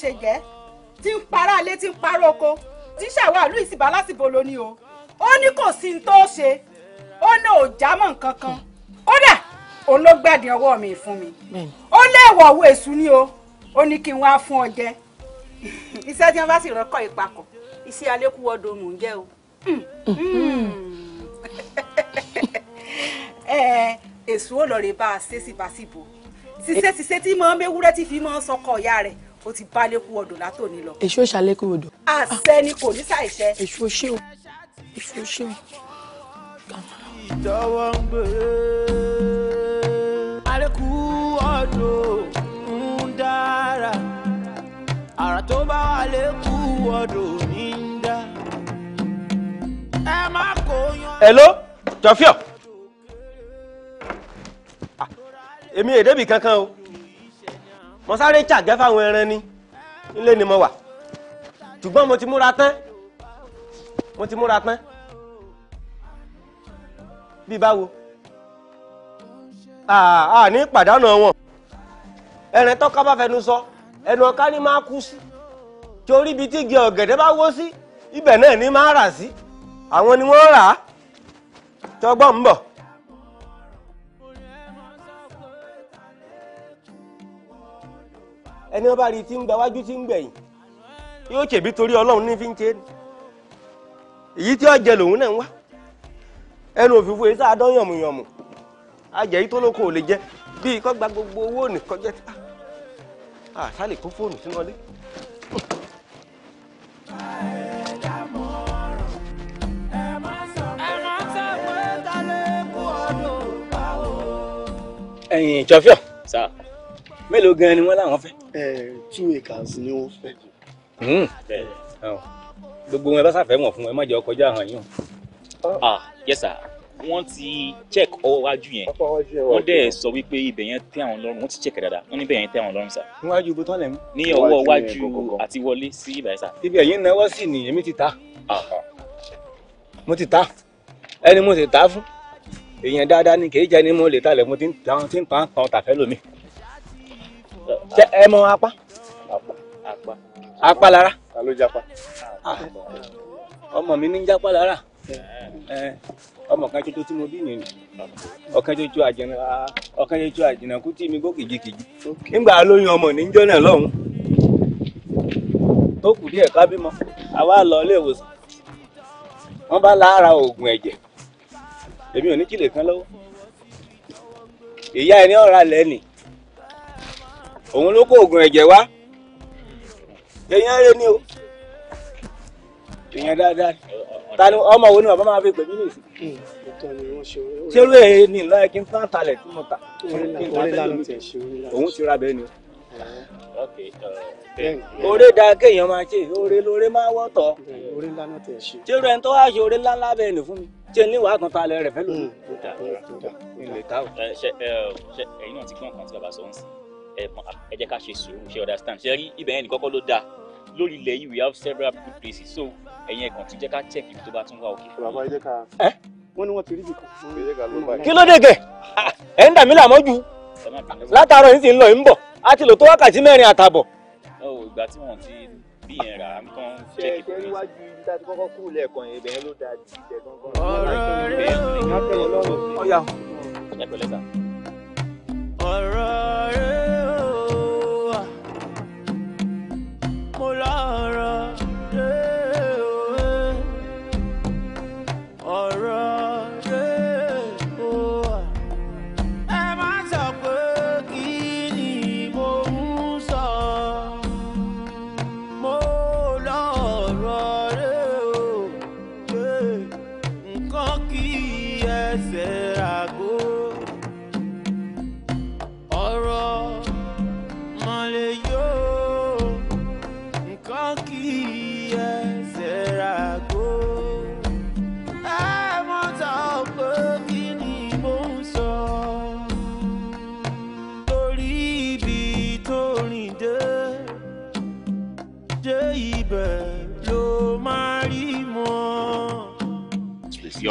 Speaker 5: ṣe jẹ́ tí ń para alé tí ń para oko tí ṣàwá ìlú ìsìnbá lásìbò ló ní o ó ní kò sí ní tó ṣe ó ní ò jámọ́ nǹkan kan kódà òun ló gbàdí ọwọ́ mi fún mi ó léèwọ̀ owó èṣù ni o ó ní kí n wá fún ọ jẹ iṣẹ́ tí wọ́n bá sì rọ́kọ̀ ìpapọ̀ iṣẹ́ alékúwọ́dọ̀ mò ń jẹ́ o. èṣù ó lọ rè bá a ṣe síbàṣìbò ṣiṣẹ́ ṣiṣẹ́ tí mọ́ mẹ́wúrẹ́ ti fi mọ́ sọkọ̀ ìyá rẹ̀ ó ti bá lẹ́kùn odò látòní lọ. èṣù ò ṣàlékún odò. àṣẹ ni kò ní ṣàìṣẹ. èṣù ò ṣe o èṣù ò ṣe o.
Speaker 1: ìjọwọ́ ń gbé àrékù odò ń dára àrà tó bá wà lẹ́kùn odò ní ń dá. ẹ má kó
Speaker 4: yan. hello jọfíọ ah, èmi èdè bì kankan o mo sáré ṣàgẹ́ fáwọn ẹran ni nílé ni mo wà ṣùgbọ́n mo ti múra tán mo ti múra tán bí báwo a ní pàdánù wọn ẹ̀rìn tọ́ka bá fẹnu sọ ẹnu ọ̀ká ni máa kú sí torí ibi tí igi ọ̀gẹ̀dẹ̀ bá wó sí ibẹ̀ náà ni máa rà sí àwọn ni wọ́n rà á tọgbọ́n ń bọ̀. ẹni wọn bá rí tí ń gba wájú tí ń gbẹ̀yìn yóò ṣèbí torí ọlọ́run ní fi ń ṣe é èyí tí ó jẹ lòun náà ń wá ẹnu òfìfo èyí tá a dán yànmùyànmù ajẹ́ yìí tó lóko ò lè jẹ bíi kọ́ gba gbogbo owó nìkan jẹ́ tá a sálè kó fóònù sínú ọlé. ẹ̀yin ìjọ́fíọ̀ sáà mélòó gan ni wọ́n láwọn fẹ́. Eh, two acres ni wọ́n fẹ́. Hmm. Oh.
Speaker 3: gbogbo wọn ẹ bá ṣàfẹ́ wọ̀n fún ẹ má jẹ́ ọkọjá àwọn yìí o. Ah, yes sir wọ́n ti check ọwọ́ wájú yẹn wọ́n dẹ̀ sọ wípé ibẹ̀ yẹn tẹ́ àwọn lọ́rùn wọ́n ti check dáadáa wọ́n níbẹ̀ yẹn tẹ́ àwọn lọ́rùn sà. níwájú ibo tán lẹ̀ mú. ní ọwọ́ wájú àti wọlé sí ibà sà. ibi ẹ̀yìn náwó sì ni èmi ti ta ah, ah. mo ti ta ẹni mo ti ta fún èèyàn dáadáa ni kì í jẹ́ ni mo lè ta lẹ̀ mo ti ń ta tàfẹ́ lómi.
Speaker 4: ṣe ẹ mọ apá.
Speaker 3: apá lára. Ah, ọmọ mi ní japa lára eh. Eh, ọmọ kan ṣoṣo tí mo bí nìyí ọ̀kan ṣoṣo àjẹnà ọ̀kan ṣoṣo àjẹnà
Speaker 4: kú tí nígbà lóyún ọmọ níjọ́ náà lọ́hùn tó kù díẹ̀ ká bímọ àwa lọ ilé ìwòsàn bá lára oògùn èmi ò ní ìyá òun ló kó oògùn ẹ̀jẹ̀ wá èèyàn rẹ ni o èèyàn dáadáa ta ni ọmọ wo ni bàbá máa fi pè mí nìsí. ṣé ló yẹ ni ìlọ yẹ kí n tán talẹ̀ tí mo ta òun ti ra bẹ́ẹ̀ ni o. Eh, oore da kéèyàn máa ṣe oore lóore máa wọ́tọ̀. Ṣé rẹ̀ ń tọ́ wá ṣe oore ńláńlá bẹ́ẹ̀ ni fún mi? Ṣé ní ìwà kan ta lẹ rẹ̀ fẹ́ lòdì? Hmm,
Speaker 3: eh, eh, ẹ̀yin náà ti kí kan tí bàbá sọ ń sìn ẹ jẹ́ ká ṣe sùúrù ṣe understand ṣe rí ibẹ̀ yẹn nìkọ́kọ́ ló dáa lórí ilẹ̀ yìí we have several good places so ẹ̀yin ẹ̀kan tún jẹ́ ká check ibi tó bá tún wá òkè. bàbá ẹ jẹ́ ká wọ́n ní wọ́n ti rí ibì kan. kí ló dé
Speaker 1: gẹ̀ ẹ̀ ń dà mí làmọ́ ju
Speaker 3: látàárọ̀ yìí ti ń lọ yìí ń bọ̀
Speaker 4: a ti lò tó wákàtí mẹ́rin àtàbọ̀.
Speaker 3: ìgbà tí wọ́n ti bí yẹn rà ń kàn check ibi.
Speaker 1: ṣe ìgbẹ́ níwájú ibi tá a ti kọ́kọ́ kúrò lẹ́ẹ̀kan yẹn ibẹ̀ yẹn ló dáa ọ̀rọ̀ rẹ o mo lọ́rọ̀.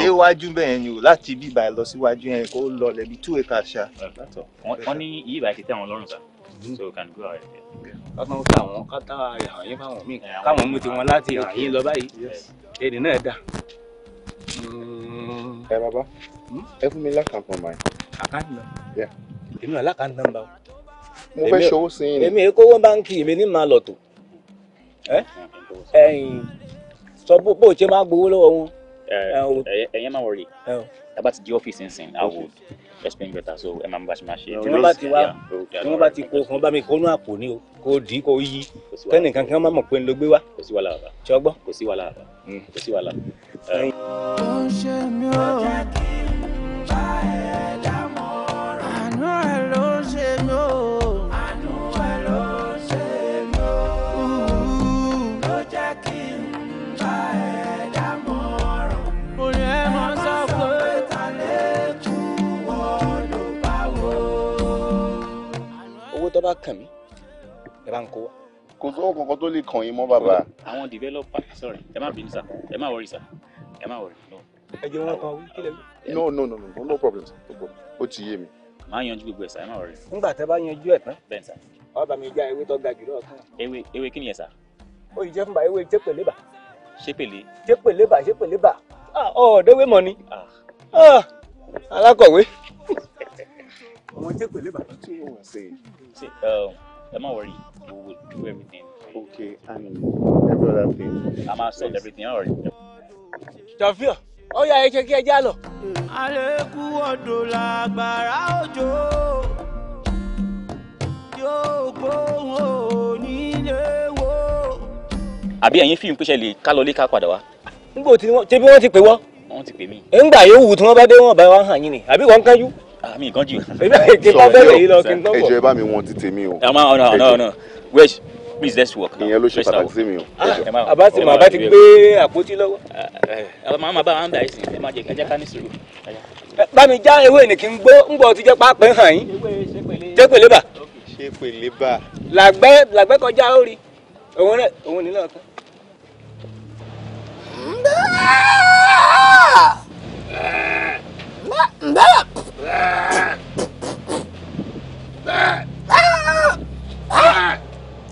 Speaker 6: déwájú bẹ́ẹ̀ ni o láti bí ibà lọ síwájú yẹn kó lọ lẹ́bi two acres ṣá. wọ́n
Speaker 3: ní yí ibà ti tẹ́ àwọn lọ́rùn sá so we can go our way. káwọn ó káwọn kátà àwọn yín fáwọn míì káwọn mú tiwọn láti àwọn yín lọ báyìí èdè náà dà.
Speaker 6: ẹ bàbá ẹ fún mi lákàntàn báyìí.
Speaker 4: àkáǹtì náà èmi náà lákàntì náà ń bá wọn. mo fẹ́ ṣòwò sí i ni. èmi kówó báńkì mi ní màá lọ̀tọ̀ ẹ̀yìn sọ bó ṣe máa gbowó lọ́wọ́ wọn ẹyẹ
Speaker 3: máa wọrí tábà the office ọ́fíìsì nsìn i would explain eh, eh, oh. better so ẹ máa bá ṣe máa ṣe. tí wọ́n bá ti wá tí wọ́n bá ti kó kan bá mi kó nú àpò ni o kó dì í kó yí kẹ́ni kankan má mọ̀ pé n ló gbé wá. kò sí wàhálà bàbá tí ọgbọ́n kò sí wàhálà bàbá mm. kò sí wàhálà.
Speaker 4: bá kàn mí ẹ bá ń kó wa. kò sówó kankan tó lè kàn yín mọ́ bàbá.
Speaker 3: àwọn developer sorry ẹ má bínú sá ẹ má wọrí sá ẹ má wọrí. ẹ jẹ́ wọn kan wí kílẹ̀ mi. no no no no no problem no problem ó ti yé mi. màá yanjú gbogbo ẹ̀ sá ẹ má wọrí.
Speaker 4: nígbà tẹ bá yanjú ẹ̀ tán. bẹ́ẹ̀ sá. ọ bá mi já ewé tó
Speaker 3: ga jù lọ fún. ewé ewé kí ni yẹn sá.
Speaker 4: ó yìí jẹ́ fún bàá ewé jẹ́pẹ̀lẹ́ bà. ṣépèlé. jẹ́pẹ̀lẹ́ bà jẹ́pẹ̀lẹ́ bà. Ah, ọ̀ ọ̀ dẹ́wé mọ̀ ni. Ah. Ah, alákọ̀wé àwọn jẹ́ pẹ̀lẹ́ bàbá.
Speaker 3: tí wọ́n wá sí i. ẹ má worry we will do everything. okay and
Speaker 6: every other thing. a máa sọ everything all right. jọ̀fíọ̀
Speaker 1: ó yà ẹ̀ṣẹ̀ kí ẹ já lọ. àlékún odò làgbàrá òjò yóò gbóhùn
Speaker 3: onílé wo. àbí ẹ̀yin fíìmù pé lè ká lọ lé ká padà wá. nígbà tí wọ́n ti pè wọ́n. wọ́n ti pè mí. ẹ̀ ń gbà yóò wù tí wọ́n bá dé wọ́n bá wọn hàn yín ni àbí wọ́n ń kánjú àmì ìkánjú. kí n bá bẹ̀rẹ̀ yìí lọ kí n tọ́ bọ̀. ẹ jọ̀ọ́ ẹ bá mi wọn ti tèmi o. ọmọ ọ̀nà ọ̀nà ọ̀nà wait please let's work. ìyẹn ló ṣe pàtàkì sí
Speaker 4: mi o. àbá ti màá bá ti gbé
Speaker 3: àpótí lọ́wọ́. màmá bá wa ń dà í sí ẹ má jẹ
Speaker 4: ẹ jẹ ká ní sùúrù. bá mi já ewé ní kí n gbó ń gbọ́ ti jẹ́ pápẹ́ hàn yín. ṣé pèlè bà.
Speaker 6: ṣé pèlè bà.
Speaker 4: làgbẹ́ làgbẹ́ kọjá ó rí òun náà òun nílò ọ̀tán.
Speaker 2: Ah!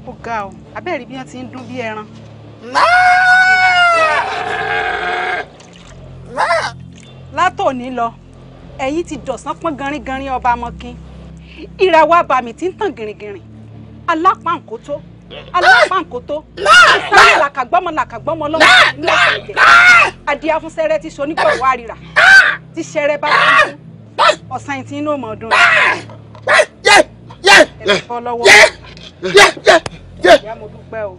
Speaker 1: ó ga ọ abẹ́rẹ́ bí wọ́n ti ń dún bí
Speaker 5: ẹran. látòní lọ ẹ̀yin ti dọ̀sán pọ́n gánrin gánrin ọba mọ́kín ìràwọ̀ abàmì ti ń tàn gìrìngìrìn alápá nǹkó tó alápàǹkótó sáré làkàgbọ́mọ làkàgbọ́mọ lọ́wọ́ ní ọ̀sẹ̀ àdìyà fún sẹ́rẹ́ ti so nígbọ̀wọ́ àríra ti sẹ́rẹ́ bá fún ọ̀sán ìtì inú ọmọ ọdún
Speaker 1: rẹ̀ ẹ̀ fọ́ lọ́wọ́ ìyá mo dúpẹ́ o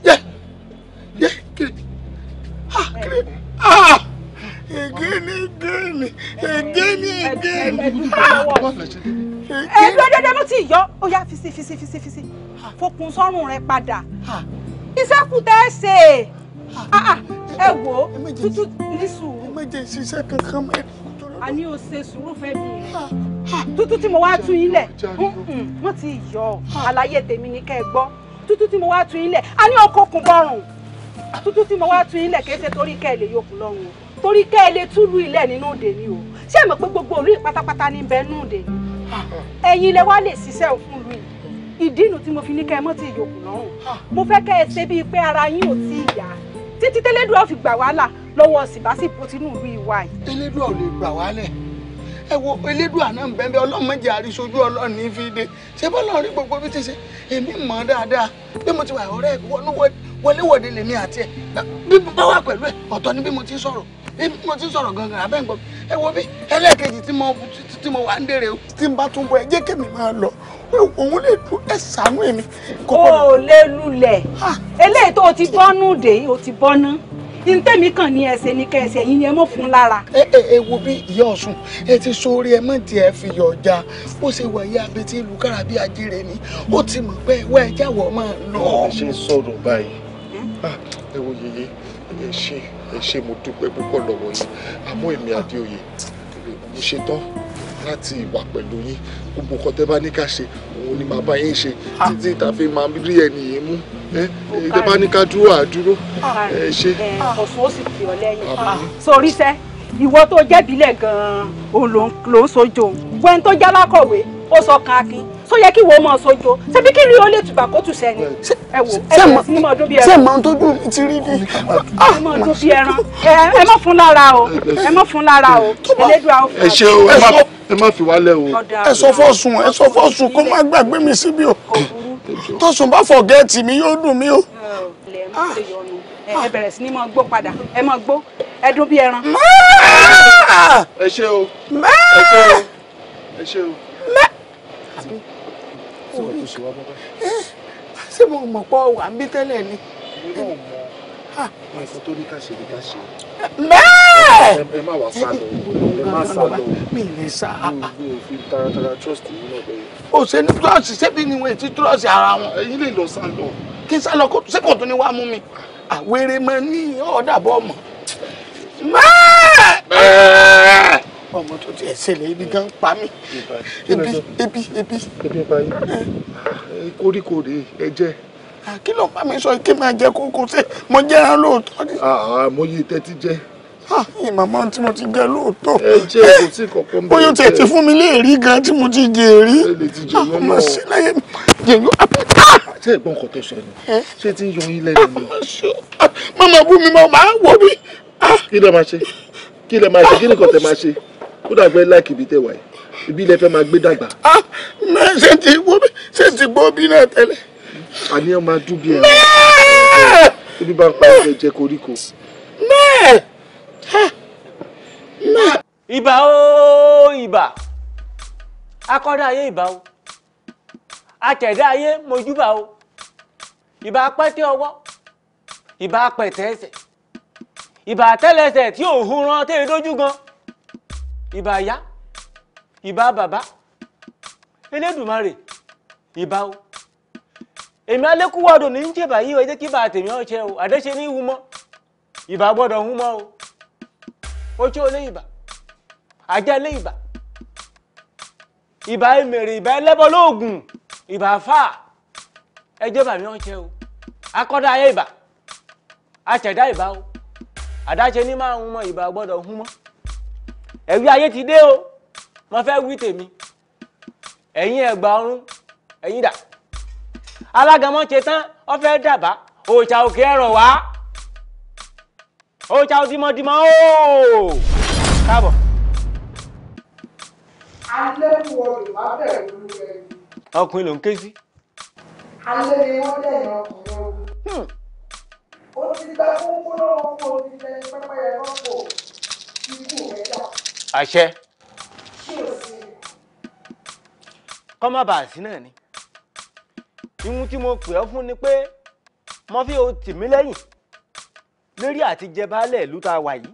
Speaker 1: again again again again. ẹ dúró dédé ló ti yọ
Speaker 5: ó yá fisi fisi fisi fisi fokùn sọ́rùn rẹ padà iṣẹ́ kù tẹ́ ẹ ṣe ẹ wò tútù ní sùúrù. ẹ má jẹ ṣiṣẹ́ kankan mọ́ ẹ. a ní o ṣe sùúrù fẹ́ mi tútù tí mo wá tún yín lẹ̀ wọ́n ti yọ àlàyé tèmi ní kẹ́ ẹ gbọ́ tútù tí mo wá tún yín lẹ̀ a ní ọkọ̀ kùn bọ́rùn tútù tí mo wá tún yín lẹ̀ kì í ṣe torí kẹ́ ẹ lè yọkùn lọ́rùn o torí kẹ́ ẹ lè túlù ilẹ̀ nínú òde ni o ṣé ẹ mọ̀ pé gbogbo òlú pátápátá ní bẹ́ẹ̀ nù òde ẹ̀yin lẹ wá lè ṣiṣẹ́ òfin lu ìdí inú tí mo fi ní kẹ́ ẹ mọ́ ti yòókù lọ́rùn mo fẹ́ kẹ́ ẹ ṣe bíi pé ara yín ò tí ì yá títí tẹ́lẹ́dùá fi gbà wá là lọ́wọ́ sìbásìpò tínú ìwà yìí. tẹ́lẹ́dùá
Speaker 4: ò lè gbà wá ẹ wo elédùn àná bẹ́ẹ̀ ọlọ́run mẹ́jẹ àríṣojú ọlọ́run ní fi dé ṣé bọ́lọ́run rí gbogbo bí ti ṣe èmi mọ̀ dáadáa bí mo ti wà ọ̀rẹ́ wọléwọ̀de lèmi àti ẹ̀ bí mo bá wà pẹ̀lú ẹ̀ ọ̀tọ̀ ni bí mo ti sọ̀rọ̀ bí mo ti sọ̀rọ̀ gangan abẹ́ǹgbọ́n ẹ wo bí ẹlẹ́ẹ̀kejì tí mo wà ń dèrè o tí n bá tún bọ ẹ jẹ́ kí máa lọ
Speaker 5: òun lè lu ẹ ṣàánú èmi. o lè lulẹ̀ eléyìí tó o ti bọ́nú dèyí o ti bọ́nú ní tẹ́mi kàn ní ẹsẹ̀ ní kẹsẹ̀ yín ni ẹ mọ̀ fún lára. ẹ ẹ ẹ
Speaker 4: wo bí ìyá ọ̀sùn ẹ ti sórí ẹ mọ̀ tí ẹ fi yọ ọjà bó ṣe wà yí ìlú kára bí ajére ni ó ti mọ̀ pé ẹwà ẹja wọ̀ máa lọ. ẹ ṣe sọ̀rọ̀ báyìí ah,
Speaker 6: ẹ wo yeye ẹ ṣe ẹ ṣe mo dúpẹ́ púpọ̀ lọ́wọ́ yìí àmọ́ èmi Adéoyè mo ṣetán láti wà pẹ̀lú yín gbogbo nǹkan bá ní ká ṣe òun ni bàbá yín ṣe títí tá a fi máa rí ẹni yìí mú ìjọba eh, ní ká dúró àdúró
Speaker 5: ẹ ṣe. ọ̀sùn ó sì kì ọ lẹ́yìn ah, sórí sẹ́
Speaker 4: ìwọ tó jẹ́bi lẹ̀ gan-an òun ló ń sojo ìwọ tó jẹ́ lákọ̀wé ó sọ kan akin tó yẹ
Speaker 1: kí wo mọ sojo ṣebí kí rí o lè tùbà kó tù sẹni ẹ wò ẹ bẹ sí ní mọ ọdún bí ẹran ṣé màá tó dùn mí ti rí ni. mọ ọdún bí ẹran ẹ mọ fún lára o ẹ mọ fún lára o Elédùà àwọn fún ọ. ẹ ṣe o
Speaker 6: ẹ má fi wálẹ̀ o.
Speaker 1: ẹ sọ fọ́sùn ẹ sọ fọ́sùn kó má
Speaker 4: gbàgbé mi síbi o tọ́sùn bá fọ̀gẹ́ẹ̀tì mi yóò dùn mí o.
Speaker 5: ẹ bẹ̀rẹ̀ sí ní mọ gbó padà ẹ mọ gbó ẹ dún bí ẹran.
Speaker 6: ẹ ṣe o ẹ ṣe o ẹ ṣe o
Speaker 4: ṣé mo mọ̀ pọ̀ wà ń bí tẹ́lẹ̀ ni. O ṣe ní trọ́ọ̀sì ṣébi ni wọ́n ti trọ́ọ̀sì ara wọn. Ẹ̀yin lè sá lọ. Kí sá lọ ṣé kò mú mi? Àwèrè mọ ní ọ̀dàbọ̀ ọmọ ọmọ tó ti ẹ̀ṣẹ̀lẹ̀ ibi gan pa mí ebi ebi ebi. ebi eh. ń pa eh, yín koríko rèé ẹ jẹ. kí ló ń bá mi sọ kí máa jẹ kókó ṣe
Speaker 6: mo jẹ ẹran lóòótọ́ ni. mo yí tẹ́tí jẹ. màmá tí mo ti jẹ lóòótọ́. ẹ jẹ kò sí kọ̀ọ̀kan
Speaker 4: bẹ́ẹ̀. oyún tẹ̀ ti fún
Speaker 1: mi lè rí gan tí mo ti jẹ èrí.
Speaker 6: ẹ
Speaker 4: ọmọ sílẹ̀
Speaker 6: yẹn jẹ̀yún apẹ́ká ṣé ẹ̀gbọ́n kan tó sọ ni ṣé tí ń yọ yín lẹ́nu ni. mama bú mi mọ́ máa wọ̀ mí. kí lè máa ṣe kí lè máa ṣe kí nìkan tẹ máa ṣe ó dàgbẹ́ láìkì ibi tẹ̀wá yìí ibi ilẹ̀ fẹ́ máa gbé dàgbà. mẹ́rin ah, ṣe ti gbó bí ṣe ti gbó bí náà tẹ́lẹ̀. àníyàn máa dún bí ẹ̀rọ ibi bá ń pa ẹ̀jẹ̀ jẹ koríko.
Speaker 2: Ah,
Speaker 3: ìbà o ìbà akọ́dá ayé ìbà o
Speaker 4: atẹ̀dá ayé mojúbà o ìbà apẹ́tẹ́ ọwọ́ ìbà apẹ̀tẹ́ ẹsẹ̀ ìbà àtẹ́lẹsẹ̀ tí òun rán tẹ́ lójú gan-an ìbà ya, ìbà bàbá elédùnmarè ìbà o èmi alékúwọ́dọ̀ ní ń jèbà yìí o ẹ jẹ́ kí bá tèmi ọ̀chẹ́ o àdéṣe ní ìwú mọ́ ìbà gbọ́dọ̀ ń o ojú olé ìbà ajá lé ìbà ìbà emèrè ìbà ẹlẹ́bọ lóògùn ìbà fáà ẹ jẹ́ bàmí ọ̀chẹ́ o akọ́dá ayé ìbà àtẹ̀dá ìbà o àdáṣe ní máa ń mọ ìbà gbọ́dọ̀ ń ẹ̀rí ayé ti dé o mo fẹ́ wí tèmi ẹ̀yin ẹ̀gbà ọ̀run ẹ̀yin dà alágàmọ́ ṣe tán ó fẹ́ dàbá òòṣà òkè ẹ̀rọ̀ wá òòṣà òdìmọ̀dìmọ̀ ooo káàbọ̀.
Speaker 1: alẹ́ ni wọ́n lè má bẹ̀rẹ̀ lórí rẹ̀.
Speaker 4: ọkùnrin ló ń ké sí.
Speaker 5: alẹ́ ni wọ́n dẹ̀yìn ọkùnrin o. Hmm.
Speaker 1: ó ti gba fún gbólóhùn kó o ti lẹ pẹ́pẹ́yẹ lọ́pọ̀
Speaker 4: ikú rẹ̀ dà àṣẹ kọ́ má bàa sí náà ni ihun tí mo pè ọ́ fún ni pé mo fi o tì mí lẹ́yìn lórí àti jẹ baálẹ̀ ìlú tá a wà yìí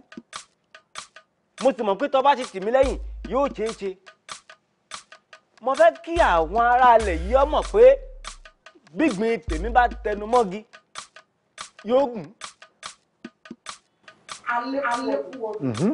Speaker 4: mo ti mọ̀ pé tọ́ bá ti tì mí lẹ́yìn yóò ṣeéṣe mo fẹ́ kí àwọn aráalẹ̀ yìí ó mọ̀ pé gbígbìn tèmi bá tẹnu mọ́gi yóò gùn.
Speaker 1: alẹ́ alẹ́ kú ọdún.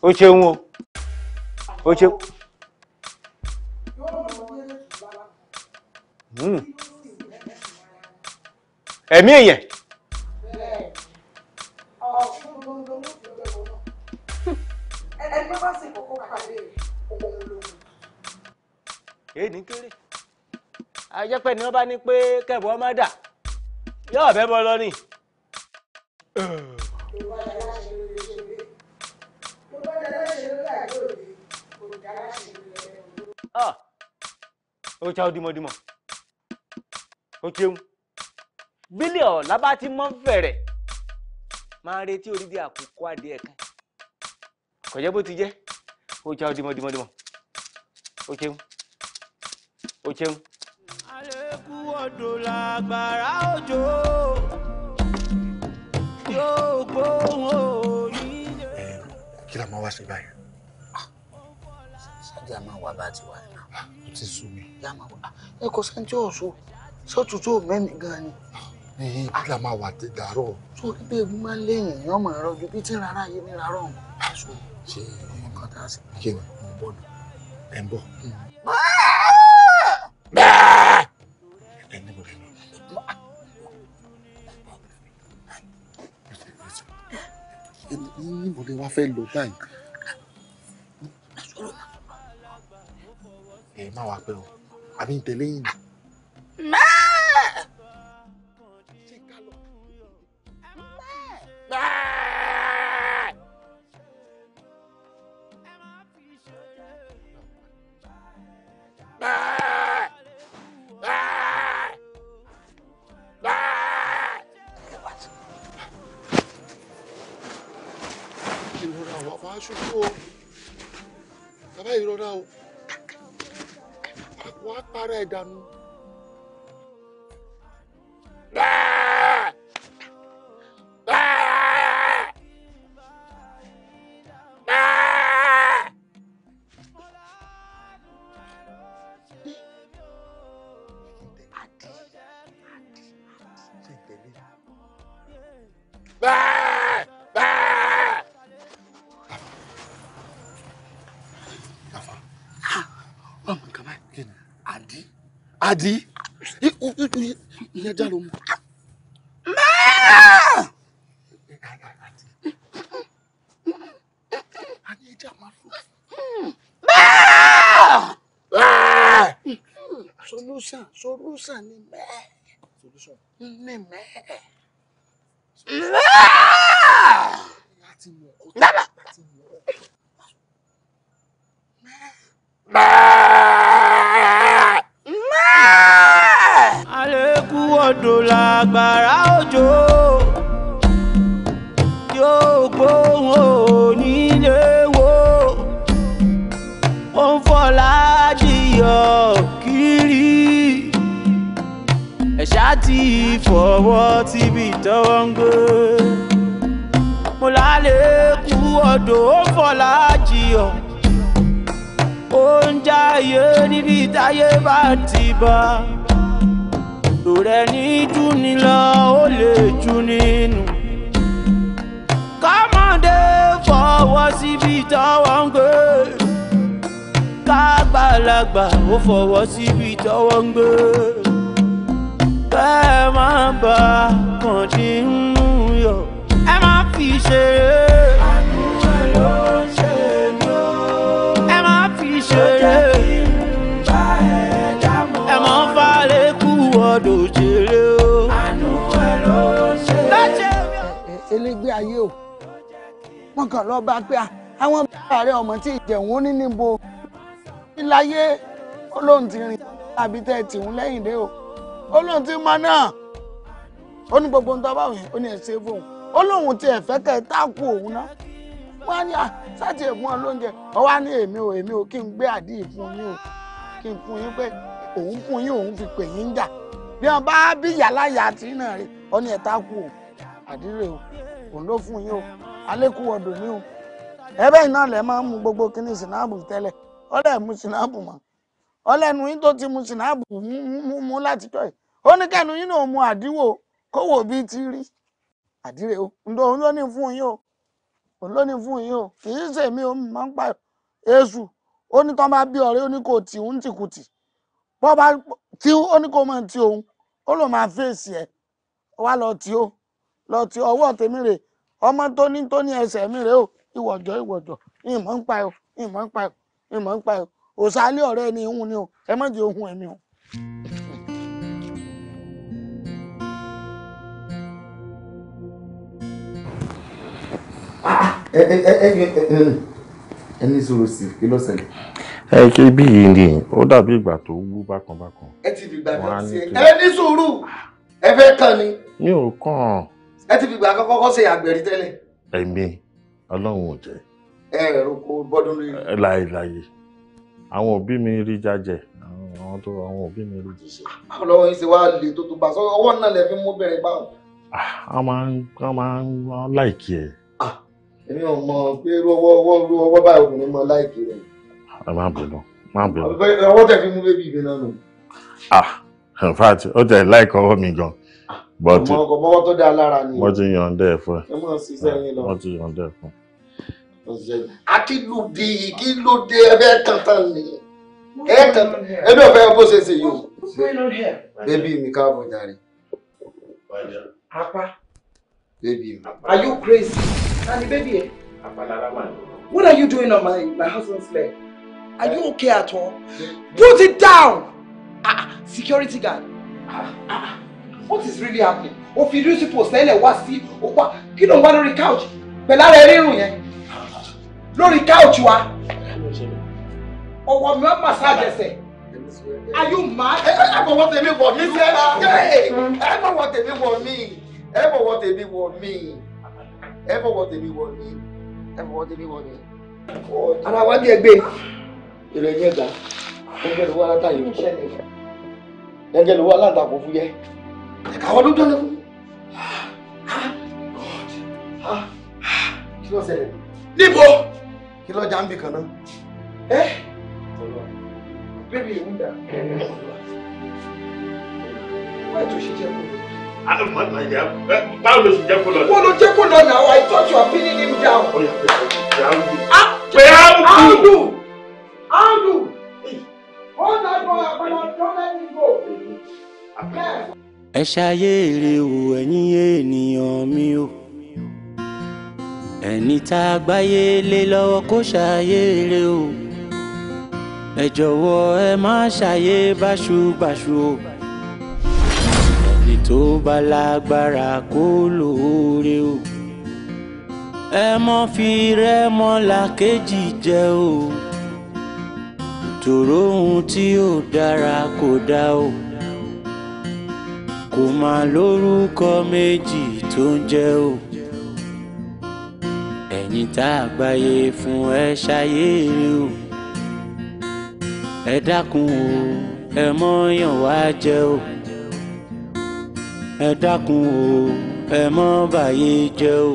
Speaker 4: o ṣeun o o ṣeun. Hmm. ẹ̀mí èèyàn. ẹni ní kéré ajẹ́pẹ́ ni wọ́n bá ní pé kẹ̀bọ́ má dà yóò bẹ́ bọ́ lọ ni. Uh. Ah. O cha odimo dimo. O cheun. Bílẹ̀ ọ̀la bá ti mọ́ fẹ̀rẹ̀. Máa retí orí di àkókò adìẹ kan. Kò jẹ́ bó ti jẹ́. O
Speaker 3: cha odimo dimo dimo. O cheun. O cheun.
Speaker 1: làgbàrá òjò yóò gbóhùn òní. Kí la máa wá sí báyìí?
Speaker 4: jẹ́ àmọ́ wà bá ti wà náà. ó ti sú mi.
Speaker 1: ẹ kò sẹ́ni tí ò
Speaker 4: so sọ́tútù mẹ́mí gan ni.
Speaker 6: ẹyin kí la máa wà tẹ dàárọ̀.
Speaker 4: tó o gbé egun máa ń léyìn èèyàn mọ̀ ẹ̀rọ ju bí tí ń rárá yé ní rárọ̀ ọ̀hún.
Speaker 6: ṣe ọmọ kan tá a sì. ni mo bọ̀ nù ẹ ń bọ̀. ẹ ní mo lè lọ. mo lè wá fẹ́ lọ báyìí. ẹ má a pẹ́ o àbí ẹ dànù. Um,
Speaker 4: Adi, ilé ẹja ló mú. Máa! Adi ẹja máa fún. Máa! Solution, solution
Speaker 5: ni mẹ́ẹ̀. Solution. Ni mẹ́ẹ̀.
Speaker 1: Máa! àgbà ó fọwọ́ síbi tọ́wọ́ ń gbé bẹ́ẹ̀ máa bá kànjí ń mú yọ ẹ má fi ṣeré. àníṣe ló ń ṣe mí o.
Speaker 4: ayé o wọn kàn lọ bá pé àwọn bàbá rẹ ọmọ tí ìjẹun ó ní níbo. láyé ó ti rìn àbí tẹ́ ẹ lẹ́yìn dé o ó ti mọ náà ó ní gbogbo ohun tó bá ó ní fóun ti ẹ̀fẹ́ ẹ táàkù òun náà ní à ẹ̀gbọ́n ọ ní èmi o èmi o kí n gbé àdí ìfún o kí n fún yín pé òun fún yín òun fi pè yín jà bí wọn bá bí náà rè ní ẹ táàkù o o òun o alẹ́kùn ọ̀dọ̀ ní o ẹ bẹ́ẹ̀ náà lẹ máa ń mu gbogbo ọlẹ́ mu ma mọ́ ọlẹ́nu yín tó ti mu sinabu mú mú láti tọ́ ẹ̀ ó ní kẹ́nu yín náà mu àdíwò kówò bíi ti rí àdírè o ǹdọ́ òun ló ní fún yín o òun ló ní fún yín o kì í ṣèmi o máa ń pa èṣù ó ní tán bá bí ọ̀rẹ́ ó ní kò tì ń tìkùtì bọ́ bá tí ó ní kò máa ti òun ó lò máa fèsì ẹ̀ wá lọ tí ó lọ tí ọwọ́ tèmi rè ọmọ tó ní tó ní ẹsẹ̀ mi rè o ìwọ̀jọ́ ìwọ̀jọ́ ìmọ̀ ń pa ẹ̀ o ìmọ̀ ń pa ẹ̀ o ẹ mọ̀ ń pa ẹ̀ òsàlẹ̀ ọ̀rẹ́ ni òun ni o ẹ má jẹ́ ohun ẹ̀mí o. ẹni sọ̀rọ̀ sí kí ló
Speaker 6: ṣẹlẹ̀. ẹ ṣe bí yìí ni ó dàbí ìgbà tó wú bákan bákan.
Speaker 4: ẹ ti fi ìgbà kan sí ẹ ẹ ní sùúrù ẹ fẹ́ kàn ni.
Speaker 6: mi ò kàn.
Speaker 4: ẹ ti fi ìgbà kan kọ́kọ́ ṣe àgbẹ̀rí tẹ́lẹ̀.
Speaker 6: ẹ̀mí ọlọ́run ò jẹ́
Speaker 4: ẹ roko bọ́dún lórí. láyéláyé
Speaker 6: àwọn òbí mi rí jájẹ àwọn tó àwọn òbí mi rí jíṣe.
Speaker 4: báwo lọ́wọ́ yín ṣe wá lè tó tó bá sọ ọwọ́ náà lẹ fi mú bẹ̀rẹ̀ báwọn.
Speaker 6: Ah, a máa ń a máa ń láìkí ẹ. Ah,
Speaker 4: èmi ò mọ pé ọwọ́ ọwọ́ ọwọ́ báyìí obìnrin mọ láìkí rẹ. ẹ
Speaker 6: ah, má bínú má bínú.
Speaker 4: ọwọ́ tẹ̀ fi mú bébí mi náà nù.
Speaker 6: ah in fact ó tẹ̀ láìkọ́ ọwọ́ mi gan but ọmọ
Speaker 4: ọkọ̀ mọ́wọ́ tó dáa lára ni. wọ́n ti
Speaker 6: yàn ọ́ dẹ́ fún ẹ. ẹ mọ̀ sí sẹ́yìn lọ. wọ́n ti yàn ọ́ dẹ́ fún ẹ
Speaker 4: akílùbí kílódé ẹbẹ kankan ni ẹ kankan ẹbí ọfẹ bó ṣe ṣe yìí o bébí mi káàbọ̀ jàre.
Speaker 6: apá. bébí mi.
Speaker 4: are you crazy? tani bébí ẹ. apalára wà ní. What are you doing on my, my husband's leg? Are you eh. okay at all? Eh. Put it down! Ah, ah security guard. Ah, ah, ah, what is really happening? Ó fi rísí post lẹ́lẹ̀ wá sí òpá kí ló ń wá lórí couch pẹ̀lú ara ẹrírun yẹn lórí káùtù wa ọwọ́ mi wá massage ẹsẹ̀ are you mad. ẹ ẹ bọ̀ wọ́n tèmi wọ̀ mí sẹ́ ẹ bọ̀ wọ́n tèmi wọ̀ mí ẹ bọ̀ wọ́n tèmi wọ̀ mí ẹ bọ̀ wọ́n tèmi wọ̀ mí ẹ bọ̀ wọ́n tèmi wọ̀ mí. ara wa díẹ̀ gbé èrè ní ẹ̀gbá ẹgbẹ́ ló wá látàyè o ẹgbẹ́ ló wá látàkùn fún yẹ àwọn ló dọ́lé ah, ah. kí ló ṣẹlẹ̀ níbo kí lọ́jà ń bì kan náà. ẹ bébí ìwúdà wọ́n ètò ṣe jẹ́
Speaker 6: kó lọ. báwo ló ṣe jẹ́ kó lọ. wọ́n ló jẹ́ kó lọ náà I thought you were pinning him down.
Speaker 1: Ah! pé áùdù áùdù hold that boy akọ̀yọ̀ don't let me go.
Speaker 4: ẹ ṣayé èrè o ẹ̀yin ènìyàn mi o ẹni tá a gbáyé lé lọ́wọ́ kó ṣàyè rè o ẹ jọ̀wọ́ ẹ má ṣàyè báṣubàṣu o ẹni tó bá lágbára kó lóore o
Speaker 3: ẹ mọ́ fi rẹ́mọ́lá kejì jẹ o
Speaker 4: tòró ohun tí ò dára kò dá o kò má lórúkọ méjì tó ń jẹ́ o ẹ̀yin tá a gbáyé fún ẹ ṣayé o ẹ dákun o ẹ mọ́yàn wá jẹ o ẹ dákun o ẹ mọ́ bàyé jẹ o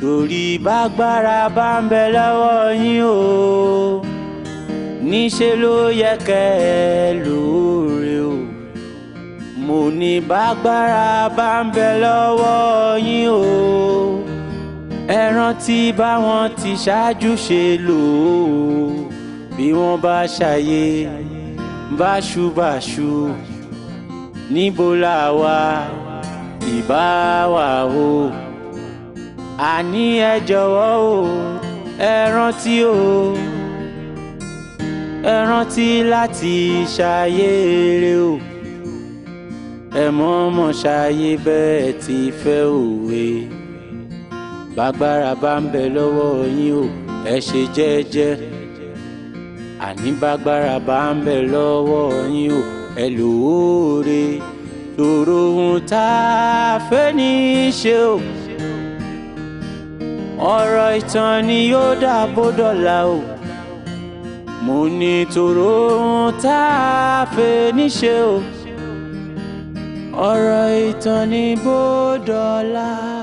Speaker 3: torí bágbára bá ń bẹ lọ́wọ́ yín
Speaker 4: o níṣẹ́ ló yẹ kẹ́ ẹ lóore o mo ní bágbára bá ń bẹ lọ́wọ́ yín o ẹ rántí báwọn ti ṣáájú ṣe lò
Speaker 3: ó bí wọ́n bá ṣàyè báṣubàṣu níbo la wà ìbá o àní ẹ jọ̀wọ́ o ẹ rántí o ẹ rántí láti ṣàyè
Speaker 4: rere o ẹ mọ̀ mọ̀ ṣàyè bẹ́ẹ̀ ti fẹ́ òwe bágbára bá ń bẹ lọ́wọ́ yín o ẹ ṣe
Speaker 3: jẹ́jẹ́ àní bágbára bá ń bẹ lọ́wọ́ yín o ẹ lò ó re tòrò ohun tá a fẹ́ ní í ṣe o ọ̀rọ̀ ìtàn ni yóò dàbò dọ̀la o mo ní tòrò ohun tá a fẹ́ ní í ṣe
Speaker 1: o ọ̀rọ̀ ìtàn ni bó dọ̀la.